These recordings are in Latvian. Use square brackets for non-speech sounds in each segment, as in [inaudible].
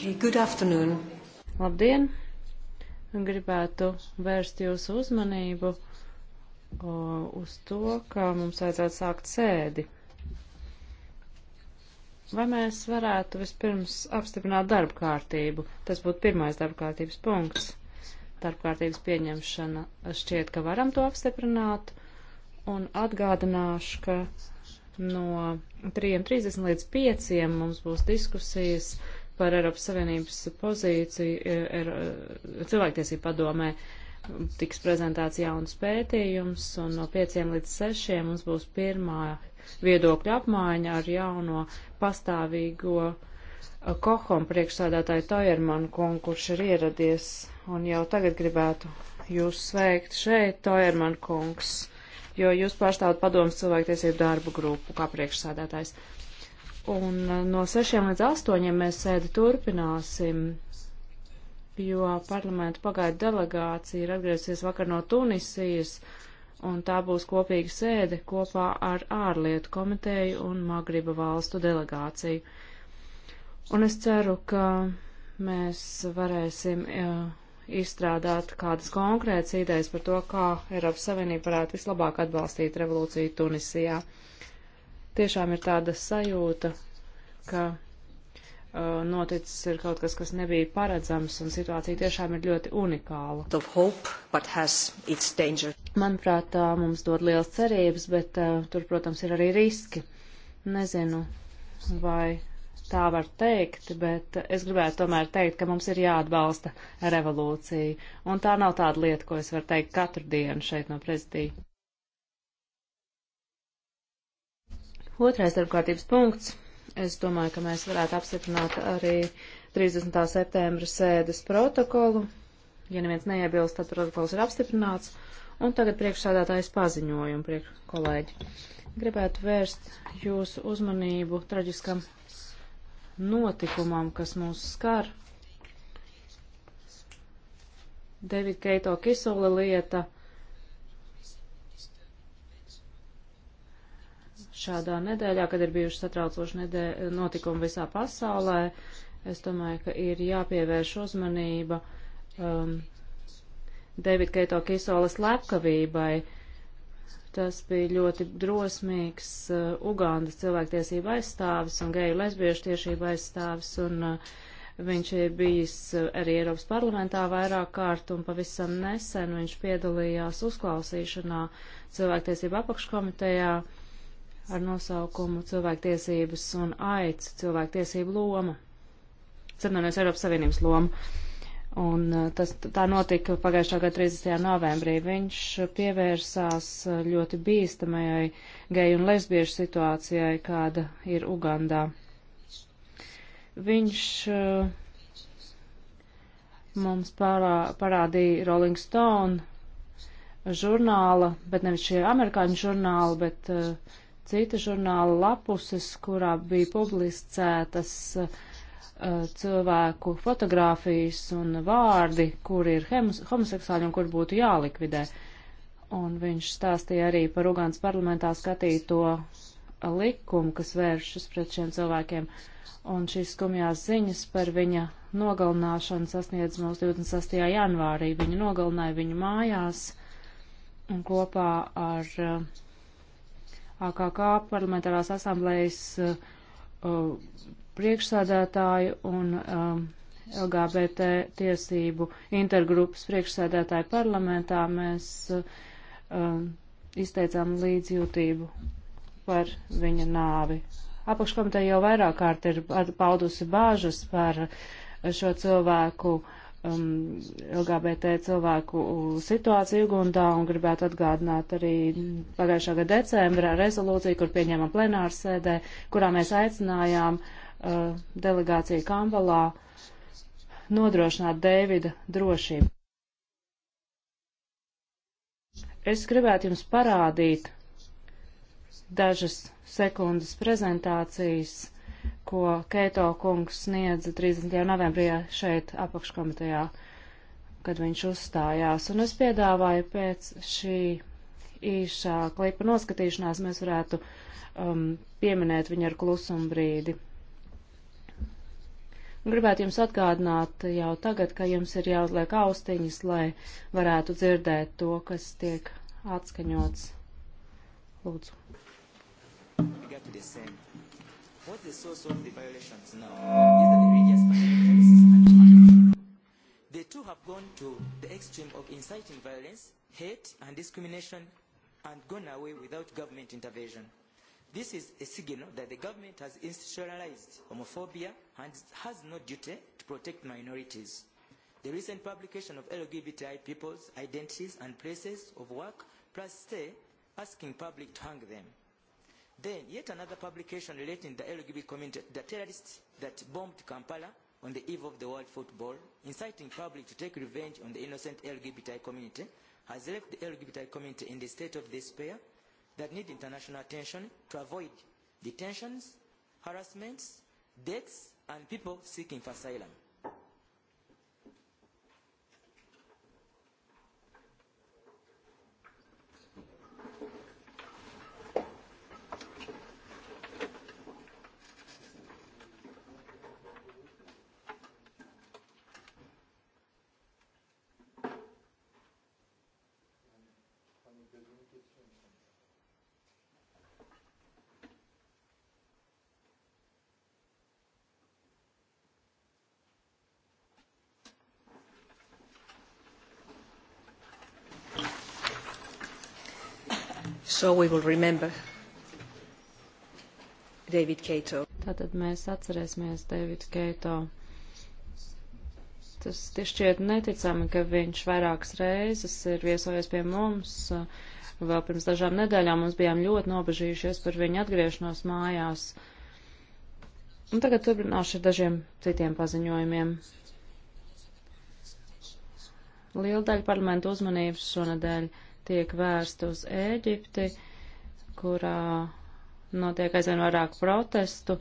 Okay, good afternoon. Labdien! Gribētu vērst jūsu uzmanību o, uz to, ka mums vajadzētu sākt sēdi. Vai mēs varētu vispirms apstiprināt darba kārtību? Tas būtu pirmais darba kārtības punkts. Darba kārtības pieņemšana šķiet, ka varam to apstiprināt. Un atgādināšu, ka no 3.30 līdz 5.00 mums būs diskusijas par Eiropas Savienības pozīciju er, cilvēktiesību padomē tiks prezentēts jauns pētījums, un no pieciem līdz sešiem mums būs pirmā viedokļa apmaiņa ar jauno pastāvīgo e, Kohom priekšsādātāju Tojermanu kungu, kurš ir ieradies, un jau tagad gribētu jūs sveikt šeit, Tojerman kungs, jo jūs pārstāvat padomus cilvēktiesību darbu grupu kā priekšsādātājs. Uh, Un uh, no 6 līdz 8 mēs sēdi turpināsim, jo parlamentu pagaidu delegācija ir atgriezies vakar no Tunisijas, un tā būs kopīga sēde kopā ar ārlietu komiteju un Magriba valstu delegāciju. Un es ceru, ka mēs varēsim uh, izstrādāt kādas konkrētas idejas par to, kā Eiropas Savienība varētu vislabāk atbalstīt revolūciju Tunisijā. Uh, Tiešām ir tāda sajūta, ka uh, noticis ir kaut kas, kas nebija paredzams, un situācija tiešām ir ļoti unikāla. Hope, Manuprāt, tā mums dod liels cerības, bet uh, tur, protams, ir arī riski. Nezinu, vai tā var teikt, bet es gribētu tomēr teikt, ka mums ir jāatbalsta revolūcija. Un tā nav tāda lieta, ko es varu teikt katru dienu šeit no prezidija. Otrais darbkārtības punkts. Es domāju, ka mēs varētu apstiprināt arī 30. septembra sēdes protokolu. Ja neviens neiebilst, tad protokols ir apstiprināts. Un tagad priekšsādātājs paziņojumu, priek kolēģi. Gribētu vērst jūsu uzmanību traģiskam notikumam, kas mūs skar. David Keito Kisula lieta šādā nedēļā, kad ir bijuši satraucoši nedēļ, notikumi visā pasaulē. Es domāju, ka ir jāpievērš uzmanība um, David Keito Kisolas lepkavībai. Tas bija ļoti drosmīgs uh, Ugandas cilvēktiesība aizstāvis un geju lesbiešu tiešība aizstāvis. Un, uh, Viņš ir bijis uh, arī Eiropas parlamentā vairāk kārt un pavisam nesen viņš piedalījās uzklausīšanā cilvēktiesība apakškomitejā. Uh, ar nosaukumu cilvēktiesības un aic cilvēktiesību loma. Cenāmies Eiropas Savienības lomu. Un uh, tas, tā notika pagājušā gada 30. novembrī. Viņš pievērsās uh, ļoti bīstamajai geju un lesbiešu situācijai, kāda ir Ugandā. Viņš uh, mums parā, parādīja Rolling Stone žurnāla, bet nevis šie amerikāņu žurnāli, bet uh, citu žurnālu lapuses, kurā bija publicētas uh, cilvēku fotografijas un vārdi, kur ir homoseksuāļi un kur būtu jālikvidē. Un viņš stāstīja arī par Ugāns parlamentā skatīto likumu, kas vēršas pret šiem cilvēkiem. Un šīs skumjās ziņas par viņa nogalināšanu sasniedz mums 26. janvārī. Viņu nogalināja viņu mājās un kopā ar uh, AKK parlamentārās asamblējas uh, priekšsādātāju un um, LGBT tiesību intergrupas priekšsādātāju parlamentā. Mēs uh, um, izteicām līdzjūtību par viņa nāvi. Apakškomiteja jau vairāk kārt ir paudusi bāžas par šo cilvēku uh, um, LGBT cilvēku situāciju Ugundā un gribētu atgādināt arī pagājušā gada decembrā rezolūciju, kur pieņēma plenāru sēdē, kurā mēs aicinājām uh, delegāciju Kambalā nodrošināt Deivida drošību. Es gribētu jums parādīt dažas sekundes prezentācijas ko Keito kungs sniedza 30. novembrī šeit apakškomitejā, kad viņš uzstājās. Un es piedāvāju pēc šī īšā klipa noskatīšanās mēs varētu um, pieminēt viņu ar klusumu brīdi. Gribētu jums atgādināt jau tagad, ka jums ir jāuzliek austiņas, lai varētu dzirdēt to, kas tiek atskaņots. Lūdzu. You got to the same. What's the source of the violations now? Is that the religious fundamentalists and The two have gone to the extreme of inciting violence, hate, and discrimination and gone away without government intervention. This is a signal that the government has institutionalized homophobia and has no duty to protect minorities. The recent publication of LGBTI people's identities and places of work plus stay asking public to hang them Then, yet another publication relating the LGB community, the terrorists that bombed Kampala on the eve of the World Football, inciting public to take revenge on the innocent LGBTI community, has left the LGBTI community in the state of despair that need international attention to avoid detentions, harassments, deaths, and people seeking for asylum. So we will remember David Cato. Tātad mēs atcerēsimies Davidu Keito. Tas tiešķiet neticami, ka viņš vairākas reizes ir viesojies pie mums. Vēl pirms dažām nedēļām mums bijām ļoti nobežījušies par viņu atgriešanos mājās. Un tagad turpināšu ar dažiem citiem paziņojumiem. Liela daļa parlamentu uzmanības šonadēļ. Uh, tiek vērsta uz Ēģipti, kurā notiek aizvien vairāk protestu,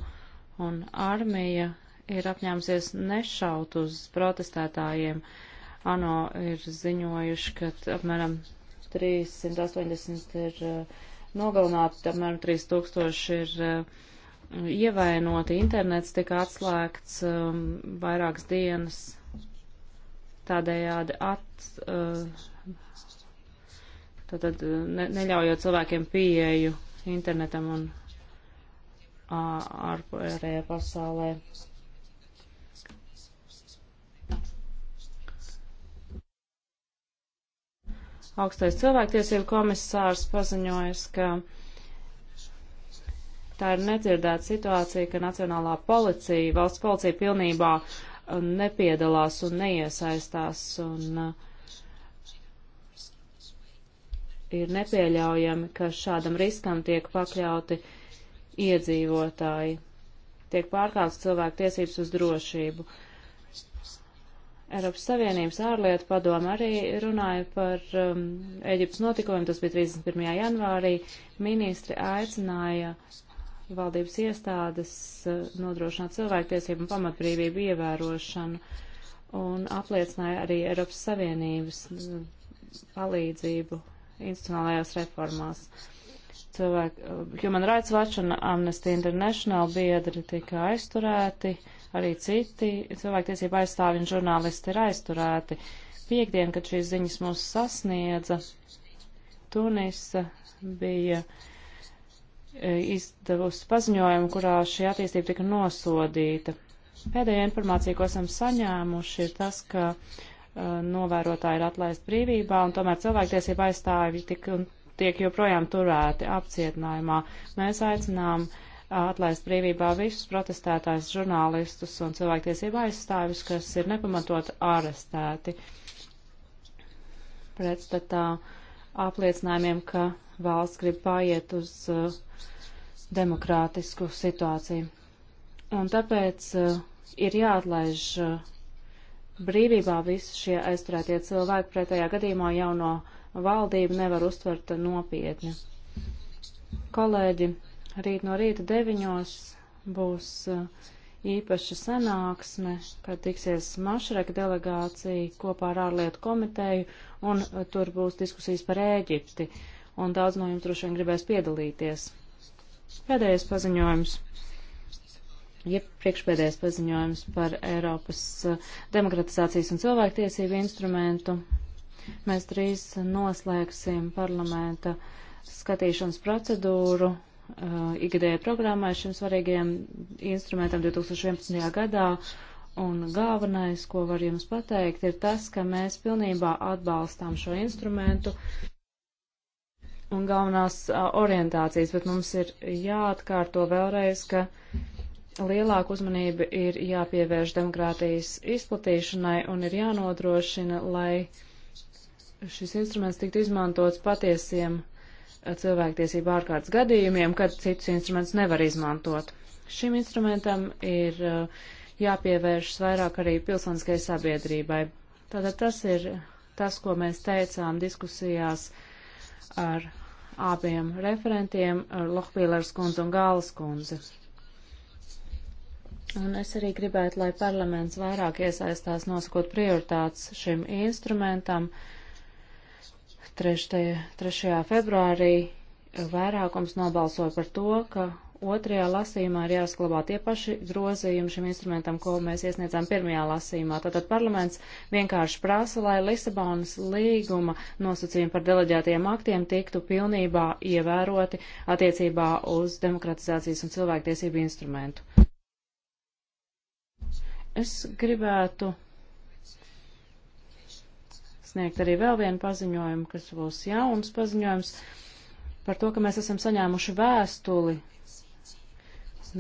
un armija ir apņēmusies nešaut uz protestētājiem. ANO ir ziņojuši, ka apmēram 380 ir uh, nogalināti, apmēram 3000 ir uh, ievainoti, internets tika atslēgts um, vairākas dienas, tādējādi at, uh, Tātad eh, ne, neļaujot cilvēkiem pieeju internetam un ārpārējā pasaulē. Augstais cilvēktiesību komisārs paziņojas, ka tā ir nedzirdēta situācija, ka Nacionālā policija, valsts policija pilnībā eh, nepiedalās un neiesaistās. Un, uh, ir nepieļaujami, ka šādam riskam tiek pakļauti iedzīvotāji, tiek pārkāpts cilvēku tiesības uz drošību. Eiropas Savienības ārlietu padoma arī runāja par um, Eģiptes notikumiem, tas bija 31. janvārī. Ministri aicināja valdības iestādes uh, nodrošināt cilvēktiesību un pamatbrīvību ievērošanu un apliecināja arī Eiropas Savienības uh, palīdzību institucionālajās reformās. Cilvēki, uh, Human Rights Watch un Amnesty International biedri tika aizturēti, arī citi cilvēktiesība aizstāvi un žurnālisti ir aizturēti. Piektdien, kad šīs ziņas mūs sasniedza, Tunisa bija e, izdevusi paziņojumu, kurā šī attīstība tika nosodīta. Pēdējā informācija, ko esam saņēmuši, ir tas, ka novērotāji ir atlaisti brīvībā, un tomēr cilvēktiesība aizstāvji tik un tiek joprojām turēti apcietinājumā. Mēs aicinām atlaist brīvībā visus protestētājus, žurnālistus un cilvēktiesību aizstāvis, kas ir nepamatot arestēti. Pretstatā apliecinājumiem, ka valsts grib paiet uz uh, demokrātisku situāciju. Un tāpēc uh, ir jāatlaiž uh, brīvībā visi šie aizturētie cilvēki pretējā gadījumā jauno valdību nevar uztvert nopietni. Kolēģi, rīt no rīta deviņos būs uh, īpaša sanāksme, kad tiksies Mašreka delegācija kopā ar ārlietu komiteju, un uh, tur būs diskusijas par Ēģipti, un daudz no jums droši vien gribēs piedalīties. Pēdējais paziņojums jeb priekšpēdējais paziņojums par Eiropas uh, demokratizācijas un cilvēktiesību instrumentu. Mēs drīz noslēgsim parlamenta skatīšanas procedūru uh, ikgadēja programmai šim svarīgajam instrumentam 2011. gadā. Un galvenais, ko var jums pateikt, ir tas, ka mēs pilnībā atbalstām šo instrumentu un galvenās uh, orientācijas, bet mums ir jāatkārto vēlreiz, ka uh, lielāku uzmanību ir jāpievērš demokrātijas izplatīšanai un ir jānodrošina, lai šis instruments tiktu izmantots patiesiem eh, cilvēktiesību ārkārtas gadījumiem, kad citus instrumentus nevar izmantot. Šim instrumentam ir eh, jāpievēršas vairāk arī pilsoniskajai sabiedrībai. Tātad tas ir tas, ko mēs teicām diskusijās ar abiem referentiem, Lohpīlers kundzi un Gāles kundzi. Un es arī gribētu, lai parlaments vairāk iesaistās nosakot prioritātes šim instrumentam. 3. 3. februārī vairākums nobalsoja par to, ka otrajā lasījumā ir jāsklabā tie paši grozījumi šim instrumentam, ko mēs iesniedzām pirmajā lasījumā. Tātad parlaments vienkārši prasa, lai Lisabonas līguma nosacījumi par deleģētajiem aktiem tiktu pilnībā ievēroti attiecībā uz demokratizācijas un cilvēktiesību instrumentu. Es gribētu sniegt arī vēl vienu paziņojumu, kas būs jauns paziņojums par to, ka mēs esam saņēmuši vēstuli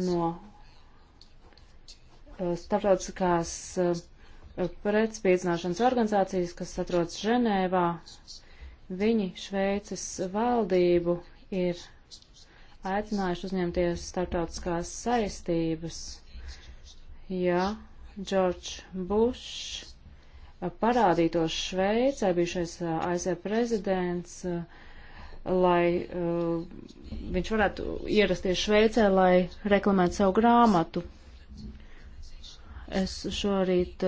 no eh, starptautiskās eh, pretspīdzināšanas organizācijas, kas atrodas Ženēvā. Viņi Šveices valdību ir aicinājuši uzņemties starptautiskās saistības, ja George Bush parādītos Šveicē, bijušais ASV e prezidents, lai viņš varētu ierasties Šveicē, lai reklamētu savu grāmatu. Es šorīt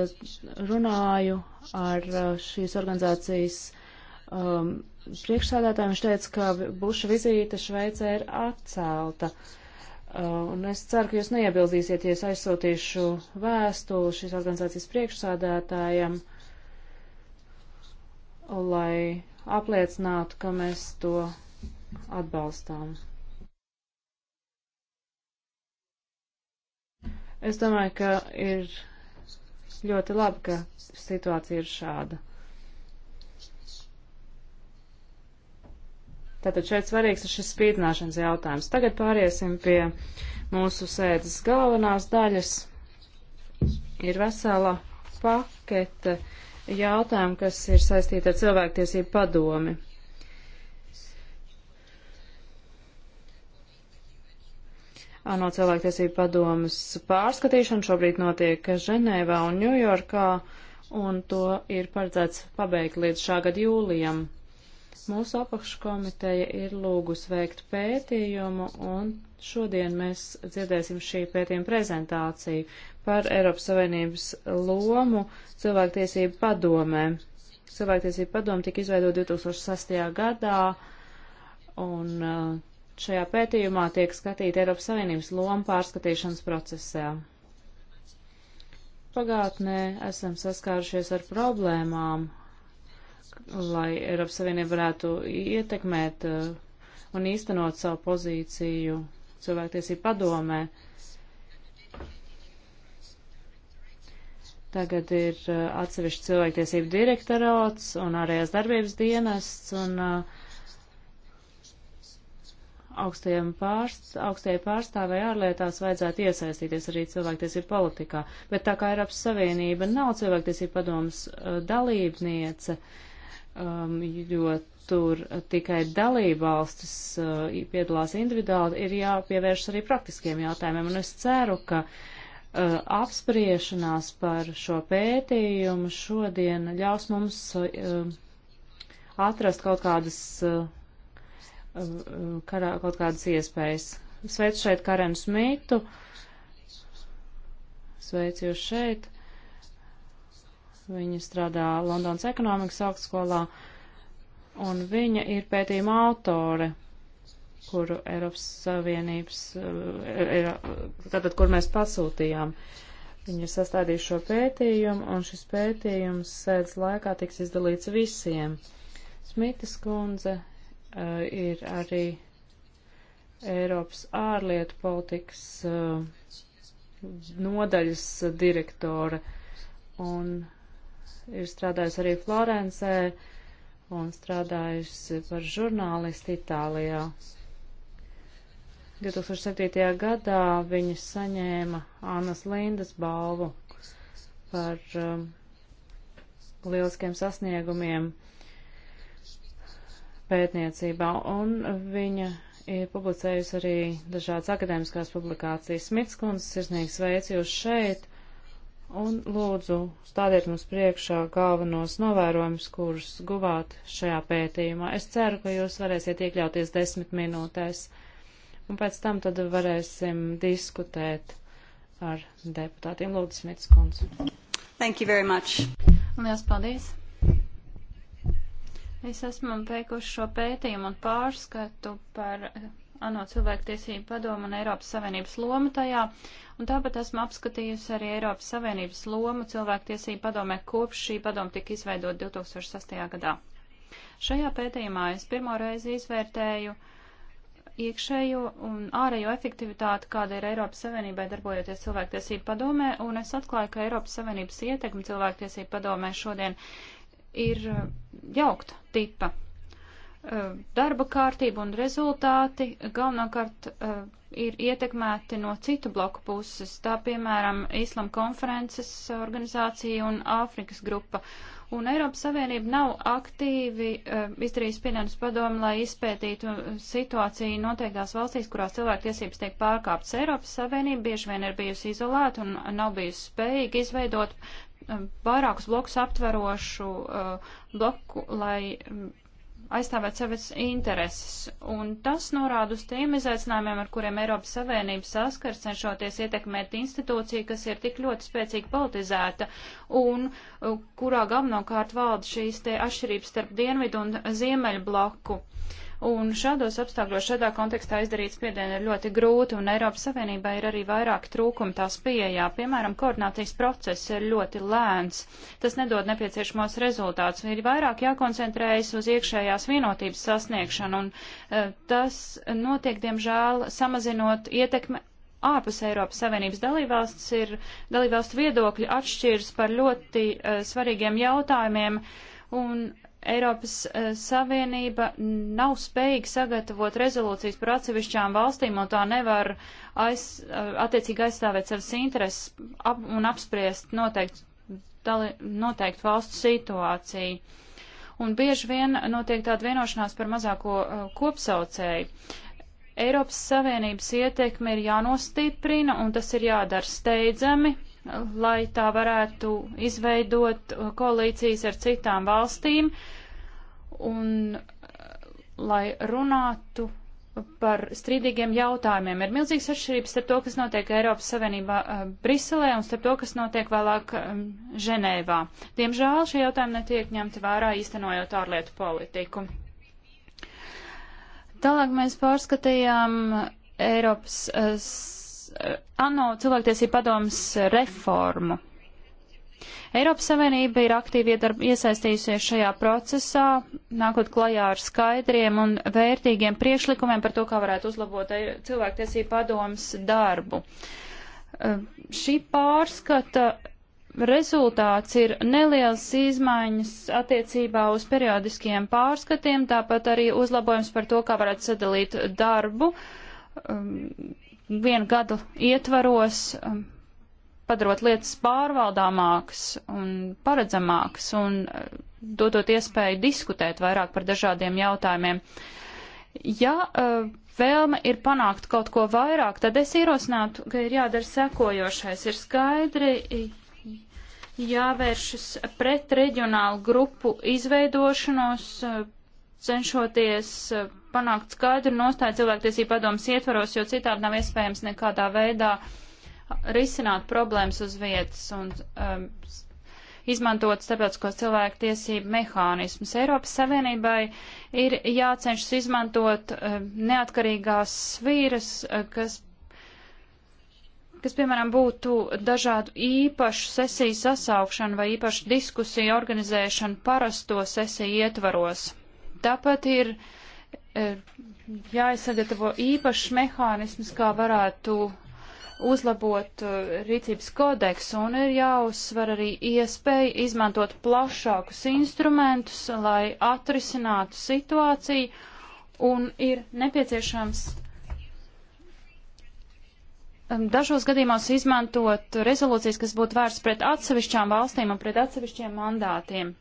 runāju ar šīs organizācijas um, priekšsādātājiem. Viņš teica, ka Buša vizīte Šveicē ir atcelta. Uh, Uh, un es ceru, ka jūs neiebildīsieties, aizsūtīšu vēstuli šīs organizācijas priekšsādātājiem, lai apliecinātu, ka mēs to atbalstām. Es domāju, ka ir ļoti labi, ka situācija ir šāda. Tātad šeit svarīgs ir šis spīdināšanas jautājums. Tagad pāriesim pie mūsu sēdes galvenās daļas. Ir vesela pakete jautājumu, kas ir saistīta ar cilvēktiesību padomi. ANO cilvēktiesību padomas pārskatīšana šobrīd notiek Ženēvā un Ņujorkā, un to ir paredzēts pabeigt līdz šā gada jūlijam. Mūsu apakškomiteja ir lūgus veikt pētījumu, un šodien mēs dzirdēsim šī pētījuma prezentāciju par Eiropas Savienības lomu cilvēktiesību padomē. Cilvēktiesību padoma tika izveidota 2006. gadā, un uh, šajā pētījumā tiek skatīta Eiropas Savienības loma pārskatīšanas procesā. Pagātnē esam saskārušies ar problēmām, lai Eiropas Savienība varētu ietekmēt eh, un īstenot savu pozīciju cilvēktiesību padomē. Tagad ir eh, atsevišķi cilvēktiesību direktorāts un ārējās darbības dienests un eh, augstajiem pārst, augstajai pārstāvēji ārlietās vajadzētu iesaistīties arī cilvēktiesību politikā. Bet tā kā Eiropas Savienība nav cilvēktiesību padomas dalībniece, uh, um, jo tur tikai dalībvalstis uh, piedalās individuāli, ir jāpievērš arī praktiskiem jautājumiem. Un es ceru, ka uh, apspriešanās par šo pētījumu šodien ļaus mums uh, atrast kaut kādas, uh, uh karā, kaut kādas iespējas. Sveicu šeit Karenu Smitu. Sveicu jūs šeit. Viņa strādā Londonas ekonomikas augstskolā, un viņa ir pētījuma autore, kuru Eiropas Savienības, eh, tātad, kur mēs pasūtījām. Viņa ir sastādījuši šo pētījumu, un šis pētījums sēdz laikā tiks izdalīts visiem. Smitas kundze uh, ir arī Eiropas ārlietu politikas uh, nodaļas direktore. Un ir strādājusi arī Florencē un strādājusi par žurnālistu Itālijā. 2007. gadā viņa saņēma Annas Lindas balvu par um, lieliskiem sasniegumiem pētniecībā, un viņa ir publicējusi arī dažādas akadēmiskās publikācijas. Smitskundze, sirsnīgs veids jūs šeit un lūdzu stādiet mums priekšā galvenos novērojumus, kurus guvāt šajā pētījumā. Es ceru, ka jūs varēsiet iekļauties desmit minūtēs, un pēc tam tad varēsim diskutēt ar deputātiem. Lūdzu, Smits kundze. Thank you very much. Lielas paldies. Es esmu veikuši šo pētījumu un pārskatu par ANO cilvēktiesību padomu un Eiropas Savienības lomu tajā, un tāpat esmu apskatījusi arī Eiropas Savienības lomu cilvēktiesību padomē kopš šī padoma tika izveidot 2006. gadā. Šajā pētījumā es pirmo reizi izvērtēju iekšējo un ārējo efektivitāti, kāda ir Eiropas Savienībai darbojoties cilvēktiesību padomē, un es atklāju, ka Eiropas Savienības ietekme cilvēktiesību padomē šodien ir jaukta tipa. Eh, darba kārtība un rezultāti galvenokārt uh, ir ietekmēti no citu bloku puses, tā piemēram Islam konferences organizācija un Āfrikas grupa. Un Eiropas Savienība nav aktīvi uh, izdarījusi pienācis padomu, lai izpētītu situāciju noteiktās valstīs, kurās cilvēktiesības tiek pārkāptas. Eiropas Savienība bieži vien ir bijusi izolēta un nav bijusi spējīga izveidot uh, vairākus blokus aptverošu bloku, lai mm, aizstāvēt savas intereses. Un tas norāda uz tiem izaicinājumiem, ar kuriem Eiropas Savienība saskars, cenšoties ietekmēt institūciju, kas ir tik ļoti spēcīgi politizēta un uh, kurā galvenokārt valda šīs te atšķirības starp dienvidu un ziemeļu bloku. Uh, Un šādos apstākļos, šādā kontekstā izdarīt spiedienu ir ļoti grūti, un Eiropas Savienībā ir arī vairāk trūkumu tās pieejā. Piemēram, koordinācijas process ir ļoti lēns. Tas nedod nepieciešamos rezultātus. Ir vairāk jākoncentrējas uz iekšējās vienotības sasniegšanu, un uh, tas notiek, diemžēl, samazinot ietekmi ārpus Eiropas Savienības dalībvalsts ir dalībvalstu viedokļi atšķirs par ļoti uh, svarīgiem jautājumiem, un Eiropas eh, Savienība nav spējīga sagatavot rezolūcijas par atsevišķām valstīm, un tā nevar aiz, eh, attiecīgi aizstāvēt savas intereses ap, un apspriest noteiktu, dali, noteiktu valstu situāciju. Un bieži vien notiek tāda vienošanās par mazāko eh, kopsaucēju. Eiropas Savienības ietekme ir jānostiprina, un tas ir jādara steidzami, lai tā varētu izveidot koalīcijas ar citām valstīm un eh, lai runātu par strīdīgiem jautājumiem. Ir milzīgs atšķirības starp to, kas notiek Eiropas Savienībā eh, Briselē un starp to, kas notiek vēlāk eh, Ženēvā. Diemžēl šie jautājumi netiek ņemti vērā īstenojot ārlietu politiku. Tālāk mēs pārskatījām Eiropas Eh, ANO cilvēktiesību padomas reformu. Eiropas Savienība ir aktīvi iedarb, iesaistījusies šajā procesā, nākot klajā ar skaidriem un vērtīgiem priekšlikumiem par to, kā varētu uzlabot eh, cilvēktiesību padomas darbu. Eh, šī pārskata rezultāts ir nelielas izmaiņas attiecībā uz periodiskiem pārskatiem, tāpat arī uzlabojums par to, kā varētu sadalīt darbu, um, vienu gadu ietvaros um, padarot lietas pārvaldāmākas un paredzamākas un uh, dodot iespēju diskutēt vairāk par dažādiem jautājumiem. Ja uh, vēlme ir panākt kaut ko vairāk, tad es ierosinātu, ka ir jādara sekojošais. Ir skaidri jāvēršas pret reģionālu grupu izveidošanos, uh, cenšoties eh, panākt skaidru nostāju cilvēktiesību padomas ietvaros, jo citādi nav iespējams nekādā veidā risināt problēmas uz vietas un um, izmantot starptautiskos cilvēku tiesību mehānismus. Eiropas Savienībai ir jācenšas izmantot um, neatkarīgās svīras, eh, kas kas, piemēram, būtu dažādu īpašu sesiju sasaukšana vai īpašu diskusiju organizēšana parasto sesiju ietvaros. Tāpat ir e, jāizsagatavo īpašs mehānisms, kā varētu uzlabot e, rīcības kodeksu un ir jāuzsver arī iespēja izmantot plašākus instrumentus, lai atrisinātu situāciju un ir nepieciešams dažos gadījumos izmantot rezolūcijas, kas būtu vērsts pret atsevišķām valstīm un pret atsevišķiem mandātiem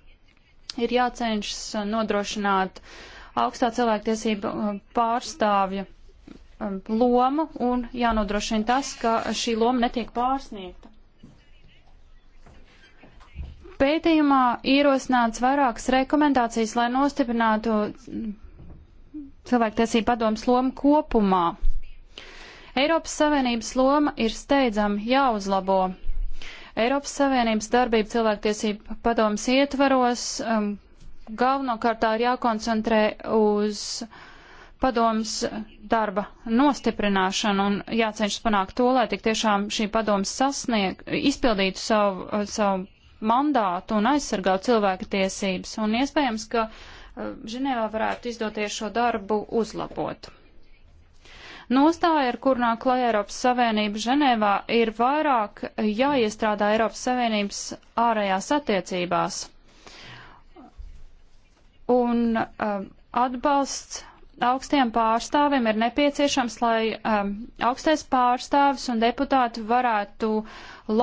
ir jācenšas nodrošināt augstā cilvēktiesība uh, pārstāvja um, lomu un jānodrošina tas, ka šī loma netiek pārsniegta. Pētījumā ierosināts vairākas rekomendācijas, lai nostiprinātu cilvēktiesību padomas lomu kopumā. Eiropas Savienības loma ir steidzami jāuzlabo. Eiropas Savienības darbība cilvēktiesību padomas ietvaros um, galvenokārt tā ir jākoncentrē uz padomas darba nostiprināšanu un jācenšas panākt to, lai tik tiešām šī padomas sasnieg, izpildītu savu, uh, savu mandātu un aizsargātu cilvēka tiesības. Un iespējams, ka uh, Ženēvā varētu izdoties šo darbu uzlabot. Nostāja, ar kur nāk klajā Eiropas Savienība Ženēvā, ir vairāk jāiestrādā Eiropas Savienības ārējās attiecībās. Un uh, atbalsts augstiem pārstāvim ir nepieciešams, lai um, augstais pārstāvis un deputāti varētu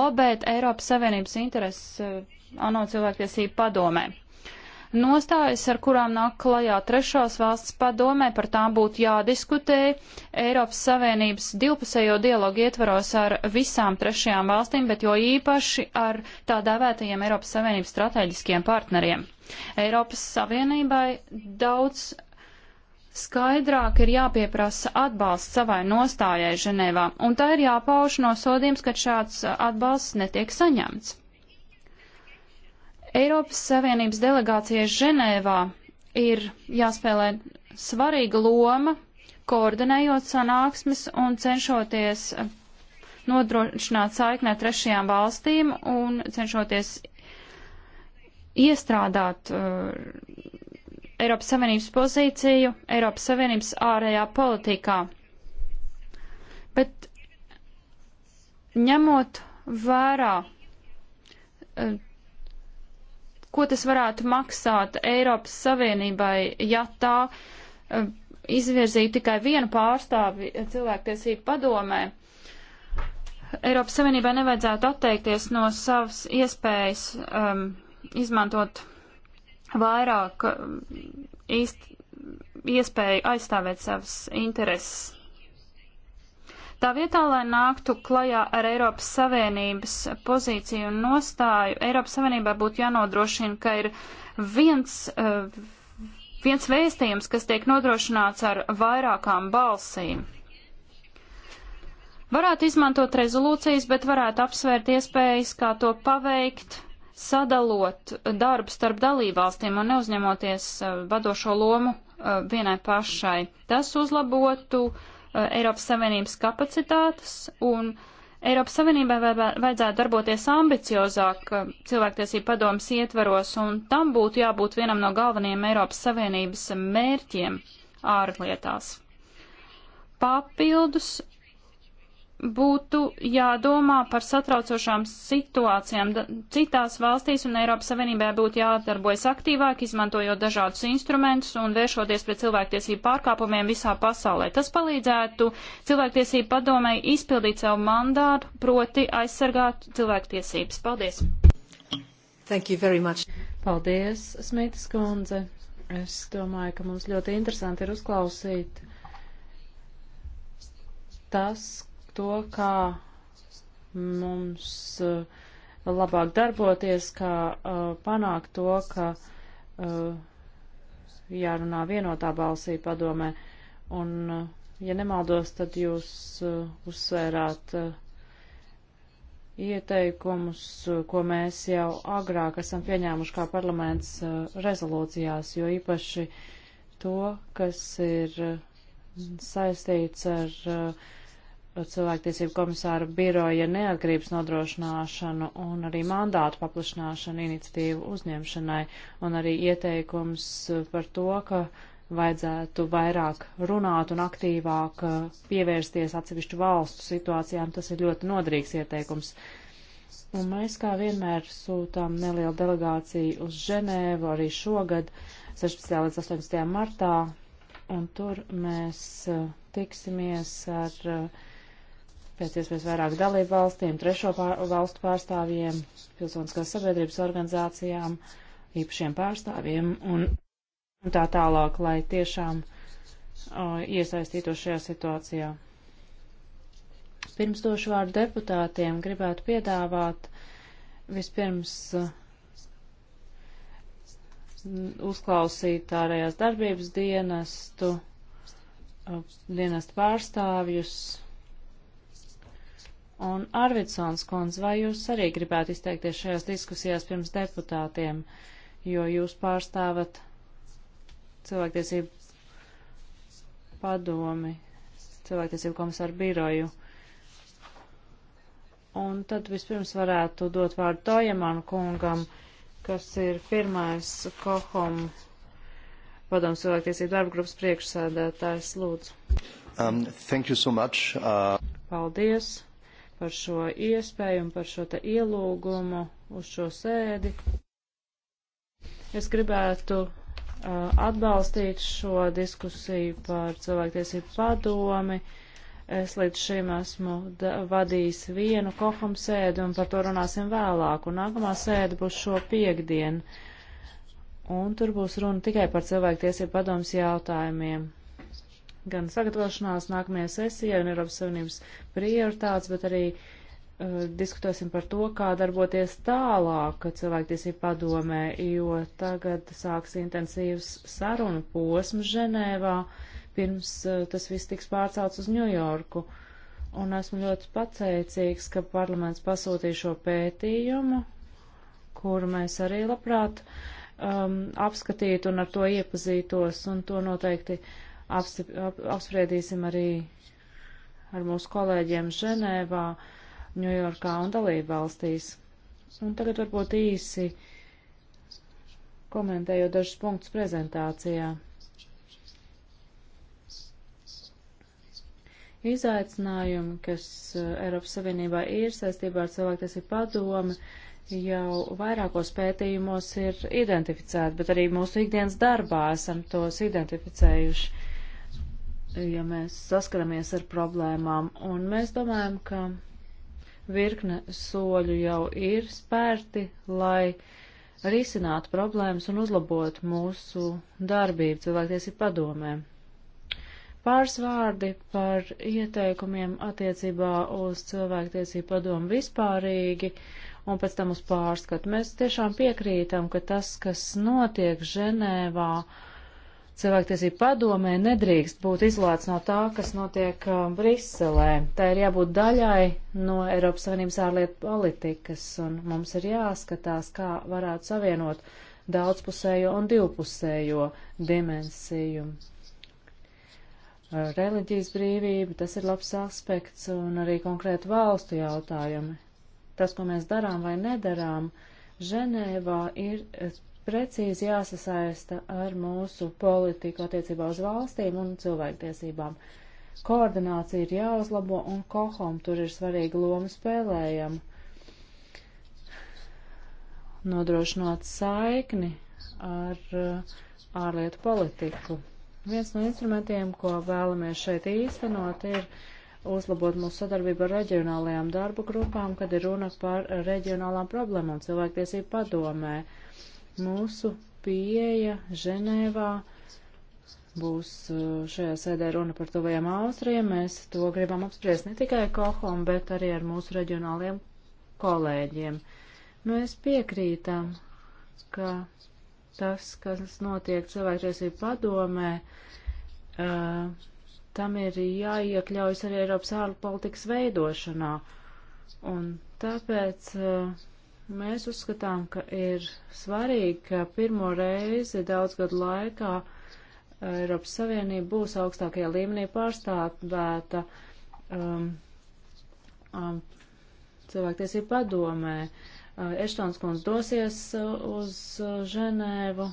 lobēt Eiropas Savienības intereses uh, ANO cilvēktiesību padomē. Nostājas, ar kurām nāk klajā trešās valsts padomē, par tām būtu jādiskutē Eiropas Savienības divpusējo dialogu ietvaros ar visām trešajām valstīm, bet jo īpaši ar tā dēvētajiem Eiropas Savienības strateģiskiem partneriem. Eiropas Savienībai daudz skaidrāk ir jāpieprasa atbalsts savai nostājai Ženēvā, un tā ir jāpauž nosodījums, ka šāds atbalsts netiek saņemts. Eiropas Savienības delegācijai Ženēvā ir jāspēlē svarīga loma, koordinējot sanāksmes un cenšoties nodrošināt saiknē trešajām valstīm un cenšoties iestrādāt uh, Eiropas Savienības pozīciju Eiropas Savienības ārējā politikā. Bet ņemot vērā uh, ko tas varētu maksāt Eiropas Savienībai, ja tā uh, izvirzītu tikai vienu pārstāvi cilvēktiesību padomē. Eiropas Savienībai nevajadzētu atteikties no savas iespējas um, izmantot vairāk um, īst, iespēju aizstāvēt savas intereses. Tā vietā, lai nāktu klajā ar Eiropas Savienības pozīciju un nostāju, Eiropas Savienībā būtu jānodrošina, ka ir viens, eh, viens vēstījums, kas tiek nodrošināts ar vairākām balsīm. Varētu izmantot rezolūcijas, bet varētu apsvērt iespējas, kā to paveikt, sadalot darbu starp dalībvalstīm un neuzņemoties eh, vadošo lomu eh, vienai pašai. Tas uzlabotu uh, Uh, Eiropas Savienības kapacitātes un Eiropas Savienībai vajadzētu darboties ambiciozāk uh, cilvēktiesību padomas ietvaros, un tam būtu jābūt vienam no galvenajiem Eiropas Savienības mērķiem ārlietās. Papildus būtu jādomā par satraucošām situācijām. Da, citās valstīs un Eiropas Savienībā būtu jādarbojas aktīvāk, izmantojot dažādus instrumentus un vēršoties pret cilvēktiesību pārkāpumiem visā pasaulē. Tas palīdzētu cilvēktiesību padomai izpildīt savu mandātu, proti aizsargāt cilvēktiesības. Paldies! Thank you very much. Paldies, Smītas kundze. Es domāju, ka mums ļoti interesanti ir uzklausīt tas, to, kā mums uh, labāk darboties, kā uh, panākt to, ka uh, jārunā vienotā balsī padomē. Un, ja nemaldos, tad jūs uzsvērāt ieteikumus, ko mēs jau agrāk esam pieņēmuši kā parlaments rezolūcijās, jo īpaši to, kas ir saistīts ar uh, cilvēktiesību komisāra biroja neatkarības nodrošināšanu un arī mandātu paplašināšanu iniciatīvu uzņemšanai un arī ieteikums par to, ka vajadzētu vairāk runāt un aktīvāk uh, pievērsties atsevišķu valstu situācijām. Tas ir ļoti nodrīgs ieteikums. Un mēs kā vienmēr sūtām nelielu delegāciju uz Ženēvu arī šogad, 16. līdz 18. martā, un tur mēs uh, tiksimies ar uh, pēc iespējas vairāk dalību valstīm, trešo pār, valstu pārstāvjiem, pilsoniskās sabiedrības organizācijām, īpašiem pārstāvjiem un, un tā tālāk, lai tiešām uh, iesaistītos šajā situācijā. Pirms došu vārdu deputātiem, gribētu piedāvāt vispirms uh, uzklausīt ārējās darbības dienestu, uh, dienestu pārstāvjus Un Arvidsons kundze, vai jūs arī gribētu izteikties šajās diskusijās pirms deputātiem, jo jūs pārstāvat cilvēktiesību padomi, cilvēktiesību komisāru biroju. Un tad vispirms varētu dot vārdu Tojamanu kungam, kas ir pirmais Kohom padomu cilvēktiesību darba grupas priekšsēdētājs. Lūdzu. Um, thank you so much. Uh... Paldies par šo iespēju un par šo te ielūgumu uz šo sēdi. Es gribētu uh, atbalstīt šo diskusiju par cilvēktiesību padomi. Es līdz šim esmu vadījis vienu kohom sēdi un par to runāsim vēlāk. Un nākamā sēde būs šo piekdienu. Un tur būs runa tikai par cilvēktiesību padomas jautājumiem gan sagatavošanās nākamajā sesijā un Eiropas Savienības prioritātes, bet arī uh, diskutēsim par to, kā darboties tālāk cilvēktiesību padomē, jo tagad sāks intensīvs sarunu posms Ženēvā, pirms uh, tas viss tiks pārcelts uz Ņujorku. Un esmu ļoti pateicīgs, ka parlaments pasūtīja šo pētījumu, kuru mēs arī labprāt um, apskatītu un ar to iepazītos, un to noteikti uh, apstip, ap, apspriedīsim arī ar mūsu kolēģiem Ženēvā, Ņujorkā un dalību valstīs. Un tagad varbūt īsi komentējot dažus punktus prezentācijā. Izaicinājumi, kas eh, Eiropas Savienībā ir saistībā ar cilvēktiesību padomi, jau vairākos pētījumos ir identificēti, bet arī mūsu ikdienas darbā esam tos identificējuši ja mēs saskaramies ar problēmām. Un mēs domājam, ka virkne soļu jau ir spērti, lai risinātu problēmas un uzlabotu mūsu darbību cilvēktiesību padomē. Pāris vārdi par ieteikumiem attiecībā uz cilvēktiesību padomu vispārīgi un pēc tam uz pārskatu. Mēs tiešām piekrītam, ka tas, kas notiek Ženēvā, uh, cilvēktiesību padomē nedrīkst būt izolēts no tā, kas notiek um, Briselē. Tā ir jābūt daļai no Eiropas Savienības ārlietu politikas, un mums ir jāskatās, kā varētu savienot daudzpusējo un divpusējo dimensiju. Uh, reliģijas brīvība, tas ir labs aspekts, un arī konkrēti valstu jautājumi. Tas, ko mēs darām vai nedarām, Ženēvā ir precīzi jāsasaista ar mūsu politiku attiecībā uz valstīm un cilvēktiesībām. Koordinācija ir jāuzlabo un kohom tur ir svarīga loma spēlējama. Nodrošinot saikni ar uh, ārlietu politiku. Viens no instrumentiem, ko vēlamies šeit īstenot, ir uzlabot mūsu sadarbību ar reģionālajām darba grupām, kad ir runa par reģionālām problēmām cilvēktiesību padomē. Uh, Mūsu pieeja Ženēvā būs uh, šajā sēdē runa par tuvajiem austriem. Mēs to gribam apspriest ne tikai Kohom, bet arī ar mūsu reģionāliem kolēģiem. Mēs nu, piekrītam, ka tas, kas notiek cilvēktiesību padomē, uh, tam ir jāiekļaujas arī Eiropas ārpolitikas veidošanā. Un tāpēc uh, Mēs uzskatām, ka ir svarīgi, ka pirmo reizi daudz gadu laikā eh, Eiropas Savienība būs augstākajā līmenī pārstāvēta um, um, cilvēktiesību padomē. Eh, Eštons kundz dosies eh, uz Ženēvu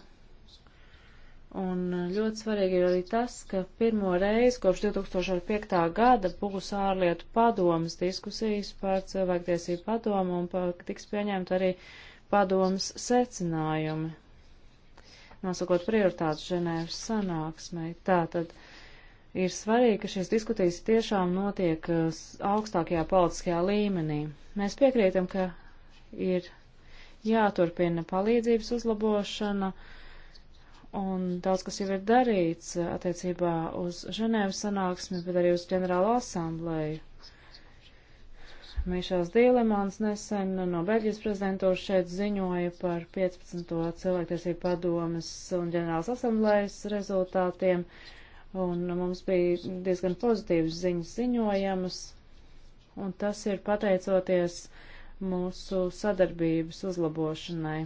Un ļoti svarīgi ir arī tas, ka pirmo reizi kopš 2005. gada būs ārlietu padomas diskusijas par cilvēktiesību padomu un par, tiks pieņemt arī padomas secinājumi, nosakot prioritātes Ženēvas sanāksmē. Tātad ir svarīgi, ka šīs diskusijas tiešām notiek uh, augstākajā politiskajā līmenī. Mēs piekrītam, ka ir jāturpina palīdzības uzlabošana. Uh, un daudz kas jau ir darīts eh, attiecībā uz Ženēvas sanāksmi, bet arī uz ģenerālo asamblēju. Mišels Dīlemāns nesen no Beļģijas prezidentūras šeit ziņoja par 15. cilvēktiesību padomas un ģenerālas asamblējas rezultātiem, un mums bija diezgan pozitīvas ziņas ziņojamas, un tas ir pateicoties mūsu sadarbības uzlabošanai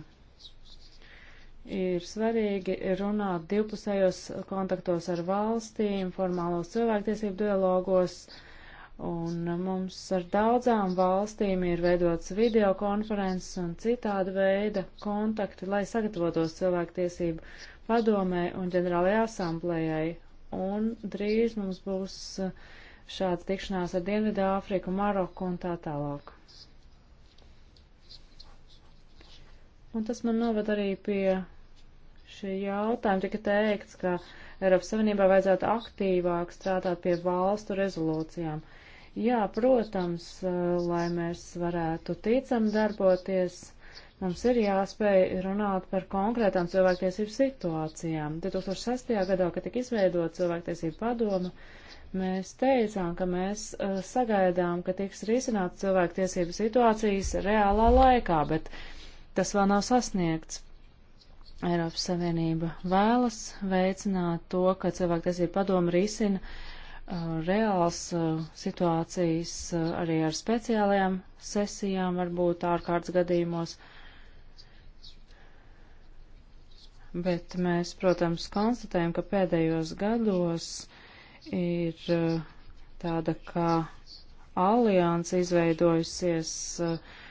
ir svarīgi runāt divpusējos kontaktos ar valstīm, formālos cilvēktiesību dialogos, un mums ar daudzām valstīm ir veidots videokonferences un citāda veida kontakti, lai sagatavotos cilvēktiesību padomē un ģenerālajai asamblējai. Un drīz mums būs uh, šāds tikšanās ar Dienvidāfriku, Maroku un tā tālāk. Un tas man noved arī pie šī jautājuma tika teikts, ka Eiropas Savienībā vajadzētu aktīvāk strādāt pie valstu rezolūcijām. Jā, protams, eh, lai mēs varētu ticam darboties, mums ir jāspēj runāt par konkrētām cilvēktiesību situācijām. 2006. gadā, kad tika izveidota cilvēktiesību padoma, mēs teicām, ka mēs uh, sagaidām, ka tiks risināts cilvēktiesību situācijas reālā laikā, bet tas vēl nav sasniegts. Eiropas Savienība vēlas veicināt to, ka cilvēktiesība padoma risina uh, reāls uh, situācijas uh, arī ar speciālajām sesijām, varbūt ārkārtas gadījumos. Bet mēs, protams, konstatējam, ka pēdējos gados ir uh, tāda kā alianse izveidojusies uh,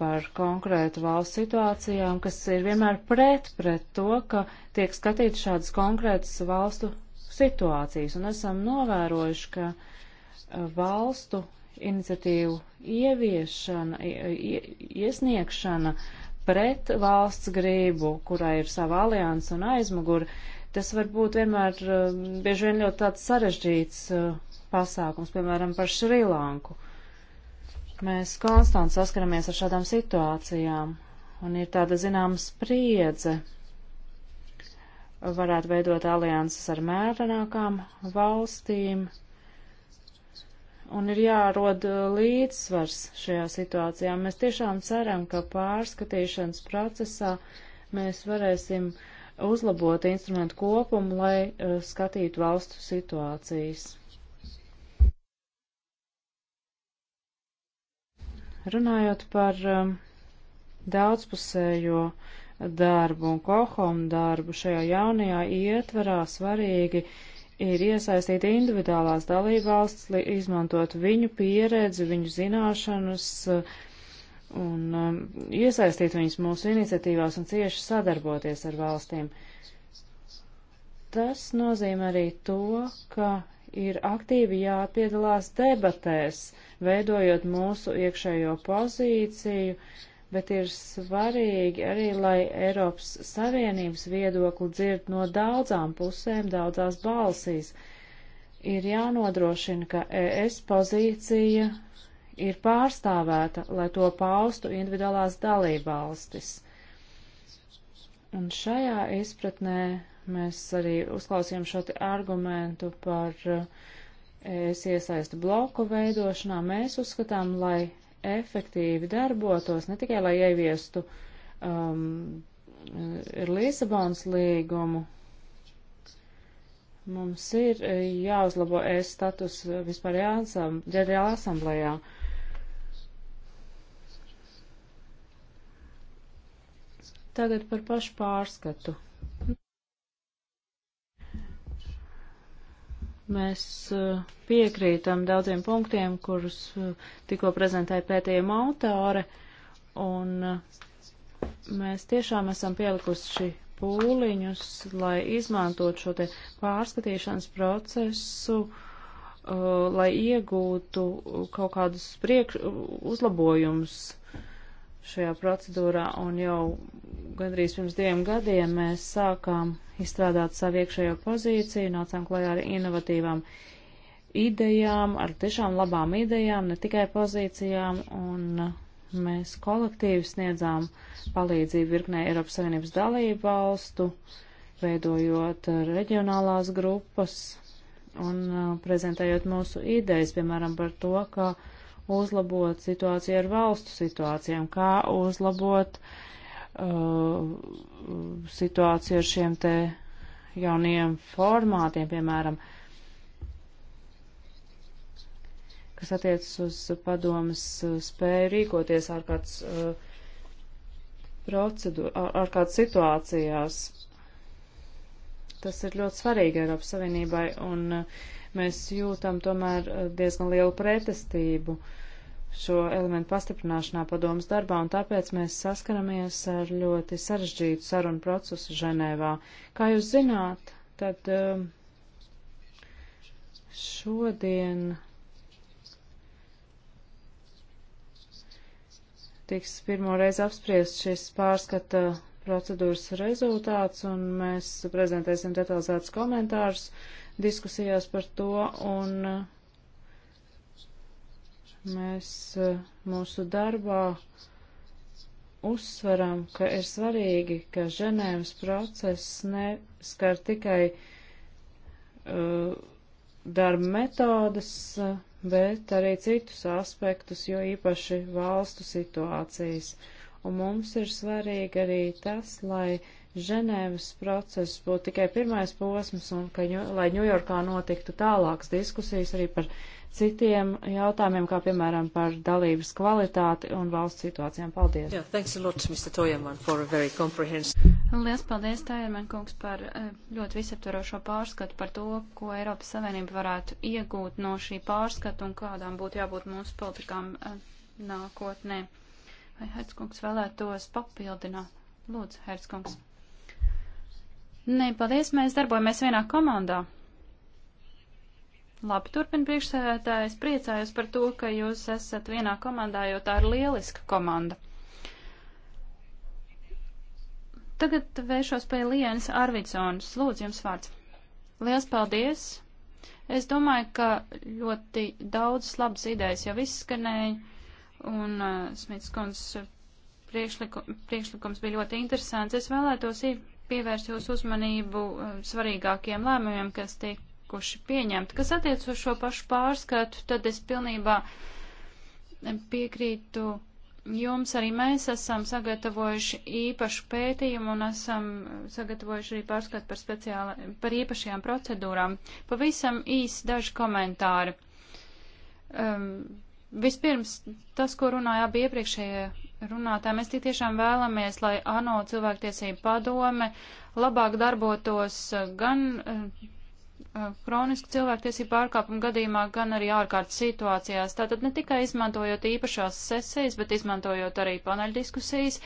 par konkrētu valsts situācijām, kas ir vienmēr pret, pret to, ka tiek skatīts šādas konkrētas valstu situācijas. Un esam novērojuši, ka e, valstu iniciatīvu ieviešana, iesniegšana pret valsts grību, kurā ir sava alianses un aizmugura, tas var būt vienmēr e, bieži vien ļoti tāds sarežģīts e, pasākums, piemēram, par Šrilanku Mēs konstant saskaramies ar šādām situācijām, un ir tāda zināma spriedze. Varētu veidot alianses ar mērenākām valstīm, un ir jārod uh, līdzsvars šajā situācijā. Mēs tiešām ceram, ka pārskatīšanas procesā mēs varēsim uzlabot instrumentu kopumu, lai uh, skatītu valstu situācijas. Runājot par um, daudzpusējo darbu un kohom darbu, šajā jaunajā ietverā svarīgi ir iesaistīt individuālās dalībvalstis, izmantot viņu pieredzi, viņu zināšanas uh, un um, iesaistīt viņus mūsu iniciatīvās un cieši sadarboties ar valstīm. Tas nozīmē arī to, ka ir aktīvi jāpiedalās debatēs, veidojot mūsu iekšējo pozīciju, bet ir svarīgi arī, lai Eiropas Savienības viedokli dzird no daudzām pusēm, daudzās balsīs. Ir jānodrošina, ka ES pozīcija ir pārstāvēta, lai to paustu individuālās dalībvalstis. Un šajā izpratnē Mēs arī uzklausījām šo argumentu par eh, es iesaistu bloku veidošanā. Mēs uzskatām, lai efektīvi darbotos, ne tikai lai ieviestu um, ir eh, Lisabonas līgumu, mums ir eh, jāuzlabo es status vispār ģenerāla asamblējā. Tagad par pašu pārskatu. Mēs eh, piekrītam daudziem punktiem, kurus eh, tikko prezentēja pētījuma autore, un eh, mēs tiešām esam pielikuši pūliņus, lai izmantot šo te pārskatīšanas procesu, uh, lai iegūtu kaut kādus priekš, uzlabojumus šajā procedūrā, un jau gandrīz pirms diviem gadiem mēs sākām izstrādāt savu iekšējo pozīciju, nācām klajā ar inovatīvām idejām, ar tiešām labām idejām, ne tikai pozīcijām, un uh, mēs kolektīvi sniedzām palīdzību virknē Eiropas Savienības dalību valstu, veidojot uh, reģionālās grupas un uh, prezentējot mūsu idejas, piemēram, par to, ka uh, uzlabot situāciju ar valstu situācijām, kā uzlabot uh, situāciju ar šiem te jauniem formātiem, piemēram, kas attiecas uz padomas uh, spēju rīkoties ārkārtas uh, procedūra, ārkārtas situācijās. Tas ir ļoti svarīgi Eiropas Savienībai un uh, mēs jūtam tomēr eh, diezgan lielu pretestību šo elementu pastiprināšanā padomas darbā, un tāpēc mēs saskaramies ar ļoti sarežģītu sarunu procesu Ženēvā. Kā jūs zināt, tad eh, šodien tiks pirmo reizi apspriest šis pārskata procedūras rezultāts, un mēs prezentēsim detalizētus komentārus. Uh, diskusijās par to, un uh, mēs uh, mūsu darbā uzsveram, ka ir svarīgi, ka Ženēvas process neskar tikai uh, darba metodas, uh, bet arī citus aspektus, jo īpaši valstu situācijas. Un mums ir svarīgi arī tas, lai uh, Ženēvas process būtu tikai pirmais posms, un ka, lai Ņujorkā notiktu tālākas diskusijas arī par citiem jautājumiem, kā piemēram par dalības kvalitāti un valsts situācijām. Paldies! Yeah, thanks a lot, Mr. Toyaman, for a very comprehensive. Lielas paldies, Toyaman kungs, par eh, ļoti visaptvarošo pārskatu par to, ko Eiropas Savienība varētu iegūt no šī pārskata un kādām būtu jābūt mūsu politikām eh, nākotnē. Vai Herckungs vēlētos papildināt? Lūdzu, Herckungs. Nē, paldies, mēs darbojamies vienā komandā. Labi, turpin priekšsēdētājs, priecājos par to, ka jūs esat vienā komandā, jo tā ir lieliska komanda. Tagad vēršos pie Lienas Arvidsonas. Lūdzu, jums vārds. Lielas paldies! Es domāju, ka ļoti daudzas labas idejas jau izskanēja, un uh, Smits kundzes priekšliku, priekšlikums bija ļoti interesants. Es vēlētos pievērst jūsu uzmanību eh, svarīgākiem lēmumiem, kas tikuši pieņemti. Kas attiec uz šo pašu pārskatu, tad es pilnībā piekrītu jums arī mēs esam sagatavojuši īpašu pētījumu un esam sagatavojuši arī pārskatu par, speciāli, par īpašajām procedūrām. Pavisam īsi daži komentāri. Um, vispirms tas, ko runāja abi iepriekšējie runātāji. Mēs tiešām vēlamies, lai ANO cilvēktiesība padome labāk darbotos gan eh, eh, kronisku cilvēktiesību pārkāpumu gadījumā, gan arī ārkārtas situācijās. Tātad ne tikai izmantojot īpašās sesijas, bet izmantojot arī paneļdiskusijas,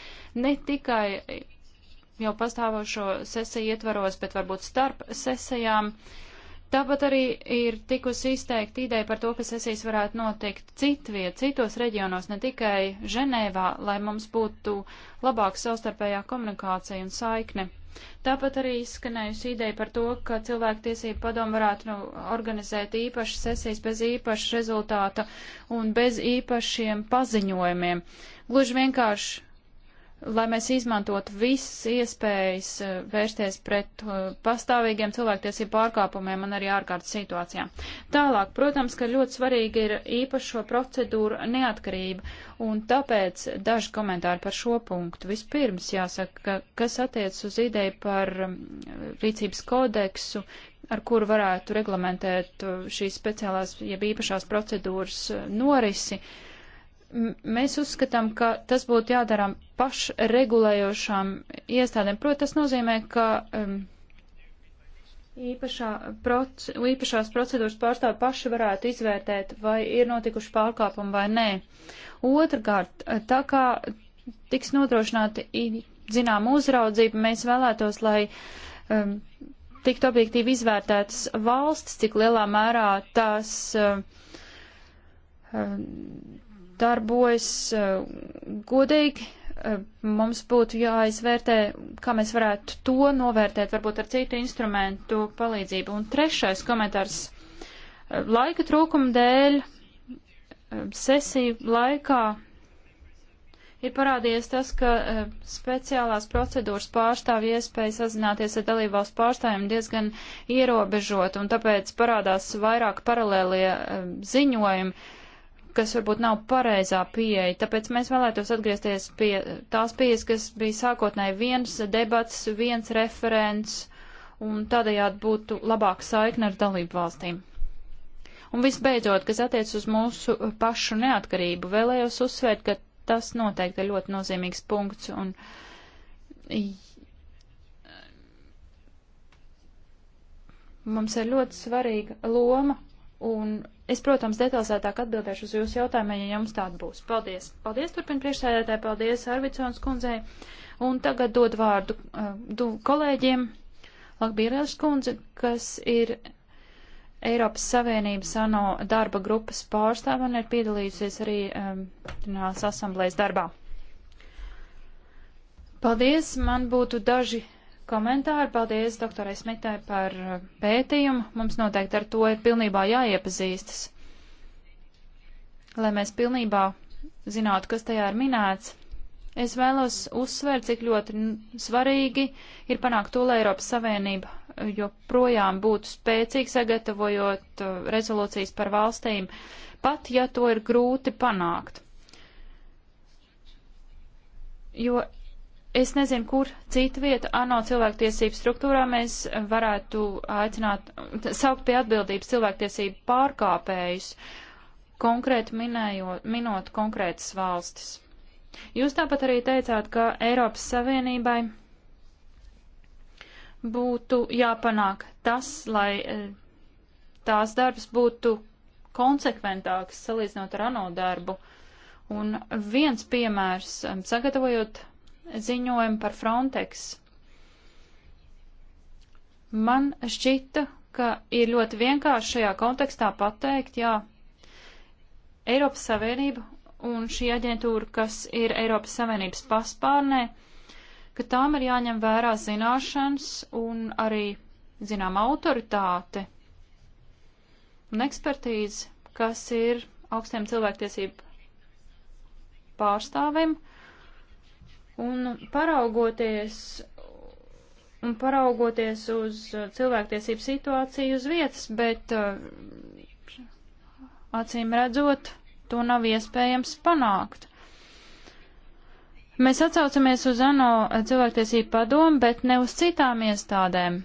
ne tikai jau pastāvošo sesiju ietvaros, bet varbūt starp sesijām. Uh, Tāpat arī ir tikusi izteikta ideja par to, ka sesijas varētu notikt citviet, citos reģionos, ne tikai Ženēvā, lai mums būtu labāka savstarpējā komunikācija un saikne. Tāpat arī izskanējusi ideja par to, ka cilvēktiesība padomu varētu nu, organizēt īpašas sesijas bez īpaša rezultāta un bez īpašiem paziņojumiem. Gluži vienkārši lai mēs izmantotu visas iespējas eh, vērsties pret eh, pastāvīgiem cilvēktiesību pārkāpumiem un arī ārkārtas situācijām. Tālāk, protams, ka ļoti svarīgi ir īpašo procedūru neatkarība, un tāpēc daži komentāri par šo punktu. Vispirms jāsaka, ka, kas attiec uz ideju par mm, rīcības kodeksu, ar kuru varētu reglamentēt eh, šīs speciālās, jeb īpašās procedūras norisi. Uh, mēs uzskatām, ka tas būtu jādara pašregulējošām iestādēm. Protams, tas nozīmē, ka um, īpašā proc īpašās procedūras pārstāvi paši varētu izvērtēt, vai ir notikuši pārkāpumi vai nē. Otrakārt, tā kā tiks nodrošināta zinām uzraudzība, mēs vēlētos, lai um, tiktu objektīvi izvērtētas valsts, cik lielā mērā tās uh, um, darbojas eh, godīgi. Eh, mums būtu jāizvērtē, kā mēs varētu to novērtēt, varbūt ar citu instrumentu palīdzību. Un trešais komentārs eh, laika trūkuma dēļ sesiju laikā ir parādījies tas, ka uh, speciālās procedūras pārstāvja iespēja sazināties ar dalībvalstu pārstāvjiem diezgan ierobežot, un tāpēc parādās vairāk paralēlie uh, ziņojumi, kas varbūt nav pareizā pieeja. Tāpēc mēs vēlētos atgriezties pie tās pieejas, kas bija sākotnēji viens debats, viens referents, un tādējādi būtu labāka saikne ar dalību valstīm. Un visbeidzot, kas attiec uz mūsu pašu neatkarību, vēlējos uzsvērt, ka tas noteikti ir ļoti nozīmīgs punkts. Un, mums ir ļoti svarīga loma Un es, protams, detalizētāk atbildēšu uz jūsu jautājumiem, ja jums tāda būs. Paldies! Paldies, turpin priekšsēdētāji, paldies Arvidsons kundzei. Un tagad dod vārdu uh, kolēģiem. Lakbīrēlis kundze, kas ir Eiropas Savienības ANO darba grupas pārstāve un ir piedalījusies arī um, asamblējas darbā. Paldies, man būtu daži komentāru. Paldies doktorai Smitai par uh, pētījumu. Mums noteikti ar to ir pilnībā jāiepazīstas, lai mēs pilnībā zinātu, kas tajā ir minēts. Es vēlos uzsvērt, cik ļoti svarīgi ir panākt to, lai Eiropas Savienība uh, joprojām būtu spēcīga sagatavojot uh, rezolūcijas par valstīm, pat ja to ir grūti panākt. Jo Es nezinu, kur cita vieta ANO cilvēktiesību struktūrā mēs varētu aicināt, saukt pie atbildības cilvēktiesību pārkāpējus, konkrēti minējot, minot konkrētas valstis. Jūs tāpat arī teicāt, ka Eiropas Savienībai būtu jāpanāk tas, lai eh, tās darbs būtu konsekventāks salīdzinot ar ANO darbu. Un viens piemērs, eh, sagatavojot ziņojumu par Frontex. Man šķita, ka ir ļoti vienkārši šajā kontekstā pateikt, jā, Eiropas Savienība un šī aģentūra, kas ir Eiropas Savienības paspārnē, ka tām ir jāņem vērā zināšanas un arī, zinām, autoritāte un ekspertīze, kas ir augstiem cilvēktiesību pārstāvim. Uh, Un paraugoties, un paraugoties uz uh, cilvēktiesību situāciju uz vietas, bet uh, acīm redzot, to nav iespējams panākt. Mēs atcaucamies uz ANO cilvēktiesību padomu, bet ne uz citām iestādēm.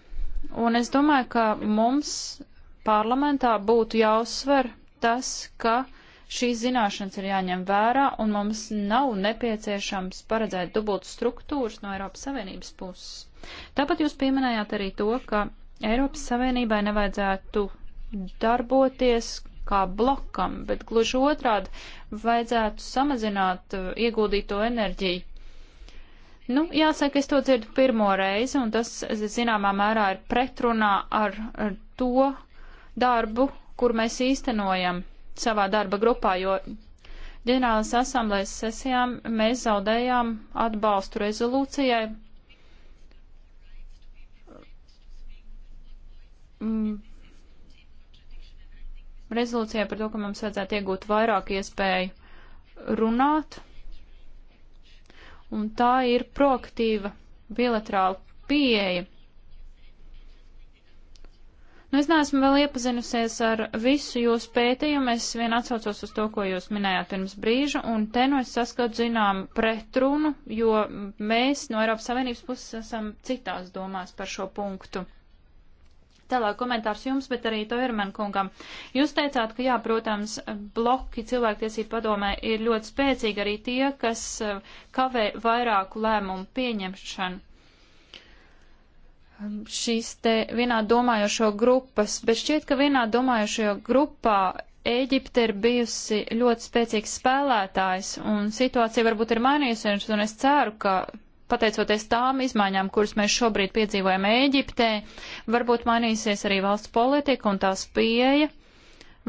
Un es domāju, ka mums parlamentā būtu jāuzsver tas, ka uh, Šīs zināšanas ir jāņem vērā, un mums nav nepieciešams paredzēt dubultas struktūras no Eiropas Savienības puses. Tāpat jūs pieminējāt arī to, ka Eiropas Savienībai nevajadzētu darboties kā blokam, bet gluži otrādi vajadzētu samazināt uh, ieguldīto enerģiju. Nu, jāsaka, es to dzirdu pirmo reizi, un tas, zināmā mērā, ir pretrunā ar, ar to darbu, kur mēs īstenojam savā darba grupā, jo ģenerālas asamblēs sesijām mēs zaudējām atbalstu rezolūcijai. Mm. Rezolūcijai par to, ka mums vajadzētu iegūt vairāk iespēju runāt, un tā ir proaktīva bilaterāla pieeja Nu, es neesmu vēl iepazinusies ar visu jūsu pētījumu, es vien atsaucos uz to, ko jūs minējāt pirms brīža, un te nu es saskatu zinām pretrunu, jo mēs no Eiropas Savienības puses esam citās domās par šo punktu. Tālāk komentārs jums, bet arī to Irman kungam. Jūs teicāt, ka jā, protams, bloki cilvēktiesību padomē ir ļoti spēcīgi arī tie, kas kavē vairāku lēmumu pieņemšanu. Um, šīs te vienā domājošo grupas, bet šķiet, ka vienā domājošajā grupā Ēģipte ir bijusi ļoti spēcīgs spēlētājs, un situācija varbūt ir mainījusies, un es ceru, ka pateicoties tām izmaiņām, kuras mēs šobrīd piedzīvojam Ēģiptē, varbūt mainīsies arī valsts politika un tās pieeja.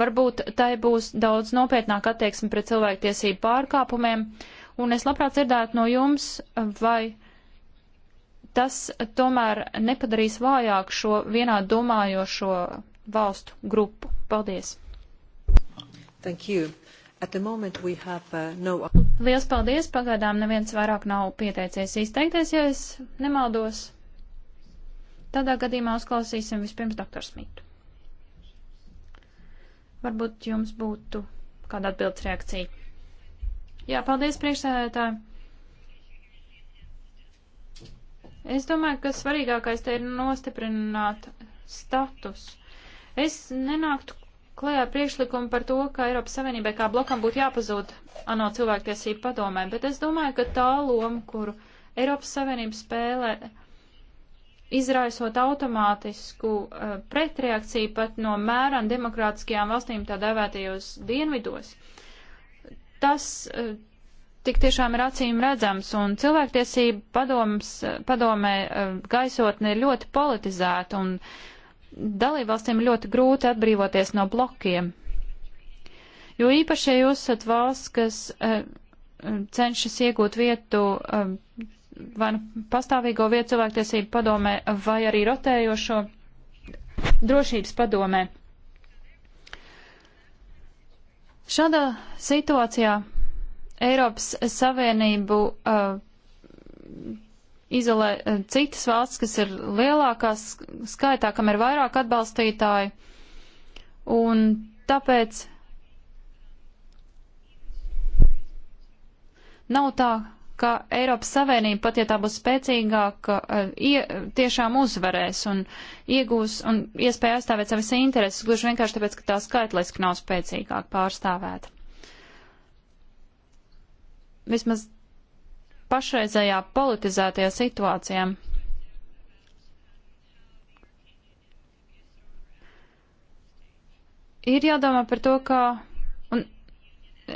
Varbūt tai būs daudz nopietnāka attieksme pret cilvēktiesību pārkāpumiem, un es labprāt dzirdētu no jums, vai tas tomēr nepadarīs vājāk šo vienā domājošo valstu grupu. Paldies! Thank you. At the moment we have uh, no... Liels paldies! Pagaidām neviens vairāk nav pieteicies izteikties, ja es nemaldos. Tādā gadījumā uzklausīsim vispirms doktoru Smitu. Varbūt jums būtu kāda atbildes reakcija. Jā, paldies priekšsēdētāji! Es domāju, ka svarīgākais te ir nostiprināt status. Es nenāktu klajā priekšlikumu par to, ka Eiropas Savienībai kā blokam būtu jāpazūd ANO cilvēktiesību padomē, bet es domāju, ka tā loma, kuru Eiropas Savienība spēlē, izraisot automātisku uh, pretreakciju pat no mēram demokrātiskajām valstīm tā devētajos dienvidos, tas uh, tik tiešām ir acīm redzams, un cilvēktiesība padoms, padomē eh, gaisotne ir ļoti politizēta, un dalībvalstīm ļoti grūti atbrīvoties no blokiem. Jo īpaši, ja jūs esat valsts, kas eh, cenšas iegūt vietu eh, vai nu pastāvīgo vietu cilvēktiesību padomē, vai arī rotējošo drošības padomē. Šādā situācijā Eiropas Savienību uh, izolē uh, citas valsts, kas ir lielākās skaitā, kam ir vairāk atbalstītāji. Un tāpēc nav tā, ka Eiropas Savienība, pat ja tā būs spēcīgāka, uh, ie, tiešām uzvarēs un iegūs un iespēja aizstāvēt savas intereses, gluži vienkārši tāpēc, ka tā skaitliski nav spēcīgāk pārstāvēta vismaz pašreizējā politizētajā situācijā. Ir jādomā par to, kā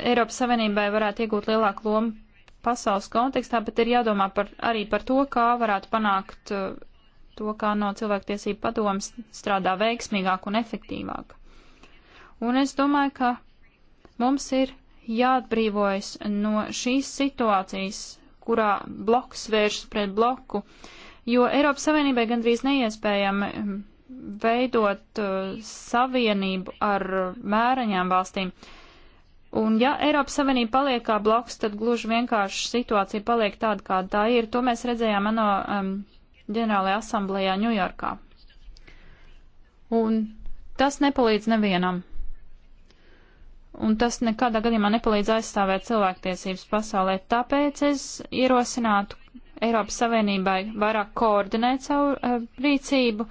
Eiropas Savienībai varētu iegūt lielāku lomu pasaules kontekstā, bet ir jādomā par, arī par to, kā varētu panākt uh, to, kā no cilvēktiesību padomas strādā veiksmīgāk un efektīvāk. Un es domāju, ka mums ir jāatbrīvojas no šīs situācijas, kurā bloks vēršas pret bloku, jo Eiropas Savienībai gandrīz neiespējami mm, veidot uh, savienību ar mēraņām valstīm. Un ja Eiropas Savienība paliek kā bloks, tad gluži vienkārši situācija paliek tāda, kāda tā ir. To mēs redzējām ANO um, ģenerālajā asamblējā Ņujorkā. Un tas nepalīdz nevienam un tas nekādā gadījumā nepalīdz aizstāvēt cilvēktiesības pasaulē. Tāpēc es ierosinātu Eiropas Savienībai vairāk koordinēt savu uh, rīcību,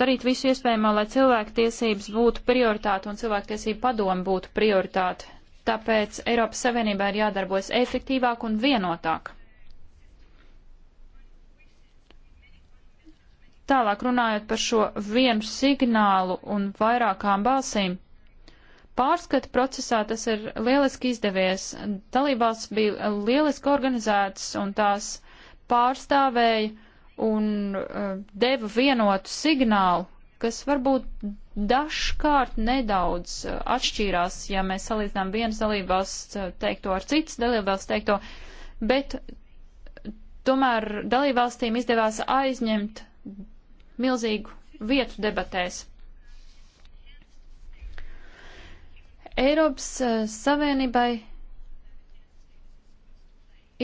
darīt visu iespējamo, lai cilvēktiesības būtu prioritāte un cilvēktiesība padomu būtu prioritāte. Tāpēc Eiropas Savienībai ir jādarbojas efektīvāk un vienotāk. Tālāk runājot par šo vienu signālu un vairākām balsīm, pārskata procesā tas ir lieliski izdevies. Dalībās bija lieliski organizētas un tās pārstāvēja un uh, deva vienotu signālu, kas varbūt dažkārt nedaudz uh, atšķīrās, ja mēs salīdzinām vienas dalībās uh, teikto ar citas dalībās teikto, bet tomēr dalībvalstīm izdevās aizņemt milzīgu vietu debatēs. Eiropas eh, Savienībai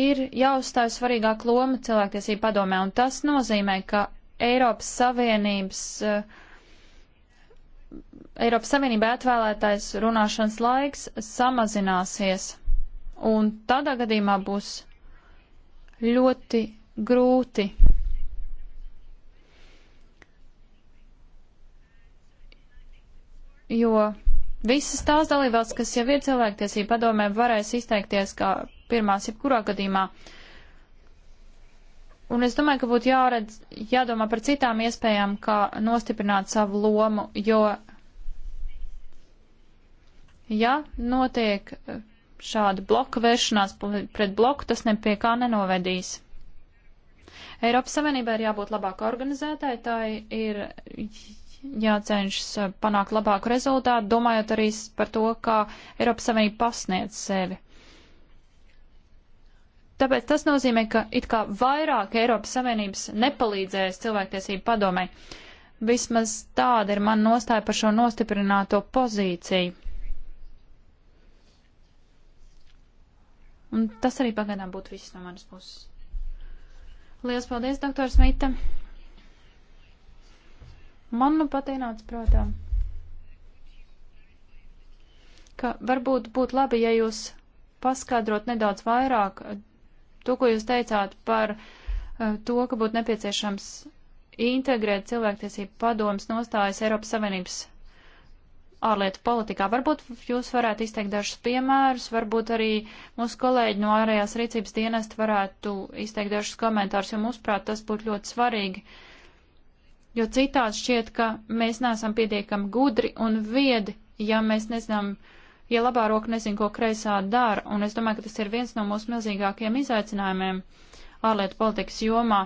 ir jāuzstāj svarīgāk loma cilvēktiesību padomē, un tas nozīmē, ka Eiropas Savienības, eh, Eiropas Savienībai atvēlētais runāšanas laiks samazināsies, un tādā gadījumā būs ļoti grūti. Jo Visas tās dalībvalsts, kas jau ir cilvēktiesība padomē, varēs izteikties kā pirmās jebkurā gadījumā. Un es domāju, ka būtu jāredz, jādomā par citām iespējām, kā nostiprināt savu lomu, jo, ja notiek šāda bloka vēršanās pret bloku, tas ne pie kā nenovedīs. Eiropas Savienībai ir jābūt labāk organizētai, tai ir jācenšas eh, panākt labāku rezultātu, domājot arī par to, kā Eiropas Savienība pasniedz sevi. Tāpēc tas nozīmē, ka it kā vairāk Eiropas Savienības nepalīdzēs cilvēktiesību padomē. Vismaz tāda ir man nostāja par šo nostiprināto pozīciju. Un tas arī pagaidām būtu viss no manas puses. Lielas paldies, doktor Smita! Man nu pat ienāca prātā, ka varbūt būtu labi, ja jūs paskaidrot nedaudz vairāk eh, to, ko jūs teicāt par eh, to, ka būtu nepieciešams integrēt cilvēktiesību padomas nostājas Eiropas Savienības ārlietu politikā. Varbūt jūs varētu izteikt dažus piemērus, varbūt arī mūsu kolēģi no ārējās rīcības dienesta varētu izteikt dažus komentārus, jo mūsuprāt tas būtu ļoti svarīgi. Uh, jo citādi šķiet, ka mēs neesam pietiekami gudri un viedi, ja mēs nezinām, ja labā roka nezin, ko kreisā dara, un es domāju, ka tas ir viens no mūsu milzīgākajiem izaicinājumiem ārlietu politikas jomā.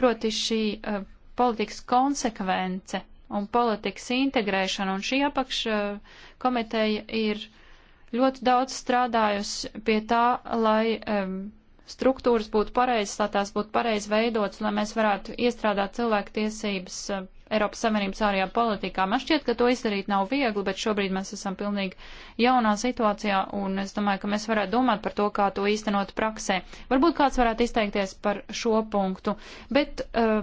Proti šī uh, politikas konsekvence un politikas integrēšana, un šī apakša uh, komiteja ir ļoti daudz strādājusi pie tā, lai um, struktūras būtu pareizas, lai tās būtu pareizi veidotas, lai mēs varētu iestrādāt cilvēku tiesības eh, Eiropas Savienības ārējā politikā. Man šķiet, ka to izdarīt nav viegli, bet šobrīd mēs esam pilnīgi jaunā situācijā, un es domāju, ka mēs varētu domāt par to, kā to īstenot praksē. Varbūt kāds varētu izteikties par šo punktu, bet uh,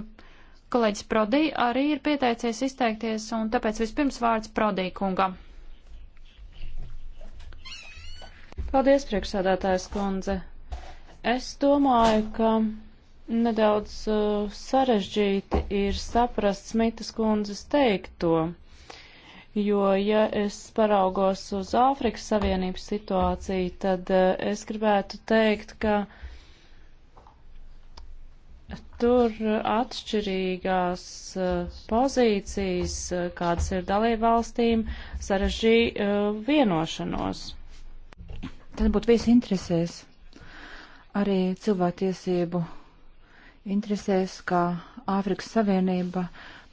kolēģis Prodī arī ir pieteicies izteikties, un tāpēc vispirms vārds Prodī kungam. Paldies, priekšsādātājs kundze. Es domāju, ka nedaudz uh, sarežģīti ir saprast Smitas kundzes teikto, jo, ja es paraugos uz Āfrikas Savienības situāciju, tad uh, es gribētu teikt, ka tur atšķirīgās uh, pozīcijas, uh, kādas ir dalībvalstīm, sarežģīja uh, vienošanos. Tad būtu viss interesēs arī cilvēktiesību interesēs, ka Āfrikas Savienība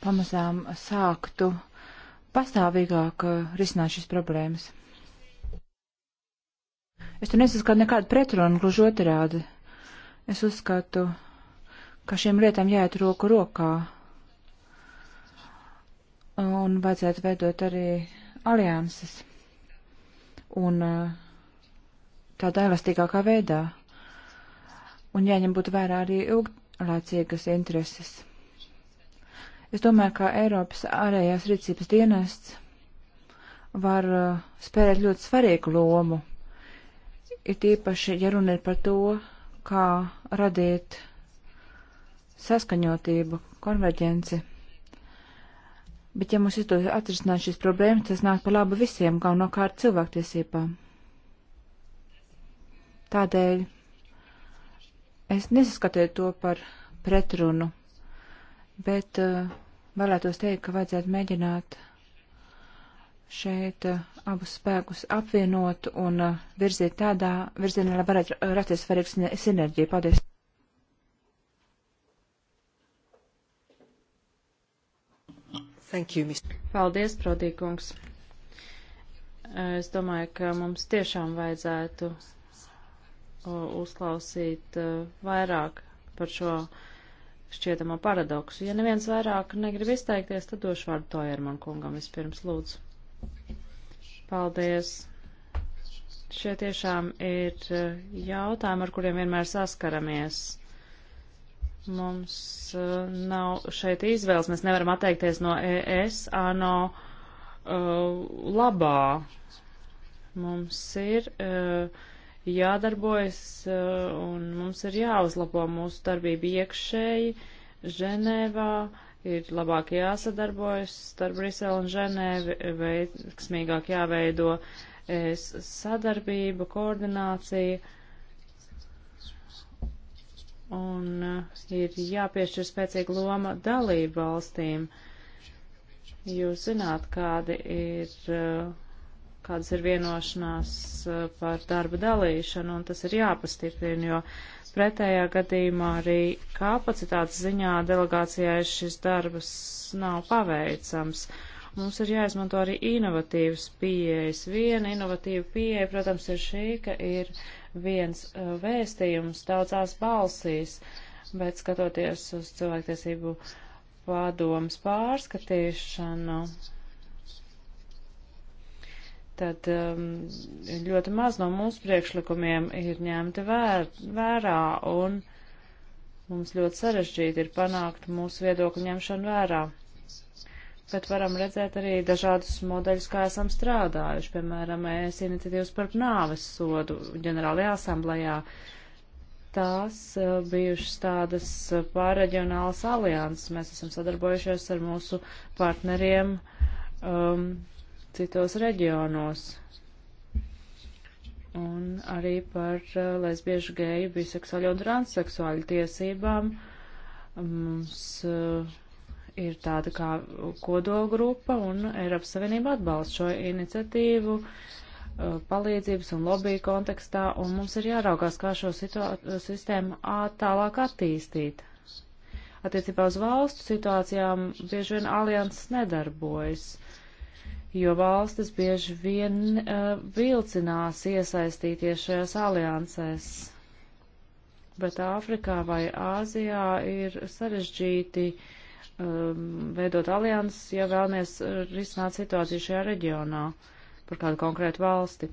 pamazām sāktu pastāvīgāk uh, risināt šīs problēmas. Es tur nesaskatu nekādu pretrunu, gluži otrādi. Es uzskatu, ka šīm lietām jāiet roku rokā. Un vajadzētu veidot arī alianses. Un uh, tādā elastīgākā veidā un jāņem būtu vērā arī ilglaicīgas intereses. Es domāju, ka Eiropas ārējās rīcības dienests var uh, spēlēt ļoti svarīgu lomu. Ir tīpaši, ja runa ir par to, kā radīt saskaņotību, konverģenci. Bet, ja mums izdodas atrisināt šīs problēmas, tas nāk par labu visiem, galvenokārt cilvēktiesībām. Tādēļ Es nesaskatīju to par pretrunu, bet uh, vēlētos teikt, ka vajadzētu mēģināt šeit uh, abus spēkus apvienot un uh, virzīt tādā virzienā, lai varētu rasties svarīga sinerģija. Paldies! Thank you, Mr. Paldies, Prodīkungs. Es domāju, ka mums tiešām vajadzētu uzklausīt e, vairāk par šo šķietamo paradoksu. Ja neviens vairāk negrib izteikties, tad došu vārdu Tojerman kungam vispirms lūdzu. Paldies. Šie tiešām ir e, jautājumi, ar kuriem vienmēr saskaramies. Mums e, nav šeit izvēles, mēs nevaram atteikties no ES, ANO labā. Mums ir uh, jādarbojas eh, un mums ir jāuzlabo mūsu darbība iekšēji Ženēvā, ir labāk jāsadarbojas starp Briselu un Ženēvi, veiksmīgāk jāveido sadarbība, koordinācija un eh, ir jāpiešķir spēcīga loma dalību valstīm. Jūs zināt, kādi ir uh, kādas ir vienošanās eh, par darba dalīšanu, un tas ir jāpastiprina, jo pretējā gadījumā arī kapacitātes ziņā delegācijai šis darbs nav paveicams. Mums ir jāizmanto arī inovatīvas pieejas. Viena inovatīva pieeja, protams, ir šī, ka ir viens eh, vēstījums daudzās balsīs, bet skatoties uz cilvēktiesību padomas pārskatīšanu, tad um, ļoti maz no mūsu priekšlikumiem ir ņemti vēr, vērā, un mums ļoti sarežģīti ir panākt mūsu viedokļu ņemšanu vērā. Bet varam redzēt arī dažādus modeļus, kā esam strādājuši, piemēram, es iniciatīvas par nāves sodu ģenerālajā asamblējā. Tās uh, bijušas tādas uh, pārreģionālas alianses. Mēs esam sadarbojušies ar mūsu partneriem um, citos reģionos. Un arī par uh, lesbiešu, geju, biseksuāļu un transseksuāļu tiesībām mums uh, ir tāda kā kodolgrupa un Eiropas Savienība atbalsta šo iniciatīvu uh, palīdzības un lobby kontekstā, un mums ir jāraugās, kā šo sistēmu tālāk attīstīt. Attiecībā uz valstu situācijām bieži vien alianses nedarbojas. Uh, jo valstis bieži vien uh, vilcinās iesaistīties šajās aliansēs. Bet Āfrikā vai Āzijā ir sarežģīti um, veidot alianses, ja vēlamies eh, risināt situāciju šajā reģionā par kādu konkrētu valsti.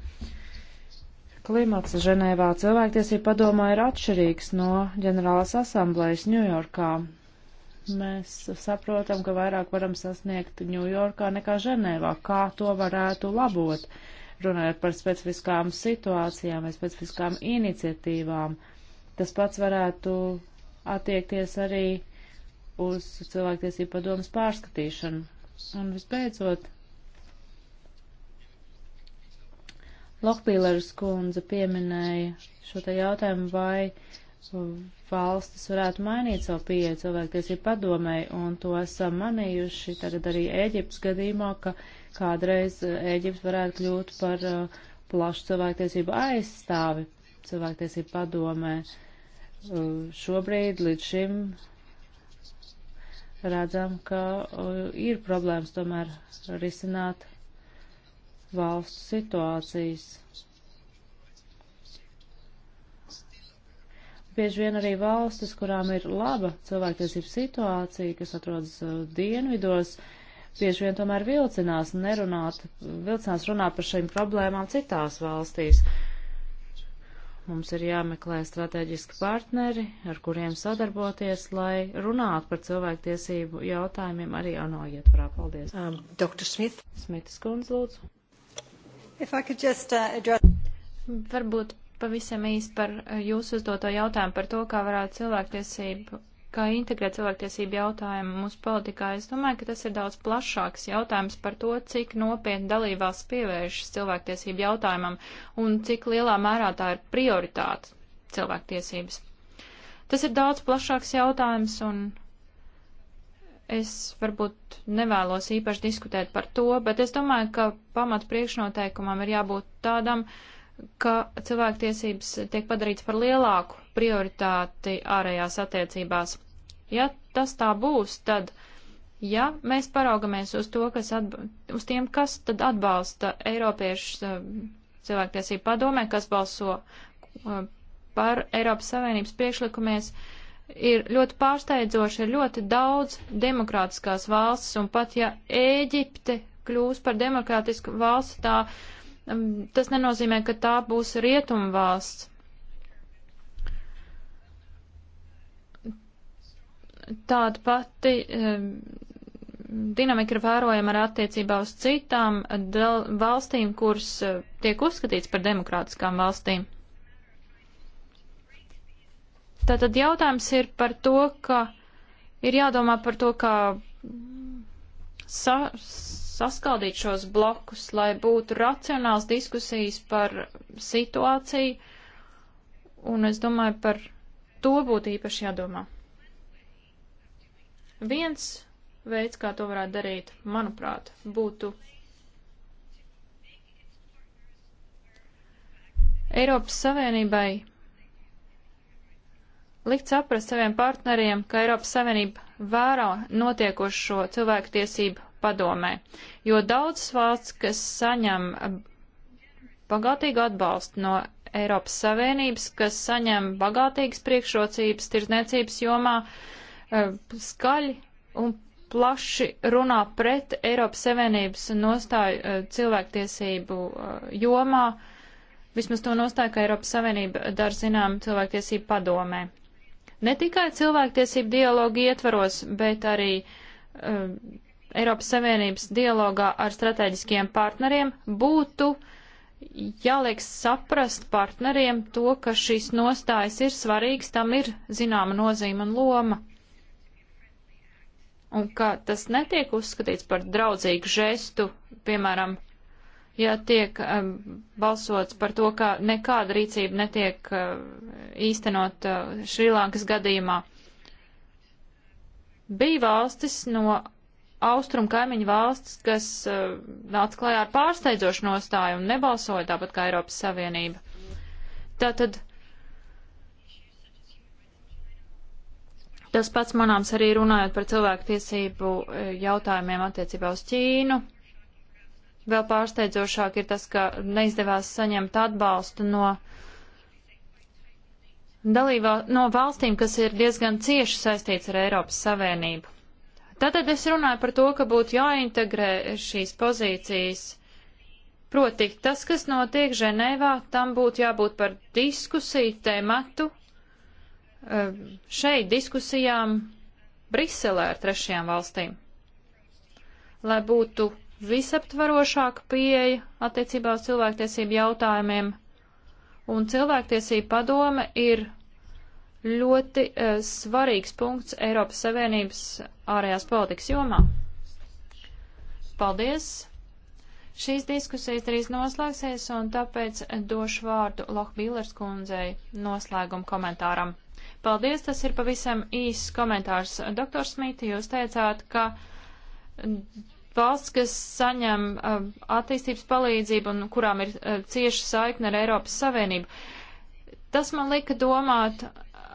Klimats Ženēvā cilvēktiesība padomā ir atšķirīgs no ģenerālas asamblējas Ņujorkā mēs saprotam, ka vairāk varam sasniegt Ņujorkā nekā Ženēvā. Kā to varētu labot? Runājot par specifiskām situācijām vai specifiskām iniciatīvām, tas pats varētu attiekties arī uz cilvēktiesību padomas pārskatīšanu. Un visbeidzot, Lokpīleris kundze pieminēja šo te jautājumu, vai valstis varētu mainīt savu pieeju cilvēktiesību padomēji, un to esam manījuši tagad arī Ēģiptes gadījumā, ka kādreiz eh, Ēģipts varētu kļūt par uh, plašu cilvēktiesību aizstāvi cilvēktiesību padomē. Uh, šobrīd līdz šim redzam, ka uh, ir problēmas tomēr risināt valstu situācijas. Bieži vien arī valstis, kurām ir laba cilvēktiesība situācija, kas atrodas uh, dienvidos, bieži vien tomēr vilcinās nerunāt, vilcinās runāt par šīm problēmām citās valstīs. Mums ir jāmeklē strateģiski partneri, ar kuriem sadarboties, lai runātu par cilvēktiesību jautājumiem arī ANO ietvarā. Paldies. Um, Dr. Smith. Smiths kundze, lūdzu. Just, uh, address... Varbūt pavisam īsi par eh, jūsu uzdoto jautājumu par to, kā varētu cilvēktiesību, kā integrēt cilvēktiesību jautājumu mūsu politikā. Es domāju, ka tas ir daudz plašāks jautājums par to, cik nopietni dalībās pievēršas cilvēktiesību jautājumam un cik lielā mērā tā ir prioritāte cilvēktiesības. Tas ir daudz plašāks jautājums un es varbūt nevēlos īpaši diskutēt par to, bet es domāju, ka pamat priekšnoteikumam ir jābūt tādam, uh, ka cilvēktiesības tiek padarīts par lielāku prioritāti ārējās attiecībās. Ja tas tā būs, tad, ja mēs paraugamies uz, to, kas atba, uz tiem, kas tad atbalsta Eiropiešu eh, cilvēktiesību padomē, kas balso eh, par Eiropas Savienības priekšlikumies, ir ļoti pārsteidzoši, ir ļoti daudz demokrātiskās valstis, un pat ja Ēģipte kļūs par demokrātisku valsti, tā tas nenozīmē, ka tā būs rietumvalsts. Tāda pati dinamika ir vērojama arī attiecībā uz citām valstīm, kuras e, tiek uzskatīts par demokrātiskām valstīm. Tātad jautājums ir par to, ka ir jādomā par to, kā sa, saskaldīt šos blokus, lai būtu racionāls diskusijas par situāciju, un es domāju, par to būtu īpaši jādomā. Viens veids, kā to varētu darīt, manuprāt, būtu Eiropas Savienībai likt saprast saviem partneriem, ka Eiropas Savienība vērā notiekošo cilvēku tiesību padomē, jo daudzas valsts, kas saņem bagātīgu atbalstu no Eiropas Savienības, kas saņem bagātīgas priekšrocības tirdzniecības jomā, e, skaļi un plaši runā pret Eiropas Savienības nostāju e, cilvēktiesību e, jomā. Vismaz to nostāju, ka Eiropas Savienība dar zinām cilvēktiesību padomē. Ne tikai cilvēktiesību dialogu ietvaros, bet arī uh, Eiropas Savienības dialogā ar strateģiskiem partneriem būtu jāliek saprast partneriem to, ka šīs nostājas ir svarīgas, tam ir zināma nozīme un loma. Un ka tas netiek uzskatīts par draudzīgu žestu, piemēram, ja tiek um, balsots par to, ka nekāda rīcība netiek uh, īstenot uh, Šrilankas gadījumā. Bija valstis no austrumu kaimiņu valsts, kas uh, nāca klajā ar pārsteidzošu nostāju un nebalsoja tāpat kā Eiropas Savienība. Tātad tas pats manāms arī runājot par cilvēku tiesību eh, jautājumiem attiecībā uz Ķīnu. Vēl pārsteidzošāk ir tas, ka neizdevās saņemt atbalstu no dalībā, no valstīm, kas ir diezgan cieši saistīts ar Eiropas Savienību. Tātad es runāju par to, ka būtu jāintegrē šīs pozīcijas. Proti, tas, kas notiek Ženēvā, tam būtu jābūt par diskusiju tēmatu eh, šeit diskusijām Briselē ar trešajām valstīm, lai būtu visaptvarošāka pieeja attiecībā uz cilvēktiesību jautājumiem, un cilvēktiesība padome ir ļoti uh, svarīgs punkts Eiropas Savienības ārējās politikas jomā. Paldies! Šīs diskusijas drīz noslēgsies, un tāpēc došu vārdu Lohbīlers kundzei noslēguma komentāram. Paldies, tas ir pavisam īss komentārs. Doktor Smita, jūs teicāt, ka valsts, kas saņem uh, attīstības palīdzību un kurām ir uh, cieša saikne ar Eiropas Savienību. Tas man lika domāt,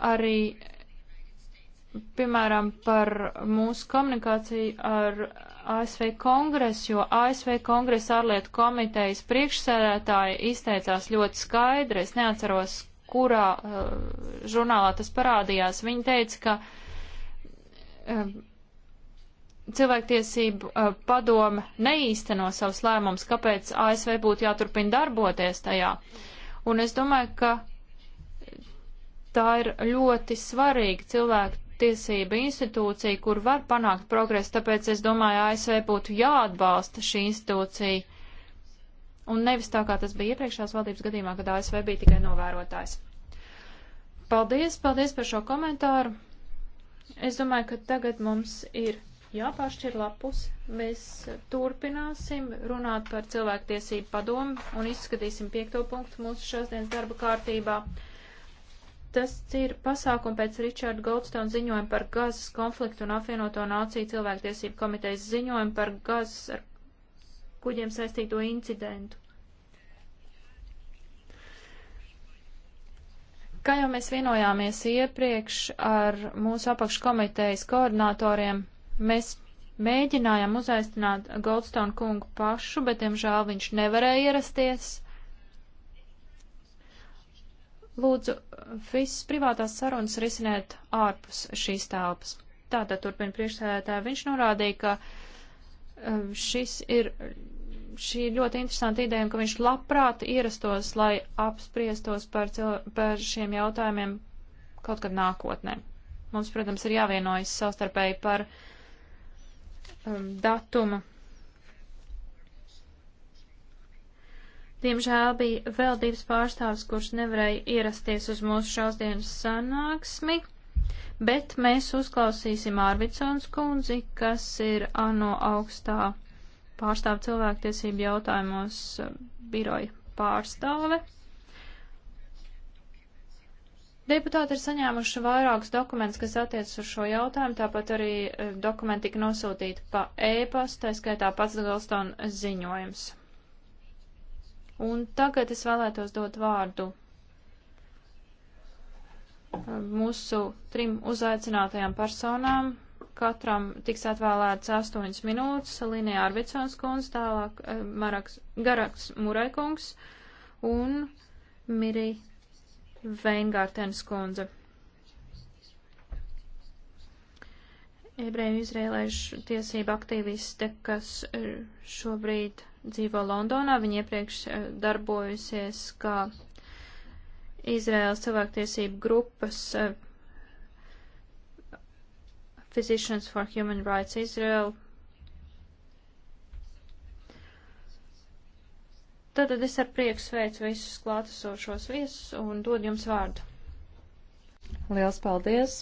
arī, piemēram, par mūsu komunikāciju ar ASV kongresu, jo ASV kongresa ārlietu komitejas priekšsēdētāja izteicās ļoti skaidri, es neatceros, kurā uh, žurnālā tas parādījās. Viņa teica, ka uh, cilvēktiesību uh, padome neīsteno savus lēmumus, kāpēc ASV būtu jāturpina darboties tajā. Un es domāju, ka tā ir ļoti svarīga cilvēku tiesība institūcija, kur var panākt progresu, tāpēc es domāju, ASV būtu jāatbalsta šī institūcija. Un nevis tā, kā tas bija iepriekšējās valdības gadījumā, kad ASV bija tikai novērotājs. Paldies, paldies par šo komentāru. Es domāju, ka tagad mums ir jāpāršķir lapus. Mēs turpināsim runāt par cilvēktiesību padomu un izskatīsim piekto punktu mūsu šodienas darba kārtībā. Tas ir pasākums pēc Richarda Goldstone ziņojuma par gazas konfliktu un apvienoto nāciju cilvēktiesību komitejas ziņojumu par gazas ar kuģiem saistīto incidentu. Kā jau mēs vienojāmies iepriekš ar mūsu apakškomitejas koordinatoriem, mēs mēģinājām uzaicināt Goldstone kungu pašu, bet, diemžēl, viņš nevarēja ierasties. Lūdzu, visas privātās sarunas risiniet ārpus šīs telpas. Tātad turpina priekšsēdētāja. Viņš norādīja, ka um, šis ir, šī ir ļoti interesanta ideja, ka viņš labprāt ierastos, lai apspriestos par, par šiem jautājumiem kaut kad nākotnē. Mums, protams, ir jāvienojas savstarpēji par um, datumu Diemžēl bija vēl divs pārstāvs, kurš nevarēja ierasties uz mūsu šausdienas sanāksmi, bet mēs uzklausīsim Ārvicons kundzi, kas ir ANO augstā pārstāv cilvēktiesību jautājumos eh, biroja pārstāve. Deputāti ir saņēmuši vairākus dokumentus, kas attiecas uz šo jautājumu, tāpat arī eh, dokumenti tika nosūtīti pa e-pastu, tā skaitā pats Galston ziņojums. Un tagad es vēlētos dot vārdu um, mūsu trim uzaicinātajām personām. Katram tiks atvēlēts astoņas minūtes. Linija Arvidsons kundze, tālāk um, Maraks, Garaks Muraikungs un Miri Veingārtens kundze. Ebreju izrēlēšu tiesību aktīviste, kas uh, šobrīd dzīvo Londonā, viņa iepriekš eh, darbojusies kā Izraels cilvēktiesību grupas eh, Physicians for Human Rights Israel. Tātad es ar prieku sveicu visus klātesošos viesus un dod jums vārdu. Liels paldies!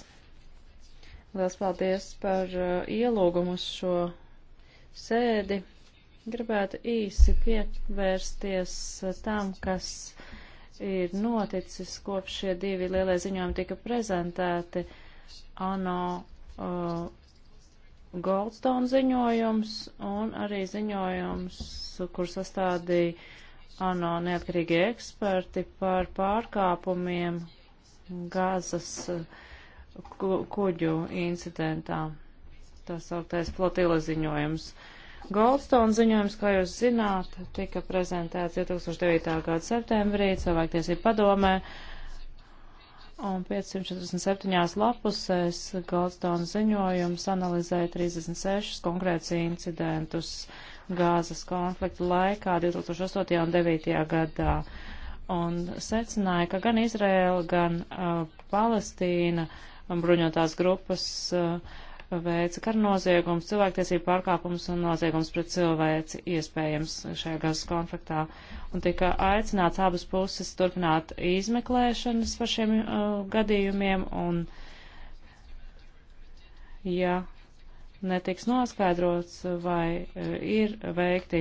Liels paldies par uh, ielūgumu uz šo sēdi. Gribētu īsi pievērsties eh, tam, kas ir noticis kopš šie divi lielie ziņojumi tika prezentēti. ANO uh, Goldstone ziņojums un arī ziņojums, kur sastādīja ANO neatkarīgie eksperti par pārkāpumiem gazas eh, ku, kuģu incidentā. Tā sauktais flotila ziņojums. Uh, Goldstone ziņojums, kā jūs zināt, tika prezentēts 2009. gada septembrī cilvēktiesību padomē, un 547 lapusēs Goldstone ziņojums analizēja 36 konkrētus incidentus gāzes konflikta laikā 2008. un 2009. gadā, un secināja, ka gan Izraela, gan uh, Palestīna bruņotās grupas uh, veica karnoziegums, cilvēktiesību pārkāpums un noziegums pret cilvēci iespējams šajā gazas konfliktā. Un tika aicināts abas puses turpināt izmeklēšanas par šiem uh, gadījumiem un, ja netiks noskaidrots, vai eh, ir veikti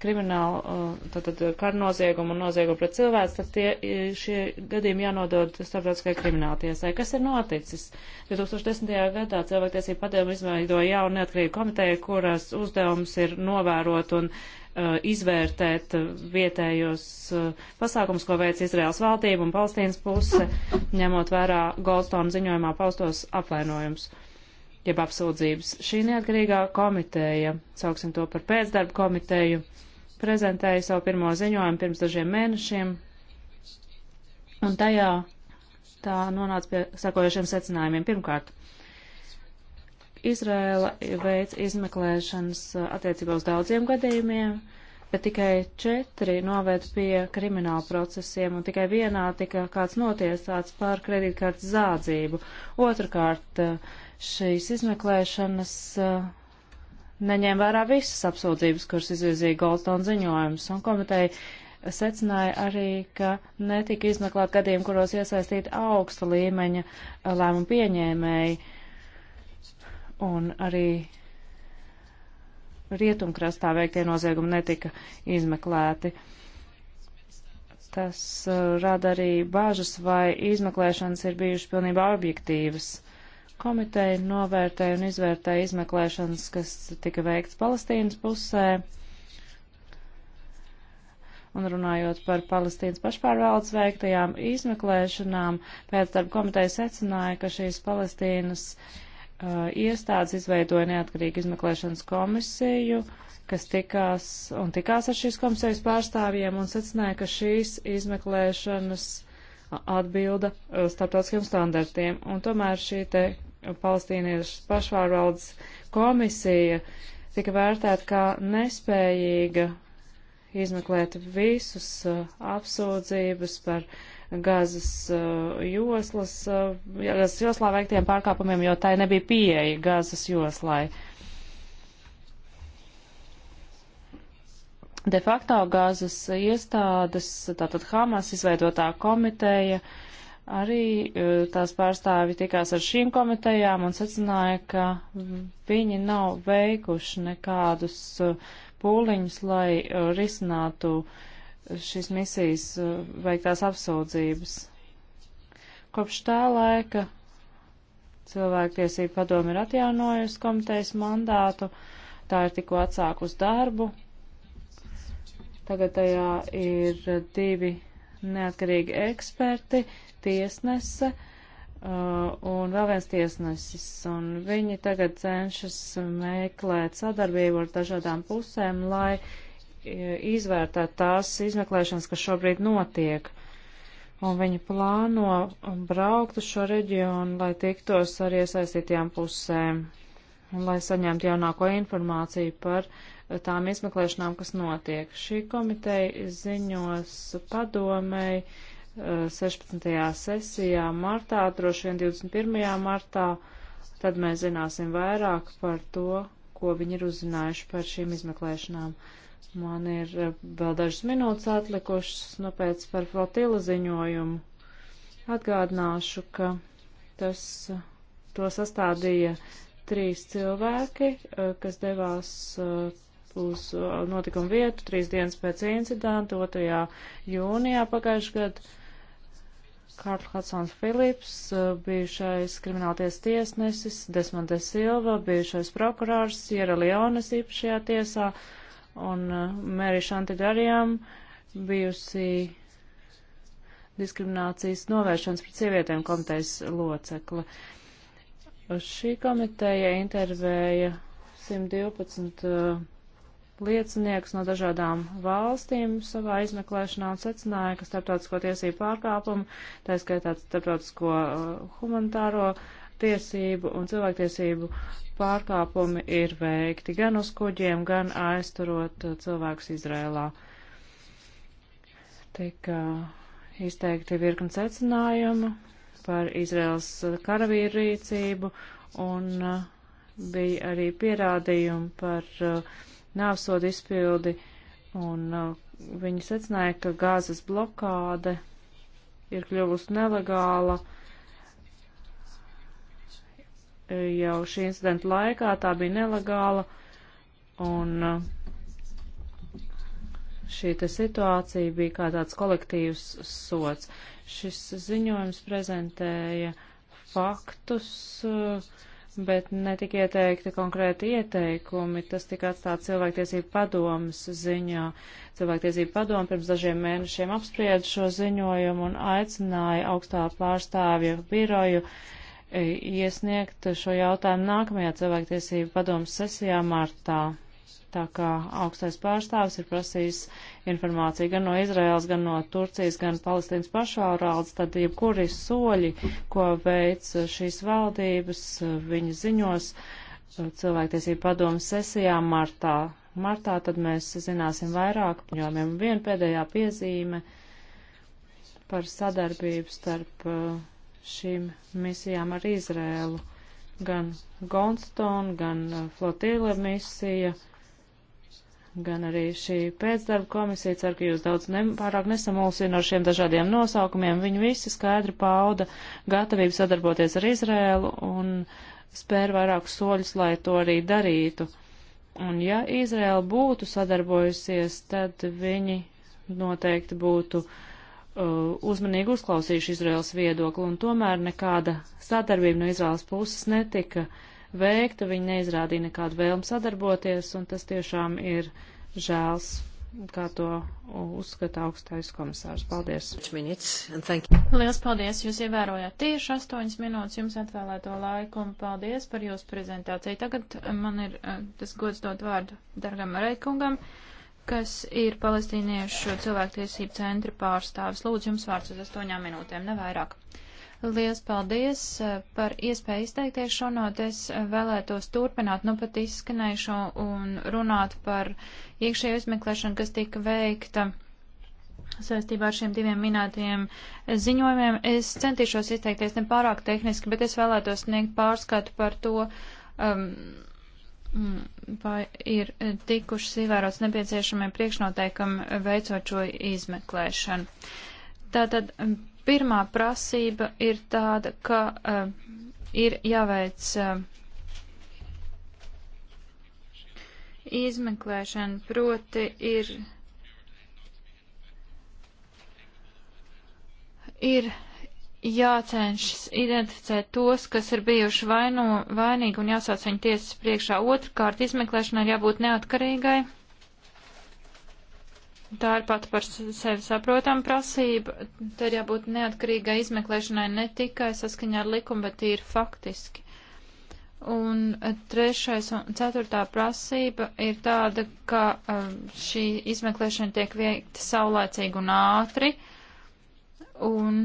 krimināli, eh, tātad eh, karnoziegumi un noziegumi pret cilvēks, tad tie, šie gadījumi jānodod starptautiskai krimināltiesai. Kas ir noticis? 2010. gadā cilvēktiesība padomu izveidoja jaunu neatkarīgu komiteju, kuras uzdevums ir novērot un uh, izvērtēt vietējos uh, pasākums, ko veic Izraels valdība un Palestīnas puse, ņemot vērā Goldstone ziņojumā paustos apvainojums. Uh, jeb apsūdzības. Šī neatkarīgā komiteja, sauksim to par pēcdarbu komiteju, prezentēja savu pirmo ziņojumu pirms dažiem mēnešiem, un tajā tā nonāca pie sakojošiem secinājumiem. Pirmkārt, Izraela veic izmeklēšanas uh, attiecībā uz daudziem gadījumiem, bet tikai četri noved pie krimināla procesiem, un tikai vienā tika kāds notiesāts par kredītkartes zādzību. Otrakārt, uh, šīs izmeklēšanas uh, eh, neņēma vērā visas apsūdzības, kuras izvirzīja Goldstone ziņojums, un komiteja secināja arī, ka netika izmeklēt gadījumu, kuros iesaistīta augsta līmeņa eh, lēmumu pieņēmēji, un arī rietumkrastā veiktie noziegumi netika izmeklēti. Tas uh, rada arī bāžas, vai izmeklēšanas ir bijušas pilnībā objektīvas Komiteja novērtēja un izvērtēja izmeklēšanas, kas tika veikts Palestīnas pusē. Un runājot par Palestīnas pašpārvaldes veiktajām izmeklēšanām, pēc darba komiteja secināja, ka šīs Palestīnas uh, iestādes izveidoja neatkarīgu izmeklēšanas komisiju, kas tikās un tikās ar šīs komisijas pārstāvjiem un secināja, ka šīs izmeklēšanas atbilda uh, starptautiskiem standartiem. Un tomēr šī te palestīniešu pašvārvaldes komisija tika vērtēta kā nespējīga izmeklēt visus uh, apsūdzības par gazas uh, joslas, uh, gazas joslā veiktiem pārkāpumiem, jo tai nebija pieeja gazas joslai. De facto gazas iestādes, tātad Hamas izveidotā komiteja, uh, arī e, tās pārstāvi tikās ar šīm komitejām un secināja, ka viņi nav veikuši nekādus e, pūliņus, lai e, risinātu šīs misijas veiktās apsūdzības. Kopš tā laika cilvēktiesība padomi ir atjaunojusi komitejas mandātu, tā ir tikko atsākus darbu. Tagad tajā ir divi neatkarīgi eksperti, uh, tiesnese uh, un vēl viens tiesnesis, un viņi tagad cenšas meklēt sadarbību ar dažādām pusēm, lai e, izvērtētu tās izmeklēšanas, kas šobrīd notiek. Un viņi plāno braukt uz šo reģionu, lai tiktos ar iesaistītajām pusēm, un lai saņemtu jaunāko informāciju par tām izmeklēšanām, kas notiek. Šī komiteja ziņos padomēji 16. sesijā martā, droši vien 21. martā, tad mēs zināsim vairāk par to, ko viņi ir uzzinājuši par šīm izmeklēšanām. Man ir eh, vēl dažas minūtes atlikušas, nu pēc par flotila ziņojumu atgādināšu, ka tas, to sastādīja trīs cilvēki, eh, kas devās eh, uz notikumu vietu trīs dienas pēc incidenta 2. jūnijā pagājušajā gadā. Kārls Hudsons Filips, eh, bijušais kriminālties tiesnesis, Desmond De Silva, bijušais prokurārs, Sierra Leones īpašajā tiesā un eh, Mary Shanti Darjam, bijusi diskriminācijas novēršanas pret sievietēm komitejas locekla. Šī komiteja intervēja 112 liecinieks no dažādām valstīm savā izmeklēšanā secināja, ka starptautisko tiesību pārkāpumu, tā skaitā starptautisko uh, humanitāro tiesību un cilvēktiesību pārkāpumi ir veikti gan uz kuģiem, gan aizturot uh, cilvēkus Izrēlā. Tika uh, izteikti virkni secinājumu par Izraels karavīru rīcību un bija arī pierādījumi par uh, nāvsodu izpildi, un uh, viņi secināja, ka gāzes blokāde ir kļuvusi nelegāla jau šī incidenta laikā, tā bija nelegāla, un uh, šī te situācija bija kā tāds kolektīvs sots. Šis ziņojums prezentēja faktus, uh, bet netika ieteikti konkrēti ieteikumi. Tas tika atstāts cilvēktiesību padomas ziņā. Cilvēktiesību padoma pirms dažiem mēnešiem apsprieda šo ziņojumu un aicināja augstā pārstāvja biroju e, iesniegt šo jautājumu nākamajā cilvēktiesību padomas sesijā martā tā kā augstais pārstāvis ir prasījis informāciju gan no Izraels, gan no Turcijas, gan Palestīnas pašvalsts, tad jebkuri soļi, ko veic šīs valdības, viņi ziņos cilvēktiesību padomu sesijā martā. Martā tad mēs zināsim vairāk par jomiem. Viena pēdējā piezīme par sadarbību starp uh, šīm misijām ar Izrēlu gan Goldstone, gan uh, flotīla misija gan arī šī pēcdarba komisija. Ceru, ka jūs daudz ne, pārāk nesamulsina ar šiem dažādiem nosaukumiem. Viņi visi skaidri pauda gatavību sadarboties ar Izrēlu un spēra vairākus soļus, lai to arī darītu. Un ja Izrēla būtu sadarbojusies, tad viņi noteikti būtu uh, uzmanīgi uzklausījuši Izraels viedokli, un tomēr nekāda sadarbība no Izraels puses netika uh, veikta, viņi neizrādīja nekādu vēlmu sadarboties, un tas tiešām ir žēls, kā to uzskata augstais komisārs. Paldies! Lielas paldies! Jūs ievērojāt tieši astoņas minūtes jums atvēlēto laiku, un paldies par jūsu prezentāciju. Tagad man ir eh, tas gods dot vārdu dargam Reikungam kas ir palestīniešu cilvēktiesību centra pārstāvis. Lūdzu, jums vārds uz astoņām minūtēm, ne vairāk. Uh, Liels paldies eh, par iespēju izteikties šonot. Es eh, vēlētos turpināt nu pat izskanējušo un runāt par iekšējo izmeklēšanu, kas tika veikta saistībā ar šiem diviem minētajiem eh, ziņojumiem. Es centīšos izteikties ne pārāk tehniski, bet es vēlētos sniegt pārskatu par to, um, mm, vai ir tikušas ievērots nepieciešamie priekšnoteikumi veicot šo izmeklēšanu. Tātad Pirmā prasība ir tāda, ka uh, ir jāveic uh, izmeklēšana, proti ir, ir jācenšas identificēt tos, kas ir bijuši vaino, vainīgi un jāsauc viņu tiesas priekšā. Otrkārt, izmeklēšana ir jābūt neatkarīgai. Tā ir pat par sevi saprotama prasība. Te ir jābūt neatkarīgai izmeklēšanai ne tikai saskaņā ar likumu, bet ir faktiski. Un eh, trešais un ceturtā prasība ir tāda, ka eh, šī izmeklēšana tiek veikta saulēcīgi un ātri. Un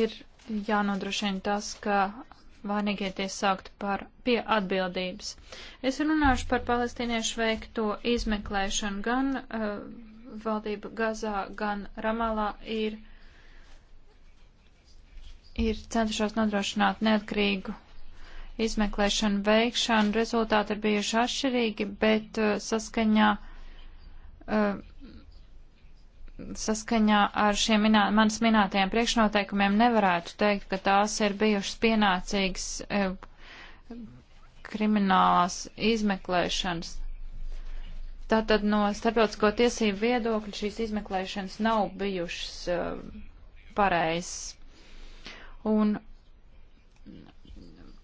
ir jānodrošina tas, ka vainīgie tiek saukt par pie atbildības. Es runāšu par palestīniešu veikto izmeklēšanu gan uh, valdība Gazā, gan Ramalā ir, ir centušās nodrošināt neatkarīgu izmeklēšanu veikšanu. Rezultāti ir bijuši atšķirīgi, bet uh, saskaņā uh, saskaņā ar šiem minā, manas minētajiem priekšnoteikumiem nevarētu teikt, ka tās ir bijušas pienācīgas e, kriminālās izmeklēšanas. Tātad no starptautisko tiesību viedokļa šīs izmeklēšanas nav bijušas e, pareizas. Un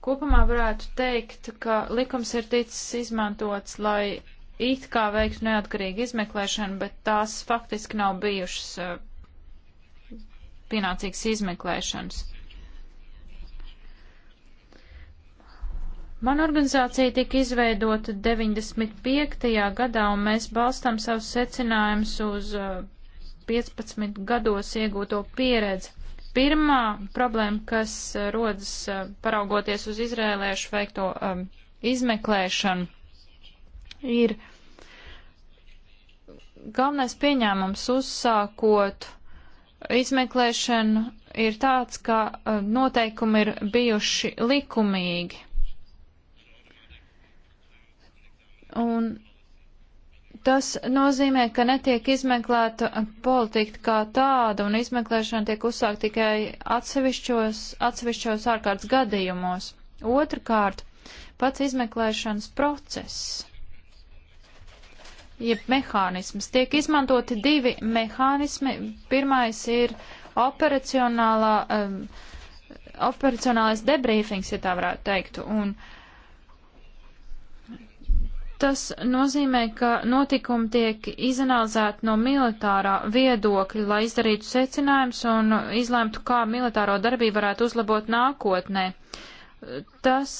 kopumā varētu teikt, ka likums ir ticis izmantots, lai it kā veiktu neatkarīgu izmeklēšanu, bet tās faktiski nav bijušas uh, pienācīgas izmeklēšanas. Man organizācija tika izveidota 95. gadā, un mēs balstām savus secinājumus uz uh, eh, 15 gados iegūto pieredzi. Pirmā problēma, kas eh, rodas uh, paraugoties uz izrēliešu veikto um, izmeklēšanu, ir galvenais pieņēmums uzsākot izmeklēšanu ir tāds, ka e, noteikumi ir bijuši likumīgi. Un tas nozīmē, ka netiek izmeklēta politika kā tāda, un izmeklēšana tiek uzsākt tikai atsevišķos, atsevišķos ārkārtas gadījumos. Otrakārt, pats izmeklēšanas process jeb mehānisms. Tiek izmantoti divi mehānismi. Pirmais ir operacionālā, um, operacionālais debriefings, ja tā varētu teikt. Un tas nozīmē, ka notikumi tiek izanalizēti no militārā viedokļa, lai izdarītu secinājumus un izlēmtu, kā militāro darbību varētu uzlabot nākotnē. Tas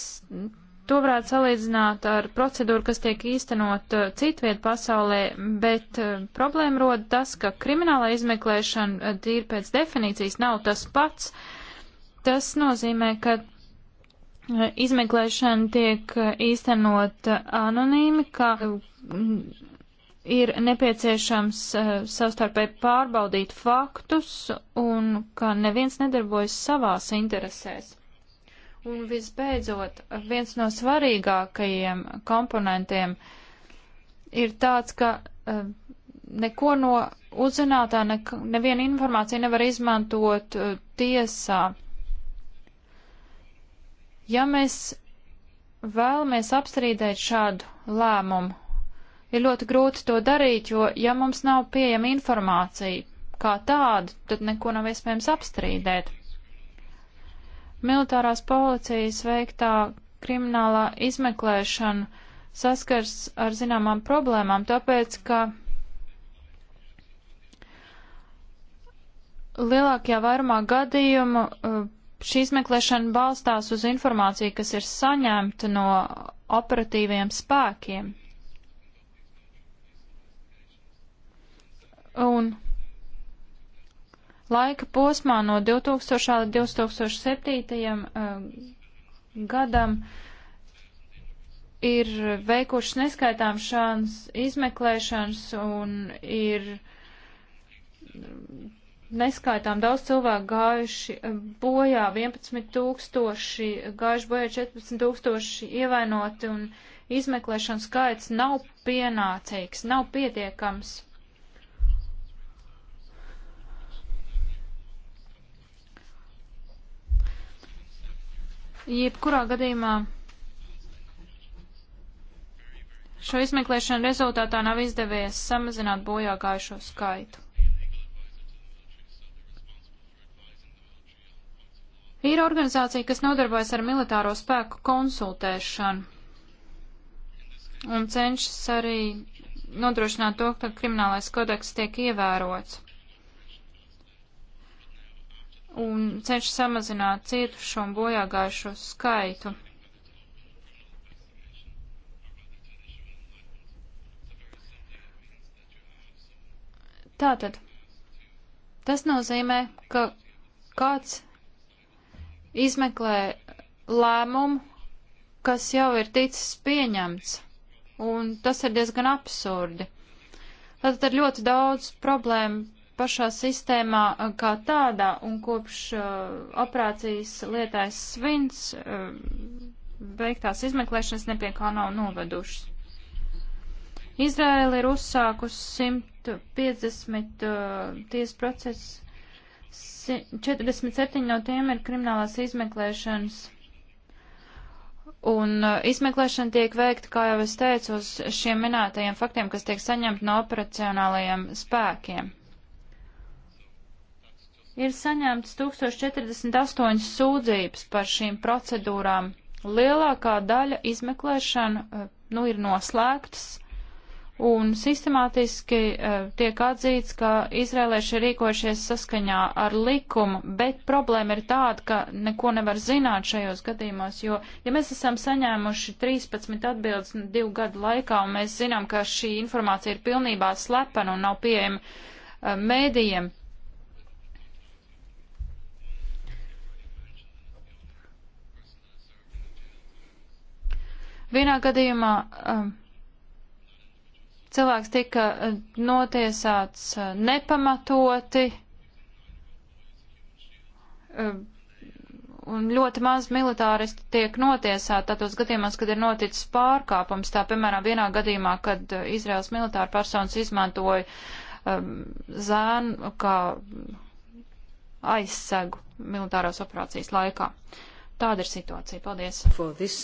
To varētu salīdzināt ar procedūru, kas tiek īstenot uh, citviet pasaulē, bet uh, problēma rod tas, ka krimināla izmeklēšana uh, tīri pēc definīcijas nav tas pats. Tas nozīmē, ka izmeklēšana tiek īstenot anonīmi, ka ir nepieciešams savstarpēji pārbaudīt faktus un ka neviens nedarbojas savās interesēs. Un visbeidzot, viens no svarīgākajiem komponentiem ir tāds, ka uh, neko no uzzinātā, ne, neviena informācija nevar izmantot uh, tiesā. Ja mēs vēlamies apstrīdēt šādu lēmumu, ir ļoti grūti to darīt, jo ja mums nav pieejama informācija kā tāda, tad neko nav iespējams apstrīdēt militārās policijas veiktā kriminālā izmeklēšana saskars ar zināmām problēmām, tāpēc, ka lielākajā vairumā gadījumu uh, šī izmeklēšana balstās uz informāciju, kas ir saņemta no operatīviem spēkiem. Un laika posmā no 2000. līdz 2007. Um, gadam ir veikušas neskaitām šādas izmeklēšanas un ir neskaitām daudz cilvēku gājuši um, bojā, 11 tūkstoši gājuši bojā, 14 tūkstoši ievainoti un izmeklēšanas skaits nav pienācīgs, nav pietiekams. Jebkurā gadījumā šo izmeklēšanu rezultātā nav izdevies samazināt bojāgājušo skaitu. Ir organizācija, kas nodarbojas ar militāro spēku konsultēšanu un cenšas arī nodrošināt to, ka kriminālais kodeks tiek ievērots un cenšas samazināt cietušo un bojāgājušo skaitu. Tātad, tas nozīmē, ka kāds izmeklē lēmumu, kas jau ir ticis pieņemts, un tas ir diezgan absurdi. Tātad ir ļoti daudz problēmu pašā sistēmā uh, kā tādā, un kopš uh, operācijas lietais svins uh, veiktās izmeklēšanas nepie kā nav novedušas. Izraēla ir uzsākusi 150 uh, tiesas procesu, 47 no tiem ir kriminālās izmeklēšanas. Un uh, izmeklēšana tiek veikta, kā jau es teicu, uz šiem minētajiem faktiem, kas tiek saņemti no operacionālajiem spēkiem. Ir saņemts 1048 sūdzības par šīm procedūrām. Lielākā daļa izmeklēšana eh, nu, ir noslēgtas un sistemātiski eh, tiek atzīts, ka izrēlieši ir rīkojušies saskaņā ar likumu, bet problēma ir tāda, ka neko nevar zināt šajos gadījumos, jo, ja mēs esam saņēmuši 13 atbildes divu gadu laikā un mēs zinām, ka šī informācija ir pilnībā slepena un nav pieejama eh, mēdījiem, Vienā gadījumā um, cilvēks tika uh, notiesāts uh, nepamatoti um, un ļoti maz militāristi tiek notiesāti tādos gadījumos, kad ir noticis pārkāpums. Tā, piemēram, vienā gadījumā, kad uh, Izraels militāra personas izmantoja um, zēnu kā aizsegu militārās operācijas laikā. Uh, Tāda ir situācija. Paldies. This,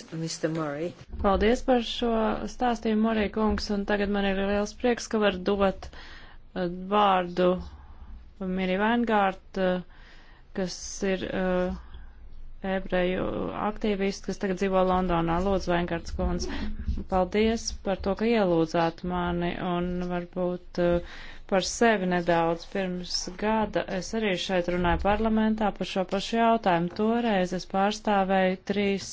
Paldies par šo stāstījumu, Morī kungs, un tagad man ir liels prieks, ka var dot eh, vārdu Miri Vaingārt, eh, kas ir uh, ebreju aktīvisti, kas tagad dzīvo Londonā. Lūdzu, Vaingārds kundze, paldies par to, ka ielūdzāt mani un varbūt uh, par sevi nedaudz. Pirms gada es arī šeit runāju parlamentā par šo pašu jautājumu. Toreiz es pārstāvēju trīs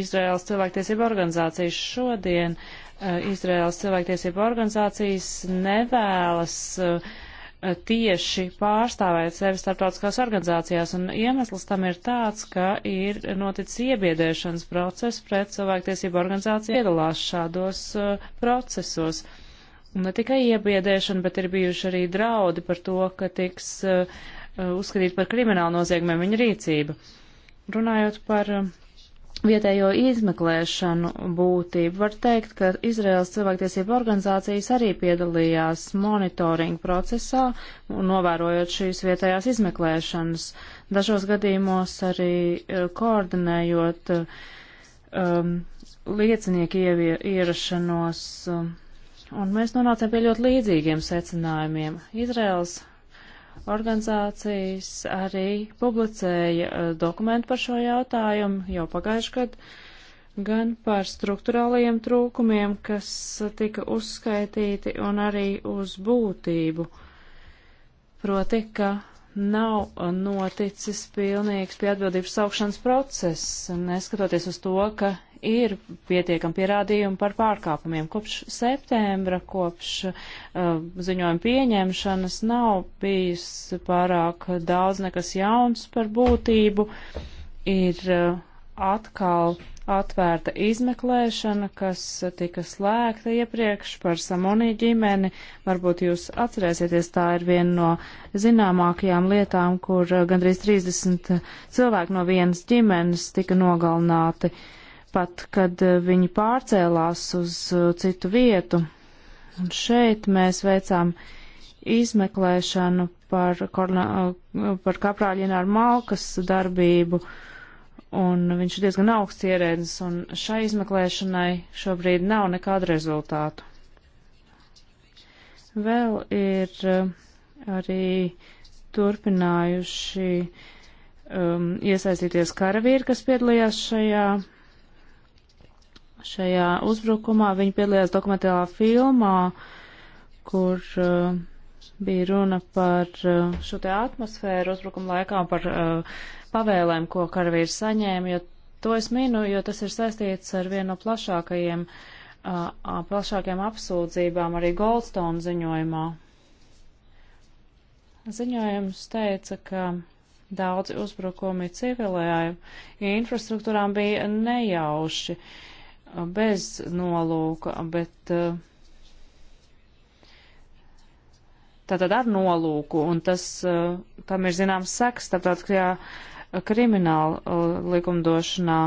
Izraēlas cilvēktiesību organizācijas. Šodien uh, eh, Izraēlas cilvēktiesību organizācijas nevēlas uh, tieši pārstāvēt sevi starptautiskās organizācijās, un iemesls tam ir tāds, ka ir noticis iebiedēšanas process pret cilvēktiesību organizāciju piedalās šādos uh, procesos. Uh, ne tikai iebiedēšana, bet ir bijuši arī draudi par to, ka tiks uh, uzskatīt par kriminālu noziegumiem viņa rīcība. Runājot par eh, vietējo izmeklēšanu būtību, var teikt, ka Izraels cilvēktiesība organizācijas arī piedalījās monitoringa procesā, novērojot šīs vietējās izmeklēšanas, dažos gadījumos arī uh, koordinējot um, liecinieku ierašanos. Um, un mēs nonācām pie ļoti līdzīgiem secinājumiem. Izraels organizācijas arī publicēja eh, dokumentu par šo jautājumu jau pagājušajā gadā, gan par struktūrālajiem trūkumiem, kas tika uzskaitīti, un arī uz būtību. Proti, ka nav uh, noticis pilnīgs pie atbildības saukšanas process, neskatoties uz to, ka ir pietiekami pierādījumi par pārkāpumiem. Kopš septembra, kopš uh, ziņojuma pieņemšanas nav bijis pārāk daudz nekas jauns par būtību. Ir uh, atkal atvērta izmeklēšana, kas tika slēgta iepriekš par Samonī ģimeni. Varbūt jūs atcerēsieties, tā ir viena no zināmākajām lietām, kur uh, gandrīz 30 uh, cilvēki no vienas ģimenes tika nogalināti, pat kad uh, viņi pārcēlās uz citu vietu. Un šeit mēs veicām izmeklēšanu par, par kaprāļināru Malkas darbību un viņš ir diezgan augsts ierēdzis, un šai izmeklēšanai šobrīd nav nekādu rezultātu. Vēl ir eh, arī turpinājuši um, iesaistīties karavīri, kas piedalījās šajā, šajā uzbrukumā. Viņi piedalījās dokumentālā filmā, kur uh, bija runa par uh, šo te atmosfēru uzbrukuma laikā un par uh, pavēlēm, ko karavīrs saņēma, jo to es minu, jo tas ir saistīts ar vienu no plašākajiem, uh, plašākajām apsūdzībām arī Goldstone ziņojumā. Ziņojums teica, ka daudzi uzbrukumi civilējai infrastruktūrām bija nejauši, bez nolūka, bet tātad ar nolūku, un tas, tam ir zināms seks starptautiskajā krimināla uh, likumdošanā,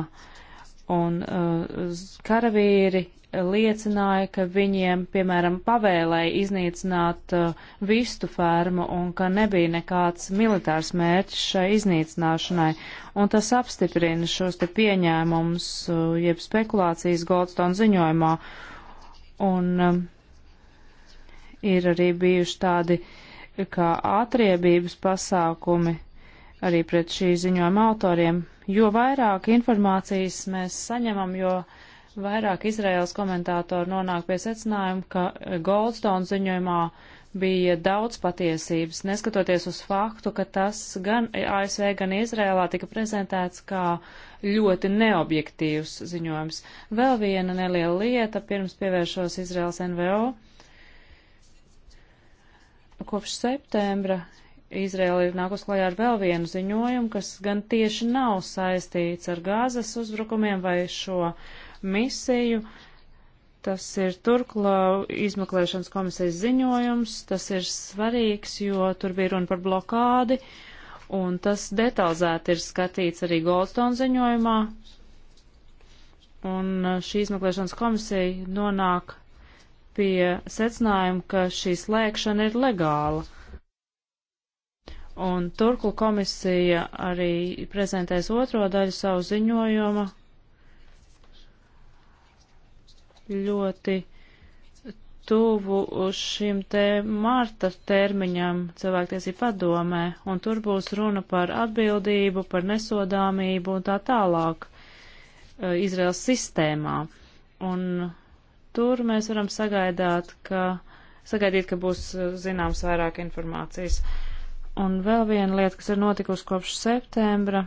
un uh, karavīri liecināja, ka viņiem, piemēram, pavēlēja iznīcināt uh, vistu fermu un ka nebija nekāds militārs mērķis šai iznīcināšanai. Un tas apstiprina šos te pieņēmumus, uh, jeb spekulācijas Goldstone ziņojumā. Un uh, ir arī bijuši tādi kā atriebības pasākumi arī pret šī ziņojuma autoriem. Jo vairāk informācijas mēs saņemam, jo vairāk Izraels komentātori nonāk pie secinājuma, ka Goldstone ziņojumā bija daudz patiesības, neskatoties uz faktu, ka tas gan ASV, gan Izrēlā tika prezentēts kā ļoti neobjektīvs ziņojums. Vēl viena neliela lieta, pirms pievēršos Izrēlas NVO. Kopš septembra Izraela ir nākus klajā ar vēl vienu ziņojumu, kas gan tieši nav saistīts ar gāzes uzbrukumiem vai šo misiju. Tas ir Turkla izmeklēšanas komisijas ziņojums, tas ir svarīgs, jo tur bija runa par blokādi, un tas detalizēti ir skatīts arī Goldstone ziņojumā. Un uh, šī izmeklēšanas komisija nonāk pie secinājuma, ka šī slēgšana ir legāla Un Turku komisija arī prezentēs otro daļu savu ziņojuma. Ļoti tuvu šim te mārta termiņam cilvēktiesību padomē, un tur būs runa par atbildību, par nesodāmību un tā tālāk eh, Izraels sistēmā. Un tur mēs varam sagaidāt, ka, sagaidīt, ka būs eh, zināms vairāk informācijas. Uh, Un vēl viena lieta, kas ir notikusi kopš septembra.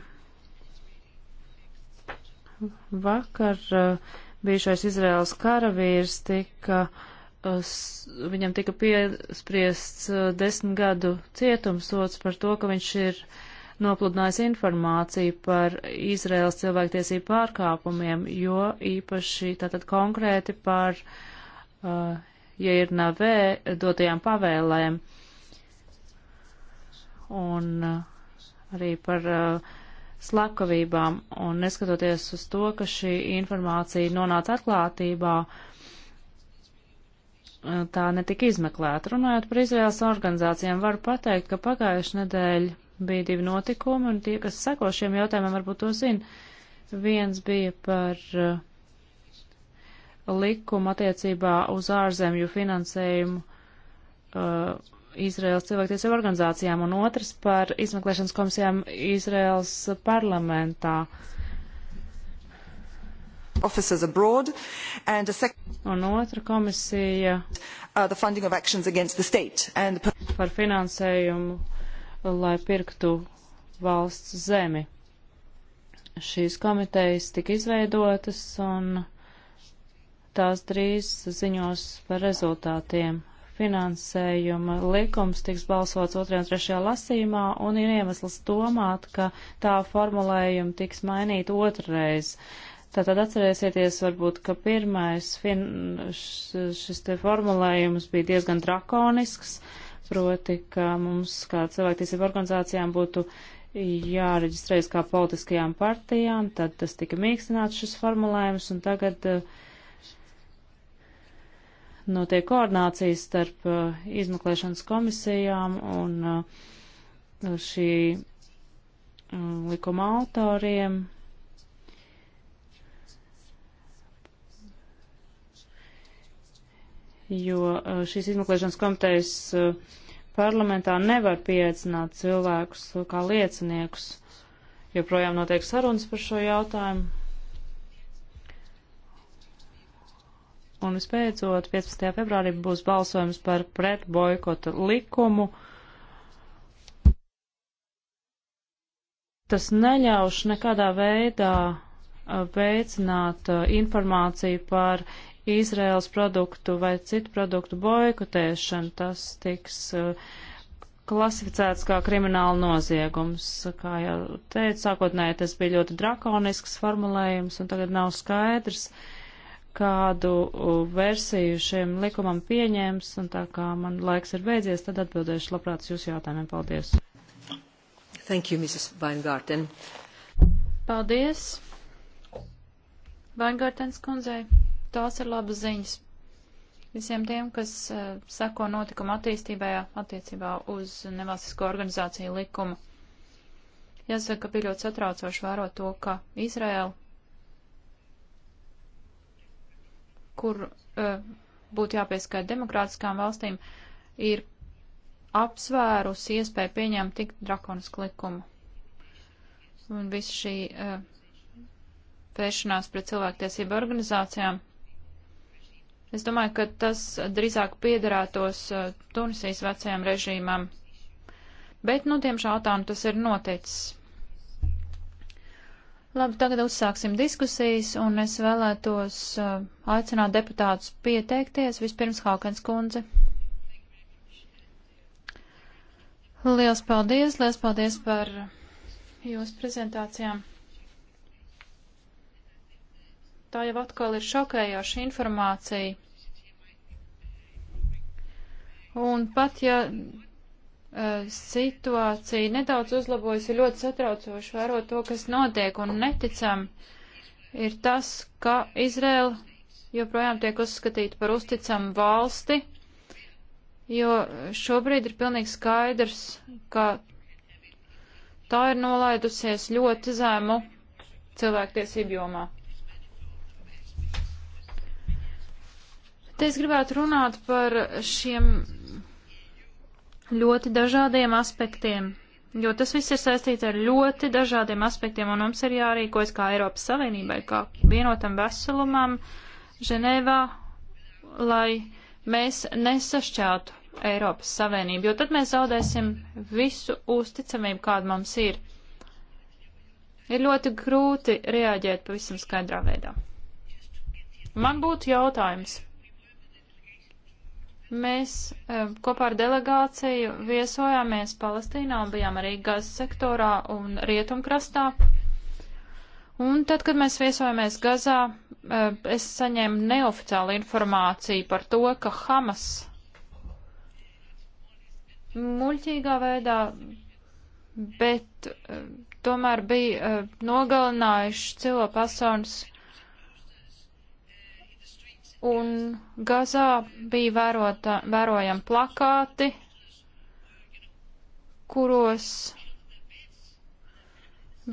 Vakar uh, bijušais Izraels karavīrs tika, uh, viņam tika piespriests uh, desmit gadu cietumsots par to, ka viņš ir nopludinājis informāciju par Izraels cilvēktiesību pārkāpumiem, jo īpaši tātad konkrēti par, uh, ja ir navē, dotajām pavēlēm. Uh, un uh, arī par uh, slepkavībām. Un neskatoties uz to, ka šī informācija nonāca atklātībā, uh, tā netika izmeklēta. Runājot par Izraels organizācijām, varu pateikt, ka pagājuši nedēļ bija divi notikumi, un tie, kas seko šiem jautājumiem, varbūt to zina. Viens bija par uh, likumu attiecībā uz ārzemju finansējumu uh, Izraels cilvēktiesību organizācijām un otrs par izmeklēšanas komisijām Izraels parlamentā. Abroad, un otra komisija uh, and... par finansējumu, lai pirktu valsts zemi. Šīs komitejas tika izveidotas un tās drīz ziņos par rezultātiem finansējuma likums tiks balsots otrajā un trešajā lasīmā, un ir iemesls domāt, ka tā formulējuma tiks mainīt otrreiz. Tātad atcerēsieties varbūt, ka pirmais fin, šis te formulējums bija diezgan drakonisks, proti, ka mums kā cilvēktiesību organizācijām būtu jāreģistrējas kā politiskajām partijām, tad tas tika mīkstināts šis formulējums, un tagad uh, notiek koordinācija starp uh, izmeklēšanas komisijām un uh, šī um, likuma autoriem. Jo uh, šīs izmeklēšanas komitejas uh, parlamentā nevar pieaicināt cilvēkus kā lieciniekus. Joprojām notiek sarunas par šo jautājumu. Un visbeidzot, 15. februārī būs balsojums par pret boikota likumu. Tas neļauš nekādā veidā veicināt informāciju par Izraels produktu vai citu produktu boikotēšanu. Tas tiks klasificēts kā krimināla noziegums. Kā jau teicu, sākotnēji tas bija ļoti drakonisks formulējums un tagad nav skaidrs. Uh, kādu versiju šiem likumam pieņēms, un tā kā man laiks ir beidzies, tad atbildēšu labprāt uz jūsu jautājumiem. Paldies! Thank you, Mrs. Weingarten. Paldies! Vaingartens kundzei, tās ir labas ziņas. Visiem tiem, kas uh, seko notikuma attīstībai attiecībā uz nevalstisko organizāciju likumu. Jāsaka, ka bija ļoti satraucoši vērot to, ka Izraela kur uh, būtu jāpieskait demokrātiskām valstīm, ir apsvērusi iespēju pieņemt tik drakonisku likumu. Un visa šī uh, vēršanās pret cilvēktiesību organizācijām. Es domāju, ka tas drīzāk piederētos uh, e, Tunisijas vecajam režīmam. Bet, nu, diemžēl tām nu tas ir noticis. Labi, tagad uzsāksim diskusijas, un es vēlētos uh, aicināt deputātus pieteikties. Vispirms Hākens kundze. Liels paldies, liels paldies par jūsu prezentācijām. Tā jau atkal ir šokējoša informācija. Un pat ja Eh, situācija nedaudz uzlabojas, ir ļoti satraucoši vērot to, kas notiek, un neticam ir tas, ka Izraela joprojām tiek uzskatīta par uzticamu valsti, jo šobrīd ir pilnīgi skaidrs, ka tā ir nolaidusies ļoti zemu cilvēktiesību jomā. Te es gribētu runāt par šiem ļoti dažādiem aspektiem, jo tas viss ir saistīts ar ļoti dažādiem aspektiem, un mums ir jārīkojas kā Eiropas Savienībai, kā vienotam veselumam Ženēvā, lai mēs nesašķētu Eiropas Savienību, jo tad mēs zaudēsim visu uzticamību, kāda mums ir. Ir ļoti grūti reaģēt pavisam skaidrā veidā. Man būtu jautājums. Mēs e, kopā ar delegāciju viesojāmies Palestīnā un bijām arī gazas sektorā un rietumkrastā. Un tad, kad mēs viesojāmies Gazā, e, es saņēmu neoficiālu informāciju par to, ka Hamas muļķīgā veidā, bet e, tomēr bija nogalinājuši cilvēku personas un Gazā bija vērota, vērojami plakāti, kuros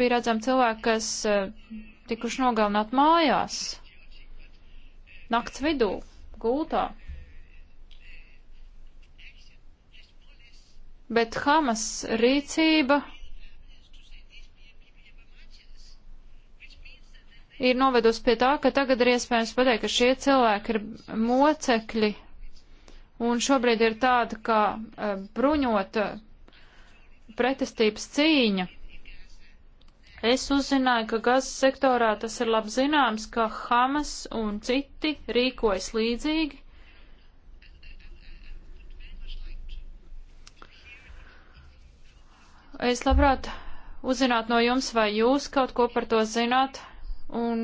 bija redzami cilvēki, kas eh, tikuši nogalināti mājās, nakts vidū, gultā. Bet Hamas rīcība ir novedusi pie tā, ka tagad ir iespējams pateikt, ka šie cilvēki ir mocekļi un šobrīd ir tāda kā eh, bruņota eh, pretestības cīņa. Es uzzināju, ka gazas sektorā tas ir labi zināms, ka Hamas un citi rīkojas līdzīgi. Es labprāt uzzinātu no jums, vai jūs kaut ko par to zināt, un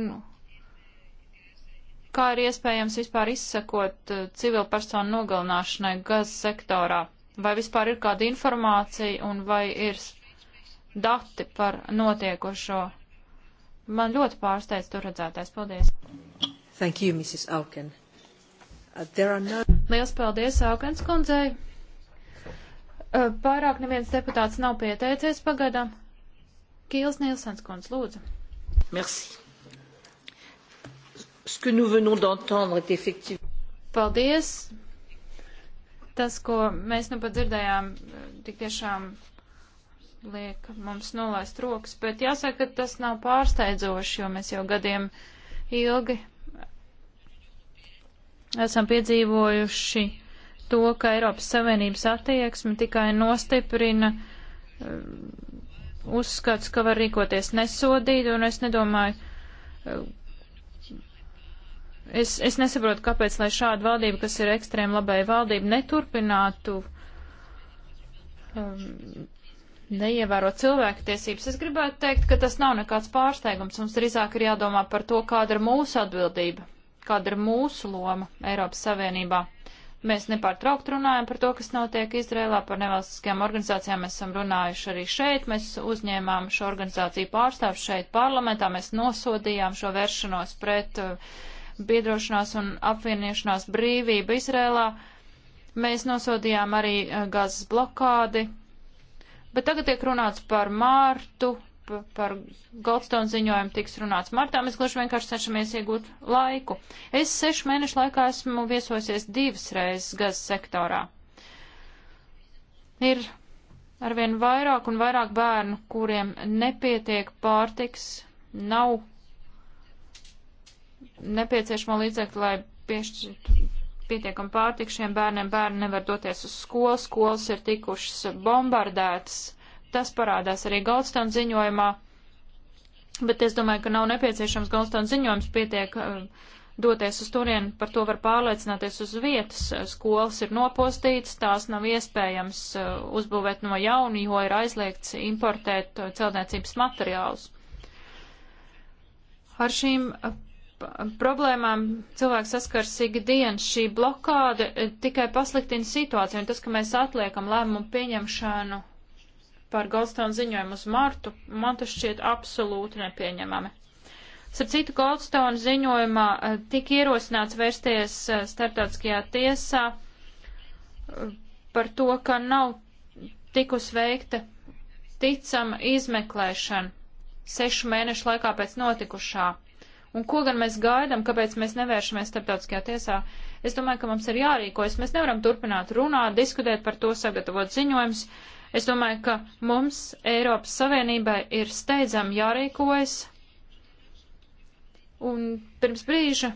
kā ir iespējams vispār izsekot eh, civilpersonu nogalināšanai gazas sektorā? Vai vispār ir kāda informācija un vai ir dati par notiekošo? Man ļoti pārsteidz tur redzētais. Paldies! Thank you, Mrs. Auken. Uh, there are no... Liels paldies, Aukens kundzei! Uh, pārāk neviens deputāts nav pieteicies pagaidām. Kīls Nielsens kundz, lūdzu. Merci ce que nous venons d'entendre est effectivement. Paldies! Tas, ko mēs nu pat dzirdējām, tik tiešām liek mums nolaist rokas, bet jāsaka, ka tas nav pārsteidzoši, jo mēs jau gadiem ilgi esam piedzīvojuši to, ka Eiropas Savienības attieksme tikai nostiprina um, uzskats, ka var rīkoties nesodīt, un es nedomāju, um, Es, es nesaprotu, kāpēc, lai šāda valdība, kas ir ekstrēma labēja valdība, neturpinātu um, neievērot cilvēku tiesības. Es gribētu teikt, ka tas nav nekāds pārsteigums. Mums drīzāk ir jādomā par to, kāda ir mūsu atbildība, kāda ir mūsu loma Eiropas Savienībā. Mēs nepārtraukt runājam par to, kas notiek Izrēlā, par nevalstiskajām organizācijām. Mēs esam runājuši arī šeit. Mēs uzņēmām šo organizāciju pārstāvu šeit parlamentā. Mēs nosodījām šo vēršanos pret uh, biedrošanās un apvienošanās brīvība Izrēlā. Mēs nosodījām arī eh, gazas blokādi, bet tagad tiek runāts par mārtu, par Goldstone ziņojumu tiks runāts martā, mēs gluži vienkārši cenšamies iegūt laiku. Es sešu mēnešu laikā esmu viesosies divas reizes gazas sektorā. Ir arvien vairāk un vairāk bērnu, kuriem nepietiek pārtiks, nav nepieciešamo līdzekļu, lai piešķirtu pietiekam pārtiku šiem bērniem. Bērni nevar doties uz skolu, skolas ir tikušas bombardētas. Tas parādās arī Goldstone ziņojumā, bet es domāju, ka nav nepieciešams Goldstone ziņojums pietiek uh, doties uz turieni, par to var pārliecināties uz vietas. Uh, skolas ir nopostītas, tās nav iespējams uh, uzbūvēt no jauna, jo ir aizliegts importēt celtniecības materiālus. Ar šīm problēmām cilvēks saskars ikdien. Šī blokāde eh, tikai pasliktina situāciju, un tas, ka mēs atliekam lēmumu pieņemšanu par Goldstone ziņojumu uz martu, man tas šķiet absolūti nepieņemami. Starp citu, Goldstone ziņojumā eh, tika ierosināts vērsties eh, starptautiskajā tiesā par to, ka nav tikus veikta ticama izmeklēšana sešu mēnešu laikā pēc notikušā. Un ko gan mēs gaidām, kāpēc mēs nevēršamies starptautiskajā tiesā? Es domāju, ka mums ir jārīkojas. Mēs nevaram turpināt runāt, diskutēt par to, sagatavot ziņojumus. Es domāju, ka mums Eiropas Savienībai ir steidzami jārīkojas. Un pirms brīža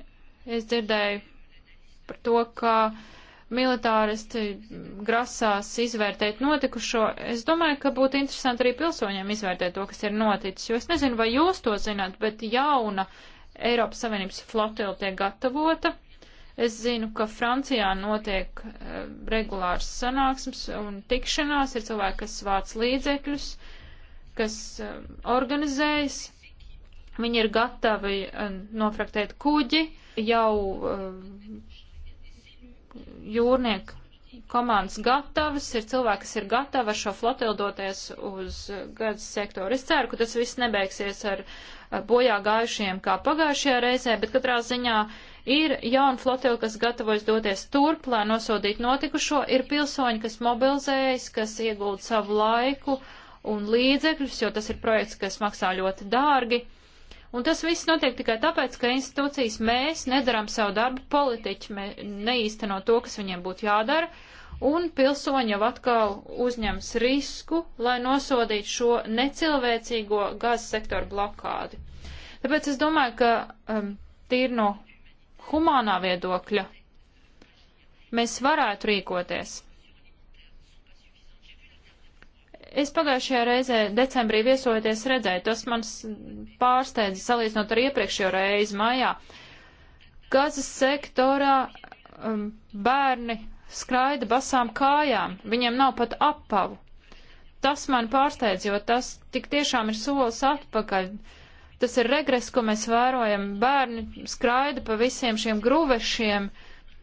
es dzirdēju par to, ka uh, militāristi grasās izvērtēt notikušo. Es domāju, ka būtu interesanti arī pilsoņiem izvērtēt to, kas ir noticis, jo es nezinu, vai jūs to zināt, bet jauna Eiropas Savienības flotila tiek gatavota. Es zinu, ka Francijā notiek uh, regulārs sanāksmes un tikšanās, ir cilvēki, kas vāc līdzekļus, kas uh, organizējas. Viņi ir gatavi uh, nofraktēt kuģi, jau uh, jūrnieku komandas gatavas, ir cilvēki, kas ir gatavi ar šo flotilu doties uz gazas sektoru. Es ceru, ka tas viss nebeigsies ar bojā gājušiem kā pagājušajā reizē, bet katrā ziņā ir jauna flotila, kas gatavojas doties turp, lai nosodītu notikušo, ir pilsoņi, kas mobilizējas, kas ieguld savu laiku un līdzekļus, jo tas ir projekts, kas maksā ļoti dārgi. Un tas viss notiek tikai tāpēc, ka institūcijas mēs nedaram savu darbu, politiķi neīsteno to, kas viņiem būtu jādara, un pilsoņi jau atkal uzņems risku, lai nosodītu šo necilvēcīgo gāzes sektoru blokādi. Tāpēc es domāju, ka um, tīri no humānā viedokļa mēs varētu rīkoties. Es pagājušajā reizē decembrī viesojoties redzēju, tas man pārsteidza salīdzinot ar iepriekšējo reizi mājā. Gazas sektorā um, bērni skraida basām kājām, viņiem nav pat apavu. Tas man pārsteidz, jo tas tik tiešām ir solis atpakaļ. Tas ir regres, ko mēs vērojam. Bērni skraida pa visiem šiem grūvešiem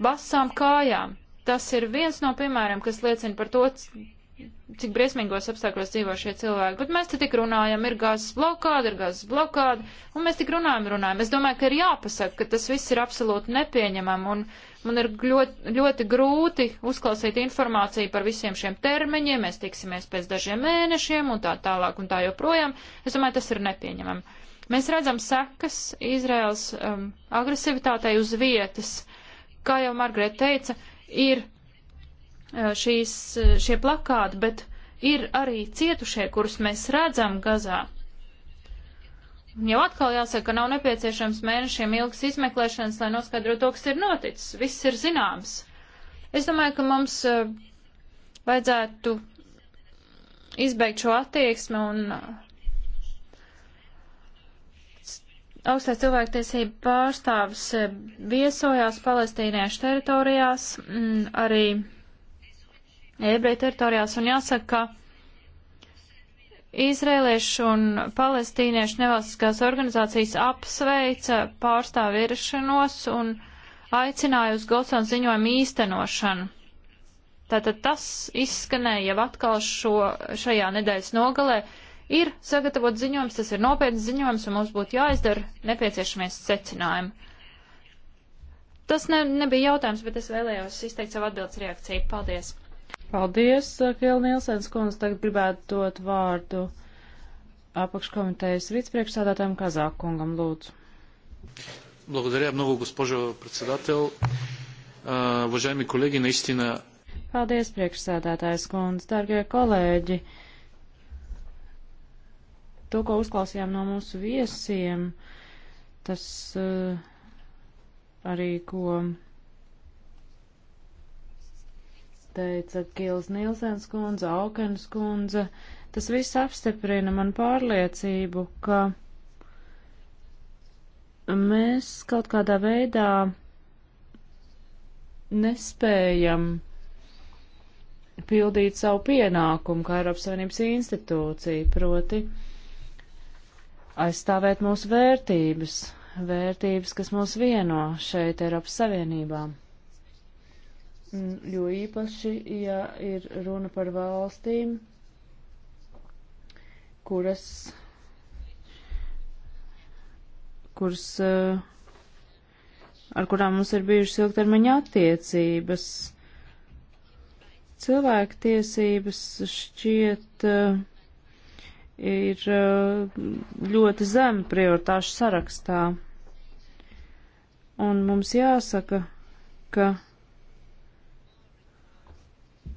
basām kājām. Tas ir viens no piemēriem, kas liecina par to, cik briesmīgos apstākļos dzīvo šie cilvēki. Bet mēs te tik runājam, ir gāzes blokāda, ir gāzes blokāda, un mēs tik runājam, runājam. Es domāju, ka ir jāpasaka, ka tas viss ir absolūti nepieņemam, un man ir ļoti, ļoti grūti uzklausīt informāciju par visiem šiem termiņiem, mēs tiksimies pēc dažiem mēnešiem, un tā tālāk, un tā joprojām. Es domāju, tas ir nepieņemam. Mēs redzam sekas Izraels um, agresivitātei uz vietas. Kā jau Margarita teica, ir Eh, šīs, eh, šie plakāti, bet ir arī cietušie, kurus mēs redzam Gazā. Un jau atkal jāsaka, ka nav nepieciešams mēnešiem ilgas izmeklēšanas, lai noskaidrotu to, kas ir noticis. Viss ir zināms. Es domāju, ka mums eh, vajadzētu izbeigt šo attieksmi un augstās cilvēktiesība pārstāvis viesojās palestīniešu teritorijās, mm, arī ebreju teritorijās, un jāsaka, ka izrēlieši un palestīnieši nevalstiskās organizācijas apsveica pārstāvu ierašanos un aicināja uz Golsons ziņojumu īstenošanu. Tātad tas izskanēja jau atkal šo, šajā nedēļas nogalē. Ir sagatavot ziņojums, tas ir nopietns ziņojums, un mums būtu jāizdara nepieciešamies secinājumi. Tas ne, nebija jautājums, bet es vēlējos izteikt savu atbildes reakciju. Paldies! Paldies, uh, Kiel Nielsens kundze. Tagad gribētu dot vārdu apakškomitejas vicepriekšsādātājiem Kazākungam, lūdzu. Благодаря много, госпожо председател. Uh, уважаеми колеги, наистина. Paldies, priekšsēdētājs kundze, dargie kolēģi. To, ko uzklausījām no mūsu viesiem, tas uh, arī, ko teica Kils Nilsens kundze, Aukens kundze, tas viss apstiprina man pārliecību, ka mēs kaut kādā veidā nespējam pildīt savu pienākumu kā Eiropas Savienības institūcija, proti aizstāvēt mūsu vērtības, vērtības, kas mūs vieno šeit Eiropas Savienībām. Mm, jo īpaši, ja ir runa par valstīm, kuras, kuras, eh, ar kurām mums ir bijušas ilgtermiņa attiecības. Cilvēktiesības šķiet eh, ir eh, ļoti zem prioritāšu sarakstā. Un mums jāsaka, ka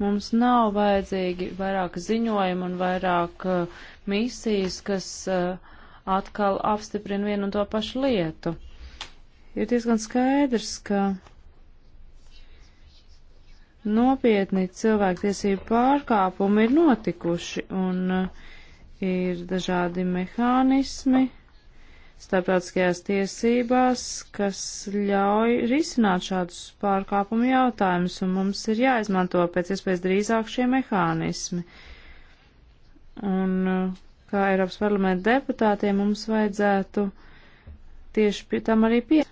Mums nav vajadzīgi vairāk ziņojumu un vairāk uh, misijas, kas uh, atkal apstiprina vienu un to pašu lietu. Ir diezgan skaidrs, ka nopietni cilvēktiesību pārkāpumi ir notikuši un uh, ir dažādi mehānismi, starptautiskajās tiesībās, kas ļauj risināt šādus pārkāpumu jautājumus, un mums ir jāizmanto pēc iespējas drīzāk šie mehānismi. Un uh, kā Eiropas parlamenta deputātiem mums vajadzētu tieši pie tam arī pie.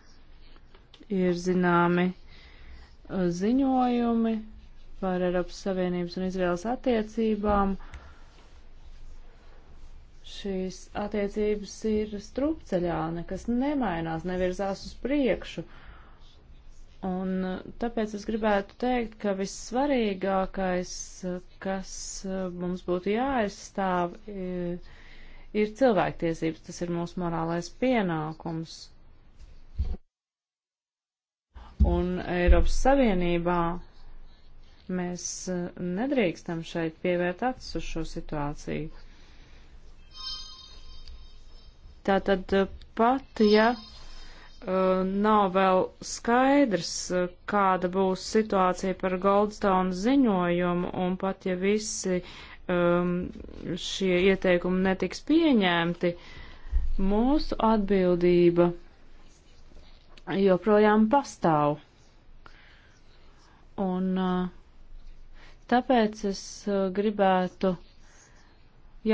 Ir zināmi uh, ziņojumi par Eiropas Savienības un Izraels attiecībām. Uh, šīs attiecības ir strupceļā, nekas nemainās, nevirzās uz priekšu. Un uh, tāpēc es gribētu teikt, ka vissvarīgākais, uh, kas uh, mums būtu jāaizstāv, ir cilvēktiesības. Tas ir mūsu morālais pienākums. Un Eiropas Savienībā mēs nedrīkstam šeit pievērt acis uz šo situāciju. Tātad eh, pat, ja eh, nav vēl skaidrs, eh, kāda būs situācija par Goldstone ziņojumu, un pat ja visi um, šie ieteikumi netiks pieņemti, mūsu atbildība joprojām pastāv. Un uh, tāpēc es gribētu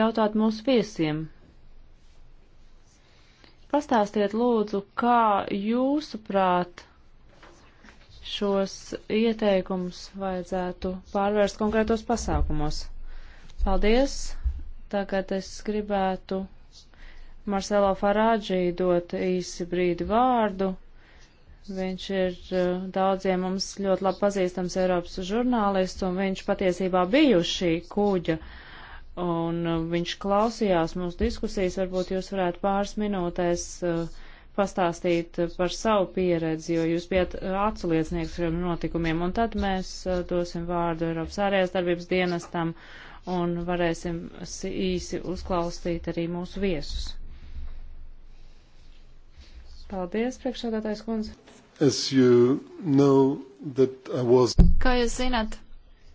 jautāt mūsu viesiem, Pastāstiet lūdzu, kā jūsuprāt šos ieteikumus vajadzētu pārvērst konkrētos pasākumos. Paldies! Tagad es gribētu Marcelo Farāģī dot īsi brīdi vārdu. Viņš ir eh, daudziem mums ļoti labi pazīstams Eiropas žurnālists, un viņš patiesībā bijuši kūģa uh, un uh, viņš klausījās mūsu diskusijas. Varbūt jūs varētu pāris minūtēs uh, pastāstīt uh, par savu pieredzi, jo jūs bijat atsliecnieks šiem notikumiem, un tad mēs dosim vārdu Eiropas ārējās darbības dienestam un varēsim īsi uzklausīt arī mūsu viesus. Paldies, priekšsēdētājs kundze. As you know that I was... Kā jūs zināt,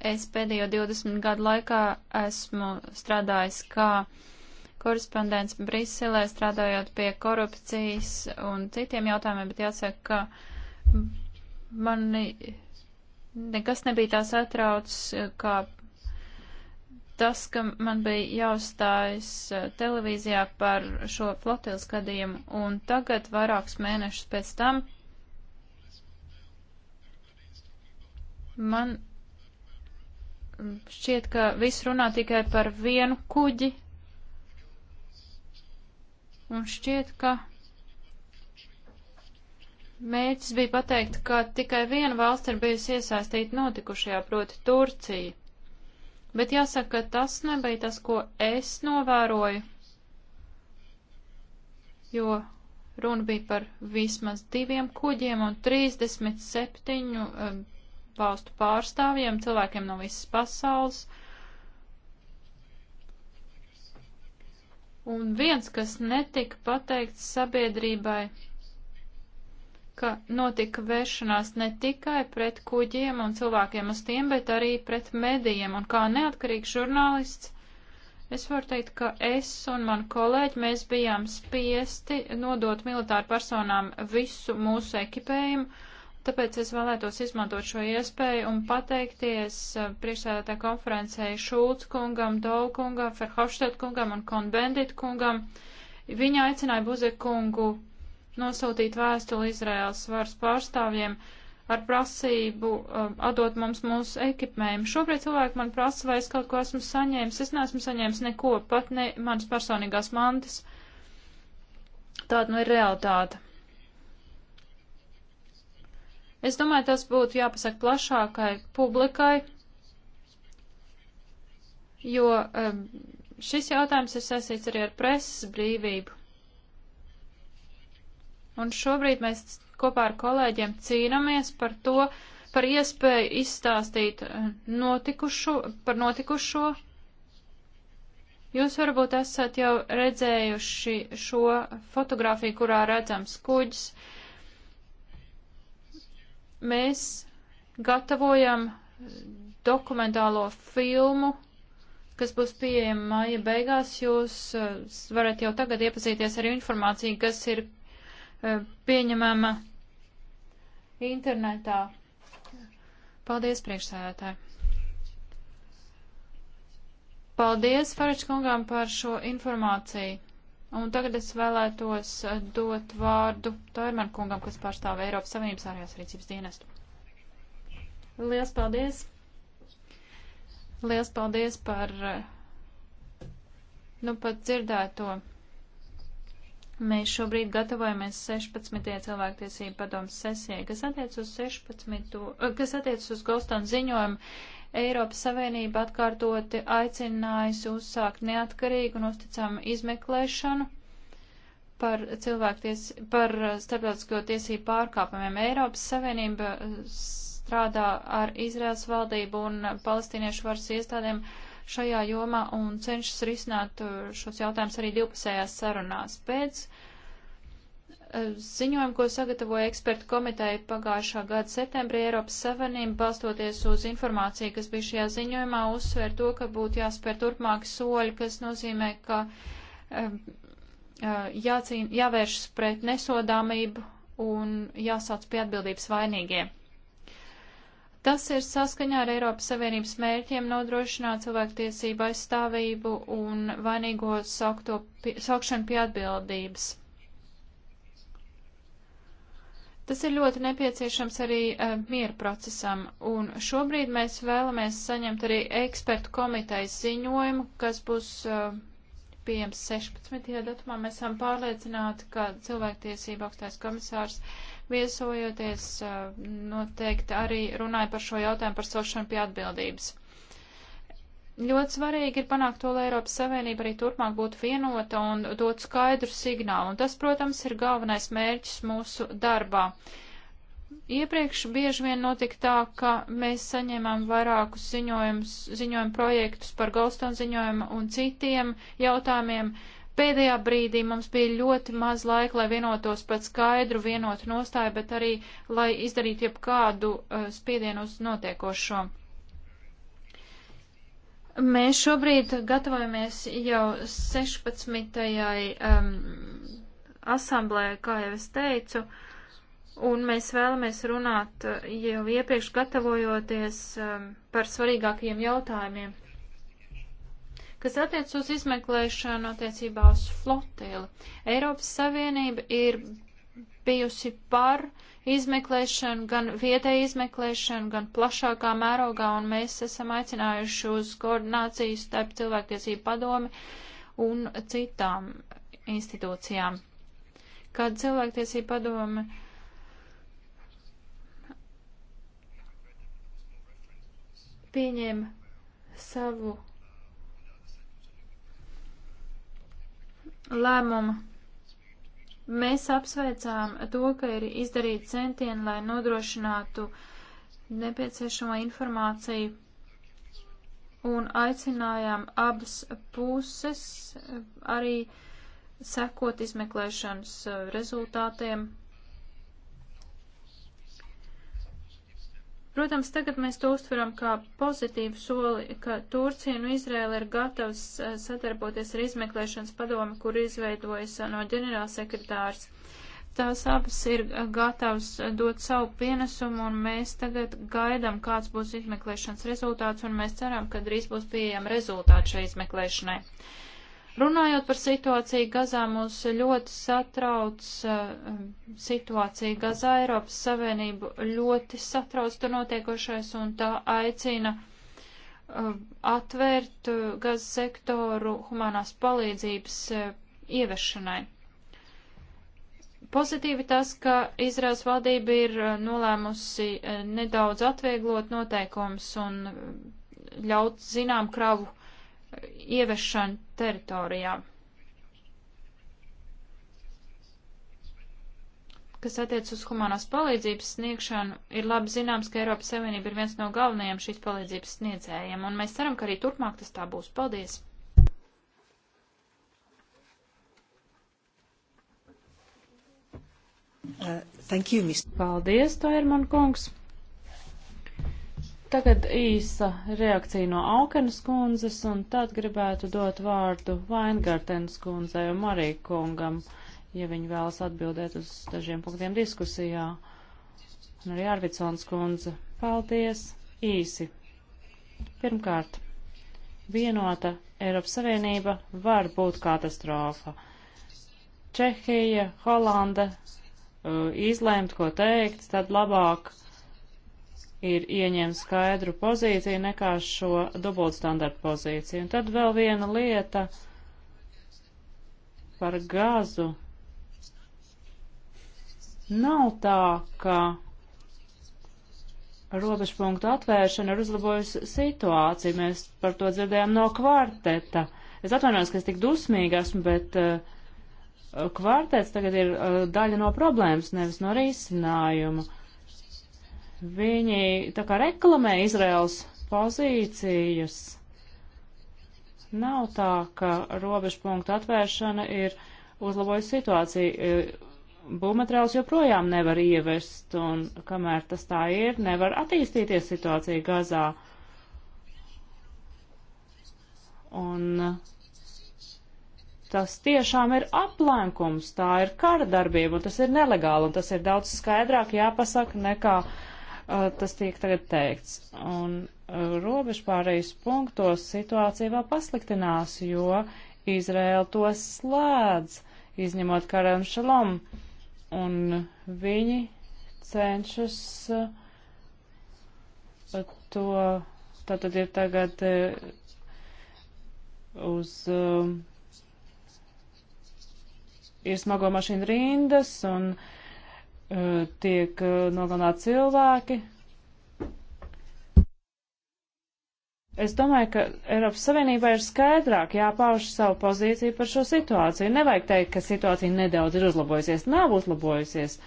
Es pēdējo 20 gadu laikā esmu strādājis kā korespondents Briselē, strādājot pie korupcijas un citiem jautājumiem, bet jāsaka, ka mani nekas nebija tā satrauc, kā tas, ka man bija jāuzstājas televīzijā par šo flotilas gadījumu, un tagad vairākus mēnešus pēc tam man Mm, šķiet, ka viss runā tikai par vienu kuģi. Un šķiet, ka mērķis bija pateikt, ka tikai viena valsts ir bijusi iesaistīta notikušajā, proti Turcija. Bet jāsaka, ka tas nebija tas, ko es novēroju, jo runa bija par vismaz diviem kuģiem un 37 um, valstu pārstāvjiem, cilvēkiem no visas pasaules. Un viens, kas netika pateikts sabiedrībai, ka notika vēršanās ne tikai pret kuģiem un cilvēkiem uz tiem, bet arī pret medijiem. Un kā neatkarīgs žurnālists, es varu teikt, ka es un man kolēģi, mēs bijām spiesti nodot militāru personām visu mūsu ekipējumu, Tāpēc es vēlētos izmantot šo iespēju un pateikties eh, priekšsēdētā konferencei Šulc kungam, Dol kungam, Ferhofštēt kungam un Konbendit kungam. Viņi aicināja Buzek kungu nosūtīt vēstuli Izraēlas varas pārstāvjiem ar prasību um, atdot mums mūsu ekipējumu. Šobrīd cilvēki man prasa, vai es kaut ko esmu saņēmis. Es neesmu saņēmis neko, pat ne manas personīgās mantas. Tāda nu ir realitāte. Es domāju, tas būtu jāpasaka plašākai publikai, jo um, šis jautājums ir saistīts arī ar presas brīvību. Un šobrīd mēs kopā ar kolēģiem cīnāmies par to, par iespēju izstāstīt uh, notikušo, par notikušo. Jūs varbūt esat jau redzējuši šo fotografiju, kurā redzams kuģis. Uh, mēs gatavojam dokumentālo filmu, kas būs pieejama māja beigās. Jūs eh, varat jau tagad iepazīties ar informāciju, kas ir eh, pieņemama internetā. Paldies, priekšsēdētāji! Paldies Faračkungām par šo informāciju. Un tagad es vēlētos eh, dot vārdu Toirman kungam, kas pārstāv Eiropas Savienības ārējās rīcības dienestu. Lielas paldies! Lielas paldies par, eh, nu, pat dzirdēto. Mēs šobrīd gatavojamies 16. cilvēktiesību padomas sesijai, kas attiec uz 16. Eh, kas attiec uz Golstānu ziņojumu. Eiropas Savienība atkārtoti aicinājusi uzsākt neatkarīgu un uzticamu izmeklēšanu par, cilvēkties, par uh, starptautisko tiesību pārkāpumiem. Eiropas Savienība uh, strādā ar Izraels valdību un uh, palestīniešu varas iestādēm šajā jomā un cenšas risināt šos jautājumus arī divpusējās sarunās. Pēc uh, ziņojumu, ko sagatavoja ekspertu komiteja pagājušā gada septembrī Eiropas Savienība, balstoties uz informāciju, kas bija šajā ziņojumā, uzsver to, ka būtu jāspēr turpmāk soļi, kas nozīmē, ka um, uh, jācīn, jāvēršas pret nesodāmību un jāsauc pie atbildības vainīgie. Tas ir saskaņā ar Eiropas Savienības mērķiem nodrošināt cilvēktiesību aizstāvību un vainīgo saukto, saukšanu pie atbildības. Tas ir ļoti nepieciešams arī uh, miera procesam, un šobrīd mēs vēlamies saņemt arī ekspertu komitejas ziņojumu, kas būs uh, pieejams 16. datumā. Mēs esam pārliecināti, ka cilvēktiesība augstais komisārs viesojoties uh, noteikti arī runāja par šo jautājumu par sošanu pie atbildības. Ļoti svarīgi ir panākt to, lai Eiropas Savienība arī turpmāk būtu vienota un dot skaidru signālu, un tas, protams, ir galvenais mērķis mūsu darbā. Iepriekš bieži vien notika tā, ka mēs saņēmām vairākus ziņojumus, ziņojumu projektus par Golston ziņojumu un citiem jautājumiem. Pēdējā brīdī mums bija ļoti maz laika, lai vienotos pat skaidru vienotu nostāju, bet arī, lai izdarītu jebkādu uh, spiedienu uz notiekošo. Mēs šobrīd gatavojamies jau 16. Um, asamblē, kā jau es teicu, un mēs vēlamies runāt uh, jau iepriekš gatavojoties um, par svarīgākajiem jautājumiem, kas attiec uz izmeklēšanu attiecībā uz flotili. Eiropas Savienība ir bijusi par uh, izmeklēšanu, gan vietēju izmeklēšanu, gan plašākā mērogā, un mēs esam aicinājuši uz koordināciju starp cilvēktiesību padomi un citām institūcijām. Kad cilvēktiesība padome pieņēma savu lēmumu Mēs apsveicām to, ka ir izdarīti centieni, lai nodrošinātu nepieciešamo informāciju un aicinājām abas puses arī sekot izmeklēšanas uh, rezultātiem Protams, tagad mēs to uztveram kā pozitīvu soli, ka Turcija un Izrēla ir gatavs eh, sadarboties ar izmeklēšanas padomu, kur izveidojas eh, no ģenerālsekretārs. Tās abas ir eh, gatavs dot savu pienesumu, un mēs tagad gaidām, kāds būs izmeklēšanas rezultāts, un mēs ceram, ka drīz būs pieejama rezultāti šai izmeklēšanai. Runājot par situāciju Gazā, mūs ļoti satrauc uh, situācija Gazā. Eiropas Savienību ļoti satrauc tur notiekošais un tā aicina uh, atvērt uh, Gazas sektoru humanās palīdzības eh, ieviešanai. Pozitīvi tas, ka Izraels valdība ir eh, nolēmusi nedaudz atvieglot noteikums un ļaut zinām kravu uh, ieviešanu teritorijā. Kas attiec uz humanās palīdzības sniegšanu, ir labi zināms, ka Eiropas Savienība ir viens no galvenajiem šīs palīdzības sniedzējiem, un mēs ceram, ka arī turpmāk tas tā būs. Paldies! Uh, thank you, Mr. Paldies, Toerman kungs! Tagad īsa reakcija no Aukenas kundzes, un tad gribētu dot vārdu Vaingartenas kundzei un Marija kungam, ja viņi vēlas atbildēt uz dažiem punktiem diskusijā. Un arī Arvidsons kundze. Paldies! Īsi! Pirmkārt, vienota Eiropas Savienība var būt katastrofa. Čehija, Holanda uh, izlēmt, ko teikt, tad labāk uh, ir ieņēma skaidru pozīciju nekā šo dubultstandartu pozīciju. Un tad vēl viena lieta par gazu. Nav tā, ka robežpunktu atvēršana ir uzlabojusi situāciju. Mēs par to dzirdējām no kvarteta. Es atvainojos, ka es tik dusmīgi esmu, bet uh, kvartets tagad ir uh, daļa no problēmas, nevis no risinājuma. Uh, Viņi tā kā reklamē Izraels pozīcijas. Nav tā, ka robežu punktu atvēršana ir uzlabojusi situāciju. E, Būmateriāls joprojām nevar ievest, un kamēr tas tā ir, nevar attīstīties situācija Gazā. Un tas tiešām ir aplēkums, tā ir kara darbība, un tas ir nelegāli, un tas ir daudz skaidrāk jāpasaka nekā uh, tas tiek tagad teikts. Un robežpārējus punktos situācija vēl pasliktinās, jo Izraēla tos slēdz, izņemot Karam Šalom, un viņi cenšas to, tātad ir tagad uz ir smago mašīnu rindas, un uh, tiek nogalināti cilvēki. Es domāju, ka Eiropas Savienībai ir skaidrāk jāpauž savu pozīciju par šo situāciju. Nevajag teikt, ka situācija nedaudz ir uzlabojusies. Nav uzlabojusies.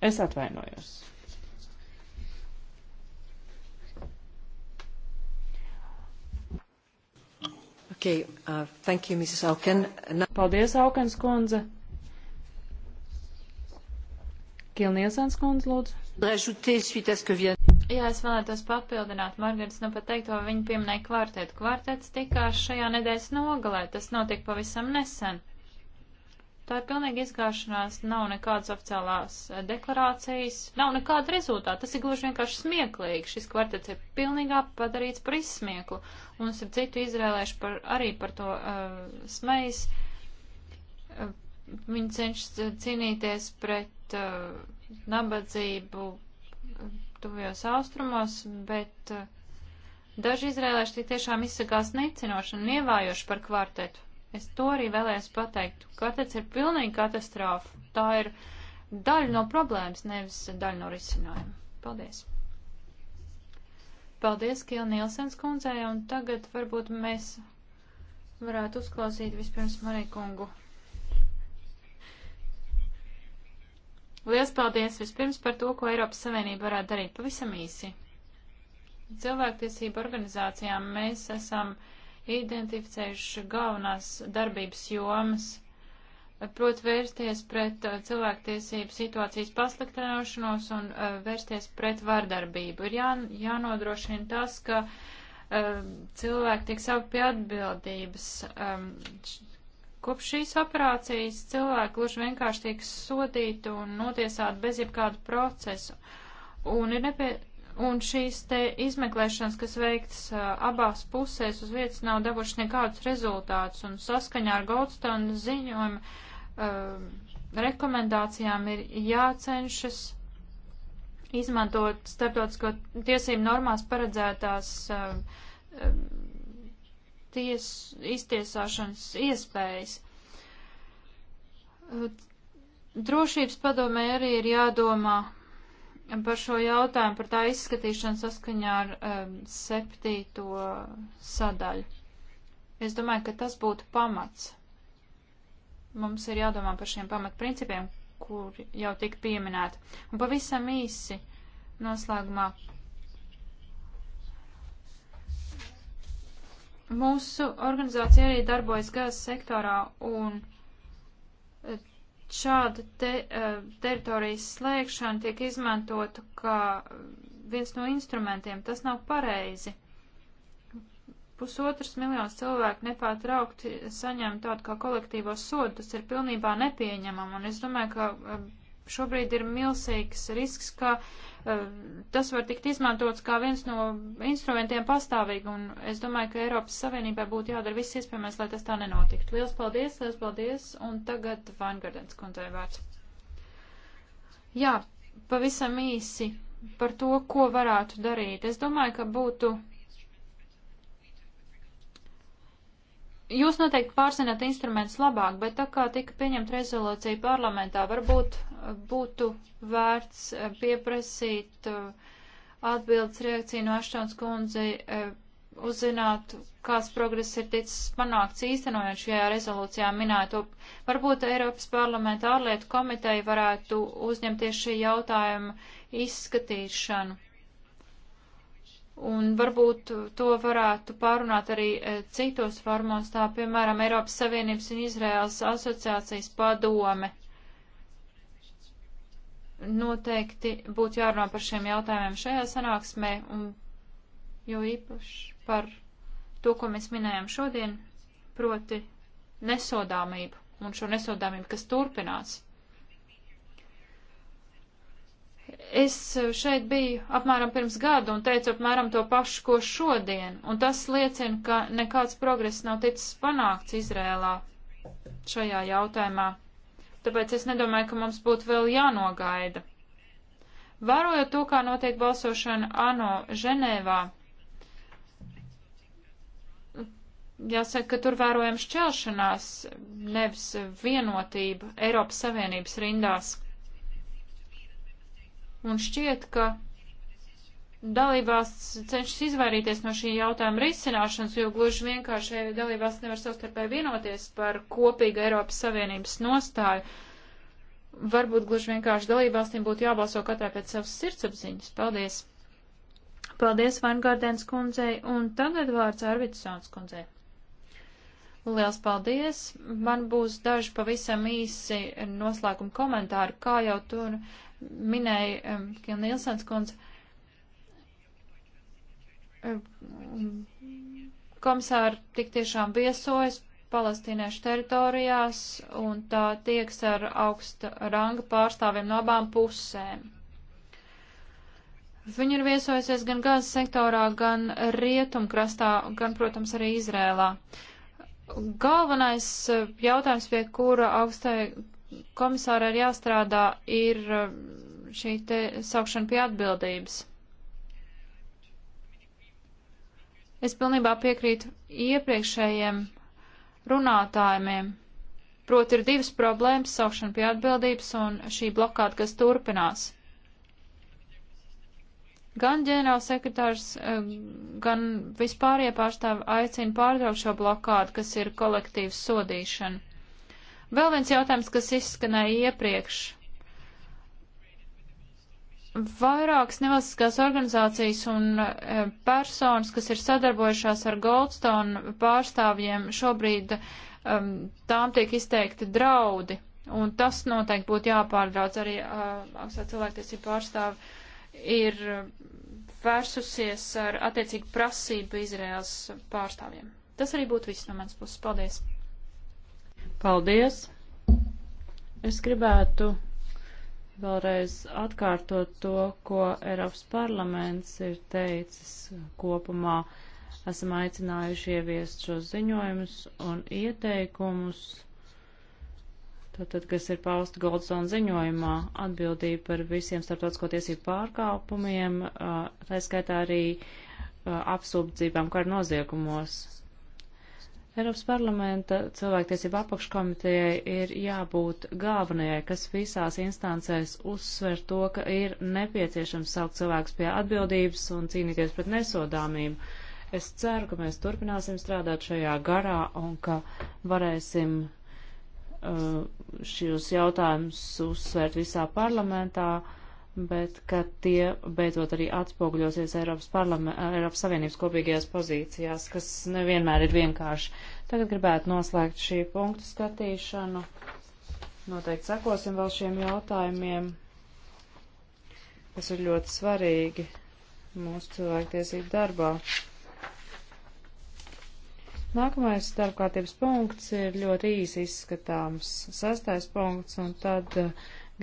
Es atvainojos. Okay, uh, thank you, Mrs. Auken. Paldies, Aukens kundze. Kilnielsens kundze, lūdzu. Jā, es vēlētos papildināt Margaritas nu pat teikto, viņa pieminēja kvartētu. Kvartets tikās šajā nedēļas nogalē, tas notiek pavisam nesen. Tā ir pilnīgi izgāšanās, nav nekādas oficiālās eh, deklarācijas, nav nekāda rezultāta. Tas ir gluži vienkārši smieklīgi. Šis kvartets ir pilnīgā padarīts par izsmieklu. Un es ar citu izrēlēšu par, arī par to uh, eh, smējas. Uh, eh, viņi cenšas cīnīties pret pret uh, nabadzību tuvijos austrumos, bet uh, daži izrēlēši tik tiešām izsakās necinoši un ievājoši par kvartetu. Es to arī vēlējos pateikt. Kvartets ir pilnīgi katastrofa. Tā ir daļa no problēmas, nevis daļa no risinājuma. Paldies! Paldies, Kiel Nielsens kundzei, un tagad varbūt mēs varētu uzklausīt vispirms Mariju kungu. Liels paldies vispirms par to, ko Eiropas Savienība varētu darīt pavisam īsi. Cilvēktiesību organizācijām mēs esam identificējuši galvenās darbības jomas, proti vērsties pret uh, cilvēktiesību situācijas pasliktināšanos un uh, vērsties pret vardarbību. Ir jā, jānodrošina tas, ka uh, cilvēki tiek savu pie atbildības um, Kopš šīs operācijas cilvēki gluži vienkārši tiek sodīti un notiesāti bez jebkādu procesu. Un, ir nepie... un šīs te izmeklēšanas, kas veikts uh, abās pusēs uz vietas, nav devušas nekādus rezultātus. Un saskaņā ar Goldstone ziņojumu uh, rekomendācijām ir jācenšas izmantot starptautisko tiesību normās paredzētās uh, ties, iztiesāšanas iespējas. Drošības padomē arī ir jādomā par šo jautājumu, par tā izskatīšanu saskaņā ar um, septīto sadaļu. Es domāju, ka tas būtu pamats. Mums ir jādomā par šiem pamatprincipiem, kur jau tika pieminēti. Un pavisam īsi noslēgumā Mūsu organizācija arī darbojas gāzes sektorā un e, šāda te, e, teritorijas slēgšana tiek izmantota kā viens no instrumentiem. Tas nav pareizi. Pusotras miljonus cilvēku nepārtraukti saņem tādu kā kolektīvo sodu. Tas ir pilnībā nepieņemam un es domāju, ka e, Šobrīd ir milzīgs risks, ka uh, tas var tikt izmantots kā viens no instrumentiem pastāvīgi, un es domāju, ka Eiropas Savienībai būtu jādara viss iespējamais, lai tas tā nenotiktu. Lielas paldies, lielas paldies, un tagad Vaingardens kundzei vārds. Jā, pavisam īsi par to, ko varētu darīt. Es domāju, ka būtu Jūs noteikti pārzināt instrumentus labāk, bet tā kā tika pieņemta rezolūcija parlamentā, varbūt eh, būtu vērts eh, pieprasīt eh, atbildes reakciju no Aštons kundzi, uzzināt, kāds progress ir ticis panākts īstenojot šajā rezolūcijā minēto. Varbūt Eiropas parlamenta ārlietu komiteja varētu uzņemties šī jautājuma izskatīšanu. Un varbūt to varētu pārunāt arī eh, citos formos, tā piemēram Eiropas Savienības un Izraels asociācijas padome. Noteikti būtu jārunā par šiem jautājumiem šajā sanāksmē, un jo īpaši par to, ko mēs minējām šodien, proti nesodāmību un šo nesodāmību, kas turpinās. Es šeit biju apmēram pirms gada un teicu apmēram to pašu, ko šodien, un tas liecina, ka nekāds progress nav ticis panākts Izrēlā šajā jautājumā. Tāpēc es nedomāju, ka mums būtu vēl jānogaida. Vērojot to, kā notiek balsošana ANO Ženēvā, jāsaka, ka tur vērojam šķelšanās, nevis vienotība Eiropas Savienības rindās un šķiet, ka dalībās cenšas izvairīties no šī jautājuma risināšanas, jo gluži vienkārši dalībās nevar savstarpēji vienoties par kopīgu Eiropas Savienības nostāju. Varbūt gluži vienkārši dalībvalstīm būtu jābalso katrai pēc savas sirdsapziņas. Paldies! Paldies Vaingārdēns kundzei un tagad vārds Arvidsons kundzei. Liels paldies! Man būs daži pavisam īsi noslēguma komentāri, kā jau tur minēja um, Kilnielsens kundze. Um, komisāri tik tiešām viesojas palestīniešu teritorijās un tā tieks ar augsta ranga pārstāvjiem no abām pusēm. Viņi ir viesojusies gan gāzes sektorā, gan rietumkrastā, gan, protams, arī Izrēlā. Galvenais uh, jautājums, pie kura augstai komisāra ir jāstrādā, ir um, šī te saukšana pie atbildības. Es pilnībā piekrītu iepriekšējiem runātājiem. Proti ir divas problēmas - saukšana pie atbildības un šī blokāta, kas turpinās. Gan ģenerālsekretārs, eh, gan vispārējie pārstāvi aicina pārtraukt šo blokādu, kas ir kolektīvs sodīšana. Vēl viens jautājums, kas izskanēja iepriekš. Vairākas nevalstiskās organizācijas un e, personas, kas ir sadarbojušās ar Goldstone pārstāvjiem, šobrīd um, tām tiek izteikti draudi, un tas noteikti būtu jāpārdraudz arī uh, augstā cilvēktiesība pārstāvi ir um, vērsusies ar attiecīgu prasību Izraels pārstāvjiem. Tas arī būtu viss no manas puses. Paldies! Paldies! Es gribētu vēlreiz atkārtot to, ko Eiropas parlaments ir teicis kopumā. Esam aicinājuši ieviest šos ziņojumus un ieteikumus, tātad, kas ir pausta Goldsona ziņojumā, atbildība par visiem starptautisko tiesību pārkāpumiem, tā skaitā arī apsūdzībām kara noziegumos Eiropas parlamenta cilvēktiesība apakškomitejai ir jābūt galvenajai, kas visās instancēs uzsver to, ka ir nepieciešams saukt cilvēkus pie atbildības un cīnīties pret nesodāmību. Es ceru, ka mēs turpināsim strādāt šajā garā un ka varēsim uh, šos jautājumus uzsvērt visā parlamentā. Uh, bet ka tie beidzot arī atspoguļosies Eiropas, Eiropas Savienības kopīgajās pozīcijās, kas nevienmēr ir vienkārši. Tagad gribētu noslēgt šī punktu skatīšanu. Noteikti sekosim vēl šiem jautājumiem, kas ir ļoti svarīgi mūsu cilvēktiesību darbā. Nākamais darbkārtības punkts ir ļoti īsi izskatāms. Sastais punkts, un tad eh,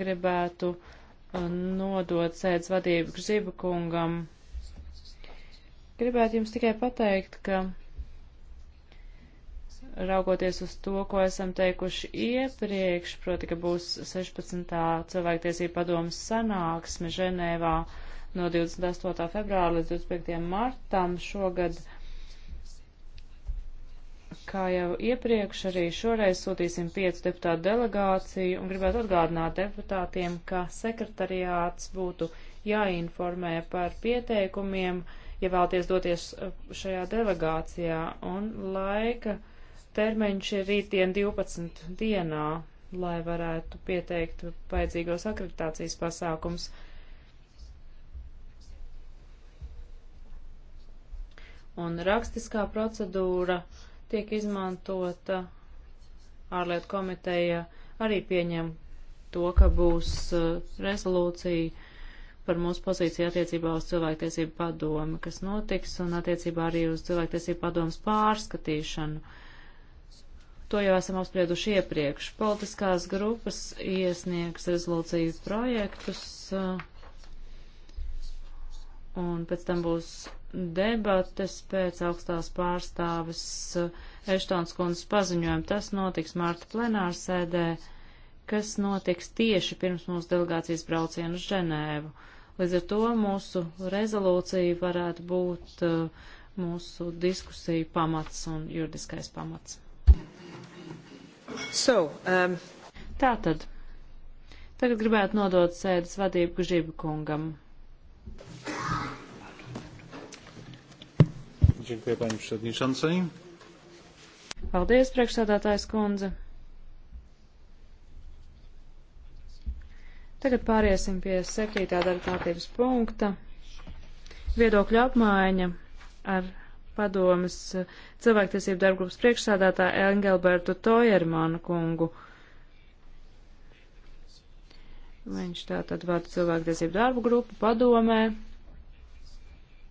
gribētu uh, nodot sēdz vadību Gžiba kungam. Gribētu jums tikai pateikt, ka raugoties uz to, ko esam teikuši iepriekš, proti, ka būs 16. cilvēktiesība padomas sanāksme Ženēvā no 28. februāra līdz 25. martam šogad. Kā jau iepriekš, arī šoreiz sūtīsim piecu deputātu delegāciju un gribētu atgādināt deputātiem, ka sekretariāts būtu jāinformē par pieteikumiem, ja vēlties doties uh, šajā delegācijā, un laika termiņš ir rītdien 12 dienā, lai varētu pieteikt vajadzīgos akreditācijas pasākums. Un rakstiskā procedūra uh, tiek izmantota. Ārlietu komiteja arī pieņem to, ka būs uh, rezolūcija par mūsu pozīciju attiecībā uz cilvēktiesību padomi, kas notiks, un attiecībā arī uz cilvēktiesību padomas pārskatīšanu. To jau esam apsprieduši iepriekš. Politiskās grupas iesniegs rezolūciju projektus, uh, un pēc tam būs debates pēc augstās pārstāves eh, Eštons kundzes paziņojuma. Tas notiks Marta plenārsēdē, kas notiks tieši pirms mūsu delegācijas brauciena uz Ženēvu. Līdz ar to mūsu rezolūcija varētu būt eh, mūsu diskusija pamats un juridiskais pamats. So, um... Tātad, tagad gribētu nodot sēdes vadību Gžiba kungam. Dziękuję pani przewodniczącej. Paldies, priekšsādātājs kundze. Tagad pāriesim pie 7. darba kārtības punkta. Viedokļu apmaiņa ar padomas cilvēktiesību darbgrupas priekšsādātāju Engelbertu Tojermanu kungu. Viņš tātad vada cilvēktiesību darbu grupu padomē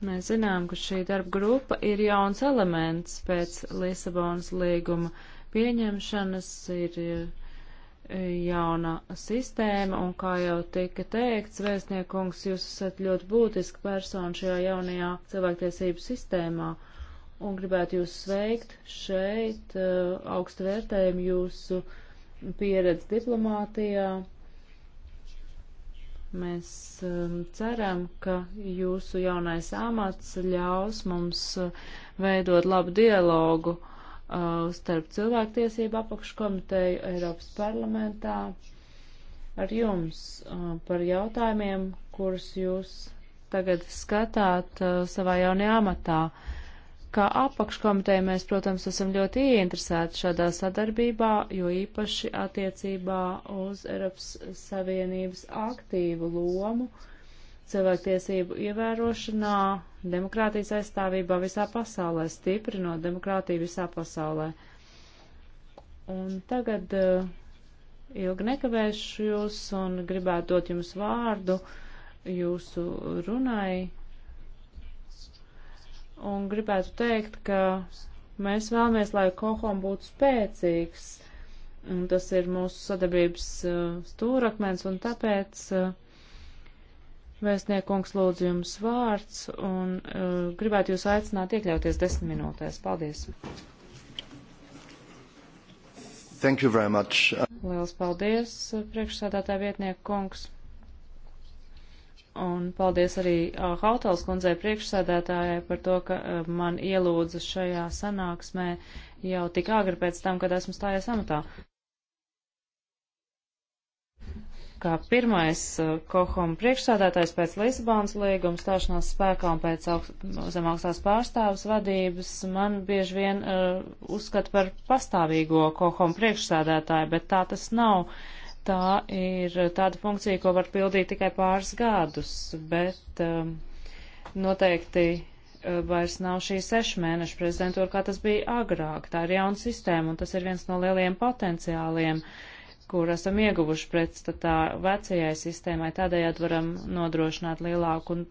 Mēs zinām, ka šī darba grupa ir jauns elements pēc Lisabonas līguma pieņemšanas, ir e, jauna sistēma, un kā jau tika teikts, vēstniekungs, jūs esat ļoti būtiska persona šajā jaunajā cilvēktiesību sistēmā un gribētu jūs sveikt šeit, e, augstu vērtējumu jūsu pieredzi diplomātijā Mēs um, ceram, ka jūsu jaunais amats ļaus mums uh, veidot labu dialogu uh, starp cilvēktiesību apakškomiteju Eiropas parlamentā ar jums uh, par jautājumiem, kurus jūs tagad skatāt savā jaunajā amatā kā apakškomiteja mēs, protams, esam ļoti ieinteresēti šādā sadarbībā, jo īpaši attiecībā uz Eiropas Savienības aktīvu lomu cilvēktiesību ievērošanā, demokrātijas aizstāvībā visā pasaulē, stiprinot demokrātiju visā pasaulē. Un tagad eh, ilgi nekavēšu jūs un gribētu dot jums vārdu jūsu runai un gribētu teikt, ka mēs vēlamies, lai kohom būtu spēcīgs, un tas ir mūsu sadarbības uh, stūrakmens, un tāpēc uh, vēstniekungs lūdzu jums vārds, un uh, gribētu jūs aicināt iekļauties desmit minūtēs. Paldies! Thank you very much. Liels paldies, priekšsādātāja vietnieku kungs. Un paldies arī Hautals kundzei priekšsēdētājai par to, ka man ielūdza šajā sanāksmē jau tik agri pēc tam, kad esmu stājies amatā. Kā pirmais Kohom priekšsēdētājs pēc Lisabonas līguma stāšanās spēkā un pēc augst, zem augstās pārstāvas vadības man bieži vien uh, uzskata par pastāvīgo Kohom priekšsēdētāju, bet tā tas nav. Uh, tā ir tāda funkcija, ko var pildīt tikai pāris gadus, bet um, noteikti uh, vairs nav šī sešu mēnešu prezidentūra, kā tas bija agrāk. Tā ir jauna sistēma, un tas ir viens no lielajiem potenciāliem, kur esam ieguvuši pretstatā vecajai sistēmai. Tādējādi varam nodrošināt lielāku un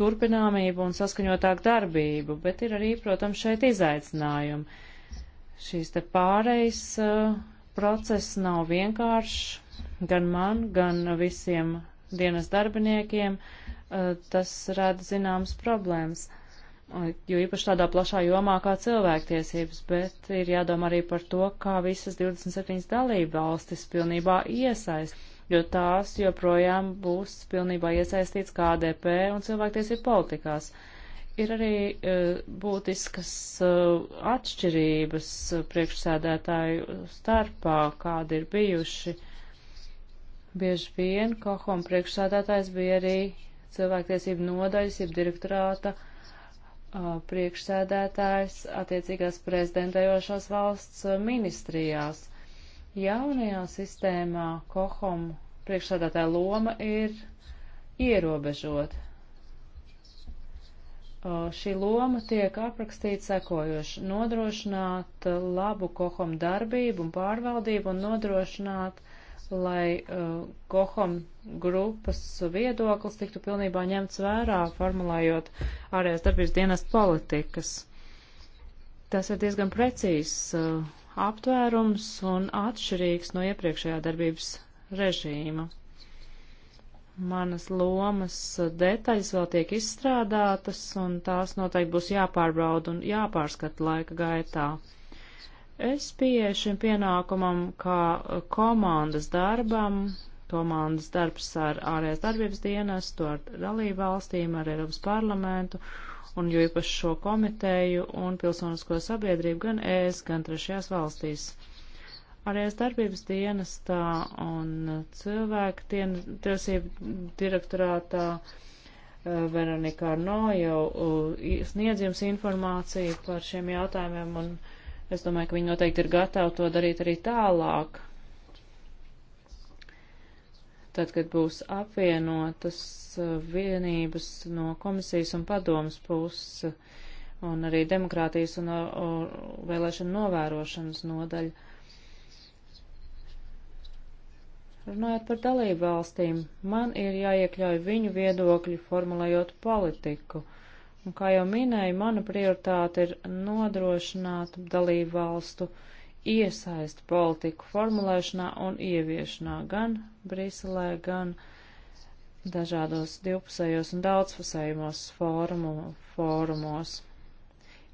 turpināmību un saskaņotāku darbību, bet ir arī, protams, šeit izaicinājumi. Šīs te pārejas uh, Process nav vienkāršs gan man, gan visiem dienas darbiniekiem. Eh, tas rada zināmas problēmas, jo īpaši tādā plašā jomā kā cilvēktiesības, bet ir jādomā arī par to, kā visas 27 dalība valstis pilnībā iesaist, jo tās joprojām būs pilnībā iesaistīts KDP un cilvēktiesību politikās. Uh, Ir arī eh, būtiskas eh, atšķirības priekšsēdētāju starpā, kādi ir bijuši. Bieži vien Kohom priekšsādātājs bija arī cilvēktiesību nodaļas, jeb direktorāta a, eh, priekšsēdētājs attiecīgās prezidentējošās valsts ministrijās. Jaunajā sistēmā Kohom priekšsēdētāja loma ir ierobežota šī loma tiek aprakstīta sekojoši - nodrošināt labu kohom darbību un pārvaldību un nodrošināt, lai uh, kohom grupas viedoklis tiktu pilnībā ņemts vērā, formulējot ārējās darbības dienas politikas. Tas ir diezgan precīzs uh, aptvērums un atšķirīgs no iepriekšējā darbības režīma manas lomas eh, detaļas vēl tiek izstrādātas, un tās noteikti būs jāpārbauda un jāpārskata laika gaitā. Es pieeju šim pienākumam kā eh, komandas darbam, komandas darbs ar ārējās darbības dienestu, ar dalību valstīm, ar Eiropas parlamentu, un jo īpaši šo komiteju un pilsonisko sabiedrību gan ES, gan trešajās valstīs. Arējās darbības dienestā un cilvēku tiesību direktorātā eh, Veronika Arno jau eh, sniedz jums informāciju par šiem jautājumiem un es domāju, ka viņi noteikti ir gatavi to darīt arī tālāk tad, kad būs apvienotas eh, vienības no komisijas un padomas puses, un arī demokrātijas un vēlēšana novērošanas nodaļa. Runājot par dalību valstīm, man ir jāiekļauj viņu viedokļi, formulējot politiku. Un, kā jau minēju, mana prioritāte ir nodrošināt dalību valstu iesaistu politiku formulēšanā un ieviešanā gan Briselē, gan dažādos divpusējos un daudzpusējos fórumu, fórumos.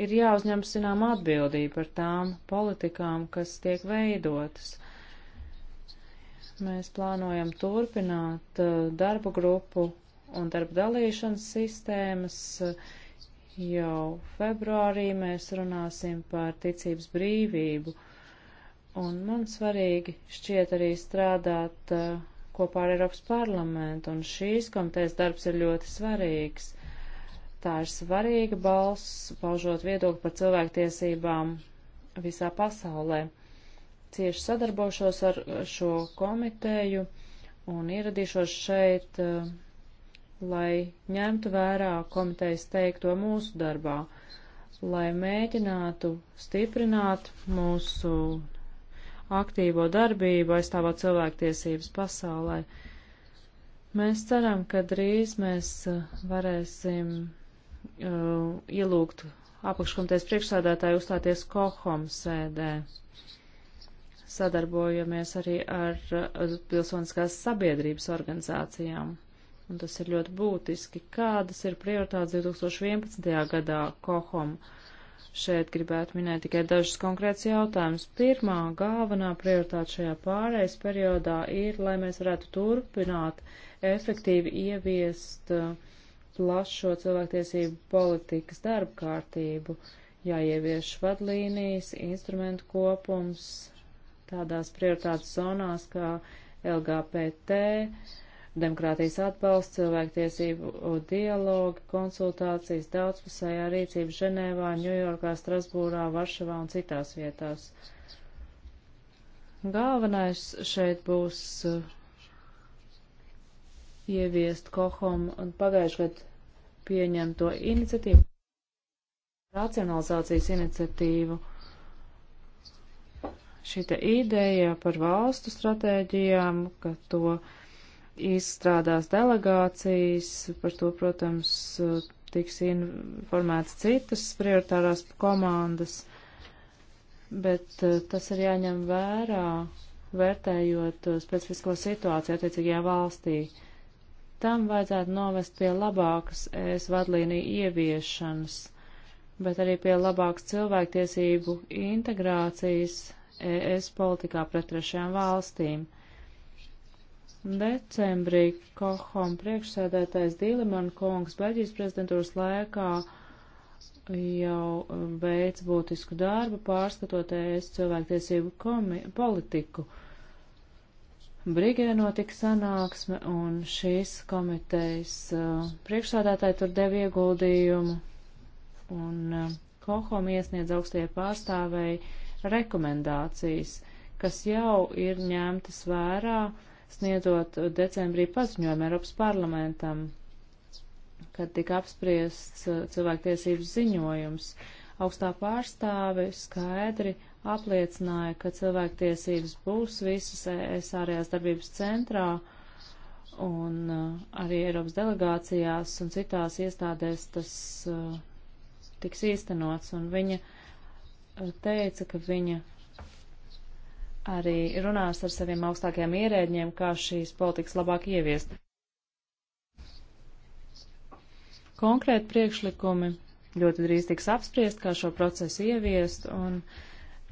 Ir jāuzņem zinām atbildība par tām politikām, kas tiek veidotas – Mēs plānojam turpināt uh, darba grupu un darba dalīšanas sistēmas. Jau februārī mēs runāsim par ticības brīvību. Un man svarīgi šķiet arī strādāt uh, kopā ar Eiropas parlamentu, un šīs komitejas darbs ir ļoti svarīgs. Tā ir svarīga balss, paužot viedokli par cilvēktiesībām visā pasaulē cieši sadarbošos ar šo komiteju un ieradīšos šeit, eh, lai ņemtu vērā komitejas teikto mūsu darbā, lai mēģinātu stiprināt mūsu aktīvo darbību, aizstāvot cilvēktiesības pasaulē. Mēs ceram, ka drīz mēs eh, varēsim uh, ielūgt apakškomitejas priekšsādātāju uzstāties Kohom sēdē sadarbojamies arī ar pilsoniskās sabiedrības organizācijām. Un tas ir ļoti būtiski. Kādas ir prioritātes 2011. gadā kohom? Šeit gribētu minēt tikai dažus konkrētus jautājumus. Pirmā galvenā prioritāte šajā pārejas periodā ir, lai mēs varētu turpināt efektīvi ieviest uh, plašo cilvēktiesību politikas darba kārtību, jāievieš vadlīnijas, instrumentu kopums, tādās prioritātes zonās kā LGBT, demokrātijas atbalsts, cilvēktiesību dialogi, konsultācijas, daudzpusējā rīcība Ženēvā, Ņujorkā, Strasbūrā, Varšavā un citās vietās. Galvenais šeit būs uh, ieviest Kohom un pagājušajā gadā pieņemto iniciatīvu, racionalizācijas iniciatīvu šī ideja par valstu stratēģijām, ka to izstrādās delegācijas, par to, protams, tiks informēts citas prioritārās komandas, bet eh, tas ir jāņem vērā, vērtējot eh, specifisko situāciju attiecīgajā valstī. Tam vajadzētu novest pie labākas ES vadlīniju ieviešanas, bet arī pie labākas cilvēktiesību integrācijas ES politikā pret trešajām valstīm. Decembrī Kohom priekšsēdētājs Dīliman kungs Beļģijas prezidentūras laikā jau um, veic būtisku darbu pārskatot ES cilvēktiesību politiku. Brigē notika sanāksme, un šīs komitejas uh, priekšsādātāji tur deva ieguldījumu, un uh, Kohom iesniedz augstie pārstāvēji rekomendācijas, kas jau ir ņemtas vērā, sniedzot decembrī paziņojumu Eiropas parlamentam, kad tika apspriests uh, cilvēktiesības ziņojums. Augstā pārstāve skaidri apliecināja, ka cilvēktiesības būs visas ES ārējās darbības centrā un uh, arī Eiropas delegācijās un citās iestādēs tas uh, tiks īstenots. Un viņa uh, teica, ka viņa arī runās ar saviem augstākajiem ierēģiem, kā šīs politikas labāk ieviest. Konkrēti priekšlikumi ļoti drīz tiks apspriest, kā šo procesu ieviest, un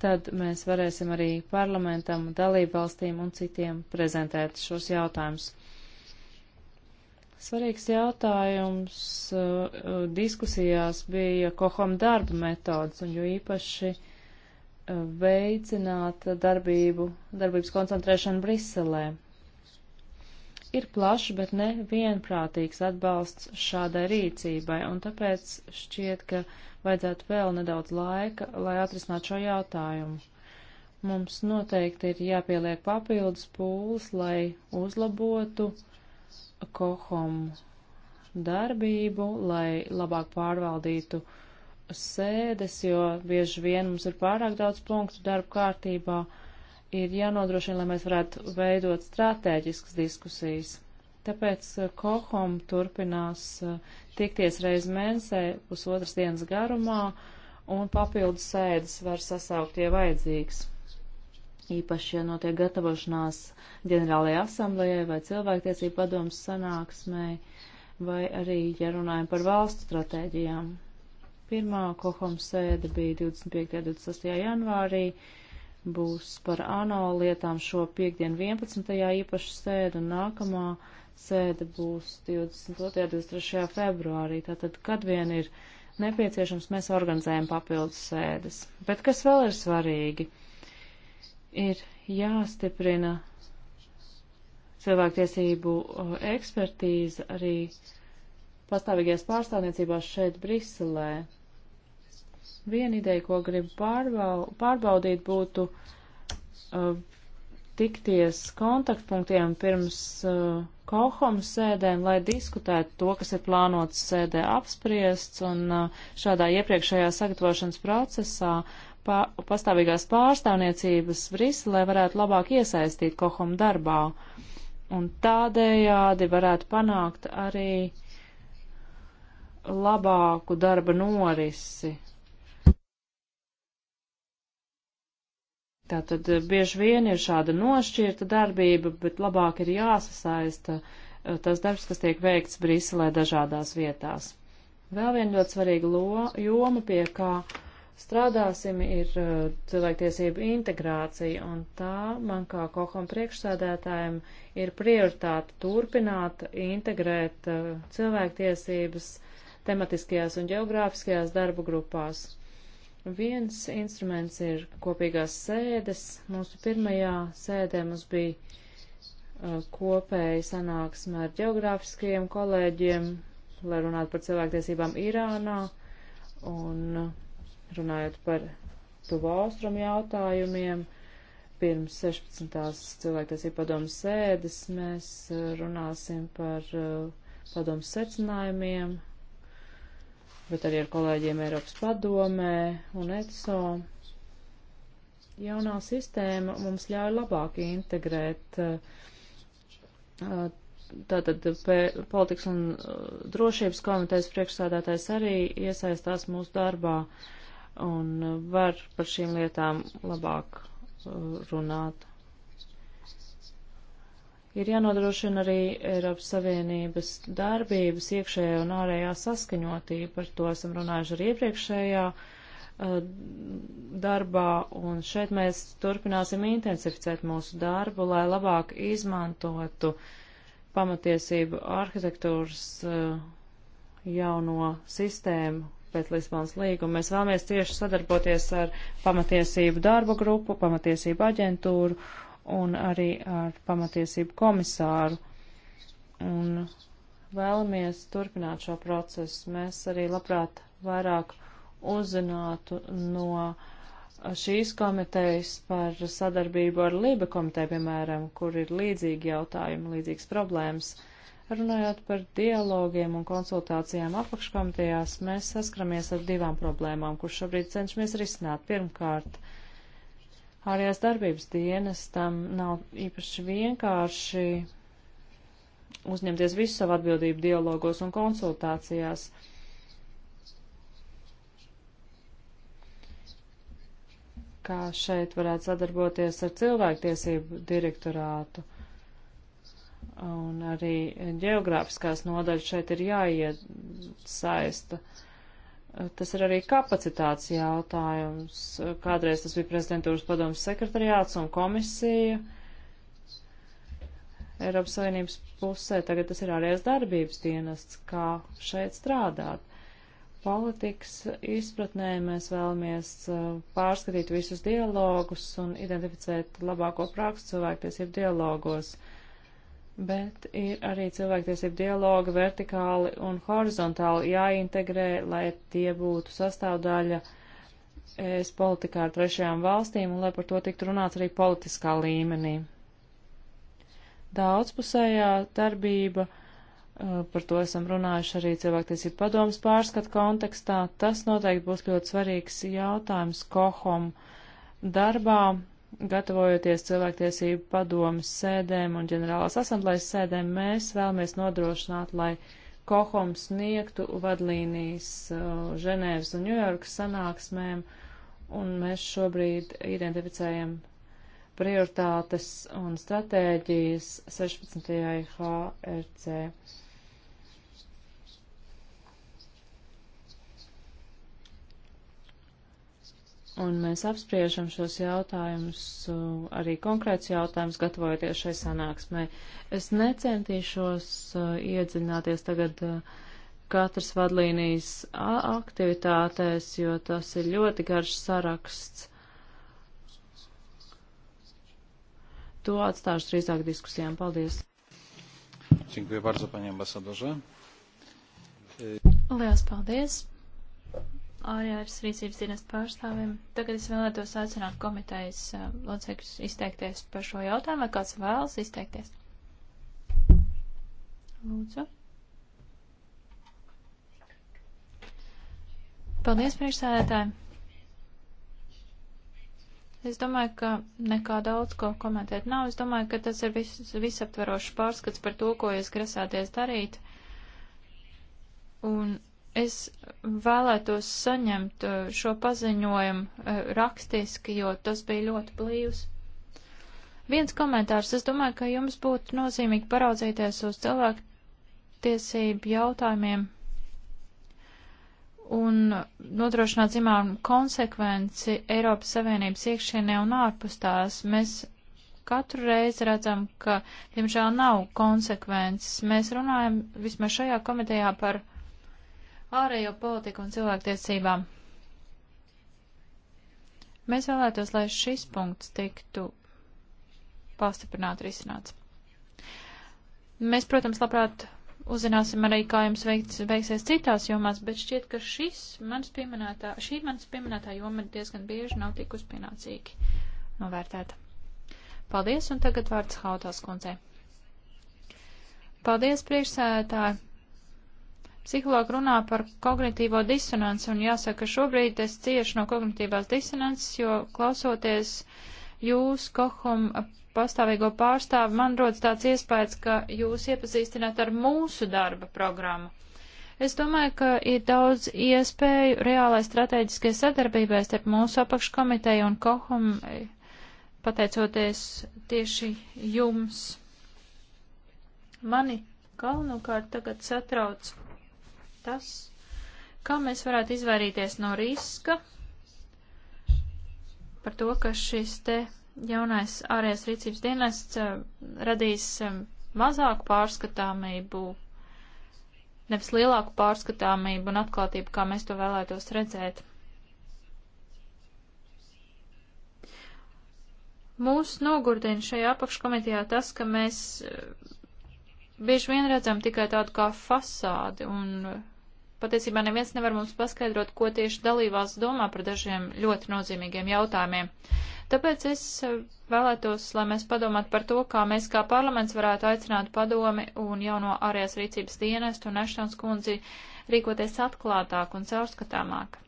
tad mēs varēsim arī parlamentam, dalībvalstīm un citiem prezentēt šos jautājumus. Svarīgs jautājums uh, uh, diskusijās bija kohom darba metodas, un jo īpaši uh, veicināt darbību, darbības koncentrēšanu Briselē. Ir plašs, bet ne vienprātīgs atbalsts šādai rīcībai, un tāpēc šķiet, ka vajadzētu vēl nedaudz laika, lai atrisināt šo jautājumu mums noteikti ir jāpieliek papildus pūles, lai uzlabotu Kohom darbību, lai labāk pārvaldītu sēdes, jo bieži vien mums ir pārāk daudz punktu darba kārtībā, ir jānodrošina, lai mēs varētu veidot strateģiskas diskusijas. Tāpēc eh, Kohom turpinās eh, tikties reiz mēnesē pusotras dienas garumā un papildus sēdes var sasaukt, ja vajadzīgs īpaši, ja notiek gatavošanās ģenerālajai asamblējai vai cilvēktiesību padomus sanāksmai, vai arī, ja runājam par valstu stratēģijām. Pirmā kohom sēde bija 25. un 26. janvārī, būs par ANO lietām šo piekdienu 11. īpašu sēdu, un nākamā sēde būs 22. un 23. februārī. Tātad, kad vien ir nepieciešams, mēs organizējam papildus sēdes. Bet kas vēl ir svarīgi? ir jāstiprina cilvēktiesību uh, ekspertīze arī pastāvīgajās pārstāvniecībās šeit Briselē. Viena ideja, ko gribu pārbaudīt, būtu uh, tikties kontaktpunktiem pirms uh, kohom sēdēm, lai diskutētu to, kas ir plānots sēdē apspriests, un uh, šādā iepriekšējā sagatavošanas procesā pa, pastāvīgās pārstāvniecības Briselē varētu labāk iesaistīt kohom darbā un tādējādi varētu panākt arī labāku darba norisi. Tātad eh, bieži vien ir šāda nošķirta darbība, bet labāk ir jāsasaista eh, tas darbs, kas tiek veikts Briselē dažādās vietās. Vēl viena ļoti svarīga joma, pie kā uh, strādāsim, ir uh, cilvēktiesība integrācija, un tā man kā kohom priekšsēdētājiem ir prioritāte turpināt integrēt uh, cilvēktiesības tematiskajās un geogrāfiskajās darba grupās. Viens instruments ir kopīgās sēdes. Mūsu pirmajā sēdē mums bija uh, kopēja sanāksme ar geogrāfiskajiem kolēģiem, lai runātu par cilvēktiesībām Irānā. Un uh, runājot par tuvo austrumu jautājumiem. Pirms 16. cilvēktiesība padomas sēdes mēs eh, runāsim par eh, padomas secinājumiem, bet arī ar kolēģiem Eiropas padomē un ETSO. Jaunā sistēma mums ļauj labāk integrēt eh, tātad politikas un drošības komitejas priekšsādātājs arī iesaistās mūsu darbā. Uh, un uh, var par šīm lietām labāk uh, runāt. Ir jānodrošina arī Eiropas Savienības darbības iekšējā un ārējā saskaņotība, par to esam runājuši arī iepriekšējā uh, darbā, un šeit mēs turpināsim intensificēt mūsu darbu, lai labāk izmantotu pamatiesību arhitektūras jauno sistēmu, pēc Lisbonas līguma. Mēs vēlamies cieši sadarboties ar pamatiesību darba grupu, pamatiesību aģentūru un arī ar pamatiesību komisāru. Un vēlamies turpināt šo procesu. Mēs arī labprāt vairāk uzzinātu no šīs komitejas par sadarbību ar Lība komiteju, piemēram, kur ir līdzīgi jautājumi, līdzīgas problēmas. Uh, Runājot par dialogiem un konsultācijām apakškomitejās, mēs saskaramies ar divām problēmām, kuras šobrīd cenšamies risināt. Pirmkārt, ārējās darbības dienas tam nav īpaši vienkārši uzņemties visu savu atbildību dialogos un konsultācijās. Kā šeit varētu sadarboties ar cilvēktiesību direktorātu? un arī geogrāfiskās nodaļas šeit ir jāiesaista. Tas ir arī kapacitātes jautājums. Kādreiz tas bija prezidentūras padomas sekretariāts un komisija Eiropas Savienības pusē, tagad tas ir ārējās darbības dienests, kā šeit strādāt. Politikas izpratnē mēs vēlamies uh, pārskatīt visus dialogus un identificēt labāko praksu cilvēktiesību dialogos. Uh, bet ir arī cilvēktiesību dialoga vertikāli un horizontāli jāintegrē, lai tie būtu sastāvdaļa es politikā ar trešajām valstīm un lai par to tiktu runāts arī politiskā līmenī. Daudzpusējā darbība, uh, par to esam runājuši arī cilvēktiesību padomas pārskatu kontekstā, tas noteikti būs ļoti svarīgs jautājums kohom darbā, gatavojoties cilvēktiesību padomas sēdēm un ģenerālās asamblējas sēdēm, mēs vēlamies nodrošināt, lai Kohoms sniegtu vadlīnijas uh, Ženēvas un Ņujorkas sanāksmēm, un mēs šobrīd identificējam prioritātes un stratēģijas 16. HRC. un mēs apspriežam šos jautājumus, uh, arī konkrēts jautājums, gatavojoties šai sanāksmē. Es necentīšos uh, iedziļināties tagad uh, katras vadlīnijas aktivitātēs, jo tas ir ļoti garš saraksts. To atstāšu drīzāk diskusijām. Paldies! Dziękuję bardzo, panie ambasadorze. Lielas paldies! ārējās rīcības dienas pārstāvim. Tagad es vēlētos aicināt komitejas locekļus izteikties par šo jautājumu, vai kāds vēlas izteikties. Lūdzu. Paldies, priekšsēdētāji. Es domāju, ka nekā daudz ko komentēt nav. Es domāju, ka tas ir vis, visaptverošs pārskats par to, ko jūs grasāties darīt. Un Es vēlētos saņemt uh, šo paziņojumu uh, rakstiski, jo tas bija ļoti blīvs. Viens komentārs. Es domāju, ka jums būtu nozīmīgi paraudzīties uz cilvēku tiesību jautājumiem un nodrošināt zināmu konsekvenci Eiropas Savienības iekšienē un ārpus tās. Mēs katru reizi redzam, ka, diemžēl, nav konsekvences. Mēs runājam vismaz šajā komitejā par ārējo politiku un cilvēktiesībām. Mēs vēlētos, lai šis punkts tiktu pastiprināt risināts. Mēs, protams, labprāt uzzināsim arī, kā jums veiks, veiksies citās jomās, bet šķiet, ka šis mans pieminētā, šī manas pieminētā joma diezgan bieži nav tikus pienācīgi novērtēta. Paldies, un tagad vārds Hautās kundzei. Paldies, priekšsēdētāji! Psihologi runā par kognitīvo disonanci, un jāsaka, ka šobrīd es ciešu no kognitīvās disonances, jo klausoties jūs, Kohum, pastāvīgo pārstāvi, man rodas tāds iespējas, ka jūs iepazīstināt ar mūsu darba programmu. Es domāju, ka ir daudz iespēju reālai strateģiskai sadarbībai starp mūsu apakškomiteju un Kohum, pateicoties tieši jums. Mani galvenokārt tagad satrauc tas, kā mēs varētu izvairīties no riska par to, ka šis te jaunais ārējais rīcības dienests eh, radīs eh, mazāku pārskatāmību, nevis lielāku pārskatāmību un atklātību, kā mēs to vēlētos redzēt. Mūs nogurdina šajā apakškomitejā tas, ka mēs eh, bieži vien redzam tikai tādu kā fasādi un Patiesībā neviens nevar mums paskaidrot, ko tieši dalībās domā par dažiem ļoti nozīmīgiem jautājumiem. Tāpēc es eh, vēlētos, lai mēs padomātu par to, kā mēs kā parlaments varētu aicināt padomi un jauno ārējās rīcības dienestu un Eštons kundzi rīkoties atklātāk un caurskatāmāk.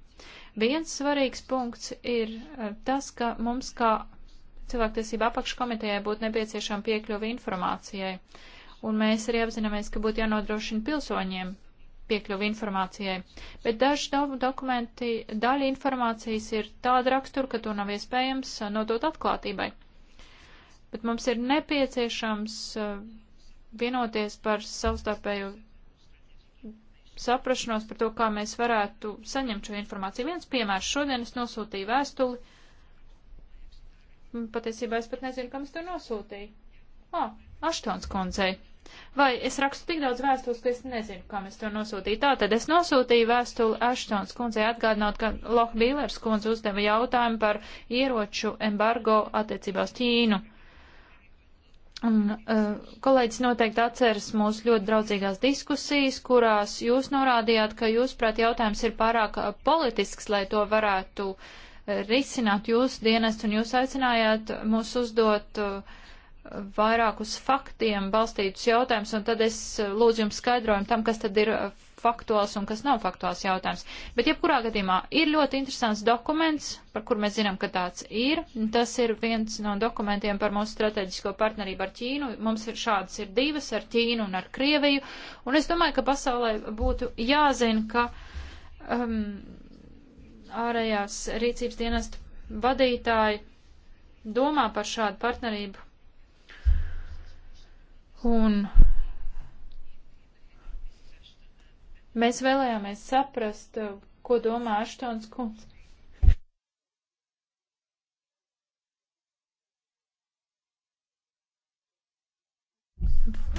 Viens svarīgs punkts ir eh, tas, ka mums kā cilvēktiesība apakškomitejai būtu nepieciešama piekļuva informācijai. Un mēs arī apzināmies, ka būtu jānodrošina pilsoņiem piekļuvi informācijai, bet daži dokumenti, daļa informācijas ir tāda rakstura, ka to nav iespējams uh, nodot atklātībai. Bet mums ir nepieciešams uh, vienoties par savstarpēju saprašanos par to, kā mēs varētu saņemt šo informāciju. Viens piemērs šodien es nosūtīju vēstuli. Patiesībā es pat nezinu, kam es to nosūtīju. Ā, ah, Aštons kundzei. Vai es rakstu tik daudz vēstules, ka es nezinu, kam es to nosūtīju. Tātad es nosūtīju vēstuli Aštons kundzei atgādinot, ka Lohbīlers kundze uzdeva jautājumu par ieroču embargo attiecībā uz Ķīnu. Un, uh, kolēģis noteikti atceras mūsu ļoti draudzīgās diskusijas, kurās jūs norādījāt, ka jūs, prāt, jautājums ir pārāk uh, politisks, lai to varētu uh, risināt jūs dienest, un jūs aicinājāt mūs uzdot uh, vairāk uz faktiem balstītus jautājumus, un tad es eh, lūdzu jums skaidrojumu tam, kas tad ir eh, faktuāls un kas nav faktuāls jautājums. Bet jebkurā gadījumā ir ļoti interesants dokuments, par kur mēs zinām, ka tāds ir. Tas ir viens no dokumentiem par mūsu strateģisko partnerību ar Ķīnu. Mums ir šādas ir divas ar Ķīnu un ar Krieviju. Un es domāju, ka pasaulē būtu jāzina, ka um, ārējās rīcības dienestu vadītāji domā par šādu partnerību Un mēs vēlējāmies saprast, ko domā Aštons kundze.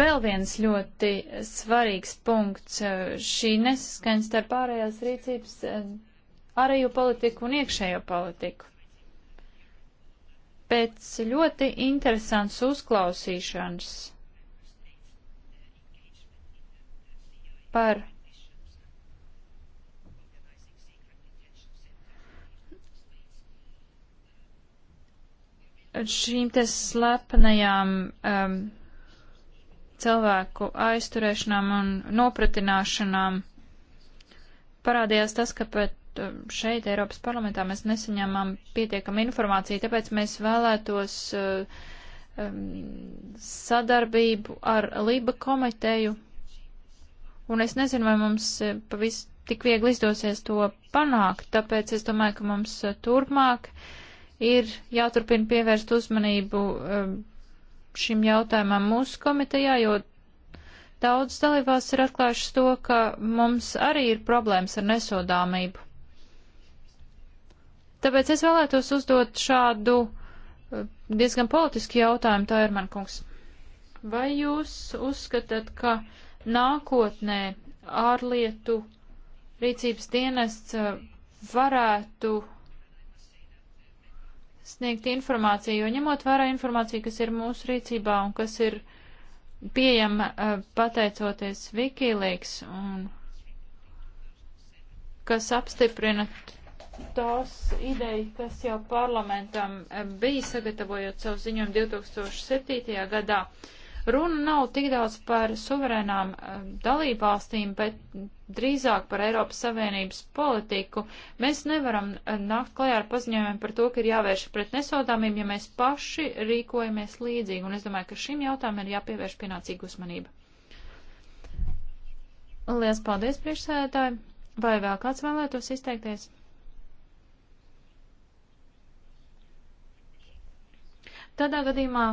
Vēl viens ļoti svarīgs punkts - šī nesaskaņa starp pārējās rīcības ārējo politiku un iekšējo politiku. Pēc ļoti interesants uzklausīšanas par šīm te slepenajām um, cilvēku aizturēšanām un nopratināšanām parādījās tas, ka pat um, šeit Eiropas parlamentā mēs nesaņēmām pietiekam informāciju, tāpēc mēs vēlētos uh, um, sadarbību ar Liba komiteju Un es nezinu, vai mums eh, pavis tik viegli izdosies to panākt, tāpēc es domāju, ka mums eh, turpmāk ir jāturpina pievērst uzmanību eh, šim jautājumam mūsu komitejā, jo daudz dalībās ir atklājušas to, ka mums arī ir problēmas ar nesodāmību. Tāpēc es vēlētos uzdot šādu diezgan politisku jautājumu, tā ir man kungs. Vai jūs uzskatāt, ka nākotnē ārlietu rīcības dienests uh, varētu sniegt informāciju, jo ņemot vērā informāciju, kas ir mūsu rīcībā un kas ir pieejama uh, pateicoties Wikileaks un kas apstiprina tās idejas, kas jau parlamentam uh, bija sagatavojot savu ziņojumu 2007. gadā. Runa nav tik daudz par suverēnām eh, dalībvalstīm, bet drīzāk par Eiropas Savienības politiku. Mēs nevaram eh, nākt klajā ar paziņojumiem par to, ka ir jāvērš pret nesodāmību, ja mēs paši rīkojamies līdzīgi. Un es domāju, ka šim jautājumam ir jāpievērš pienācīga uzmanība. Lielas paldies, priekšsēdētāji! Vai vēl kāds vēlētos izteikties? Tādā gadījumā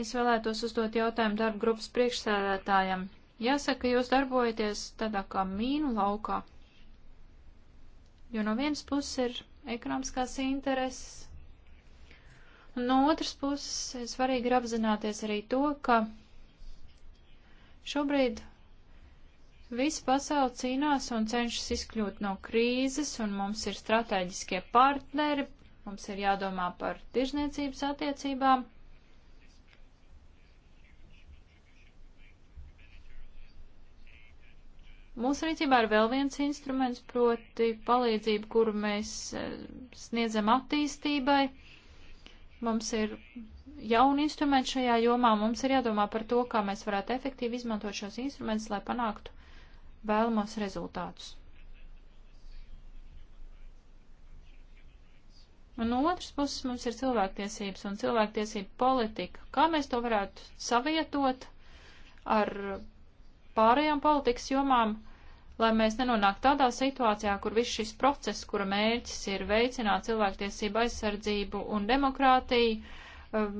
Es vēlētos uzdot jautājumu darba grupas priekšsēdētājam. Jāsaka, jūs darbojaties tādā kā mīnu laukā, jo no vienas puses ir ekonomiskās intereses, un no otras puses svarīgi ir apzināties arī to, ka šobrīd Visa pasaule cīnās un cenšas izkļūt no krīzes, un mums ir strateģiskie partneri, mums ir jādomā par tirzniecības attiecībām. Mūsu rīcībā ir vēl viens instruments, proti palīdzība, kuru mēs e, sniedzam attīstībai. Mums ir jauni instrumenti šajā jomā, mums ir jādomā par to, kā mēs varētu efektīvi izmantot šos instrumentus, lai panāktu vēlamos rezultātus. Un no otras puses mums ir cilvēktiesības un cilvēktiesība politika. Kā mēs to varētu savietot ar pārējām politikas jomām, lai mēs nenonāktu tādā situācijā, kur viss šis process, kura mērķis ir veicināt cilvēktiesību aizsardzību un demokrātiju, um,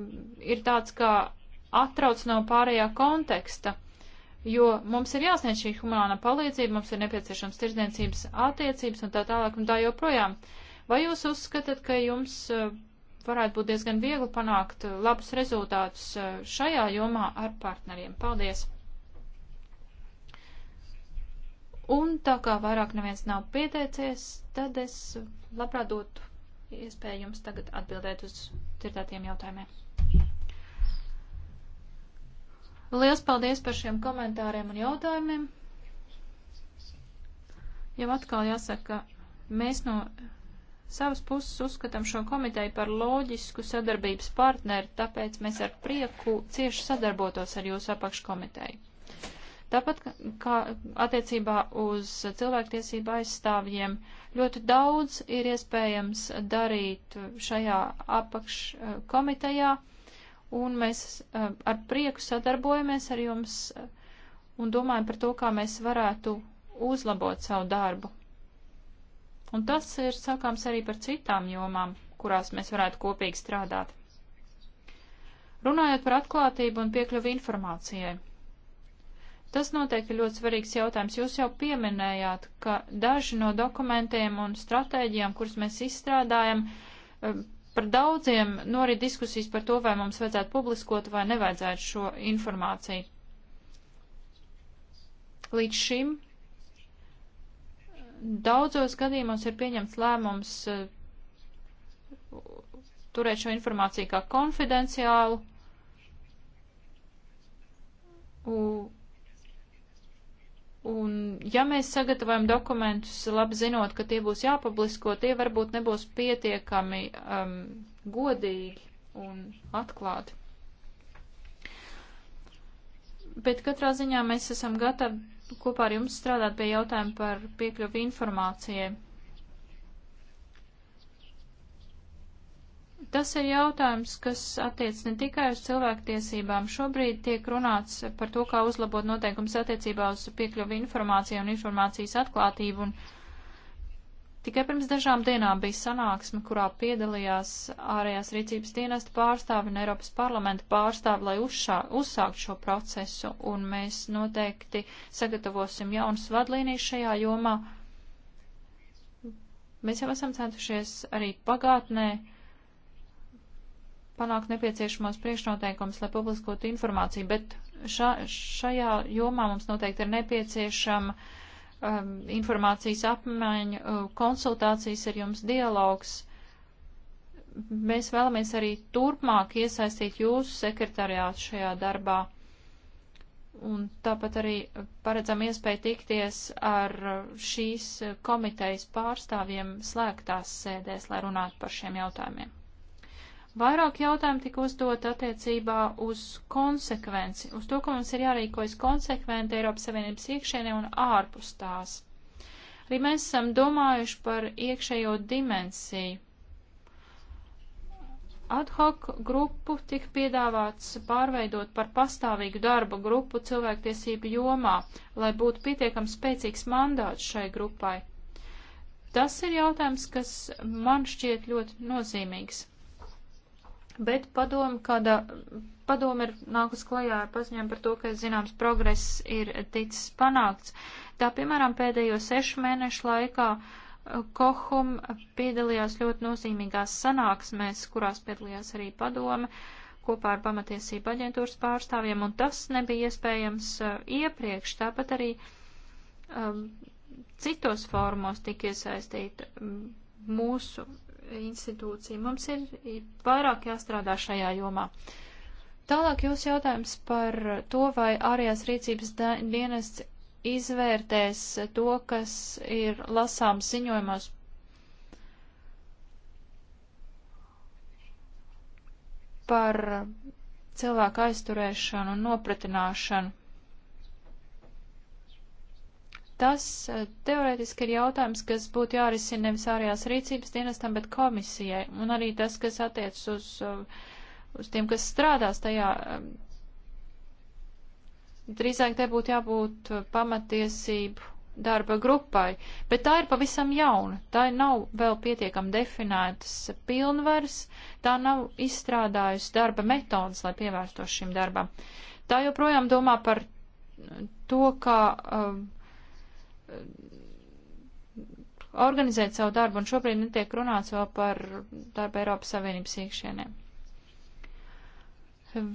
ir tāds kā atrauc no pārējā konteksta, jo mums ir jāsniedz šī humāna palīdzība, mums ir nepieciešams tirdzniecības attiecības un tā tālāk un tā joprojām. Vai jūs uzskatāt, ka jums uh, varētu būt diezgan viegli panākt uh, labus rezultātus uh, šajā jomā ar partneriem? Paldies! Un tā kā vairāk neviens nav pieteicies, tad es labprāt dotu iespēju jums tagad atbildēt uz dzirdētiem jautājumiem. Lielas paldies par šiem komentāriem un jautājumiem. Jau atkal jāsaka, mēs no savas puses uzskatām šo komiteju par loģisku sadarbības partneri, tāpēc mēs ar prieku cieši sadarbotos ar jūsu apakškomiteju. Tāpat kā attiecībā uz cilvēktiesību aizstāvjiem, ļoti daudz ir iespējams darīt šajā apakškomitejā, un mēs eh, ar prieku sadarbojamies ar jums eh, un domājam par to, kā mēs varētu uzlabot savu darbu. Un tas ir sakāms arī par citām jomām, kurās mēs varētu kopīgi strādāt. Runājot par atklātību un piekļuvi informācijai. Tas noteikti ļoti svarīgs jautājums. Jūs jau pieminējāt, ka daži no dokumentiem un stratēģijām, kuras mēs izstrādājam, eh, par daudziem norit diskusijas par to, vai mums vajadzētu publiskot vai nevajadzētu šo informāciju. Līdz šim daudzos gadījumos ir pieņemts lēmums eh, turēt šo informāciju kā konfidenciālu. U, Un, ja mēs sagatavojam dokumentus, labi zinot, ka tie būs jāpublisko, tie varbūt nebūs pietiekami um, godīgi un atklāti. Bet katrā ziņā mēs esam gatavi kopā ar jums strādāt pie jautājuma par piekļuvi informācijai. Tas ir jautājums, kas attiec ne tikai uz cilvēktiesībām. Šobrīd tiek runāts par to, kā uzlabot noteikums attiecībā uz piekļuvi informācijai un informācijas atklātību. Un tikai pirms dažām dienām bija sanāksme, kurā piedalījās ārējās rīcības dienesta pārstāvi un Eiropas parlamenta pārstāvi, lai uzšā, uzsākt šo procesu. Un mēs noteikti sagatavosim jaunas vadlīnijas šajā jomā. Mēs jau esam centušies arī pagātnē panākt nepieciešamos priekšnoteikumus, lai publiskotu informāciju, bet ša, šajā jomā mums noteikti ir nepieciešama um, informācijas apmaiņa, uh, konsultācijas ar jums, dialogs. Mēs vēlamies arī turpmāk iesaistīt jūsu sekretariātu šajā darbā. Un tāpat arī paredzam iespēju tikties ar šīs komitejas pārstāvjiem slēgtās sēdēs, lai runātu par šiem jautājumiem. Vairāk jautājumu tika uzdot attiecībā uz konsekvenci, uz to, ka mums ir jārīkojas konsekventi Eiropas Savienības iekšēnē un ārpus tās. Arī mēs esam domājuši par iekšējo dimensiju. Ad hoc grupu tika piedāvāts pārveidot par pastāvīgu darba grupu cilvēktiesību jomā, lai būtu pietiekams spēcīgs mandāts šai grupai. Tas ir jautājums, kas man šķiet ļoti nozīmīgs bet padomu, kādā padomu ir nākus klajā ar paziņojumu par to, ka zināms progress ir ticis panākts. Tā, piemēram, pēdējo sešu mēnešu laikā eh, Kohum piedalījās ļoti nozīmīgās sanāksmēs, kurās piedalījās arī padome kopā ar pamatiesību aģentūras pārstāvjiem, un tas nebija iespējams uh, iepriekš, tāpat arī um, citos formos tika iesaistīta um, mūsu institūcija. Mums ir vairāk jāstrādā šajā jomā. Tālāk jūs jautājums par to, vai ārējās rīcības dienests izvērtēs to, kas ir lasāms ziņojumos. par cilvēku aizturēšanu un nopratināšanu. Tas eh, teorētiski ir jautājums, kas būtu jārisina nevis ārējās rīcības dienestam, bet komisijai. Un arī tas, kas attiec uz, eh, uz tiem, kas strādās tajā. Eh, drīzāk te būtu jābūt pamatiesību darba grupai, bet tā ir pavisam jauna. Tā nav vēl pietiekam definētas pilnvaras, tā nav izstrādājusi darba metodas, lai pievērstos šim darbam. Tā joprojām domā par to, kā uh, organizēt savu darbu, un šobrīd netiek runāts vēl par darbu Eiropas Savienības iekšienē.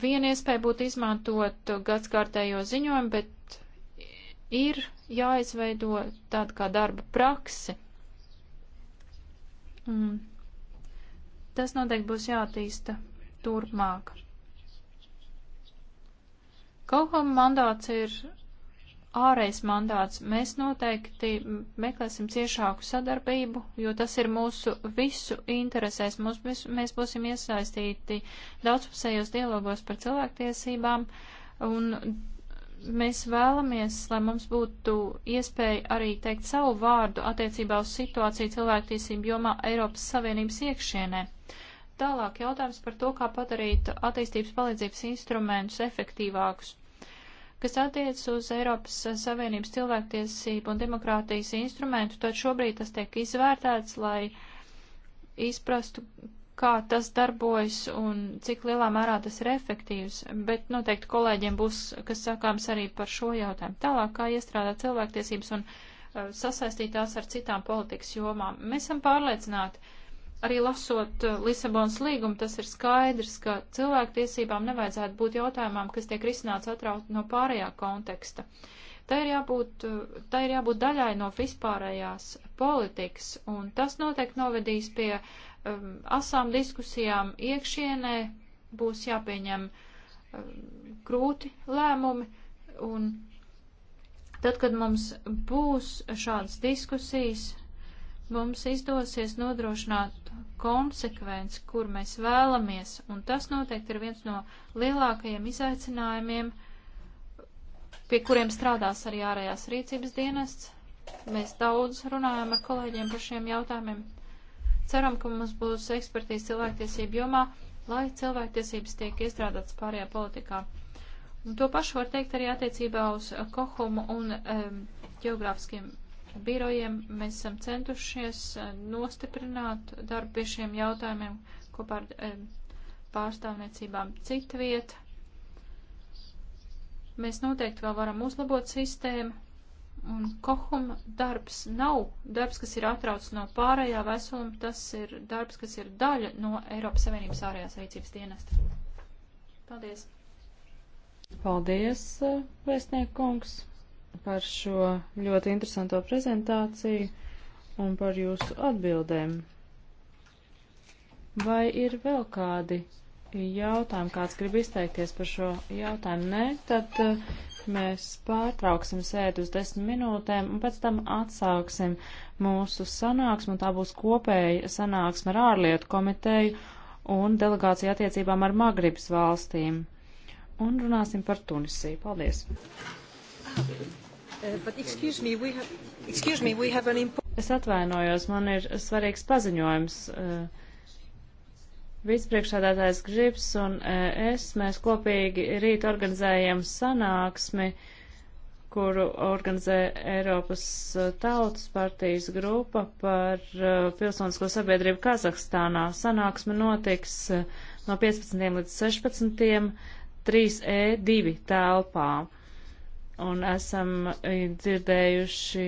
Viena iespēja būtu izmantot gadskārtējo ziņojumu, bet ir jāizveido tāda kā darba prakse. Un tas noteikti būs jātīsta turpmāk. Kaut kā mandāts ir ārējs mandāts, mēs noteikti meklēsim ciešāku sadarbību, jo tas ir mūsu visu interesēs. Mūs, mēs, mēs būsim iesaistīti daudzpusējos dialogos par cilvēktiesībām, un mēs vēlamies, lai mums būtu iespēja arī teikt savu vārdu attiecībā uz situāciju cilvēktiesību jomā Eiropas Savienības iekšienē. Tālāk jautājums par to, kā padarīt attīstības palīdzības instrumentus efektīvākus Kas attiecas uz Eiropas Savienības cilvēktiesību un demokrātijas instrumentu, tad šobrīd tas tiek izvērtēts, lai izprastu, kā tas darbojas un cik lielā mērā tas ir efektīvs, bet noteikti kolēģiem būs, kas sakāms arī par šo jautājumu. Tālāk, kā iestrādāt cilvēktiesības un uh, sasaistīt tās ar citām politikas jomām. Mēs esam pārliecināti, arī lasot uh, Lisabonas līgumu, tas ir skaidrs, ka cilvēktiesībām nevajadzētu būt jautājumām, kas tiek risināts atraut no pārējā konteksta. Tā ir, jābūt, uh, tā ir jābūt daļai no vispārējās politikas, un tas noteikti novedīs pie um, asām diskusijām iekšienē, būs jāpieņem um, grūti lēmumi, un tad, kad mums būs šādas diskusijas, mums izdosies nodrošināt konsekvenci, kur mēs vēlamies, un tas noteikti ir viens no lielākajiem izaicinājumiem, pie kuriem strādās arī ārējās rīcības dienests. Mēs daudz runājam ar kolēģiem par šiem jautājumiem. Ceram, ka mums būs ekspertīze cilvēktiesību jomā, lai cilvēktiesības tiek iestrādātas pārējā politikā. Un to pašu var teikt arī attiecībā uz kohumu un um, geogrāfiskiem birojiem mēs esam centušies eh, nostiprināt darbu pie šiem jautājumiem kopā ar eh, pārstāvniecībām citviet. Mēs noteikti vēl varam uzlabot sistēmu, un kohuma darbs nav darbs, kas ir atrauc no pārējā veseluma, tas ir darbs, kas ir daļa no Eiropas Savienības ārējās rīcības dienesta. Paldies! Paldies, eh, vēstniekungs! par šo ļoti interesanto prezentāciju un par jūsu atbildēm. Vai ir vēl kādi jautājumi, kāds grib izteikties par šo jautājumu? Nē, tad uh, mēs pārtrauksim sēdi uz desmit minūtēm un pēc tam atsāksim mūsu sanāksmu, un tā būs kopēja sanāksme ar ārlietu komiteju un delegāciju attiecībām ar Magribas valstīm. Un runāsim par Tunisiju. Paldies! Thank you. Uh, es atvainojos, man ir svarīgs paziņojums. Uh, Vicepriekšādātājs Grips un uh, es, mēs kopīgi rīt organizējam sanāksmi, kuru organizē Eiropas Tautas partijas grupa par pilsonisko sabiedrību Kazahstānā. Sanāksme notiks no 15. līdz 16. 3E2 telpā un esam eh, dzirdējuši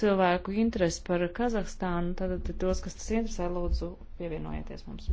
cilvēku interesi par Kazahstānu, tad tos, kas tas interesē, lūdzu pievienojieties mums.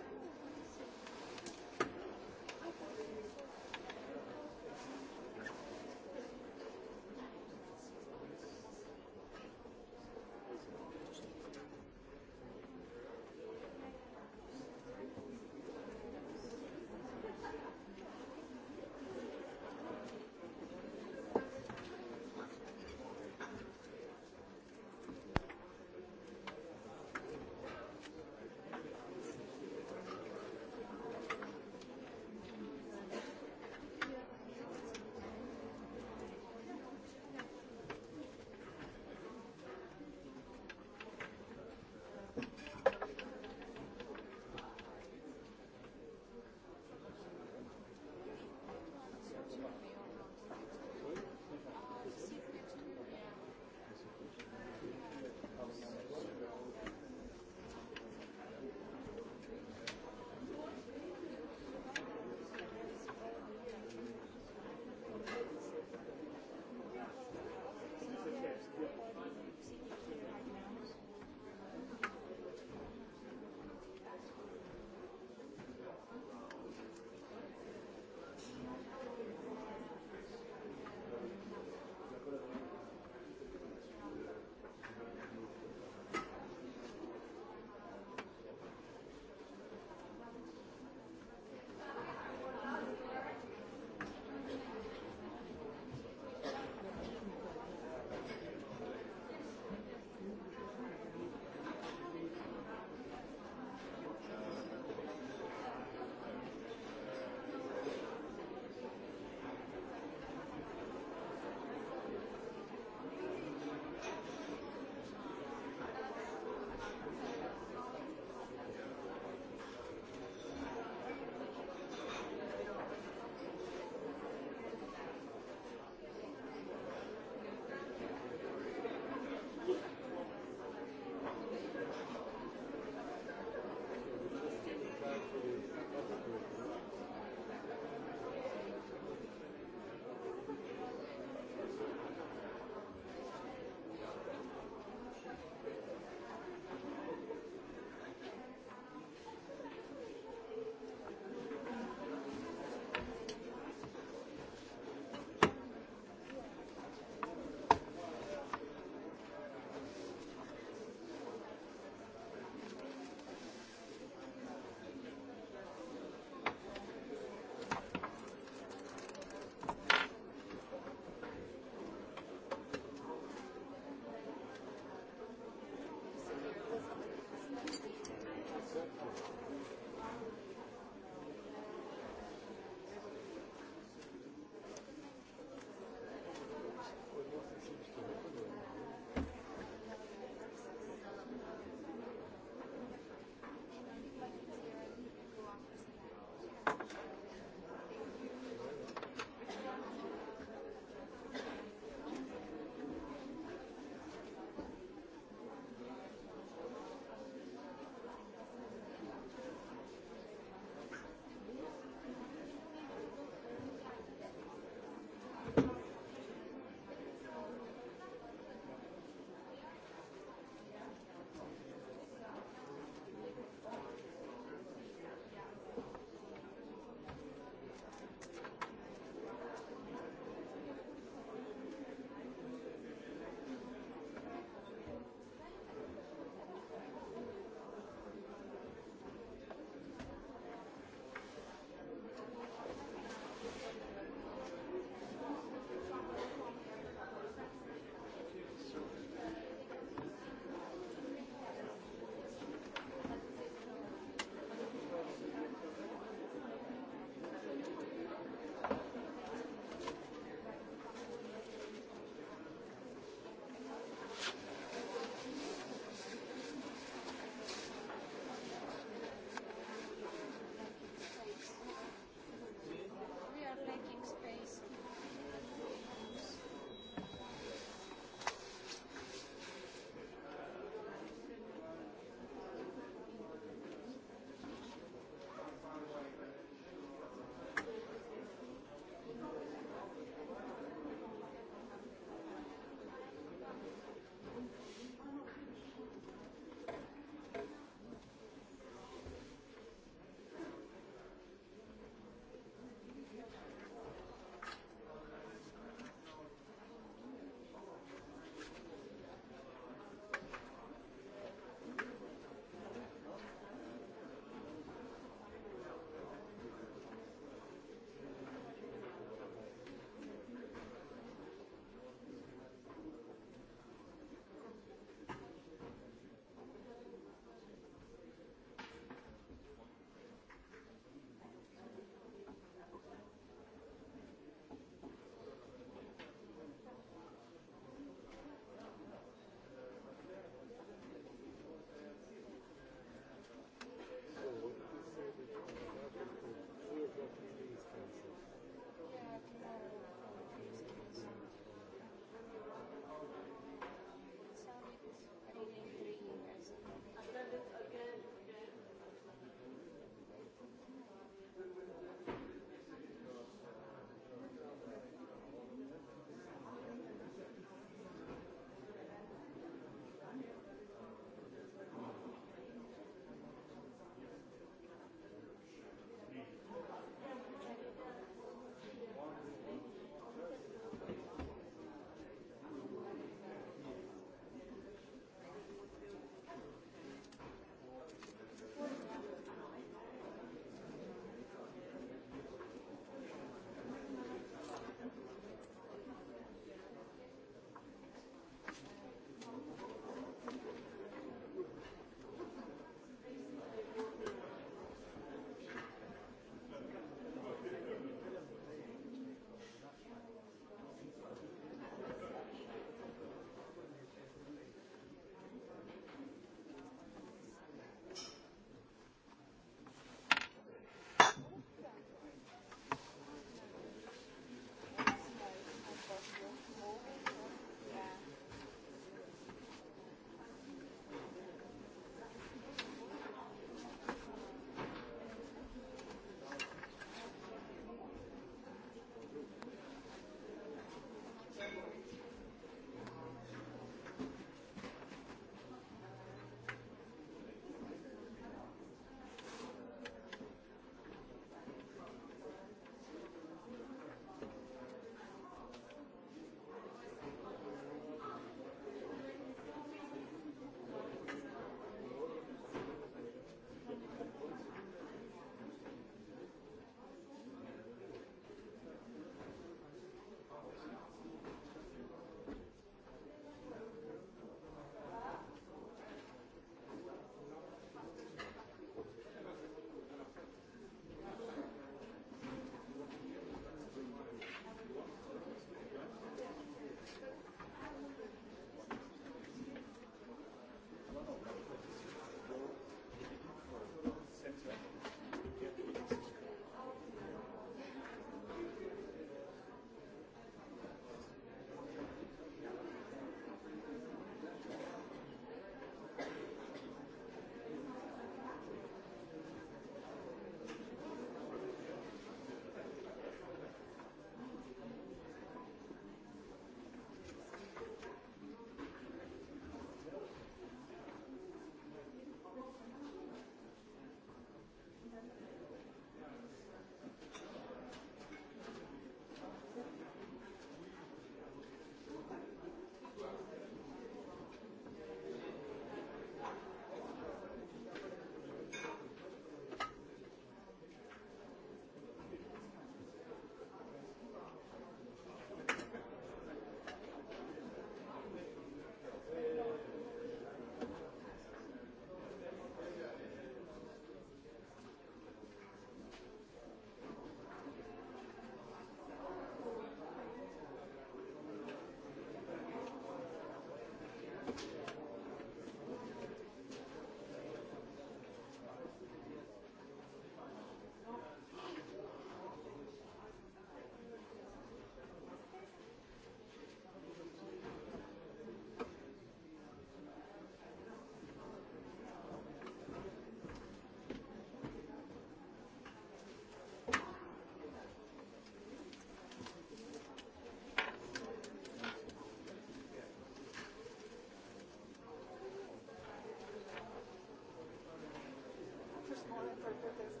interpreters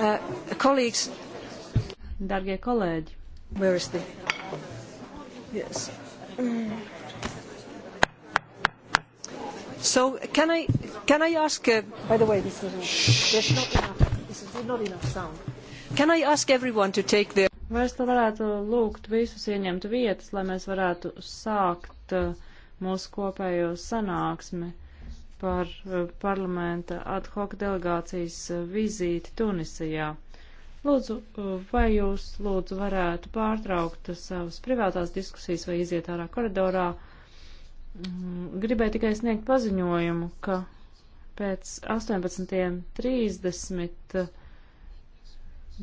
Uh, colleagues. Darbie kolēģi. Where is the? Yes. So can I, can I ask... Uh, By the way, this is, there's not enough, this is not enough sound. Can I ask everyone to take their... Vai es varētu lūgt visus ieņemt vietas, lai mēs varētu sākt uh, mūsu kopējo sanāksmi par uh, parlamenta ad hoc delegācijas uh, vizīti Tunisijā. Lūdzu, uh, vai jūs lūdzu varētu pārtraukt savas privātās diskusijas vai iziet ārā koridorā? Mhm. Gribēju tikai sniegt paziņojumu, ka pēc 18.30 eh,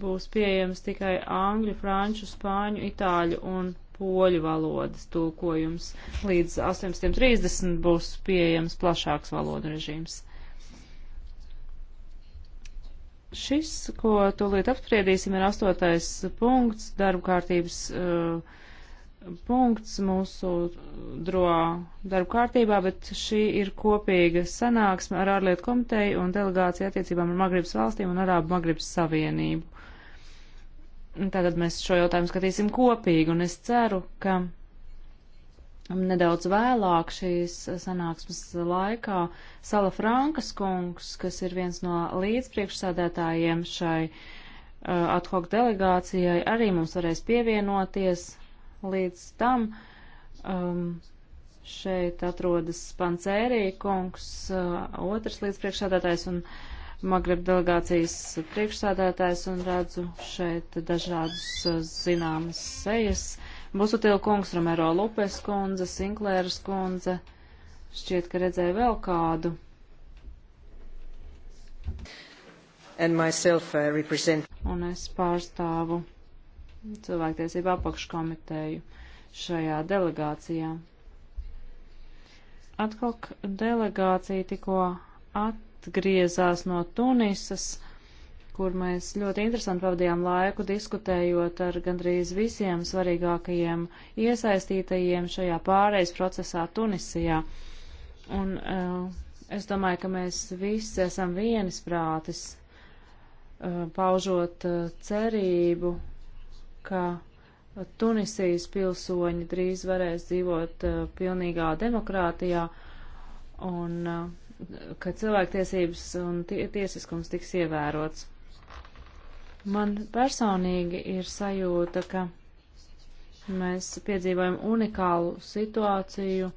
būs pieejams tikai angļu, franču, spāņu, itāļu un poļu valodas tulkojums. Līdz 18.30 būs pieejams plašāks valodu režīms. Šis, ko tūlīt apspriedīsim, ir astotais punkts darba kārtības. Uh, punkts mūsu droā darba kārtībā, bet šī ir kopīga sanāksme ar ārlietu komiteju un delegāciju attiecībām ar Magribas valstīm un Arābu Magribas Savienību. Tātad mēs šo jautājumu skatīsim kopīgi, un es ceru, ka nedaudz vēlāk šīs sanāksmes laikā Sala Frankas kungs, kas ir viens no līdzpriekšsādētājiem šai uh, ad hoc delegācijai, arī mums varēs pievienoties Līdz tam um, šeit atrodas Pancērija kungs, uh, otrs līdzpriekšsādātājs un Magreb delegācijas priekšsādātājs un redzu šeit dažādas uh, zināmas sejas. Busutila kungs, Romero Lupes kundze, Sinklēras kundze. Šķiet, ka redzēju vēl kādu. Myself, uh, represent... Un es pārstāvu cilvēktiesību apakškomiteju šajā delegācijā. Atkal delegācija tikko atgriezās no Tunisas, kur mēs ļoti interesanti pavadījām laiku diskutējot ar gandrīz visiem svarīgākajiem iesaistītajiem šajā pārejas procesā Tunisijā. Un uh, es domāju, ka mēs visi esam vienisprātis, uh, paužot uh, cerību ka Tunisijas pilsoņi drīz varēs dzīvot uh, pilnīgā demokrātijā un uh, ka cilvēktiesības un tie, tiesiskums tiks ievērots. Man personīgi ir sajūta, ka mēs piedzīvojam unikālu situāciju.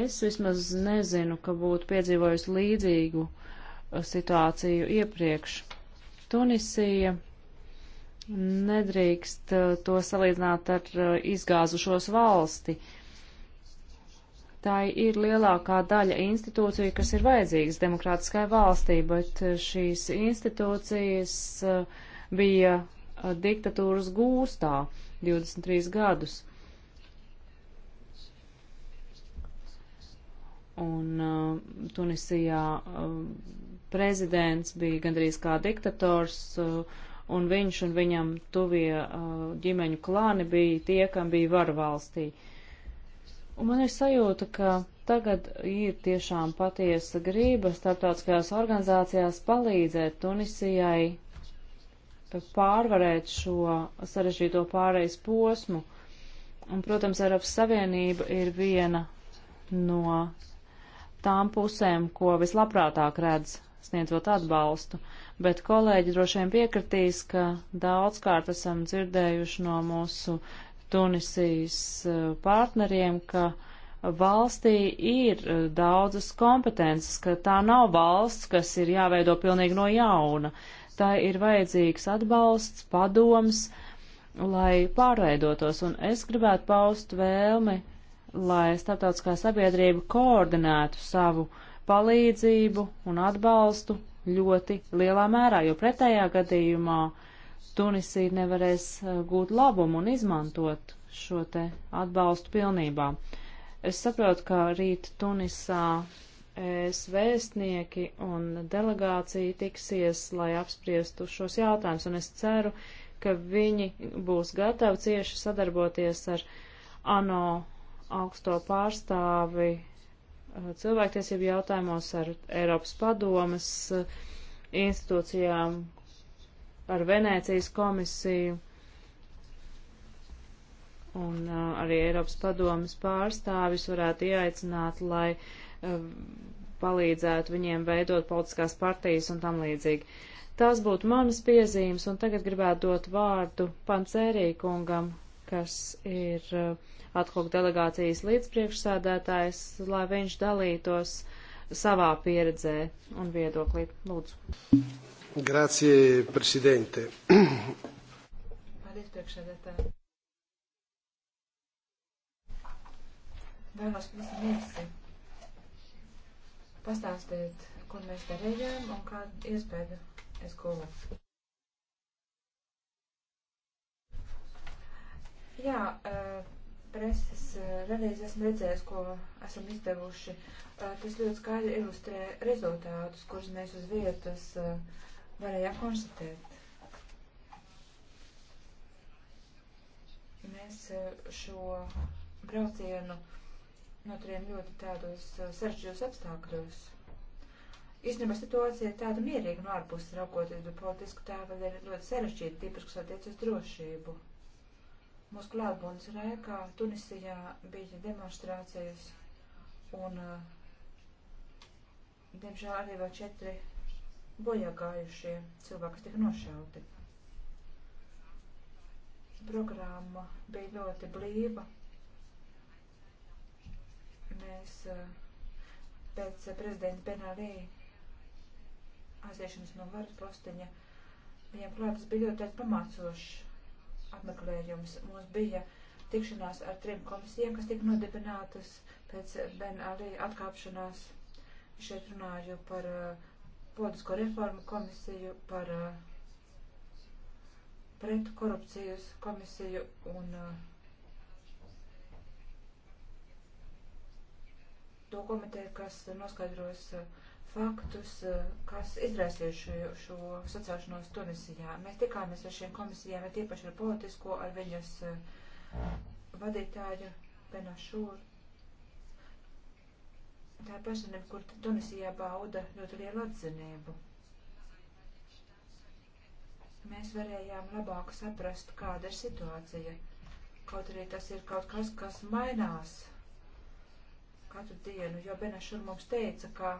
Es vismaz nezinu, ka būtu piedzīvojusi līdzīgu uh, situāciju iepriekš. Tunisija nedrīkst uh, to salīdzināt ar uh, izgāzušos valsti. Tā ir lielākā daļa institūciju, kas ir vajadzīgas demokrātiskai valstī, bet uh, šīs institūcijas bija diktatūras gūstā 23 gadus. Un uh, Tunisijā uh, prezidents bija gandrīz kā diktators, uh, un viņš un viņam tuvie uh, ģimeņu klāni bija tie, kam bija varu valstī. Un man ir sajūta, ka tagad ir tiešām patiesa grība starptautiskajās organizācijās palīdzēt Tunisijai pārvarēt šo sarežģīto pārejas posmu. Un, protams, Eiropas Savienība ir viena no tām pusēm, ko vislabprātāk redz sniedzot atbalstu bet kolēģi droši vien piekritīs, ka daudzkārt esam dzirdējuši no mūsu Tunisijas e, partneriem, ka valstī ir e, daudzas kompetences, ka tā nav valsts, kas ir jāveido pilnīgi no jauna. Tā ir vajadzīgs atbalsts, padoms, lai pārveidotos, un es gribētu paust vēlmi, lai starptautiskā sabiedrība koordinētu savu palīdzību un atbalstu ļoti lielā mērā, jo pretējā gadījumā Tunisija nevarēs eh, gūt labumu un izmantot šo te atbalstu pilnībā. Es saprotu, ka rīt Tunisā es vēstnieki un delegācija tiksies, lai apspriestu šos jautājumus, un es ceru, ka viņi būs gatavi cieši sadarboties ar ANO augsto pārstāvi Uh, cilvēktiesību jautājumos ar Eiropas padomas uh, institūcijām, ar Venēcijas komisiju un uh, arī Eiropas padomas pārstāvis varētu ieaicināt, lai palīdzētu viņiem veidot politiskās partijas un tam līdzīgi. Tās būtu manas piezīmes, un tagad gribētu dot vārdu Pancērī kungam, kas ir uh, atkūk delegācijas līdzpriekšsēdētājs, lai viņš dalītos savā pieredzē un viedoklī. Lūdzu. Grazie, prezidente. Paldies, priekšsēdētāji. Vēlos pavisam īsi pastāstīt, ko mēs darījām un kādu iespēju es guvu. Jā, uh, preses relīzi eh, esmu redzējis, ko esam izdevuši. Eh, tas ļoti skaidri ilustrē rezultātus, kurus mēs uz vietas eh, varējām konstatēt. Mēs šo braucienu noturējam ļoti tādos sarežģījos apstākļos. Īstenībā situācija ir tāda mierīga no ārpuses raugoties, bet politiski tā vēl ir ļoti sarežģīta, tīpaši, kas attiec uz drošību. Mūsu klātbūtnes laikā Tunisijā bija demonstrācijas un, eh, diemžēl, arī vēl četri bojā gājušie cilvēki, kas tika nošauti. Programma bija ļoti blīva. Mēs eh, pēc prezidenta Benalī aiziešanas no varas posteņa viņiem klātas bija ļoti pamācošs apmeklējums. Mums bija tikšanās ar trim komisijām, kas tika nodibinātas pēc Ben Ali atkāpšanās. Šeit runāju par uh, politisko reformu komisiju, par uh, eh, pret korupcijas komisiju un uh, to komiteju, kas noskaidros uh, faktus, eh, kas izraisīja šo, šo sacēšanos Tunisijā. Mēs tikāmies ar šiem komisijām, ir tiepaši ar politisko, ar viņas eh, vadītāju Benašūru. Tā ir personība, kur Tunisijā bauda ļoti lielu atzinību. Mēs varējām labāk saprast, kāda ir situācija. Kaut arī tas ir kaut kas, kas mainās katru dienu, jo Benašūra mums teica, ka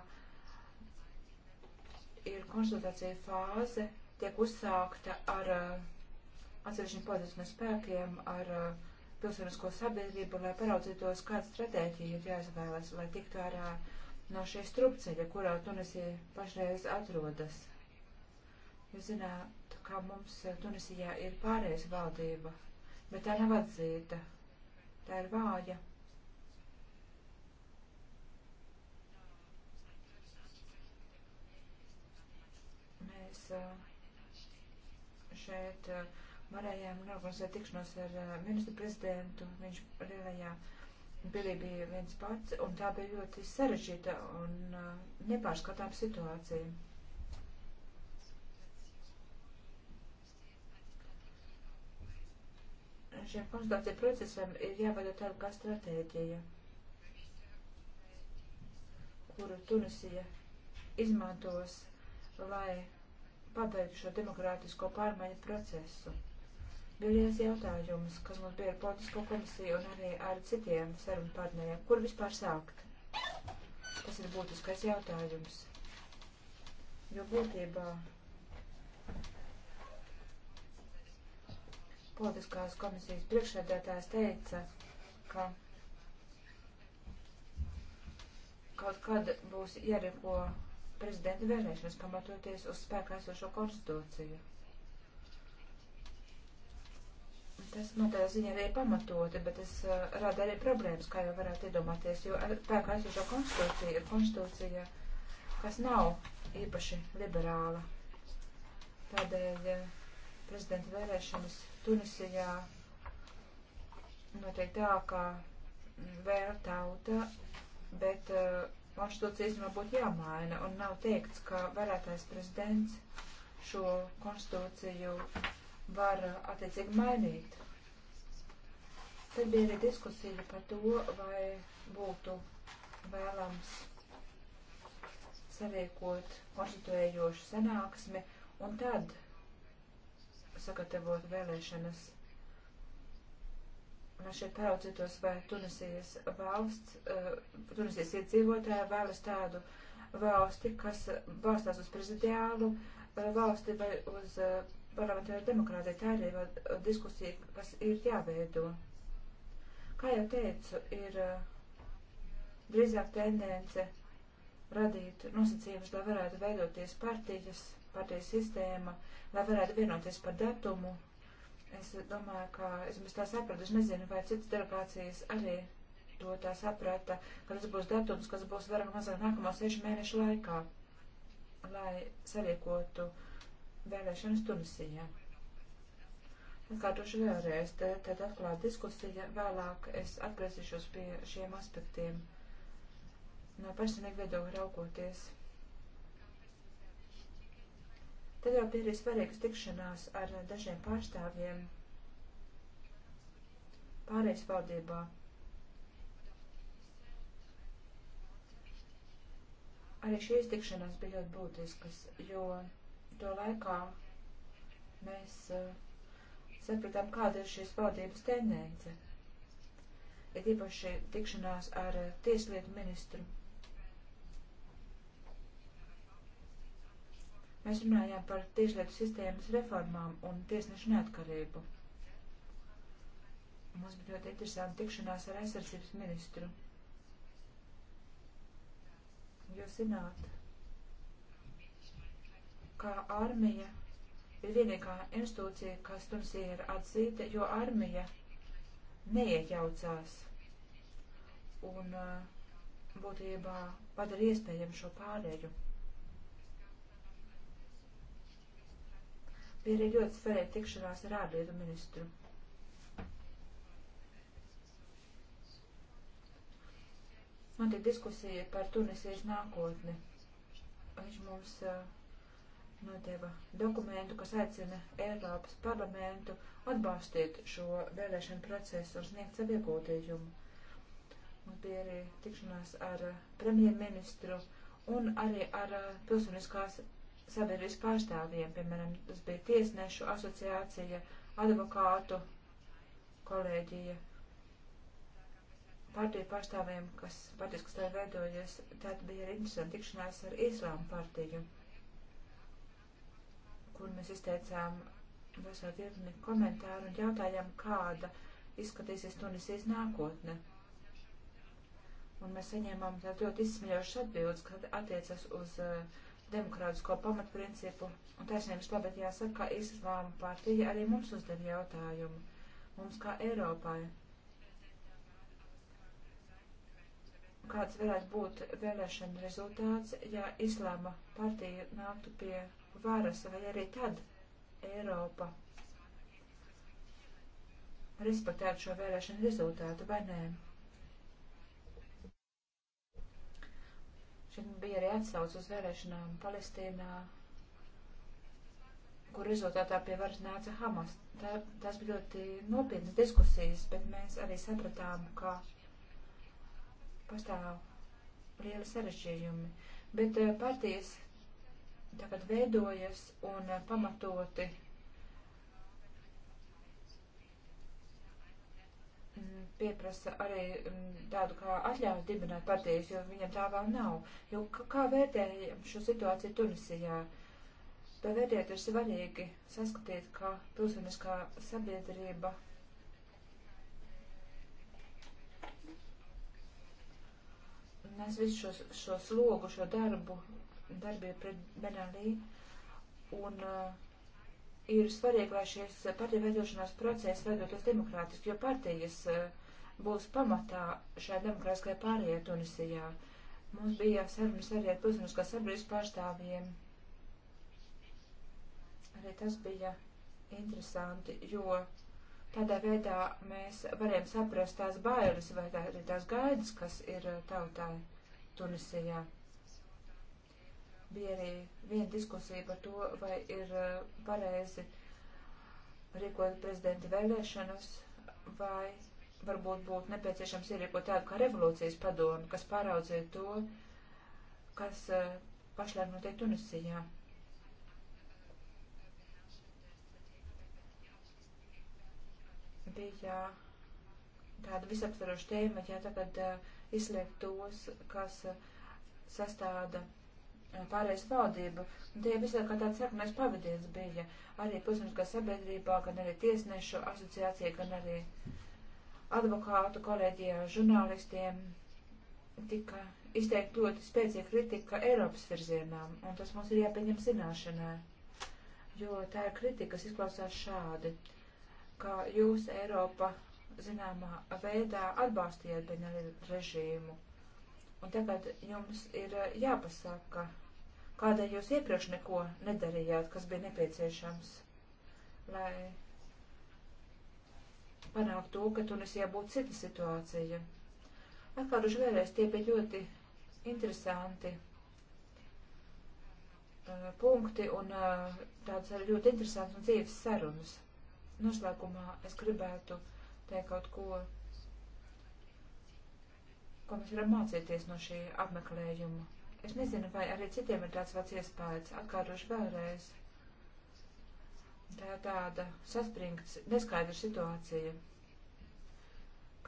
ir konsultācija fāze, tiek uzsākta ar uh, atsevišķiem politiskiem spēkiem, ar uh, pilsonisko sabiedrību, lai paraudzītos, kāda stratēģija ir jāizvēlas, lai tiktu ārā no šīs strupceļa, kurā Tunisija pašreiz atrodas. Jūs zināt, kā mums uh, Tunisijā ir pārējais valdība, bet tā nav atzīta, tā ir vāja. mēs šeit varējām norganizēt tikšanos ar ministru prezidentu. Viņš reālajā Bilī bija viens pats, un tā bija ļoti sarežģīta un nepārskatām situācija. Šiem konsultāciju procesam ir jāvada tāda kā stratēģija, kuru Tunisija izmantos, lai pabeigtu šo demokrātisko pārmaiņu procesu. Bija liels jautājums, kas mums bija ar politisko komisiju un arī ar citiem sarunu partneriem. Kur vispār sākt? Tas ir būtiskais jautājums. Jo būtībā politiskās komisijas priekšsēdētājs teica, ka kaut kad būs jārīko prezidenta vēlēšanas pamatoties uz spēkā esošo konstitūciju. Tas noteikti no ziņā arī pamatoti, bet tas uh, rada arī problēmas, kā jau varētu iedomāties, jo spēkā esošo konstitūcija ir konstitūcija, kas nav īpaši liberāla. Tādēļ uh, prezidenta vēlēšanas Tunisijā notiek tā, kā mm, vēl tauta, bet uh, maršruts īstenībā būtu jāmaina, un nav teikts, ka varētais prezidents šo konstitūciju var uh, attiecīgi mainīt. Tad bija arī diskusija par to, vai būtu vēlams sarīkot konstituējošu sanāksmi un tad sagatavot vēlēšanas šeit paraudzītos, vai Tunisijas valsts, uh, Tunisijas iedzīvotāji vēlas tādu valsti, kas balstās uz prezidiālu uh, valsti vai uz uh, eh, parlamentāru demokrātiju. Tā ir uh, diskusija, kas ir jāveido. Kā jau teicu, ir uh, drīzāk tendence radīt nosacījumus, lai varētu veidoties partijas, partijas sistēma, lai varētu vienoties par datumu, Es domāju, ka es mēs tā sapratu, es nezinu, vai citas delegācijas arī to tā saprata, ka tas būs datums, kas būs vairāk mazāk nākamo sešu mēnešu laikā, lai sarīkotu vēlēšanas Tunisijā. Atkārtošu vēlreiz, tad, tad atklāt diskusija, vēlāk es atgriezīšos pie šiem aspektiem no personīga viedokļa raugoties. Tad vēl bija arī svarīgas tikšanās ar dažiem pārstāvjiem pārējais valdībā. Arī šīs tikšanās bija ļoti būtiskas, jo to laikā mēs uh, sapratām, kāda ir šīs valdības tendence. Ir īpaši tikšanās ar uh, tieslietu ministru Mēs runājām par tieslietu sistēmas reformām un tiesnešu neatkarību. Mums bija ļoti interesanti tikšanās ar aizsardzības ministru. Jūs zināt, kā armija ir vienīgā institūcija, kas Tunisija ir atzīta, jo armija neiejaucās un uh, būtībā padara iespējamu šo pārēju. Bija arī ļoti svarīga tikšanās ar ārlietu ministru. Man tik diskusija par Tunisijas nākotni. Viņš mums uh, nodeva dokumentu, kas aicina Eiropas parlamentu atbalstīt šo vēlēšanu procesu un sniegt savu ieguldījumu. Mums bija arī tikšanās ar premjerministru un arī ar pilsoniskās sabiedrības pārstāvjiem, piemēram, tas bija tiesnešu asociācija, advokātu kolēģija, partiju pārstāvjiem, kas partijas, kas tā veidojas, tad bija arī interesanti tikšanās ar Islāma partiju, kur mēs izteicām veselu virkni komentāru un jautājām, kāda izskatīsies Tunisijas nākotne. Un mēs saņēmām tādu ļoti izsmeļošas atbildes, kad attiecas uz uh, demokrātisko pamatprincipu un taisnības labāk jāsaka, ka Islāma partija arī mums uzdev jautājumu. Mums kā Eiropai. Kāds varētu būt vēlēšana rezultāts, ja Islāma partija nāktu pie varas vai arī tad Eiropa respektētu šo vēlēšanu rezultātu vai nē? Šeit bija arī atsauc uz vēlēšanām Palestīnā, kur rezultātā pie varas nāca Hamas. Tā, tās bija ļoti nopietnas diskusijas, bet mēs arī sapratām, ka pastāv lieli sarežģījumi. Bet eh, partijas tagad veidojas un eh, pamatoti pieprasa arī mm, tādu kā atļauju dibināt partijas, jo viņam tā vēl nav. Jo kā vērtējam šo situāciju Tunisijā? Vai vērtējat ir svarīgi saskatīt, ka pilsoniskā sabiedrība mēs visu šo, šo slogu, šo darbu, darbību pret Benalī un uh, ir svarīgi, lai šis partiju veidošanās process veidotos demokrātiski, jo partijas eh, būs pamatā šai demokrātiskajai pārējai Tunisijā. Mums bija sarunas arī ar pilsoniskās sabiedrības pārstāvjiem. Arī tas bija interesanti, jo tādā veidā mēs varējām saprast tās bailes vai tā, arī tās gaidas, kas ir eh, tautāji Tunisijā bija arī viena diskusija par to, vai ir eh, pareizi rīkot prezidenta vēlēšanas, vai varbūt būtu nepieciešams ierīkot tādu kā revolūcijas padomu, kas pāraudzīja to, kas eh, pašlaik notiek Tunisijā. Bija tāda visaptveroša tēma, ja tagad uh, izliek tos, kas uh, sastāda pārējais valdība. Un tie visai kā tāds sarkanais pavadiens bija arī pilsoniskā sabiedrībā, gan arī tiesnešu asociācija, gan arī advokātu kolēģijā žurnālistiem tika izteikt ļoti spēcīga kritika Eiropas virzienām, un tas mums ir jāpieņem zināšanā, jo tā ir kritika, kas izklausās šādi, ka jūs Eiropa zināmā veidā atbalstījāt Beņa režīmu, un tagad jums ir jāpasaka, Kādēļ jūs iepriekš neko nedarījāt, kas bija nepieciešams, lai panāktu to, ka Tunisijā būtu cita situācija? Atkāruši vēlreiz tie bija ļoti interesanti uh, punkti un uh, tāds arī ļoti interesants un dzīves sarunas. Noslēgumā es gribētu teikt kaut ko, ko mēs varam mācīties no šī apmeklējuma. Es nezinu, vai arī citiem ir tāds pats iespējas. Atkārtošu vēlreiz. Tā ir tāda saspringta, neskaidra situācija.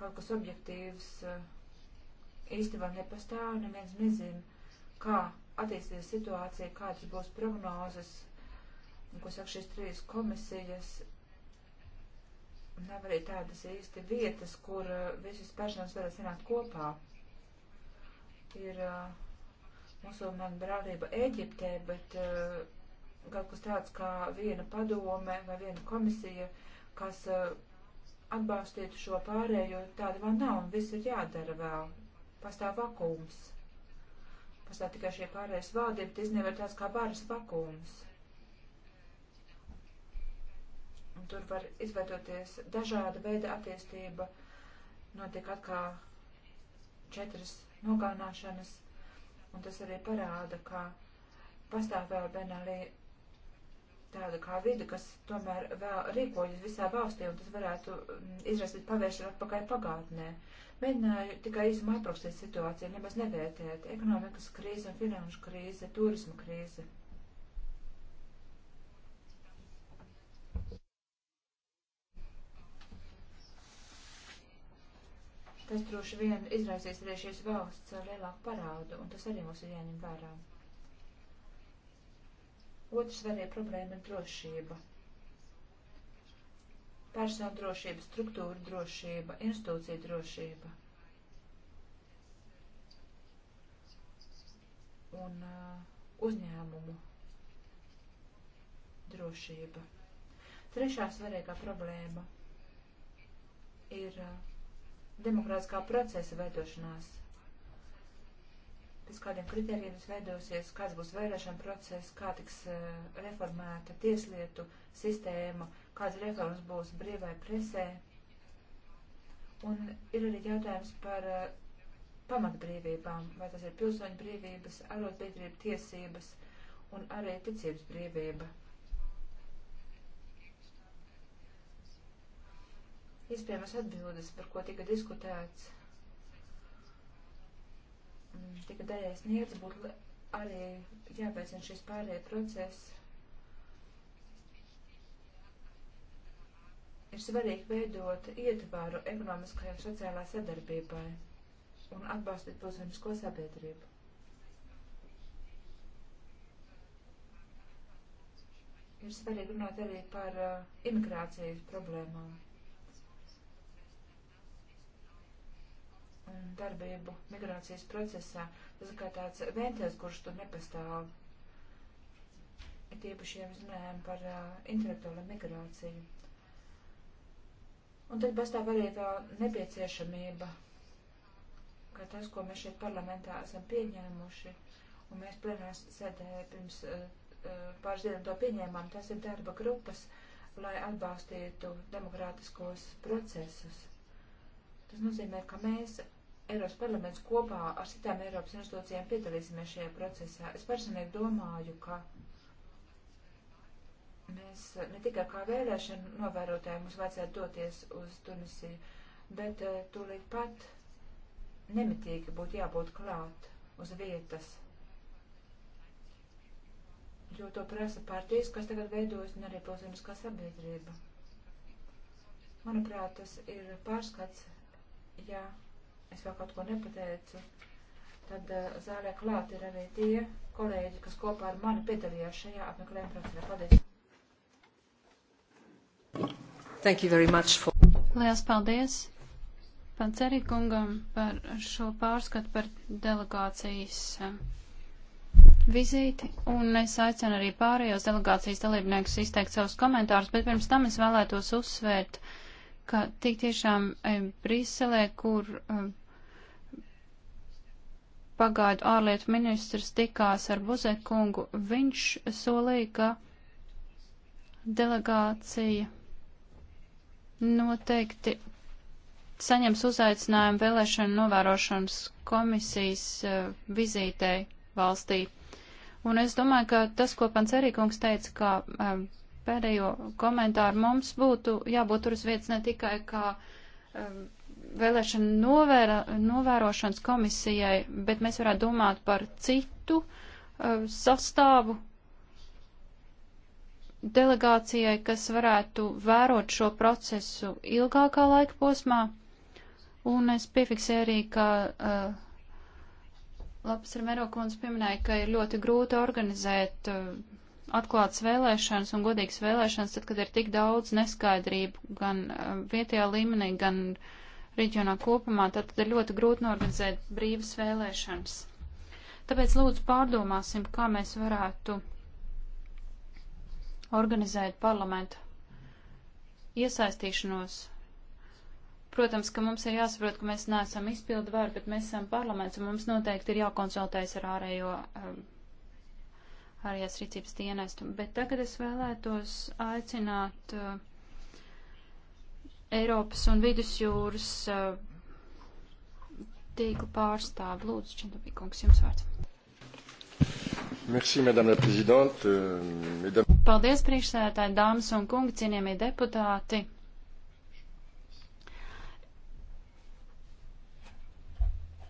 Kaut kas objektīvs eh, īstenībā nepastāv, neviens nezina, kā attīstīsies situācija, kādas būs prognozes, ko saka šīs trīs komisijas. Nav arī tādas īsti vietas, kur eh, visas personas varētu sanākt kopā. Ir uh, musulmaņu brālība Eģiptē, bet uh, kaut kas tāds kā viena padome vai viena komisija, kas uh, atbalstītu šo pārējo, tāda vēl nav un viss ir jādara vēl. Pastāv vakums. Pastāv tikai šie pārējais valdība, bet izņēma tās kā bāras vakums. Un tur var izveidoties dažāda veida attīstība, notiek atkal četras nogānāšanas, Un tas arī parāda, ka pastāv vēl Benelī tāda kā vide, kas tomēr vēl rīkojas visā valstī, un tas varētu mm, izrasīt pavēršanu atpakaļ pagātnē. Mēģināju tikai īsumā aprakstīt situāciju, nemaz nevērtēt ekonomikas krīze, finanšu krīze, turisma krīze. kas droši vien izraisīs arī šīs valsts ar lielāku parādu, un tas arī mums ir jāņem vērā. Otrs svarīga problēma ir drošība. Personu drošība, struktūra drošība, institūcija drošība. Un uh, uzņēmumu drošība. Trešā svarīgā problēma ir uh, demokrātiskā procesa veidošanās. Pēc kādiem kritērijiem tas veidosies, kāds būs vēlēšana process, kā tiks eh, reformēta tieslietu sistēma, kādas reformas būs brīvai presē. Un ir arī jautājums par eh, pamatbrīvībām, vai tas ir pilsoņu brīvības, arotbiedrību tiesības un arī ticības brīvība. iespējamas atbildes, par ko tika diskutēts, mm, tika daļai sniedz, būtu arī jāveicina šis pārējais process. Ir svarīgi veidot ietvaru ekonomiskajai un sociālā sadarbībai un atbalstīt pilsonisko sabiedrību. Ir svarīgi runāt arī par uh, imigrācijas problēmām. un darbību migrācijas procesā. Tas kā tāds ventils, kurš tur nepastāv. Tiepaši jau runājām par uh, intelektuālo migrāciju. Un tad pastāv arī tā nepieciešamība, ka tas, ko mēs šeit parlamentā esam pieņēmuši, un mēs plenās sēdē pirms uh, pāris dienām to pieņēmām, tas ir darba grupas, lai atbalstītu demokrātiskos procesus. Tas nozīmē, ka mēs Eiropas parlaments kopā ar citām Eiropas institūcijām piedalīsimies šajā procesā. Es personīgi domāju, ka mēs eh, ne tikai kā vēlēšana novērotāji mums vajadzētu doties uz Tunisiju, bet eh, tūlīt pat nemitīgi būtu jābūt klāt uz vietas. Jo to prasa partijas, kas tagad veidojas, un arī pilsoniskā sabiedrība. Manuprāt, tas ir pārskats, jā. Ja es vēl kaut ko nepateicu, tad eh, zālē klāt ir arī tie kolēģi, kas kopā ar mani piedalījās šajā apmeklējuma procesā. Paldies! Thank you very much for. Lielas paldies Panceri kungam par šo pārskatu par delegācijas eh, vizīti, un es aicinu arī pārējos delegācijas dalībniekus izteikt savus komentārus, bet pirms tam es vēlētos uzsvērt, ka tik tiešām eh, Briselē, kur pagaidu ārlietu ministrs tikās ar Buzekungu, viņš solīja, ka delegācija noteikti saņems uzaicinājumu vēlēšanu novērošanas komisijas uh, eh, vizītei valstī. Un es domāju, ka tas, ko pants Erikungs teica, kā um, eh, pēdējo komentāru mums būtu jābūt tur uz vietas ne tikai kā um, vēlēšana novēra, novērošanas komisijai, bet mēs varētu domāt par citu uh, sastāvu delegācijai, kas varētu vērot šo procesu ilgākā laika posmā. Un es piefiksēju arī, ka uh, Labs Remero kundze pieminēja, ka ir ļoti grūti organizēt uh, atklātas vēlēšanas un godīgas vēlēšanas, tad, kad ir tik daudz neskaidrību gan uh, vietējā līmenī, gan uh, reģionā kopumā, tad, tad ir ļoti grūti norganizēt brīvas vēlēšanas. Tāpēc lūdzu pārdomāsim, kā mēs varētu organizēt parlamentu iesaistīšanos. Protams, ka mums ir jāsaprot, ka mēs neesam izpildu varu, bet mēs esam parlaments, un mums noteikti ir jākonsultējas ar ārējo um, ārējās rīcības dienestu. Bet tagad es vēlētos aicināt uh, Eiropas un Vidusjūras uh, tīkla pārstāvi. Lūdzu, Čendabī kungs, jums vārds. Merci, madame la présidente. Euh, mesdames... Paldies, priekšsēdētāji, dāmas un kungi, cienījamie deputāti.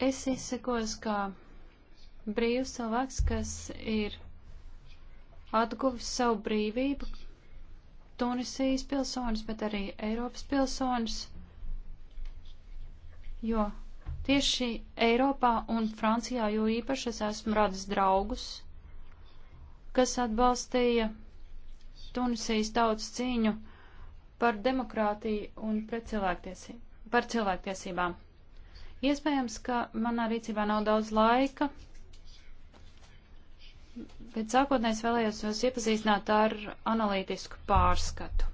Es izsakos kā brīvs cilvēks, kas ir atguvis savu brīvību, Tunisijas pilsoņus, bet arī Eiropas pilsoņus, jo tieši Eiropā un Francijā jo īpaši es esmu radis draugus, kas atbalstīja Tunisijas tautas cīņu par demokrātiju un pret cilvēktiesību, par cilvēktiesībām. Iespējams, ka manā rīcībā nav daudz laika, bet sākotnēs vēlējos jūs iepazīstināt ar analītisku pārskatu.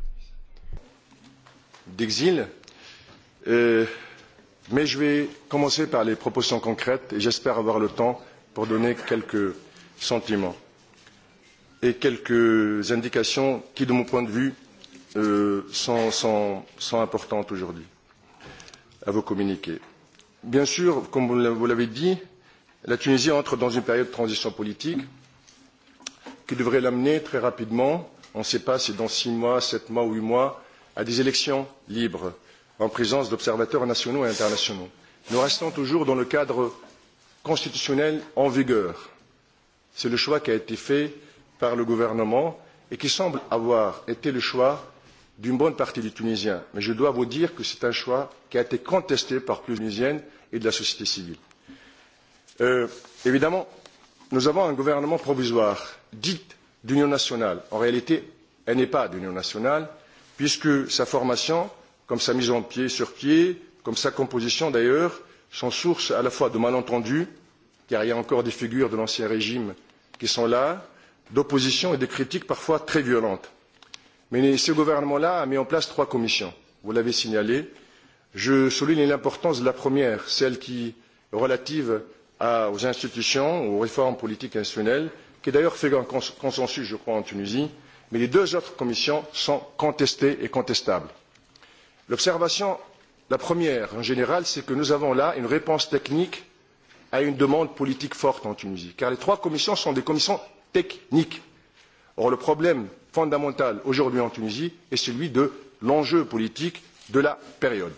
D'exil, euh, mais je vais commencer par les propositions concrètes et j'espère avoir le temps pour donner quelques sentiments et quelques indications qui, de mon point de vue, euh, sont, sont, sont importantes aujourd'hui à vous communiquer. Bien sûr, comme vous l'avez dit, la Tunisie entre dans une période de transition politique qui devrait l'amener très rapidement, on ne sait pas si dans six mois, sept mois ou huit mois, à des élections libres, en présence d'observateurs nationaux et internationaux. Nous restons toujours dans le cadre constitutionnel en vigueur. C'est le choix qui a été fait par le gouvernement et qui semble avoir été le choix d'une bonne partie des Tunisiens. Mais je dois vous dire que c'est un choix qui a été contesté par plusieurs Tunisiennes et de la société civile. Euh, évidemment, nous avons un gouvernement provisoire dite d'union nationale. En réalité, elle n'est pas d'union nationale, puisque sa formation, comme sa mise en pied sur pied, comme sa composition d'ailleurs, sont source à la fois de malentendus, car il y a encore des figures de l'ancien régime qui sont là, d'opposition et de critiques parfois très violentes. Mais ce gouvernement-là a mis en place trois commissions, vous l'avez signalé. Je souligne l'importance de la première, celle qui est relative à, aux institutions, aux réformes politiques institutionnelles, qui d'ailleurs fait un cons consensus, je crois, en Tunisie, mais les deux autres commissions sont contestées et contestables. L'observation, la première en général, c'est que nous avons là une réponse technique à une demande politique forte en Tunisie, car les trois commissions sont des commissions techniques. Or, le problème fondamental aujourd'hui en Tunisie est celui de l'enjeu politique de la période.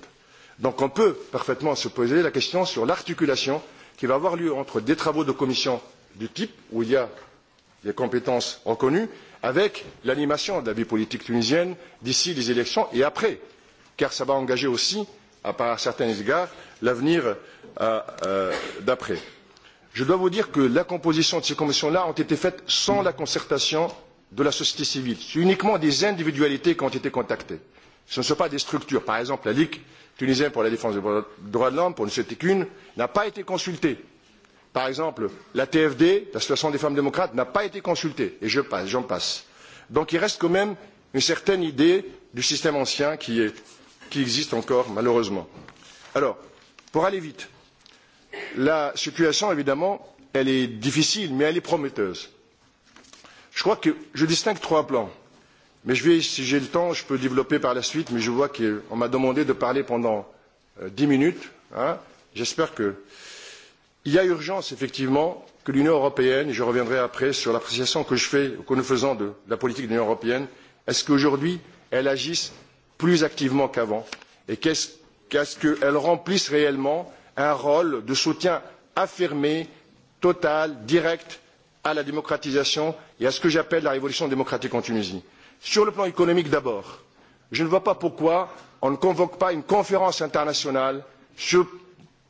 Donc on peut parfaitement se poser la question sur l'articulation qui va avoir lieu entre des travaux de commission du type où il y a des compétences reconnues avec l'animation de la vie politique tunisienne d'ici les élections et après car cela va engager aussi à certains égards l'avenir euh, euh, d'après. je dois vous dire que la composition de ces commissions là a été faite sans la concertation de la société civile. ce sont uniquement des individualités qui ont été contactées ce ne sont pas des structures. par exemple la ligue tunisienne pour la défense des droits de l'homme pour ne citer qu'une n'a pas été consultée. Par exemple, la TFD, l'association des femmes démocrates, n'a pas été consultée, et je passe, j'en passe. Donc il reste quand même une certaine idée du système ancien qui, est, qui existe encore, malheureusement. Alors, pour aller vite, la situation, évidemment, elle est difficile, mais elle est prometteuse. Je crois que je distingue trois plans. Mais je vais, si j'ai le temps, je peux développer par la suite, mais je vois qu'on m'a demandé de parler pendant euh, dix minutes. Hein. J'espère que il y a urgence effectivement que l'union européenne et je reviendrai après sur l'appréciation que je fais que nous faisons de la politique de l'union européenne est ce qu'aujourd'hui elle agisse plus activement qu'avant et qu'est ce qu'à ce qu'elle remplisse réellement un rôle de soutien affirmé total direct à la démocratisation et à ce que j'appelle la révolution démocratique en Tunisie. Sur le plan économique d'abord, je ne vois pas pourquoi on ne convoque pas une conférence internationale sur,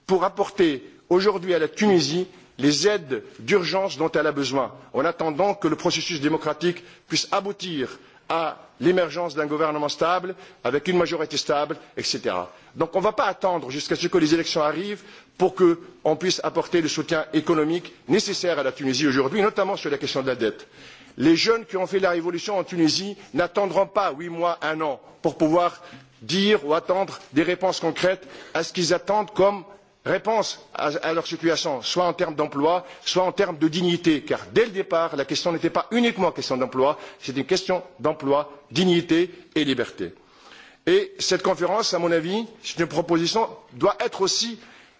pour apporter aujourd'hui à la Tunisie les aides d'urgence dont elle a besoin, en attendant que le processus démocratique puisse aboutir à l'émergence d'un gouvernement stable, avec une majorité stable, etc. Donc on ne va pas attendre jusqu'à ce que les élections arrivent pour qu'on puisse apporter le soutien économique nécessaire à la Tunisie aujourd'hui, notamment sur la question de la dette. Les jeunes qui ont fait la révolution en Tunisie n'attendront pas huit mois, un an pour pouvoir dire ou attendre des réponses concrètes à ce qu'ils attendent comme réponse à, à leur situation soit en termes d'emploi soit en termes de dignité car dès le départ la question n'était pas uniquement une question d'emploi c'est une question d'emploi dignité et liberté. et cette conférence à mon avis c'est une proposition doit être aussi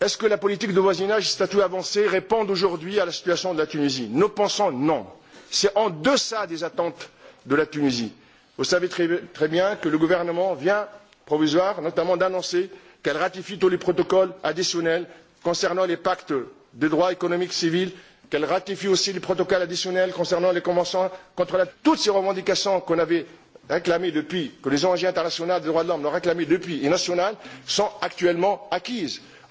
est ce que la politique de voisinage et statut avancé répondent aujourd'hui à la situation de la tunisie? nous pensons non. c'est en deçà des attentes de la tunisie. vous savez très, très bien que le gouvernement vient provisoire notamment d'annoncer qu'elle ratifie tous les protocoles additionnels concernant les pactes de droit économique et civil qu'elle ratifie aussi les protocoles additionnels concernant les conventions contre la toutes ces revendications qu'on avait réclamées depuis que les ong internationales des droits de l'homme l'ont réclamées depuis et nationales sont actuellement acquises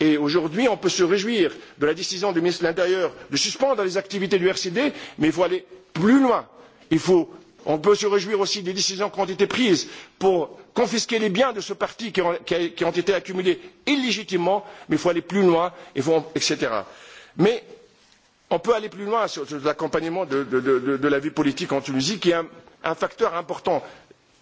et aujourd'hui on peut se réjouir de la décision du ministre de l'intérieur de suspendre les activités du rcd mais il faut aller plus loin. Faut, on peut se réjouir aussi des décisions qui ont été prises pour confisquer les biens de ce parti qui ont, qui, qui ont été accumulés illégitimement mais il faut aller plus loin faut, etc. mais on peut aller plus loin sur, sur l'accompagnement de, de, de, de la vie politique en tunisie qui est un, un facteur important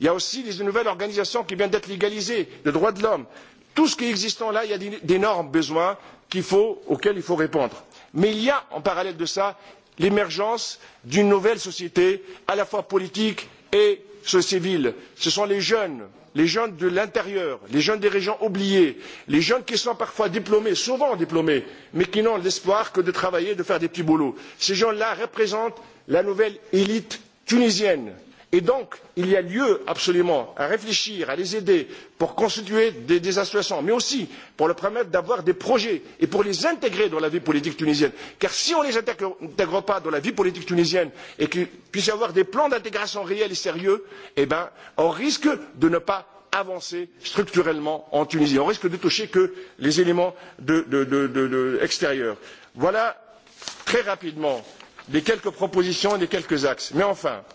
il y a aussi les nouvelles organisations qui viennent d'être légalisées les droits de l'homme tout ce qui est existant là il y a d'énormes besoins il faut, auxquels il faut répondre mais il y a en parallèle de cela l'émergence d'une nouvelle société à la fois politique et civile ce sont les jeunes les jeunes de l'intérieur les jeunes des régions oubliées les jeunes qui sont parfois diplômés souvent diplômés mais qui n'ont l'espoir que de travailler de faire des petits boulots. ces gens là représentent la nouvelle élite tunisienne et donc il y a lieu absolument à réfléchir à les aider pour constituer des, des associations mais aussi pour leur permettre d'avoir des projets et pour les intégrer dans la vie politique tunisienne car si on ne les intègre pas dans la vie politique tunisienne et qu'il puisse y avoir des plans d'intégration réels et sérieux eh bien on risque de ne pas avancer structurellement en Tunisie. On risque de toucher que les éléments de, de, de, de, de extérieurs. Voilà très rapidement les quelques propositions et les quelques axes. Mais enfin, euh,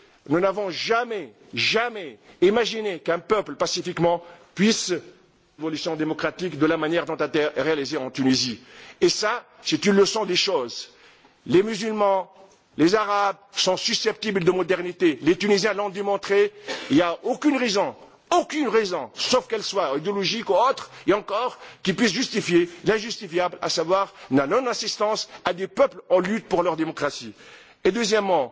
nous n'avons jamais jamais imaginé qu'un peuple pacifiquement puisse l'évolution démocratique de la manière dont elle est réalisée en Tunisie. Et ça, c'est une leçon des choses. Les musulmans, les arabes sont susceptibles de modernité. Les Tunisiens l'ont démontré. Il n'y a aucune raison, aucune raison, sauf qu'elle soit idéologique ou autre, et encore, qui puisse justifier l'injustifiable, à savoir la non-assistance à des peuples en lutte pour leur démocratie. Et deuxièmement,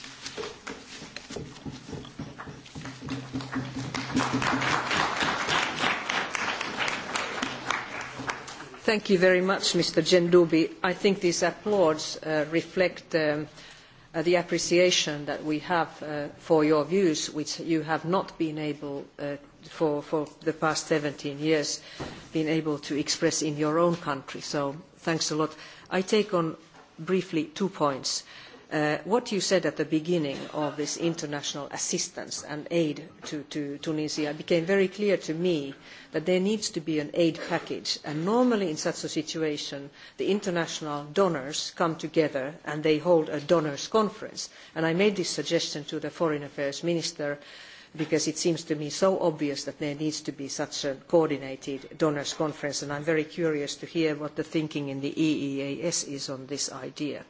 Thank you very much, Mr. Gendubi. I think these applauds uh, reflect um, uh, the appreciation that we have uh, for your views, which you have not been able uh, for, for the past 17 years, been able to express in your own country. So thanks a lot. I take on briefly two points. Uh, Uh, what you said at the beginning of this international assistance and aid to, to Tunisia became very clear to me that there needs to be an aid package. And normally in such a situation, the international donors come together and they hold a donors conference. And I made this suggestion to the foreign affairs minister because it seems to me so obvious that there needs to be such a coordinated donors conference. And I'm very curious to hear what the thinking in the EEAS is on this idea.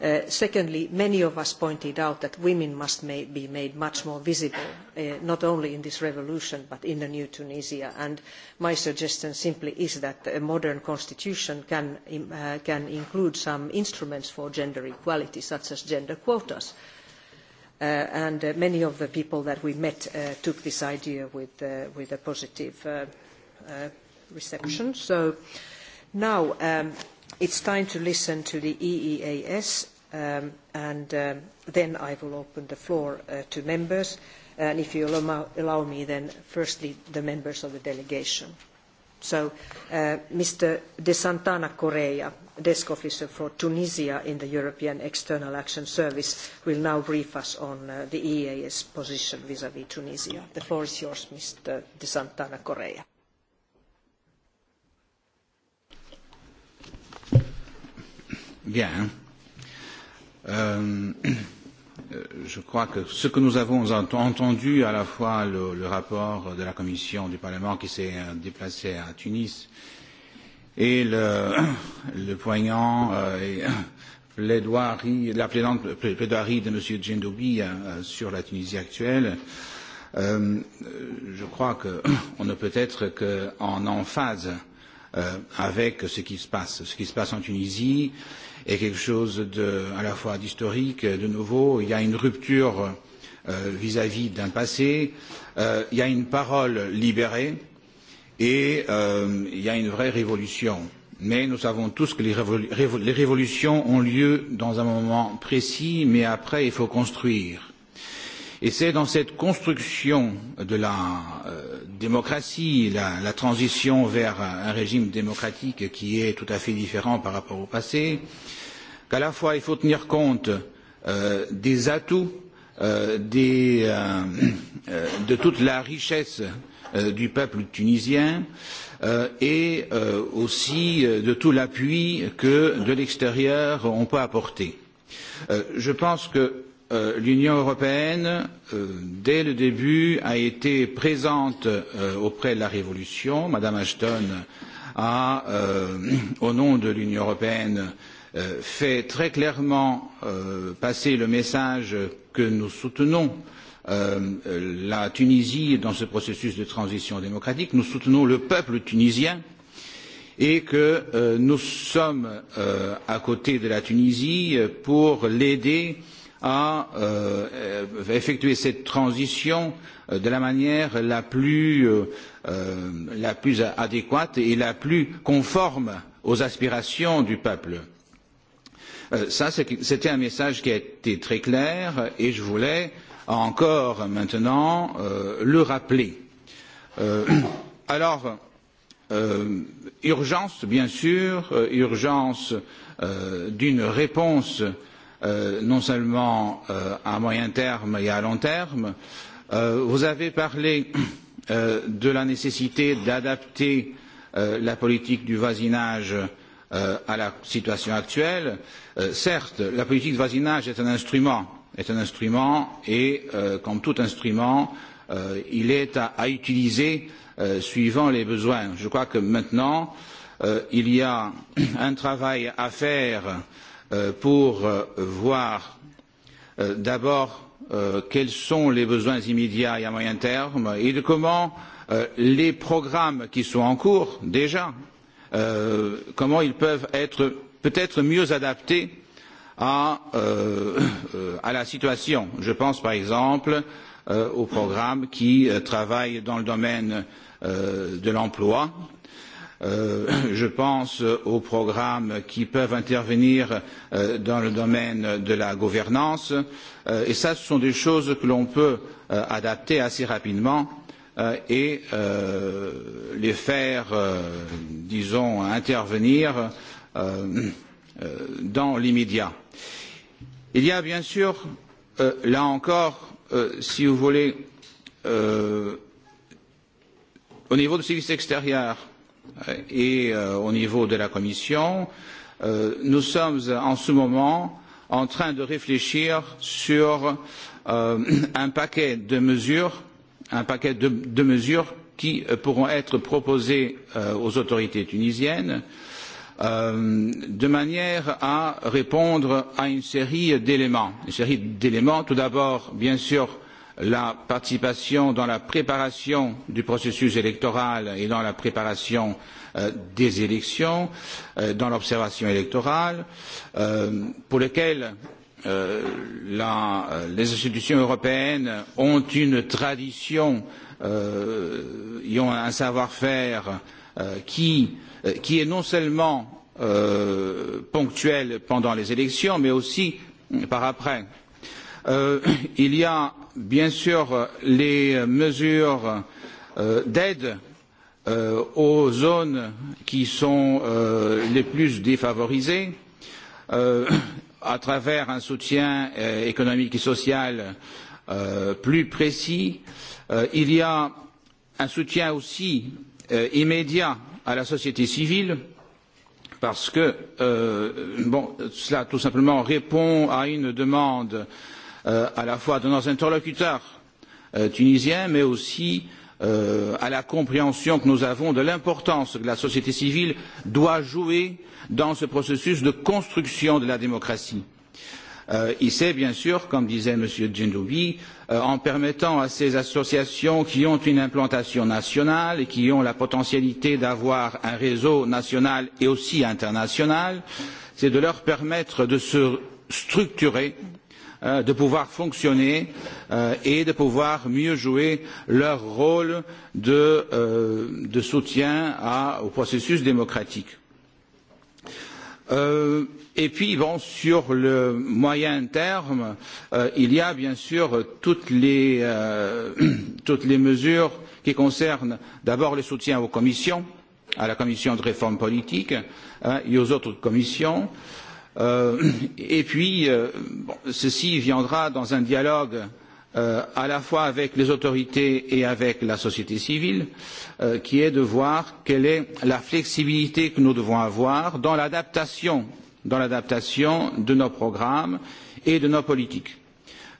Uh, secondly, many of us pointed out that women must may, be made much more visible, uh, not only in this revolution, but in the new Tunisia. And my suggestion simply is that a modern constitution can, uh, can include some instruments for gender equality, such as gender quotas. Uh, and uh, many of the people that we met uh, took this idea with, uh, with a positive uh, uh, reception. So now, um, it's time to listen to the EEAS, um, and um, then I will open the floor uh, to members. And if you allow, allow me, then firstly, the members of the delegation. So, uh, Mr. De Santana Correa, desk officer for Tunisia in the European External Action Service, will now brief us on uh, the EAS e position vis-à-vis -vis Tunisia. The floor is yours, Mr. De Santana Correa. Bien. Euh, [clears throat] je crois que ce que nous avons ent entendu, à la fois le, le rapport de la Commission du Parlement qui s'est euh, déplacée à Tunis et le, [clears throat] le poignant euh, et, [clears throat] plaidoirie, la plaidoirie de M. Djendoubi euh, euh, sur la Tunisie actuelle, euh, je crois qu'on ne peut être qu'en emphase euh, avec ce qui se passe, ce qui se passe en Tunisie. Euh, est quelque chose de, à la fois d'historique, de nouveau. Il y a une rupture euh, vis-à-vis euh, -vis d'un passé. Euh, il y a une parole libérée et euh, il y a une vraie révolution. Mais nous savons tous que les, révol révol les révolutions ont lieu dans un moment précis, mais après il faut construire. Et c'est dans cette construction de la euh, démocratie, la, la transition vers un, un régime démocratique qui est tout à fait différent par rapport au passé, euh, qu'à la fois il faut tenir compte euh, des atouts euh, des, euh, euh, de toute la richesse euh, du peuple tunisien euh, et euh, aussi euh, de tout l'appui que de l'extérieur on peut apporter. Euh, je pense que euh, l'Union européenne, euh, dès le début, a été présente euh, auprès de la Révolution. Madame Ashton a, euh, au nom de l'Union européenne, euh, Euh, fait très clairement euh, passer le message que nous soutenons euh, la Tunisie dans ce processus de transition démocratique, nous soutenons le peuple tunisien et que euh, nous sommes euh, à côté de la Tunisie pour l'aider à euh, effectuer cette transition euh, de la manière la plus, euh, euh la plus adéquate et la plus conforme aux aspirations du peuple. Euh, Euh, ça, c'était un message qui a été très clair et je voulais encore maintenant euh, le rappeler. Euh, alors, euh, urgence, bien sûr, euh, urgence euh, d'une réponse euh, non seulement euh, à moyen terme et à long terme. Euh, vous avez parlé euh, de la nécessité d'adapter euh, la politique du voisinage euh, à la situation actuelle. Euh, Euh, certes, la politique de voisinage est un instrument, est un instrument et, euh, comme tout instrument, euh, il est à, à utiliser euh, suivant les besoins. Je crois que maintenant, euh, il y a [clears throat] un travail à faire euh, pour euh, voir euh, d'abord euh, quels sont les besoins immédiats et à moyen terme et de comment euh, les programmes qui sont en cours déjà, euh, comment ils peuvent être peut être mieux adaptée à, euh, [coughs] à la situation. Je pense par exemple euh, aux programmes qui euh, travaillent dans le domaine euh, de l'emploi. Euh, [coughs] je pense aux programmes qui peuvent intervenir euh, dans le domaine de la gouvernance euh, et ça ce sont des choses que l'on peut euh, adapter assez rapidement euh, et euh, les faire, euh, disons, intervenir euh, euh, euh, dans l'immédiat. Il y a bien sûr, euh, là encore, euh, si vous voulez, euh, au niveau du service extérieur euh, et euh, au niveau de la Commission, euh, nous sommes en ce moment en train de réfléchir sur euh, un paquet de mesures, un paquet de, de mesures qui euh, pourront être proposées euh, aux autorités tunisiennes euh, euh, de manière à répondre à une série d'éléments. Une série d'éléments, tout d'abord, bien sûr, la participation dans la préparation du processus électoral et dans la préparation euh, des élections, euh, dans l'observation électorale, euh, pour lesquelles euh, la, euh, les institutions européennes ont une tradition euh, et ont un savoir-faire euh, euh, qui, euh, qui est non seulement euh, ponctuel pendant les élections, mais aussi par après. Euh, il y a bien sûr les mesures euh, d'aide euh, aux zones qui sont euh, les plus défavorisées. Euh, à travers un soutien euh, économique et social euh, plus précis. Euh, il y a un soutien aussi euh, immédiat à la société civile parce que euh, bon, cela tout simplement répond à une demande euh, à la fois de nos interlocuteurs euh, tunisiens mais aussi euh, à la compréhension que nous avons de l'importance que la société civile doit jouer dans ce processus de construction de la démocratie. Euh, Euh, il s'est bien sûr, comme disait M. Djendoubi, euh, en permettant à ces associations qui ont une implantation nationale et qui ont la potentialité d'avoir un réseau national et aussi international, c'est de leur permettre de se structurer euh, de pouvoir fonctionner euh, et de pouvoir mieux jouer leur rôle de, euh, de soutien à, au processus démocratique Euh, et puis, bon, sur le moyen terme, euh, il y a bien sûr toutes les, euh, [clears throat] toutes les mesures qui concernent d'abord le soutien aux commissions, à la commission de réforme politique hein, et aux autres commissions. Euh, [clears throat] et puis, euh, bon, ceci viendra dans un dialogue euh, euh, à la fois avec les autorités et avec la société civile, euh, qui est de voir quelle est la flexibilité que nous devons avoir dans l'adaptation, dans l'adaptation de nos programmes et de nos politiques.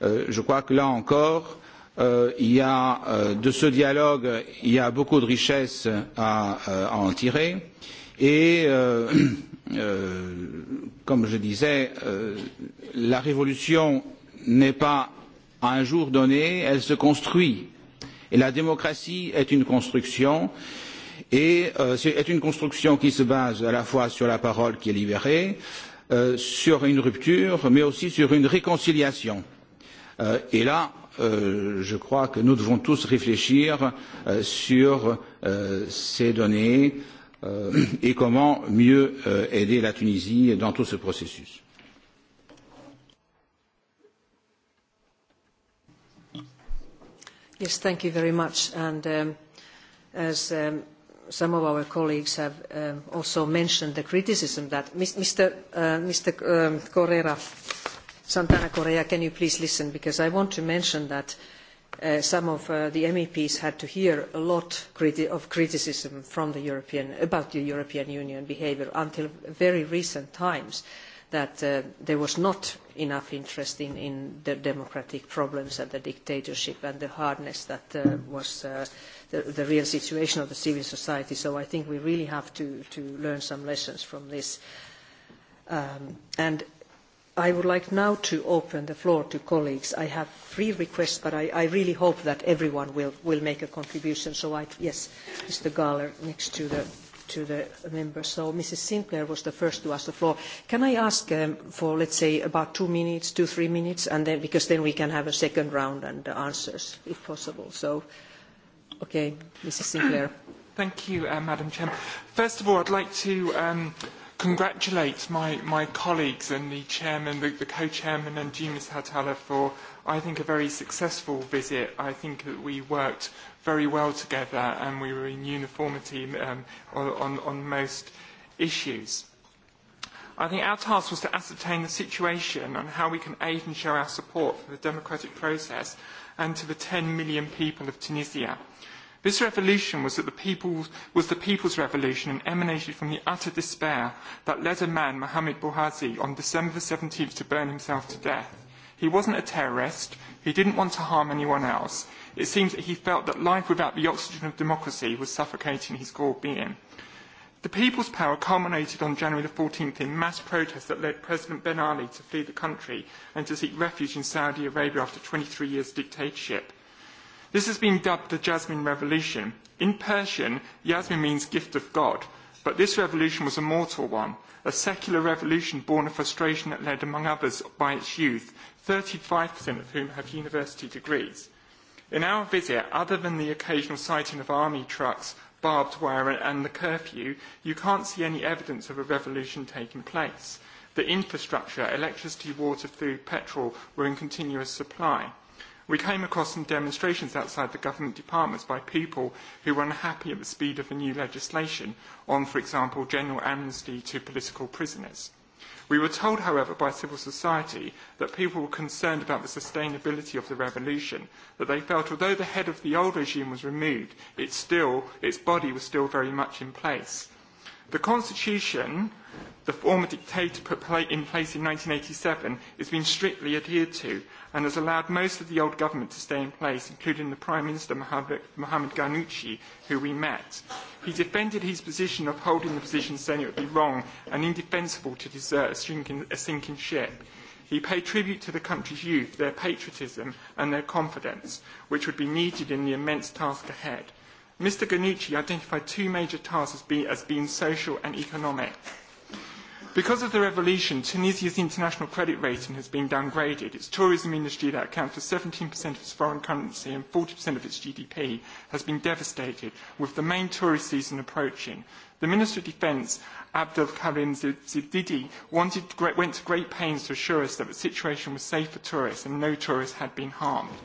Euh, je crois que là encore, euh, il y a, euh, de ce dialogue, il y a beaucoup de richesses à, euh, à en tirer et euh, euh, comme je disais, euh, la révolution n'est pas à un jour donné, elle se construit. Et la démocratie est une construction, et euh, est une construction qui se base à la fois sur la parole qui est libérée, euh, sur une rupture, mais aussi sur une réconciliation. Euh, et là, euh, je crois que nous devons tous réfléchir euh, sur euh, ces données euh, et comment mieux euh, aider la Tunisie dans tout ce processus. Yes, thank you very much. And um, as um, some of our colleagues have um, also mentioned the criticism that Mr. Uh, Mr. Um, Correa, Santana Correa, can you please listen? Because I want to mention that uh, some of uh, the MEPs had to hear a lot criti of criticism from the European, about the European Union behaviour until very recent times, that uh, there was not enough interest in, in the democratic problems and the dictatorship and the hardness that uh, was uh, the, the real situation of the civil society. So I think we really have to, to learn some lessons from this. Um, and I would like now to open the floor to colleagues. I have three requests, but I, I really hope that everyone will, will make a contribution. So I, yes, Mr. Gahler, next to the to the members. So Mrs. Sinclair was the first to ask the floor. Can I ask um, for, let's say, about two minutes, two, three minutes, and then, because then we can have a second round and uh, answers, if possible. So, okay, Mrs. Sinclair. [clears throat] Thank you, uh, Madam Chair. First of all, I'd like to um, congratulate my, my colleagues and the chairman, the, the co-chairman and Jimis Hatala for I think, a very successful visit. I think that we worked very well together and we were in uniformity um, on, on, on most issues. I think our task was to ascertain the situation and how we can aid and show our support for the democratic process and to the 10 million people of Tunisia. This revolution was, that the people's, was the people's revolution and emanated from the utter despair that led a man, Mohamed Bouhazi, on December 17th to burn himself to death. He wasn't a terrorist. He didn't want to harm anyone else. It seems that he felt that life without the oxygen of democracy was suffocating his core being. The people's power culminated on January the 14th in mass protests that led President Ben Ali to flee the country and to seek refuge in Saudi Arabia after 23 years' dictatorship. This has been dubbed the Jasmine Revolution. In Persian, Yasmin means gift of God, but this revolution was a mortal one, a secular revolution born of frustration that led, among others, by its youth 35% of whom have university degrees. In our visit, other than the occasional sighting of army trucks, barbed wire and the curfew, you can't see any evidence of a revolution taking place. The infrastructure, electricity, water, food, petrol, were in continuous supply. We came across some demonstrations outside the government departments by people who were unhappy at the speed of the new legislation on, for example, general amnesty to political prisoners. We were told, however, by civil society that people were concerned about the sustainability of the revolution, that they felt although the head of the old regime was removed, it still, its body was still very much in place. The Constitution, the former dictator put in place in 1987, is being strictly adhered to and has allowed most of the old government to stay in place, including the Prime Minister Mohamed Ghannouchi, who we met. He defended his position of holding the position, saying it would be wrong and indefensible to desert a sinking, a sinking ship. He paid tribute to the country's youth, their patriotism and their confidence, which would be needed in the immense task ahead. Mr. Ganucci identified two major tasks as being, as being social and economic. Because of the revolution, Tunisia's international credit rating has been downgraded. Its tourism industry, that accounts for 17% of its foreign currency and 40% of its GDP, has been devastated, with the main tourist season approaching. The Minister of Defence, Abdel Karim Zididi, wanted, went to great pains to assure us that the situation was safe for tourists and no tourists had been harmed.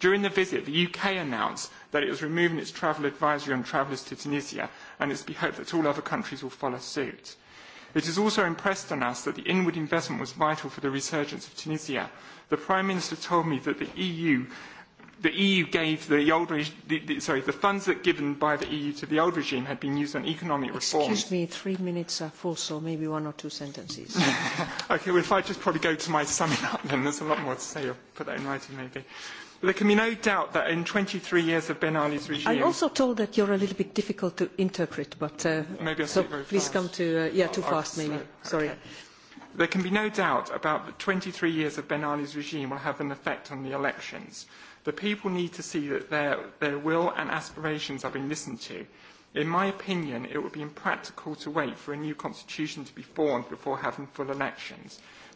During the visit, the UK announced that it was removing its travel advisory on travellers to Tunisia, and it's to be hoped that all other countries will follow suit. It is also impressed on us that the inward investment was vital for the resurgence of Tunisia. The Prime Minister told me that the EU the EU gave the old reg- the, the, sorry the funds that given by the EU to the old regime had been used on economic reform. Excuse me, three minutes are full, so maybe one or two sentences. [laughs] okay, well, if I just probably go to my summing up, then there's a lot more to say. I'll put that in writing, maybe. Uh, There can be no doubt that in 23 years of Ben Ali's regime... I'm also told that you're a little bit difficult to interpret, but... Uh, maybe I so very please fast. come to... Uh, yeah, too I'll, oh, fast, I'll maybe. Slow. Sorry. Okay. There can be no doubt about that 23 years of Ben Ali's regime will have an effect on the elections. The people need to see that their, their will and aspirations are being listened to. In my opinion, it would be impractical to wait for a new constitution to be formed before having full elections.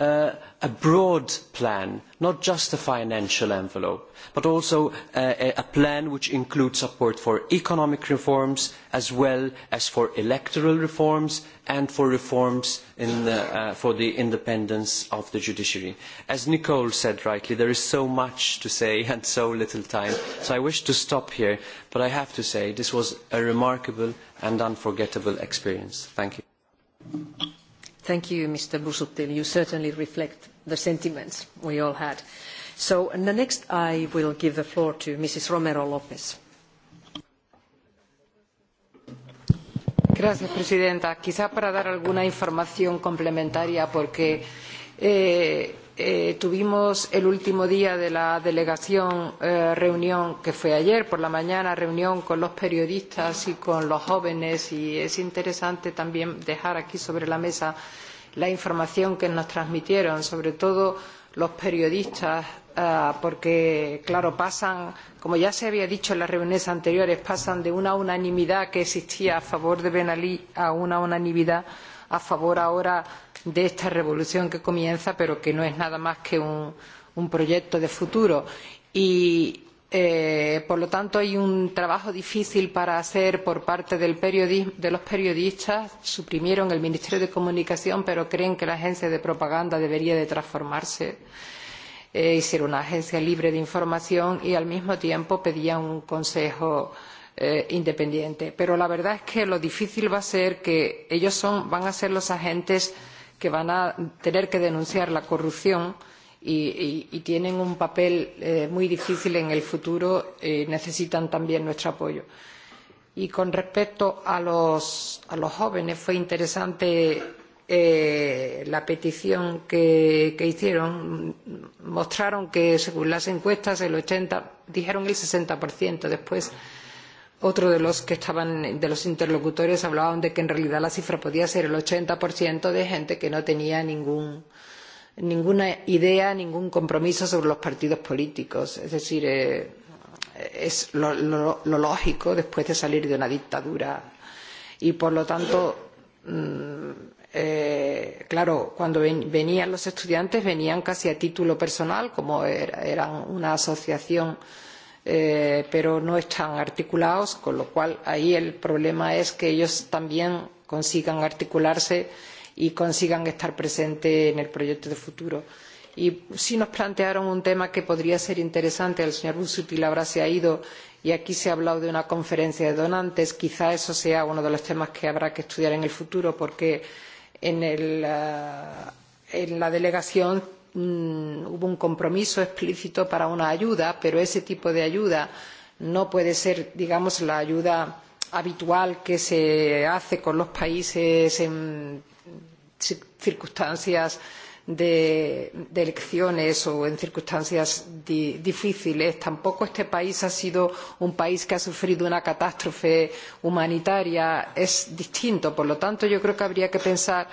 uh, a broad plan, not just a financial envelope, but also uh, a, a plan which includes support for economic reforms as well as for electoral reforms and for reforms in the, uh, for the independence of the judiciary. As Nicole said rightly, there is so much to say [laughs] and so little time, so I wish to stop here, but I have to say this was a remarkable and unforgettable experience. Thank you. Thank you. Thank you, Mr. Busuttil. You certainly reflect the sentiments we all had. So the next I will give the floor to Mrs. Romero Lopez. Gracias, presidenta. Quizá para dar alguna información complementaria, porque eh, Eh, tuvimos el último día de la delegación eh, reunión que fue ayer por la mañana reunión con los periodistas y con los jóvenes y es interesante también dejar aquí sobre la mesa la información que nos transmitieron sobre todo los periodistas eh, porque claro pasan como ya se había dicho en las reuniones anteriores pasan de una unanimidad que existía a favor de Ben Ali a una unanimidad que a favor ahora de esta revolución que comienza, pero que no es nada más que un, un proyecto de futuro. Y, eh, por lo tanto, hay un trabajo difícil para hacer por parte del periodi de los periodistas. Suprimieron el Ministerio de Comunicación, pero creen que la agencia de propaganda debería de transformarse eh, y ser una agencia libre de información y, al mismo tiempo, pedían un consejo eh, eh, independiente. Pero la verdad es que lo difícil va a ser que ellos son, van a ser los agentes que van a tener que denunciar la corrupción y, y, y tienen un papel eh, muy difícil en el futuro y eh, necesitan también nuestro apoyo. Y con respecto a los, a los jóvenes, fue interesante eh, la petición que, que hicieron mostraron que según las encuestas el 80 dijeron el 60% después otro de los que estaban de los interlocutores hablaban de que en realidad la cifra podía ser el 80% de gente que no tenía ningún ninguna idea, ningún compromiso sobre los partidos políticos. Es decir, eh, es lo, lo, lo lógico después de salir de una dictadura. Y por lo tanto, mm, eh, claro, cuando ven, venían los estudiantes venían casi a título personal, como era, eran una asociación eh, eh, pero no están articulados, con lo cual ahí el problema es que ellos también consigan articularse y consigan estar presentes en el proyecto de futuro. Y sí nos plantearon un tema que podría ser interesante, el señor Busutil ahora se ha ido y aquí se ha hablado de una conferencia de donantes, quizá eso sea uno de los temas que habrá que estudiar en el futuro porque en, el, ah, en la delegación mm, hubo un compromiso explícito para una ayuda, pero ese tipo de ayuda no puede ser, digamos, la ayuda habitual que se hace con los países en circunstancias de, de elecciones o en circunstancias di, difíciles. Tampoco este país ha sido un país que ha sufrido una catástrofe humanitaria. Es distinto. Por lo tanto, yo creo que habría que pensar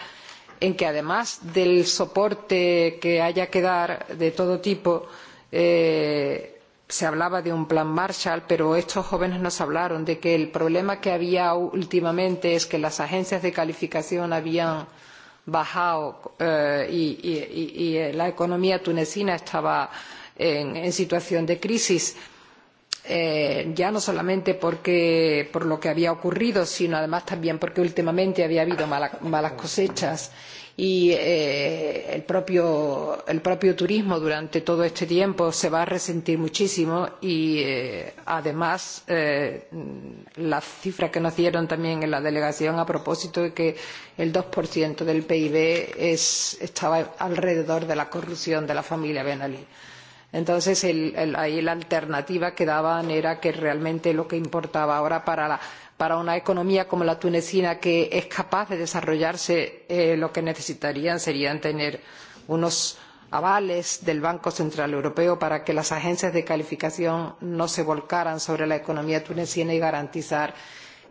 en que además del soporte que haya que dar de todo tipo, eh, se hablaba de un plan Marshall, pero estos jóvenes nos hablaron de que el problema que había últimamente es que las agencias de calificación habían bajado eh, y, y, y la economía tunecina estaba en, en situación de crisis. Eh, eh, ya no solamente porque, por lo que había ocurrido, sino además también porque últimamente había habido mala, malas cosechas y eh, el, propio, el propio turismo durante todo este tiempo se va a resentir muchísimo y eh, además eh, las cifras que nos dieron también en la delegación a propósito de que el 2% del PIB es, estaba alrededor de la corrupción de la familia Ben Ali. Eh, Entonces, el, el, ahí la alternativa que daban era que realmente lo que importaba ahora para la, para una economía como la tunecina que es capaz de desarrollarse, eh, lo que necesitarían serían tener unos avales del Banco Central Europeo para que las agencias de calificación no se volcaran sobre la economía tunecina y garantizar eh,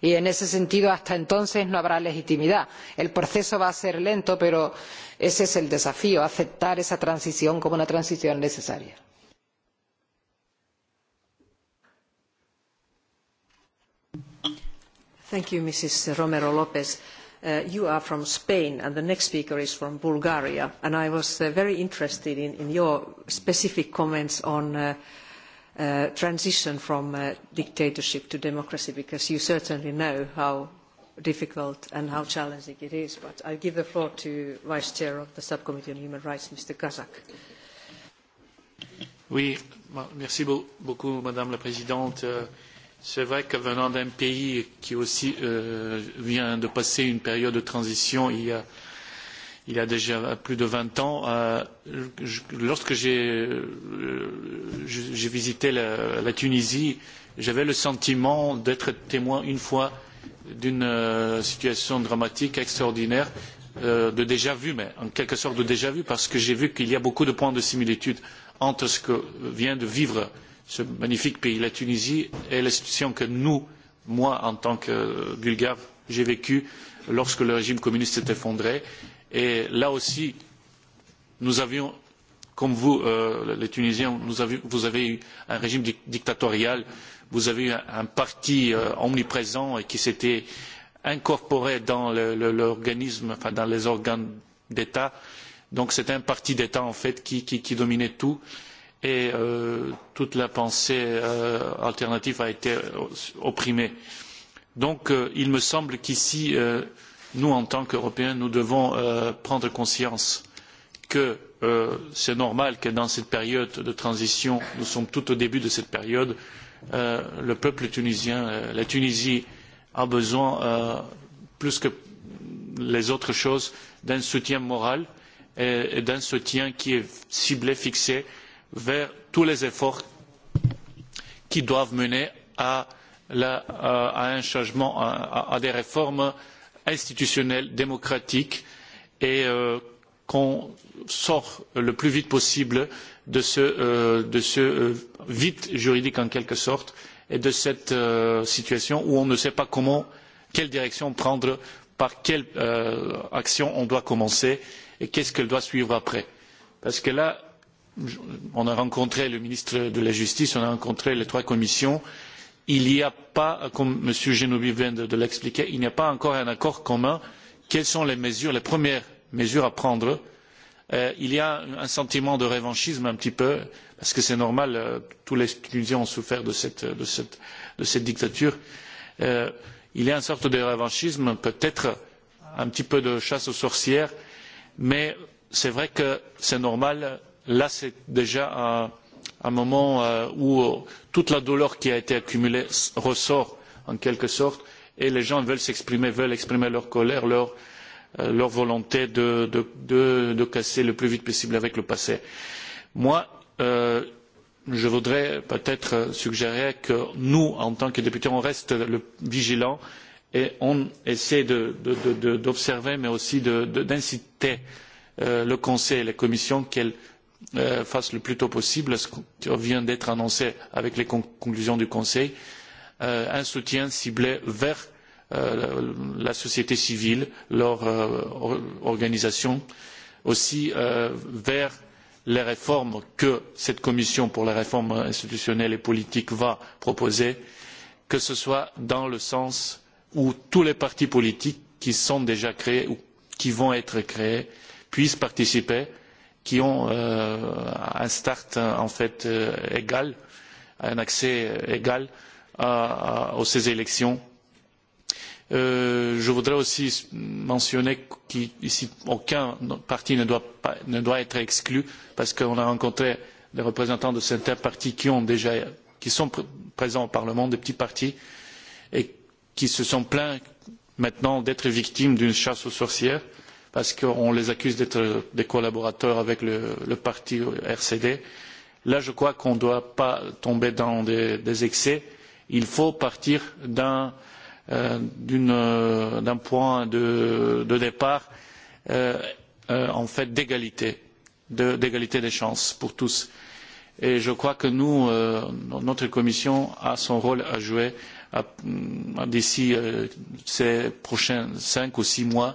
y en ese sentido hasta entonces no habrá legitimidad. el proceso va a ser lento pero ese es el desafío aceptar esa transición como una transición necesaria. Thank you, Mrs. Romero Lopez. Uh, you are from Spain and the next speaker is from Bulgaria. And I was uh, very interested in, in your specific comments on uh, uh, transition from uh, dictatorship to democracy, because you certainly know how difficult and how challenging it is. But I give the floor to Vice Chair of the Subcommittee on Human Rights, Mr. Kazak. Oui, merci beaucoup, Madame la Présidente. Euh, c'est vrai que venant d'un pays qui aussi euh, vient de passer une période de transition, il y a euh, il y a déjà plus de 20 ans, euh, je, lorsque j'ai euh, visité la, la Tunisie, j'avais le sentiment d'être témoin une fois d'une euh, situation dramatique, extraordinaire, euh, de déjà vu, mais en quelque sorte de déjà vu, parce que j'ai vu qu'il y a beaucoup de points de similitude entre ce que vient de vivre ce magnifique pays, la Tunisie, et la situation que nous, moi, en tant que Bulgare, j'ai vécue lorsque le régime communiste s'est effondré Et là aussi, nous avions, comme vous, euh, les Tunisiens, nous avions, vous avez eu un régime di dictatorial, vous avez eu un, un parti euh, omniprésent et qui s'était incorporé dans l'organisme, le, le, enfin dans les organes d'État. Donc c'était un parti d'État en fait qui, qui, qui dominait tout et euh, toute la pensée euh, alternative a été euh, opprimée. Donc euh, il me semble qu'ici euh, nous, en tant qu'Européens, nous devons euh, prendre conscience que euh, c'est normal que dans cette période de transition, nous sommes tout au début de cette période, euh, le peuple tunisien, euh, la Tunisie a besoin, euh, plus que les autres choses, d'un soutien moral et, et d'un soutien qui est ciblé, fixé vers tous les efforts qui doivent mener à, la, à un changement, à, à des réformes euh, institutionnelle, démocratique et euh, qu'on sort le plus vite possible de ce, euh, de ce euh, vide juridique en quelque sorte et de cette euh, situation où on ne sait pas comment, quelle direction prendre, par quelle euh, action on doit commencer et qu'est-ce qu'elle doit suivre après. Parce que là, on a rencontré le ministre de la Justice, on a rencontré les trois commissions, euh, il n'y a pas comme m. genovvi vient de, de l'expliquer il n'y a pas encore un accord commun quelles sont les mesures les premières mesures à prendre? Euh, il y a un sentiment de revanchisme un petit peu parce que c'est normal euh, tous les tunisiens ont souffert de cette, de cette, de cette dictature euh, il y a une sorte de revanchisme peut être un petit peu de chasse aux sorcières mais c'est vrai que c'est normal là c'est déjà un un moment euh, où euh, toute la douleur qui a été accumulée ressort en quelque sorte et les gens veulent s'exprimer, veulent exprimer leur colère, leur, euh, leur volonté de, de, de, de casser le plus vite possible avec le passé. Moi, euh, je voudrais peut-être euh, suggérer que nous, en tant que députés, on reste le, vigilants et on essaie d'observer, mais aussi d'inciter euh, le Conseil et la Commission qu'elles euh, fasse le plus tôt possible ce qui vient d'être annoncé avec les con conclusions du Conseil, euh, un soutien ciblé vers euh, la société civile, leur euh, or, organisation, aussi euh, vers les réformes que cette commission pour les réformes institutionnelles et politiques va proposer, que ce soit dans le sens où tous les partis politiques qui sont déjà créés ou qui vont être créés puissent participer euh, qui ont euh, un start euh, en fait euh, égal, un accès égal à, à, à ces élections. Euh, je voudrais aussi mentionner qu'ici aucun parti ne doit, pas, ne doit être exclu parce qu'on a rencontré des représentants de certains partis qui ont déjà qui sont pr présents au Parlement, des petits partis, et qui se sont plaints maintenant d'être victimes d'une chasse aux sorcières. Euh, parce qu'on les accuse d'être des collaborateurs avec le, le parti RCD. Là, je crois qu'on ne doit pas tomber dans des, des excès. Il faut partir d'un euh, euh, point de, de départ euh, euh, en fait d'égalité, d'égalité de, des chances pour tous. Et je crois que nous, euh, notre commission a son rôle à jouer d'ici euh, ces prochains cinq ou six mois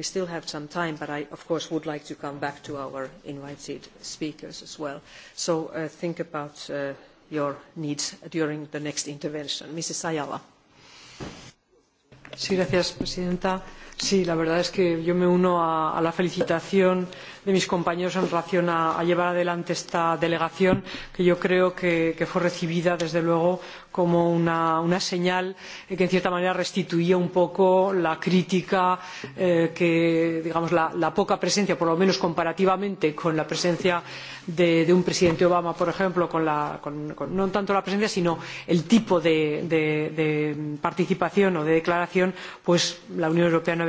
We still have some time, but I, of course, would like to come back to our invited speakers as well. So uh, think about uh, your needs during the next intervention. Mrs. Ayala. Sí, gracias, Presidenta. Sí, la verdad es que yo me uno a, a la felicitación de mis compañeros en relación con la llevación adelante de esta delegación que yo creo que, que fue recibida desde luego como una, una señal eh, que en cierta manera restituía un poco la crítica eh, que digamos la, la poca presencia por lo menos comparativamente con la presencia de, de un presidente Obama por ejemplo con la, con, con, no tanto la presencia sino el tipo de, de, de participación o de declaración pues la Unión Europea no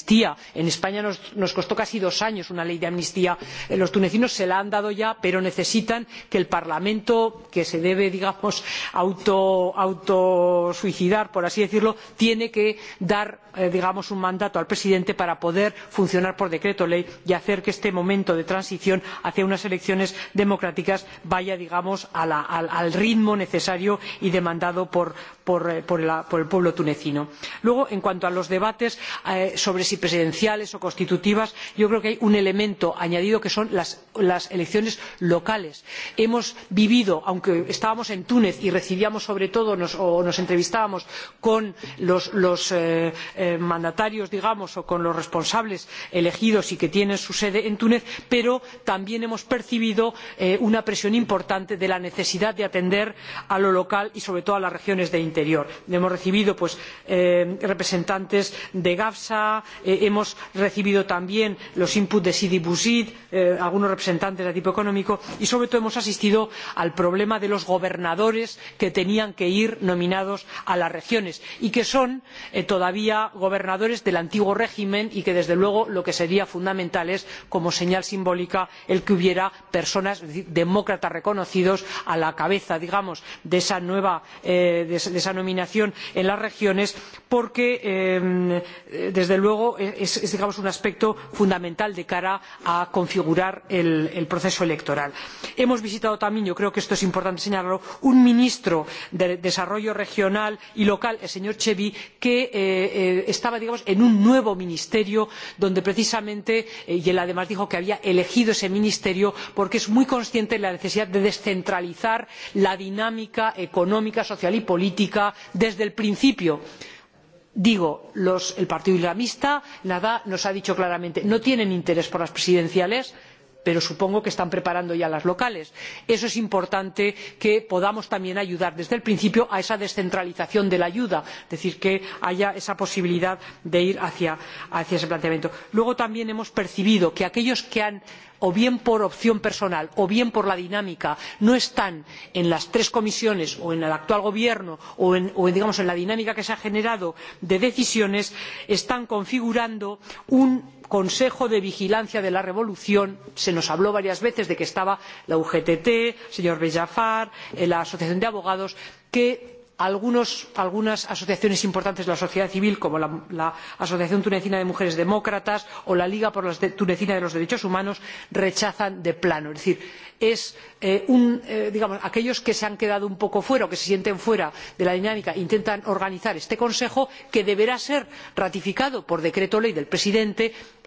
amnistía en españa nos, nos costó casi dos años una ley de amnistía eh, los tunecinos se la han dado ya pero necesitan que el parlamento que se debe digamos autosuicidar auto por así decirlo dé eh, digamos un mandato al presidente para poder funcionar por decreto ley y hacer que este momento de transición hacia unas elecciones democráticas vaya digamos la, al, al ritmo necesario y demandado por, por, eh, por, la, por el pueblo tunecino. luego en cuanto a los debates eh, sobre si presidenciales o constitutivas yo creo que hay un elemento añadido que son las, las elecciones locales. hemos vivido aunque estábamos en túnez y recibíamos sobre todo nos, o nos entrevistábamos con los, los eh, eh, mandatarios digamos o con los responsables elegidos y que tienen su sede en túnez pero también hemos percibido eh, una presión importante de la necesidad de atender a lo local y sobre todo a las regiones del interior. hemos recibido pues, eh, representantes de gafsa Eh, hemos recibido también los inputs de sidi bouzid eh, algunos representantes de tipo económico y sobre todo hemos asistido al problema de los gobernadores que tenían que ir nominados a las regiones y que son eh, todavía gobernadores del antiguo régimen y que desde luego lo que sería fundamental es como señal simbólica que hubiera personas demócratas reconocidos a la cabeza digamos de esa nueva de esa nominación en las regiones porque desde luego esto es, es digamos, un aspecto fundamental de cara a configurar el, el proceso electoral. hemos visitado también yo creo que esto es importante señalarlo un ministro de desarrollo regional y local el señor chebbi que eh, eh, estaba digamos, en un nuevo ministerio donde precisamente eh, y él además dijo que había elegido ese ministerio porque es muy consciente de la necesidad de descentralizar la dinámica económica social y política desde el principio. y digo los, el partido islamista nadá nos ha dicho claramente no tienen interés por las presidenciales y pero supongo que están preparando ya las locales. eso es importante que podamos también ayudar desde el principio a esa descentralización de la ayuda es decir que haya esa posibilidad de ir hacia, hacia ese planteamiento. luego también hemos percibido que aquellos que han o bien por opción personal o bien por la dinámica no están en las tres comisiones o en el actual gobierno o, en, o en, digamos en la dinámica que se ha generado de decisiones están configurando un consejo de vigilancia de la revolución se nos habló varias veces de que estaba la ugt el señor bellafar eh, la asociación de abogados que algunos, algunas asociaciones importantes de la sociedad civil como la, la asociación tunecina de mujeres demócratas o la liga tunecina de los derechos humanos rechazan de plano es decir es, eh, un, eh, digamos, aquellos que se han quedado un poco fuera o que se sienten fuera de la dinámica intentan organizar este consejo que deberá ser ratificado por decreto ley del presidente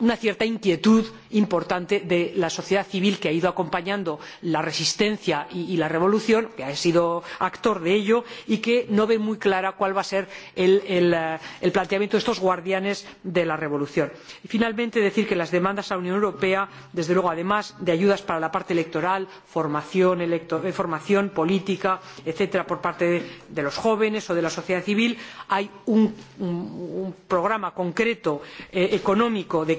una cierta inquietud importante de la sociedad civil que ha ido acompañando la resistencia y, y la revolución que ha sido actor de ello y que no ve muy claro cuál va a ser el, el, eh, el planteamiento de estos guardianes de la revolución. y finalmente decir que las demandas a la unión europea desde luego además de ayudas para la parte electoral formación, electo, eh, formación política etcétera por parte de, de los jóvenes o de la sociedad civil hay un, un, un programa concreto eh, económico de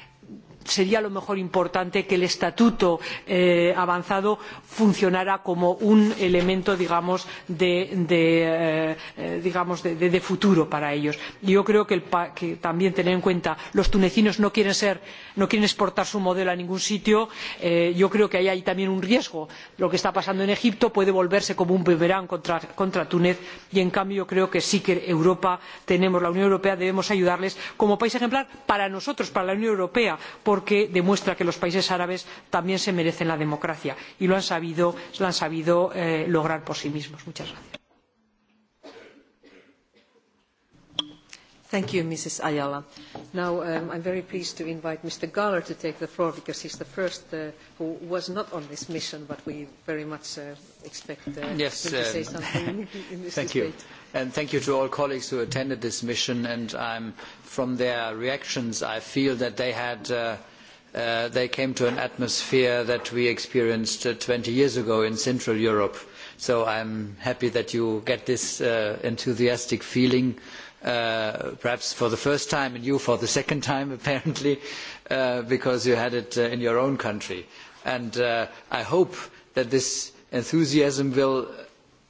sería a lo mejor importante que el estatuto eh, avanzado funcionara como un elemento digamos de, de, eh, eh digamos de, de futuro para ellos. yo creo que, el, que también tener en cuenta que los tunecinos no quieren, ser, no quieren exportar su modelo a ningún sitio eh, yo creo que ahí hay también un riesgo. lo que está pasando en egipto puede volverse como un boomerang contra, contra túnez y en cambio yo creo que sí que europa tenemos la unión europea debemos ayudarles como país ejemplar para nosotros para la unión europea porque porque demuestra que los países árabes también se merecen la democracia y lo han sabido, lo han sabido eh, lograr por sí mismos. Muchas gracias. Thank you, Mrs. Ayala. Now, um, I'm very pleased to invite Mr. Galler to take the floor because he's the first uh, who was not on this mission, but we very much uh, expect uh, yes, him um, to say um, something in, in this [laughs] thank debate. You and thank you to all colleagues who attended this mission. And I'm, um, from their reactions, I feel that they had. Uh, uh, they came to an atmosphere that we experienced uh, 20 years ago in Central Europe. So I'm happy that you get this uh, enthusiastic feeling, uh, perhaps for the first time and you for the second time, [laughs] apparently, uh, because you had it uh, in your own country. And uh, I hope that this enthusiasm will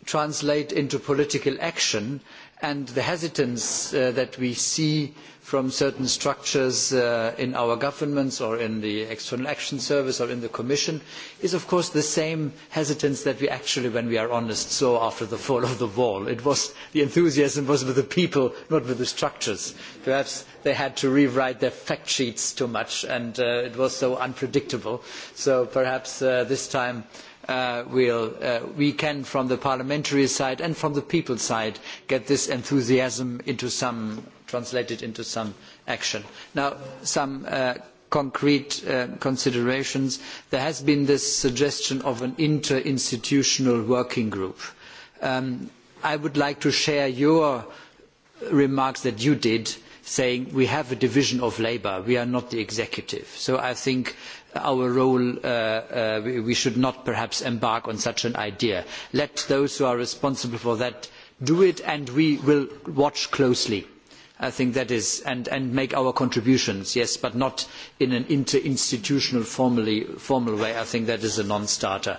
translate into political action and the hesitance uh, that we see from certain structures uh, in our governments or in the External Action Service or in the Commission is of course the same hesitance that we actually, when we are honest, saw after the fall of the wall. It was, the enthusiasm was with the people, not with the structures. Perhaps they had to rewrite their fact sheets too much and uh, it was so unpredictable. So perhaps uh, this time uh, uh, we'll, uh, we can, from the parliamentary side and from the people's side, get this enthusiasm into some, translated into some action. Now, some uh, concrete uh, considerations. There has been this suggestion of an interinstitutional working group. Um, I would like to share your remarks that you did saying we have a division of labour, we are not the executive. So I think uh, our role, uh, uh, we should not perhaps embark on such an idea. Let those who are responsible for that do it and we will watch closely. I think that is, and, and make our contributions, yes, but not in an interinstitutional formally, formal way. I think that is a non-starter.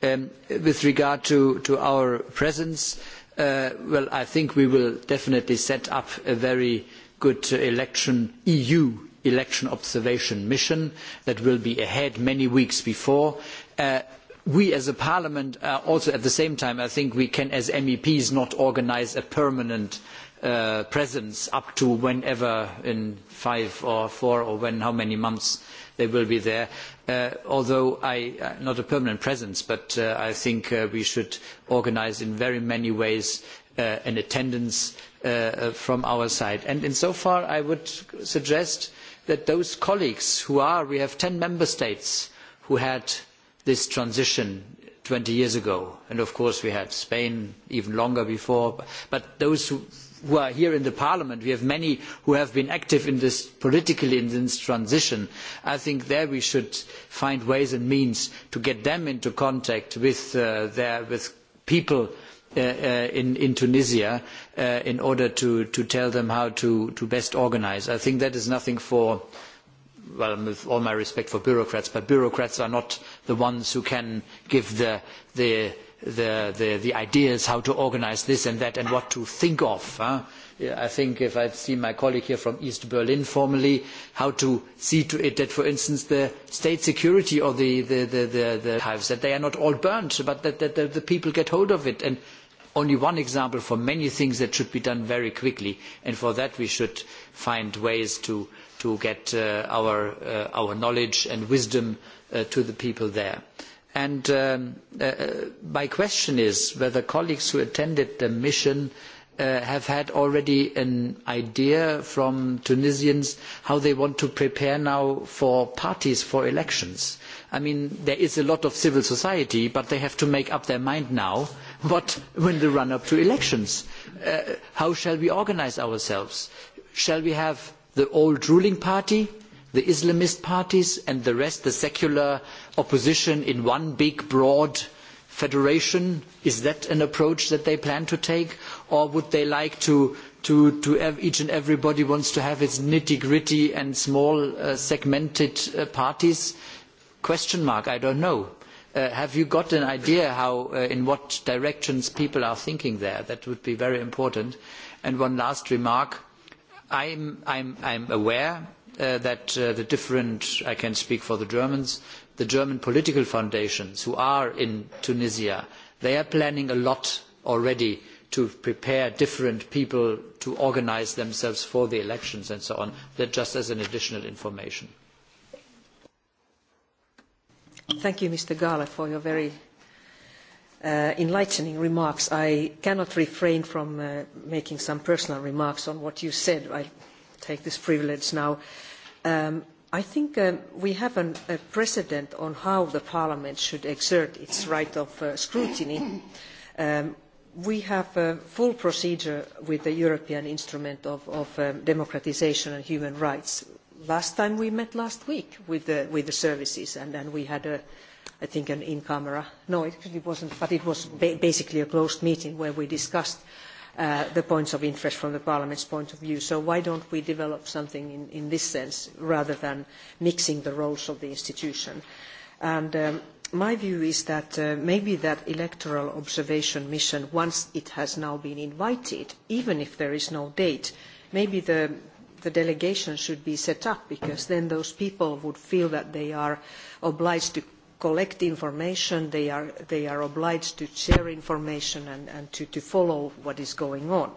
Um, with regard to, to our presence, uh, well, I think we will definitely set up a very good uh, election EU election observation mission that will be ahead many weeks before. Uh, we as a parliament uh, also at the same time I think we can as MEPs not organize a permanent uh, presence up to whenever in five or four or when how many months they will be there. Uh, although I, uh, not a permanent presence, but uh, I think uh, we should organize in very many ways uh, an attendance uh, uh, from our side. And insofar I would suggest uh, that those colleagues who are, we have 10 member states who had this transition 20 years ago. And of course we had Spain even longer before. But those who, who are here in the parliament, we have many who have been active in this politically in this transition. I think there we should find ways and means to get them into contact with, uh, their, with people uh, uh, in, in Tunisia uh, in order to, to tell them how to, to best organize. I think that is nothing for, well, with all my respect for bureaucrats, but bureaucrats are not the ones who can give the, the, the, the, the ideas how to organize this and that and what to think of. Huh? Yeah, I think if I see my colleague here from East Berlin formally, how to see to it that, for instance, the state security or the, the, the, the, the archives, that they are not all burnt, but that, that the, the people get hold of it. And only one example for many things that should be done very quickly, and for that we should find ways to, to get uh, our, uh, our knowledge and wisdom uh, to the people there. And um, uh, uh, my question is whether colleagues who attended the mission uh, have had already an idea from Tunisians how they want to prepare now for parties for elections. I mean, there is a lot of civil society, but they have to make up their mind now what when the run-up to elections? Uh, how shall we organize ourselves? Shall we have the old ruling party, the Islamist parties, and the rest, the secular opposition, in one big, broad federation? Is that an approach that they plan to take? Or would they like to, to, to have each and everybody wants to have its nitty-gritty and small uh, segmented uh, parties? Question mark, I don't know Uh, have you got an idea how, uh, in what directions people are thinking there? That would be very important. And one last remark. I'm, I'm, I'm aware uh, that uh, the different, I can speak for the Germans, the German political foundations who are in Tunisia, they are planning a lot already to prepare different people to organize themselves for the elections and so on. That just as an additional information. Thank you, Mr. Gala, for your very uh, enlightening remarks. I cannot refrain from uh, making some personal remarks on what you said. I take this privilege now. Um, I think um, we have an, a precedent on how the Parliament should exert its right of uh, scrutiny. Um, we have a full procedure with the European Instrument of, of um, Democratization and Human Rights, last time we met last week with the, with the services, and, and we had a, I think, an in-camera. No, it, it wasn't, but it was ba basically a closed meeting where we discussed uh, the points of interest from the Parliament's point of view. So why don't we develop something in, in this sense rather than mixing the roles of the institution? And um, my view is that uh, maybe that electoral observation mission, once it has now been invited, even if there is no date, maybe the the delegation should be set up because then those people would feel that they are obliged to collect information, they are, they are obliged to share information and, and to, to follow what is going on.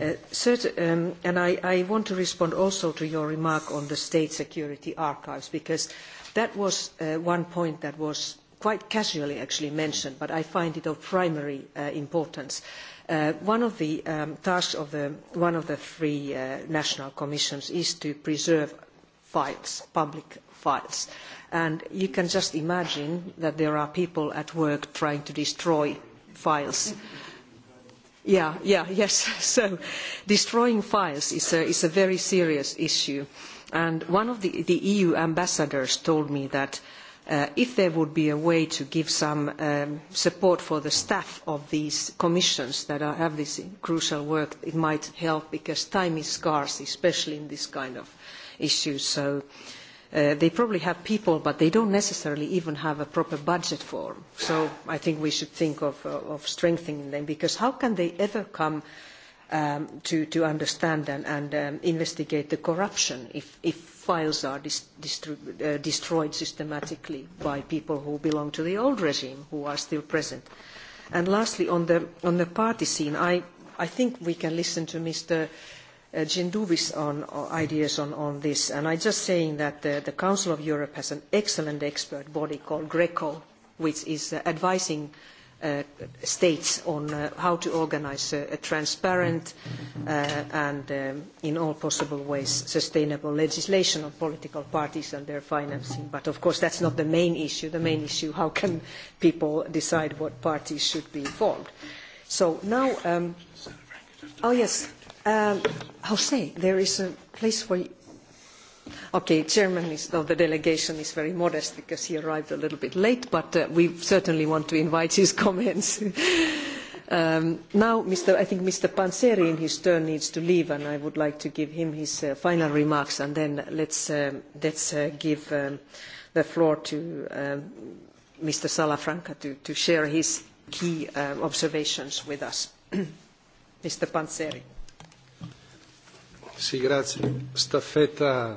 Uh, certain, um, and I, I want to respond also to your remark on the state security archives because that was uh, one point that was quite casually actually mentioned, but I find it of primary uh, importance. Uh, Uh, one of the um, tasks of the, one of the three uh, national commissions is to preserve files, public files. And you can just imagine that there are people at work trying to destroy files. Yeah, yeah, [laughs] yes. So destroying files is a, is a very serious issue. And one of the, the EU ambassadors told me that uh, uh, if there would be a way to give some um, support for the staff of these commissions that are, have this crucial work, it might help because time is scarce, especially in this kind of issues. So uh, they probably have people, but they don't necessarily even have a proper budget for them. So I think we should think of, uh, of strengthening them because how can they ever come um, to, to understand and, and um, investigate the corruption if, if files are dis distri- uh, destroyed systematically by people who belong to the old regime, who are still present. And lastly, on the, on the party scene, I, I think we can listen to Mr. Ginduvis uh, on, on ideas on, on this. And I'm just saying that the, the Council of Europe has an excellent expert body called GRECO, which is uh, advising uh, uh, states on uh, how to organize a, a transparent uh, and um, in all possible ways sustainable legislation on political parties and their financing. But of course that's not the main issue. The main issue, how can people decide what parties should be formed? So now, um, oh yes, um, Jose, there is a place for you Okay, Chairman is, of the delegation is very modest because he arrived a little bit late, but uh, we certainly want to invite his [laughs] comments. um, now, Mr., I think Mr. Panseri in his turn needs to leave, and I would like to give him his uh, final remarks, and then let's, um, let's uh, give um, the floor to um, Mr. Salafranca to, to share his key uh, observations with us. [clears throat] Mr. Panseri. Sì, grazie. Staffetta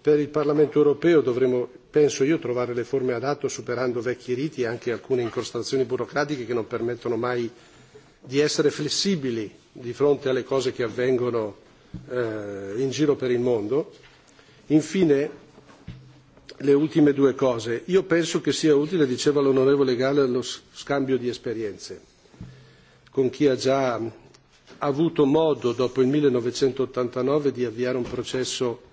per il Parlamento europeo dovremo, penso io, trovare le forme adatto superando vecchi riti e anche alcune incrostazioni burocratiche che non permettono mai di essere flessibili di fronte alle cose che avvengono eh, in giro per il mondo. Infine, le ultime due cose. Io penso che sia utile, diceva l'onorevole Gale, lo scambio di esperienze con chi ha già avuto modo, dopo il 1989, di avviare un processo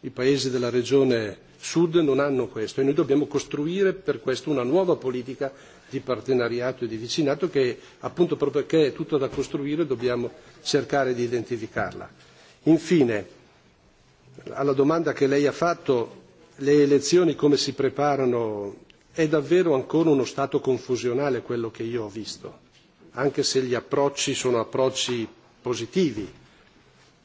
I paesi della regione sud non hanno questo e noi dobbiamo costruire per questo una nuova politica di partenariato e di vicinato che appunto proprio perché è tutto da costruire dobbiamo cercare di identificarla. Infine, alla domanda che lei ha fatto, le elezioni come si preparano? È davvero ancora uno stato confusionale quello che io ho visto, anche se gli approcci sono approcci positivi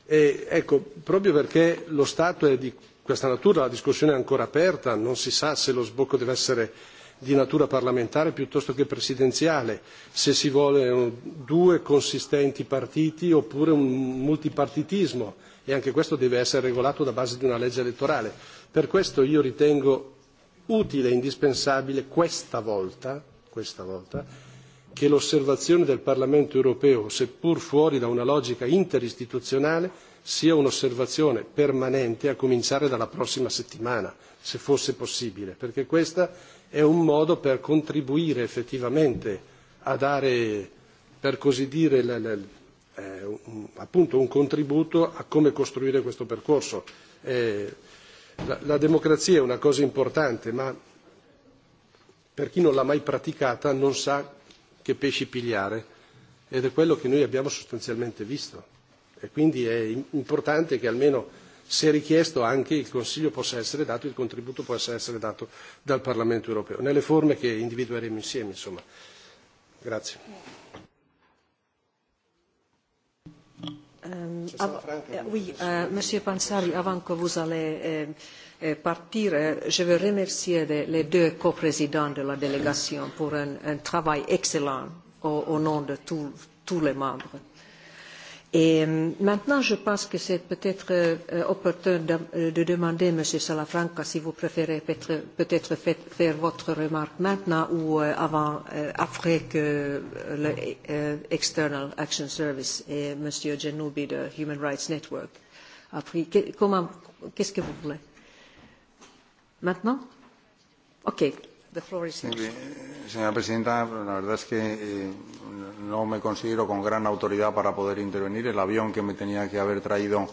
E, ecco, proprio perché lo Stato è di questa natura, la discussione è ancora aperta, non si sa se lo sbocco deve essere di natura parlamentare piuttosto che presidenziale, se si vogliono due consistenti partiti oppure un multipartitismo e anche questo deve essere regolato da base di una legge elettorale. Per questo io ritengo utile e indispensabile questa volta, questa volta che l'osservazione del Parlamento europeo, seppur fuori da una logica interistituzionale, sia un'osservazione permanente a cominciare dalla prossima settimana, se fosse possibile, perché questo è un modo per contribuire effettivamente a dare, per così dire, le, le, eh, un, appunto un contributo a come costruire questo percorso. Eh, la, la democrazia è una cosa importante, ma per chi non l'ha mai praticata non sa che pesci pigliare ed è quello che noi abbiamo sostanzialmente visto e quindi è importante che almeno se richiesto anche il Consiglio possa essere dato, il contributo possa essere dato dal Parlamento europeo, nelle forme che individueremo insieme. Insomma. Grazie. Euh, av, euh, oui, euh, Monsieur Pansari, avant que vous allez euh, Eh, partir, eh, je veux remercier les deux coprésidents de la délégation pour un, un travail excellent au, au nom de tout, tous les membres. Et euh, maintenant, je pense que c'est peut-être euh, opportun de, euh, de demander, Monsieur Salafranca, si vous préférez peut-être peut, -être, peut -être fait, faire votre remarque maintenant ou euh, avant, euh, après que le euh, External Action Service et Monsieur Genoubi de Human Rights Network a pris. Que, comment, qu'est-ce que vous voulez Maintenant Ok. The floor is yours. Eh, señora presidenta, la verdad es que eh, no me considero con gran autoridad para poder intervenir. El avión que me tenía que haber traído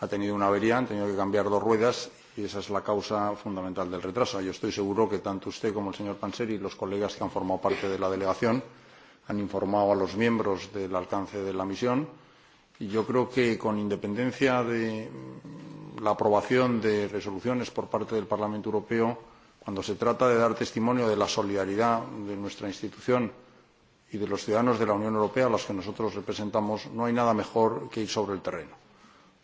ha tenido una avería, han tenido que cambiar dos ruedas y esa es la causa fundamental del retraso. Yo estoy seguro que tanto usted como el señor Panseri y los colegas que han formado parte de la delegación han informado a los miembros del alcance de la misión y yo creo que con independencia de la aprobación de resoluciones por parte del Parlamento Europeo cuando se trata de dar testimonio de la solidaridad de nuestra institución y de los ciudadanos de la Unión Europea a los que nosotros representamos, no hay nada mejor que ir sobre el terreno.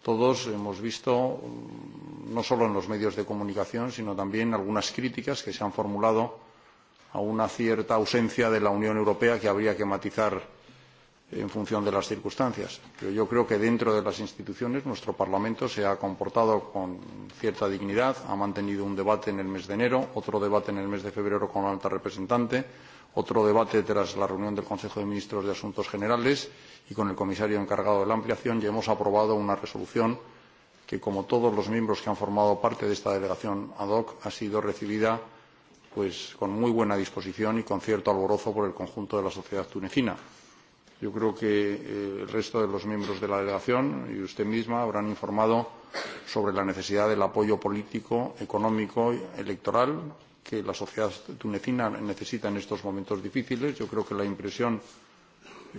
Todos hemos visto, mm, no solo en los medios de comunicación, sino también algunas críticas que se han formulado a una cierta ausencia de la Unión Europea que habría que matizar en función de las circunstancias. Pero yo creo que dentro de las instituciones nuestro Parlamento se ha comportado con cierta dignidad, ha mantenido un debate en el mes de enero, otro debate en el mes de febrero con la alta representante, otro debate tras la reunión del Consejo de Ministros de Asuntos Generales y con el comisario encargado de la ampliación y hemos aprobado una resolución que, como todos los miembros que han formado parte de esta delegación ad hoc, ha sido recibida pues, con muy buena disposición y con cierto alborozo por el conjunto de la sociedad tunecina yo creo que eh, el resto de los miembros de la delegación y usted misma habrán informado sobre la necesidad del apoyo político, económico, electoral que la sociedad tunecina necesita en estos momentos difíciles. Yo creo que la impresión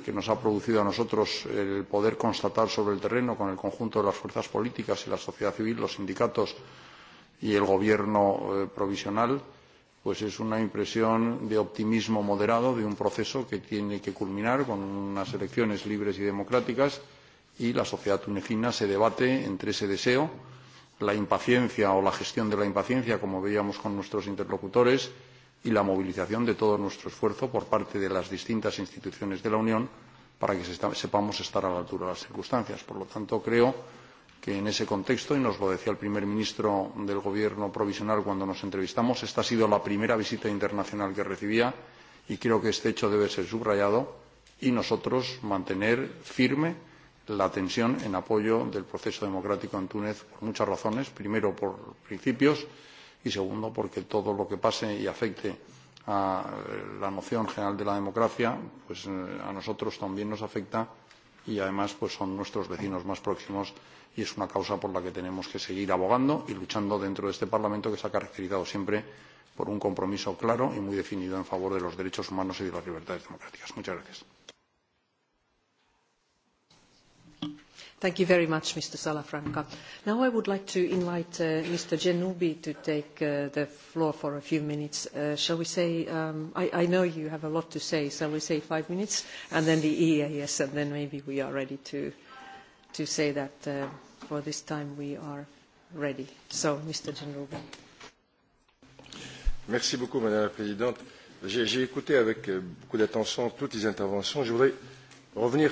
que nos ha producido a nosotros el poder constatar sobre el terreno con el conjunto de las fuerzas políticas y la sociedad civil, los sindicatos y el gobierno eh, provisional eh, pues es una impresión de optimismo moderado de un proceso que tiene que culminar con unas elecciones libres y democráticas y la sociedad tunecina se debate entre ese deseo, la impaciencia o la gestión de la impaciencia, como veíamos con nuestros interlocutores, y la movilización de todo nuestro esfuerzo por parte de las distintas instituciones de la Unión para que sepamos estar a la altura de las circunstancias. Por lo tanto, creo que que en ese contexto, y nos lo decía el primer ministro del gobierno provisional cuando nos entrevistamos, esta ha sido la primera visita internacional que recibía y creo que este hecho debe ser subrayado y nosotros mantener firme la tensión en apoyo del proceso democrático en Túnez por muchas razones. Primero, por principios y segundo, porque todo lo que pase y afecte a la noción general de la democracia, pues eh, a nosotros también nos afecta y además pues son nuestros vecinos más próximos y es una causa por la que tenemos que seguir abogando y luchando dentro de este Parlamento que se ha caracterizado siempre por un compromiso claro y muy definido en favor de los derechos humanos y de las libertades democráticas. Muchas gracias. Thank you very much, Mr. Salafranca. Now I would like to invite uh, Mr. Genubi to take uh, the floor for a few minutes. Uh, shall we say, um, I, I know you have a lot to say, shall we say five minutes, and then the EAS, and then maybe we are ready to, to say that uh, for this time we are ready. So, Mr. Genubi. Merci beaucoup, Madame la Présidente. J'ai écouté avec euh, beaucoup d'attention toutes les interventions. Je voudrais revenir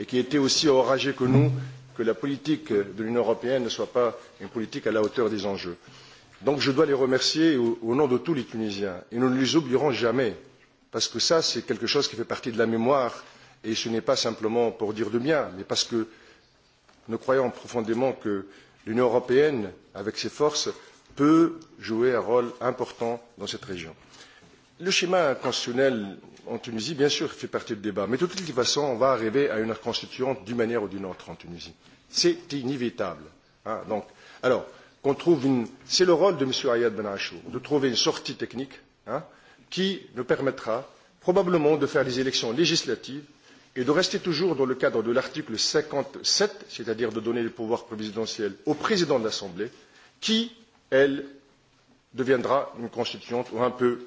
et qui étaient aussi orageux que nous que la politique de l'Union européenne ne soit pas une politique à la hauteur des enjeux. Donc je dois les remercier au, au nom de tous les Tunisiens et nous ne les oublierons jamais parce que ça c'est quelque chose qui fait partie de la mémoire et ce n'est pas simplement pour dire du bien mais parce que nous croyons profondément que l'Union européenne avec ses forces peut jouer un rôle important dans cette région le schéma constitutionnel en Tunisie, bien sûr, fait partie du débat, mais de toutes les façons, on va arriver à une reconstituante d'une manière ou d'une autre en Tunisie. C'est inévitable. Hein, donc, alors, qu'on trouve une... C'est le rôle de M. Ayad Ben Achou, de trouver une sortie technique hein, qui nous permettra probablement de faire les élections législatives et de rester toujours dans le cadre de l'article 57, c'est-à-dire de donner le pouvoir présidentiel au président de l'Assemblée, qui, elle, deviendra une constituante ou un peu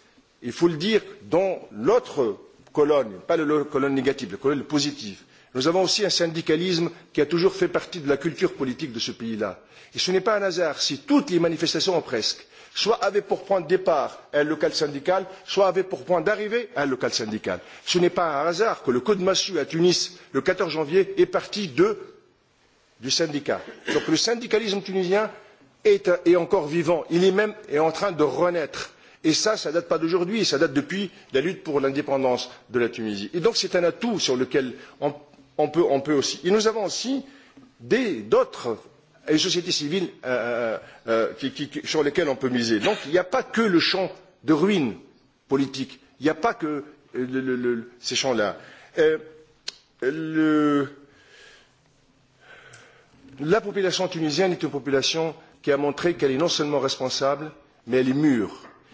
il faut le dire, dans l'autre colonne, pas la colonne négative, la colonne positive, nous avons aussi un syndicalisme qui a toujours fait partie de la culture politique de ce pays là et ce n'est pas un hasard si toutes les manifestations ou presque soit avaient pour point de départ un local syndical soit avaient pour point d'arrivée un local syndical. ce n'est pas un hasard que le coup de massue à tunis le quatorze janvier est parti de, du syndicat. donc le syndicalisme tunisien est, est encore vivant il est même est en train de renaître Et ça, ça ne date pas d'aujourd'hui, ça date depuis la lutte pour l'indépendance de la Tunisie. Et donc c'est un atout sur lequel on, on, peut, on peut aussi. Et nous avons aussi d'autres une euh, société civile euh, euh, euh, qui, qui, qui, sur lesquelles on peut miser. Donc il n'y a pas que le champ de ruines politiques, il n'y a pas que euh, le, le, le, ces champs-là. Euh, le, la population tunisienne est une population qui a montré qu'elle est non seulement responsable, mais elle est mûre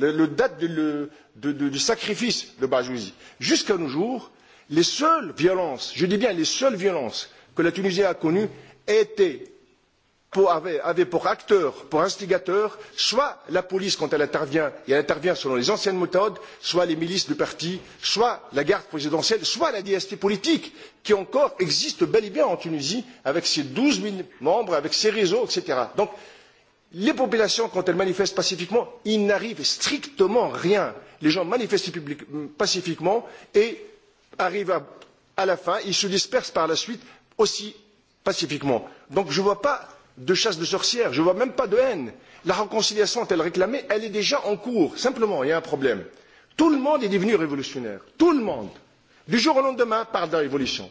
le, le date de, le, de, de, du sacrifice de Bajouzi. Jusqu'à nos jours, les seules violences, je dis bien les seules violences que la Tunisie a connues étaient pour, avait, avait pour acteur, pour instigateur, soit la police quand elle intervient, et elle intervient selon les anciennes méthodes, soit les milices du parti, soit la garde présidentielle, soit la dynastie politique, qui encore existe bel et bien en Tunisie, avec ses 12 000 membres, avec ses réseaux, etc. Donc, les populations, quand elles manifestent pacifiquement, il n'arrive strictement rien. Les gens manifestent public, pacifiquement et arrivent à, à la fin, ils se dispersent par la suite aussi pacifiquement. Donc je ne vois pas de chasse de sorcières, je ne vois même pas de haine. La réconciliation est-elle réclamée Elle est déjà en cours. Simplement, il y a un problème. Tout le monde est devenu révolutionnaire. Tout le monde. Du jour au lendemain, parle de la révolution.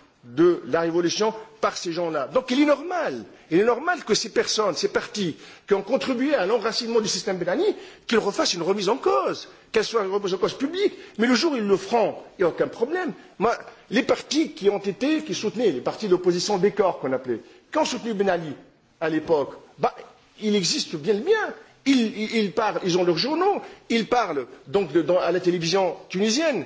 de la révolution par ces gens là. donc il est normal il est normal que ces personnes ces partis qui ont contribué à l'enracinement du système Ben Ali qu'ils refassent une remise en cause qu'elle soit une remise en cause publique mais le jour où ils le feront il n'y a aucun problème. Moi, les partis qui ont été qui soutenaient les partis d'opposition d'écart qu'on appelait qui ont soutenu Ben Ali à l'époque bah, il existe bien le mien ils, ils, ils parlent ils ont leurs journaux ils parlent donc de, dans, à la télévision tunisienne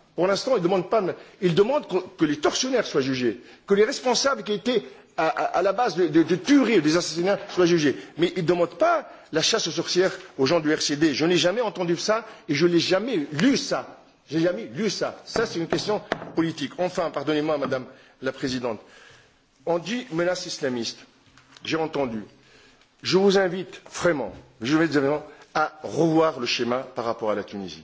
Pour l'instant, ils demandent, pas, ils demandent qu que les tortionnaires soient jugés, que les responsables qui étaient à, à, à la base de, de, de tueries ou des assassinats soient jugés. Mais ils ne demandent pas la chasse aux sorcières aux gens du RCD. Je n'ai jamais entendu ça et je n'ai jamais lu ça. Je n'ai jamais lu ça. Ça, c'est une question politique. Enfin, pardonnez-moi, Madame la Présidente. On dit menace islamiste. J'ai entendu. Je vous invite vraiment, je vais dire vraiment, à revoir le schéma par rapport à la Tunisie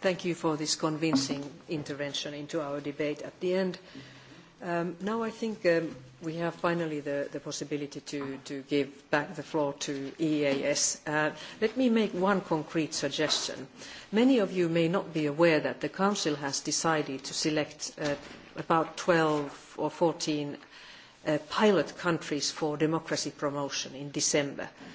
Thank you for this convincing intervention into our debate at the end. Um, now I think um, we have finally the, the possibility to, to give back the floor to EAS. Uh, let me make one concrete suggestion. Many of you may not be aware that the Council has decided to select uh, about 12 or 14 uh, pilot countries for democracy promotion in December. Mm-hmm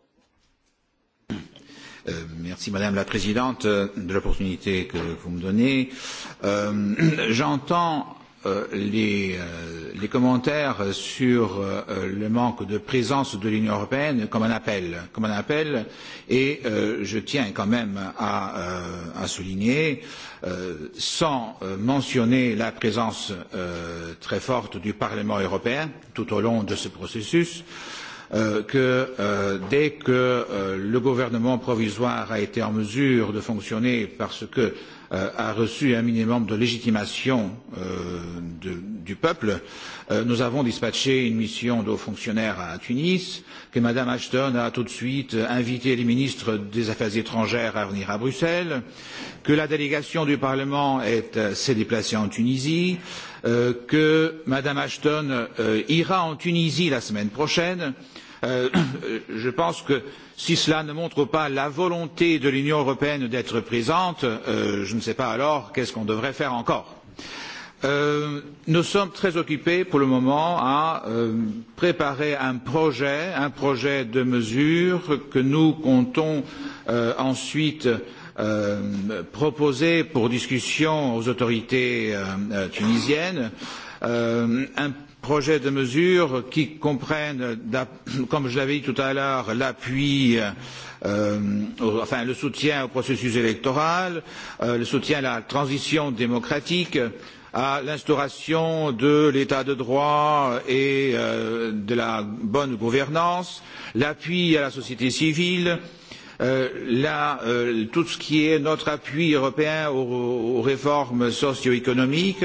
Euh, merci Madame la Présidente euh, de l'opportunité que vous me donnez. Euh, [clears throat] J'entends euh, les, euh, les commentaires sur euh, le manque de présence de l'Union européenne comme un appel, comme un appel, et euh, je tiens quand même à, euh, à souligner, euh, sans euh, mentionner la présence euh, très forte du Parlement européen tout au long de ce processus, euh, euh, que euh, dès que euh, le gouvernement provisoire a été en mesure de fonctionner parce que euh, a reçu un minimum de légitimation euh, de, du peuple, euh, nous avons dispatché une mission de hauts fonctionnaires à Tunis, que Mme Ashton a tout de suite invité les ministres des Affaires étrangères à venir à Bruxelles, que la délégation du Parlement euh, s'est déplacée en Tunisie, euh, que Mme Ashton euh, ira en Tunisie la semaine prochaine, euh, Euh, [coughs] je pense que si cela ne montre pas la volonté de l'Union européenne d'être présente, euh, je ne sais pas alors qu'est-ce qu'on devrait faire encore. Euh, nous sommes très occupés pour le moment à euh, préparer un projet, un projet de mesures que nous comptons euh, ensuite euh, proposer pour discussion aux autorités euh, euh tunisiennes. Euh, un projet de mesures qui comprennent, comme je l'avais dit tout à l'heure, l'appui, euh, enfin le soutien au processus électoral, euh, le soutien à la transition démocratique, à l'instauration de l'état de droit et euh, de la bonne gouvernance, l'appui à la société civile, euh, la, euh, tout ce qui est notre appui européen aux, aux réformes socio-économiques.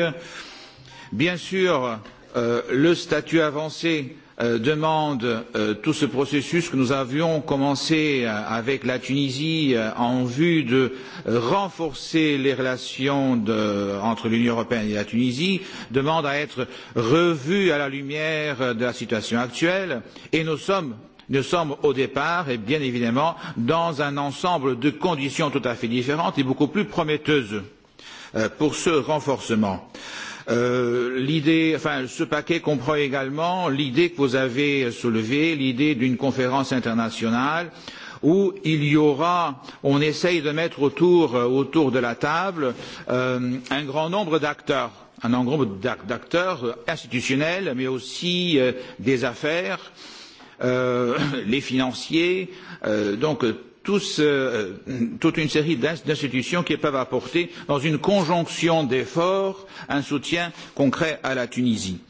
Bien sûr, euh, le statut avancé euh, demande euh, tout ce processus que nous avions commencé euh, avec la Tunisie euh, en vue de euh, renforcer les relations de, entre l'Union européenne et la Tunisie demande à être revu à la lumière de la situation actuelle et nous sommes nous sommes au départ et bien évidemment dans un ensemble de conditions tout à fait différentes et beaucoup plus prometteuses euh, pour ce renforcement. Euh, Euh, l'idée, enfin, ce paquet comprend également l'idée que vous avez soulevée, l'idée d'une conférence internationale où il y aura, on essaye de mettre autour, euh, autour de la table euh, un grand nombre d'acteurs un grand nombre d'acteurs euh, institutionnels, mais aussi euh, des affaires, euh, [laughs] les financiers, euh, donc tous, euh, euh, toute une série d'institutions qui peuvent apporter, dans une conjonction d'efforts, un soutien concret à la Tunisie.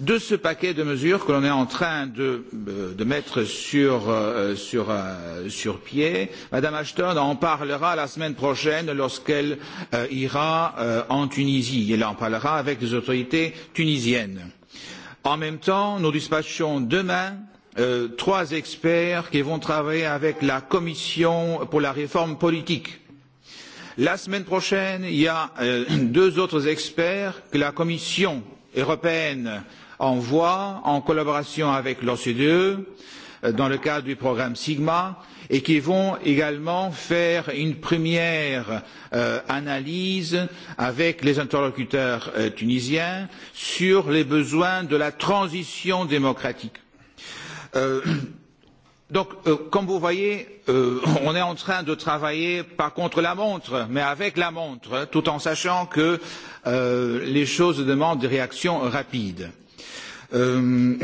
De ce paquet de mesures que l'on est en train de, euh, de mettre sur, euh, sur, euh, sur pied, Madame Ashton en parlera la semaine prochaine lorsqu'elle euh, ira euh, en Tunisie. Elle en parlera avec les autorités tunisiennes. En même temps, nous dispatchons demain euh, euh, trois experts qui vont travailler avec la Commission pour la réforme politique. La semaine prochaine, il y a euh, deux autres experts que la Commission européenne envoie en collaboration avec l'OCDE euh, dans le cadre du programme Sigma et qui vont également faire une première euh, analyse avec les interlocuteurs euh, tunisiens sur les besoins de la transition démocratique Euh, donc, euh, comme vous voyez, euh, on est en train de travailler pas contre la montre, mais avec la montre, tout en sachant que euh, les choses demandent des réactions rapides. Euh,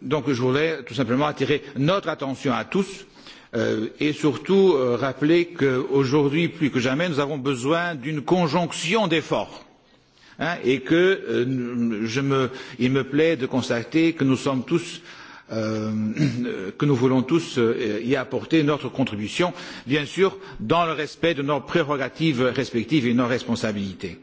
donc, je voulais tout simplement attirer notre attention à tous euh, et surtout euh, rappeler qu'aujourd'hui, plus que jamais, nous avons besoin d'une conjonction d'efforts hein, et que euh, je me, il me plaît de constater que nous sommes tous euh, Euh, [clears throat] que nous voulons tous euh, y apporter notre contribution bien sûr dans le respect de nos prérogatives respectives et de nos responsabilités.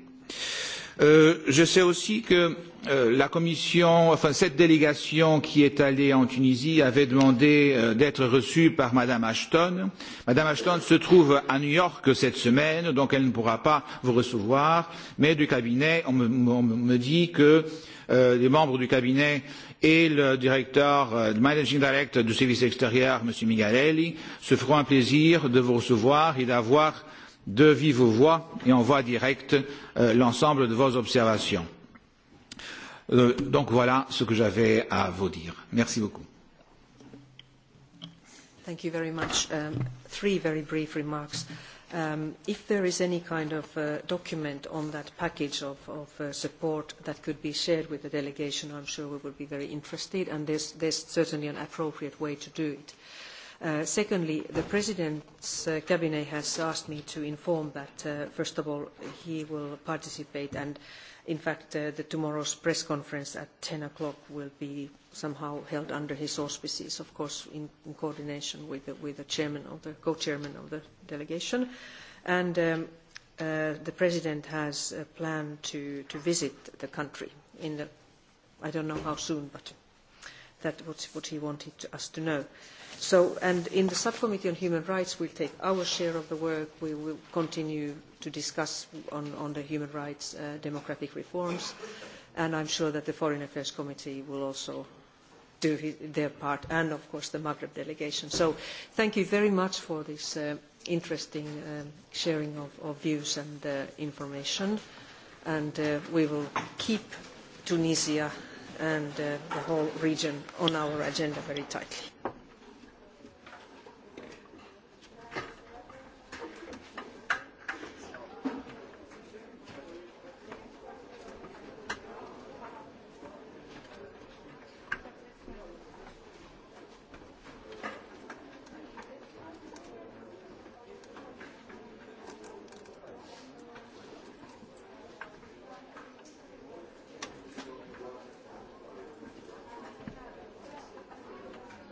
Euh, je sais aussi que la commission enfin cette délégation qui est allée en Tunisie avait demandé d'être reçue par madame Ashton. Madame Ashton se trouve à New York cette semaine, donc elle ne pourra pas vous recevoir, mais du cabinet on me, on me dit que euh, les membres du cabinet et le directeur, euh, le managing director du service extérieur, M. Migarelli, se feront un plaisir de vous recevoir et d'avoir de vive voix et en voix directe euh, l'ensemble de vos observations. Euh, donc voilà ce que j'avais à vous dire. Merci beaucoup. Thank you very much. Um, three very brief remarks. Uh, um, if there is any kind of uh, document on that package of, of uh, support that could be shared with the delegation, I'm sure we would be very interested, and there's, there's certainly an appropriate way to do it. Uh, secondly, the President's uh, Cabinet has asked me to inform that, uh, first of all, he will participate and uh, in fact, uh, the tomorrow's press conference at 10 o'clock will be somehow held under his auspices, of course, in, in coordination with the, with the chairman of the co-chairman of the delegation. And um, uh, the president has a plan to, to visit the country in the, I don't know how soon, but that was what he wanted us to know. Uh, So, and in the Subcommittee on Human Rights, we'll take our share of the work. We will continue to discuss on, on the human rights uh, democratic reforms. And I'm sure that the Foreign Affairs Committee will also do his, their part, and of course the Maghreb delegation. So thank you very much for this uh, interesting um, sharing of, of views and uh, information. And uh, we will keep Tunisia and uh, the whole region on our agenda very tightly.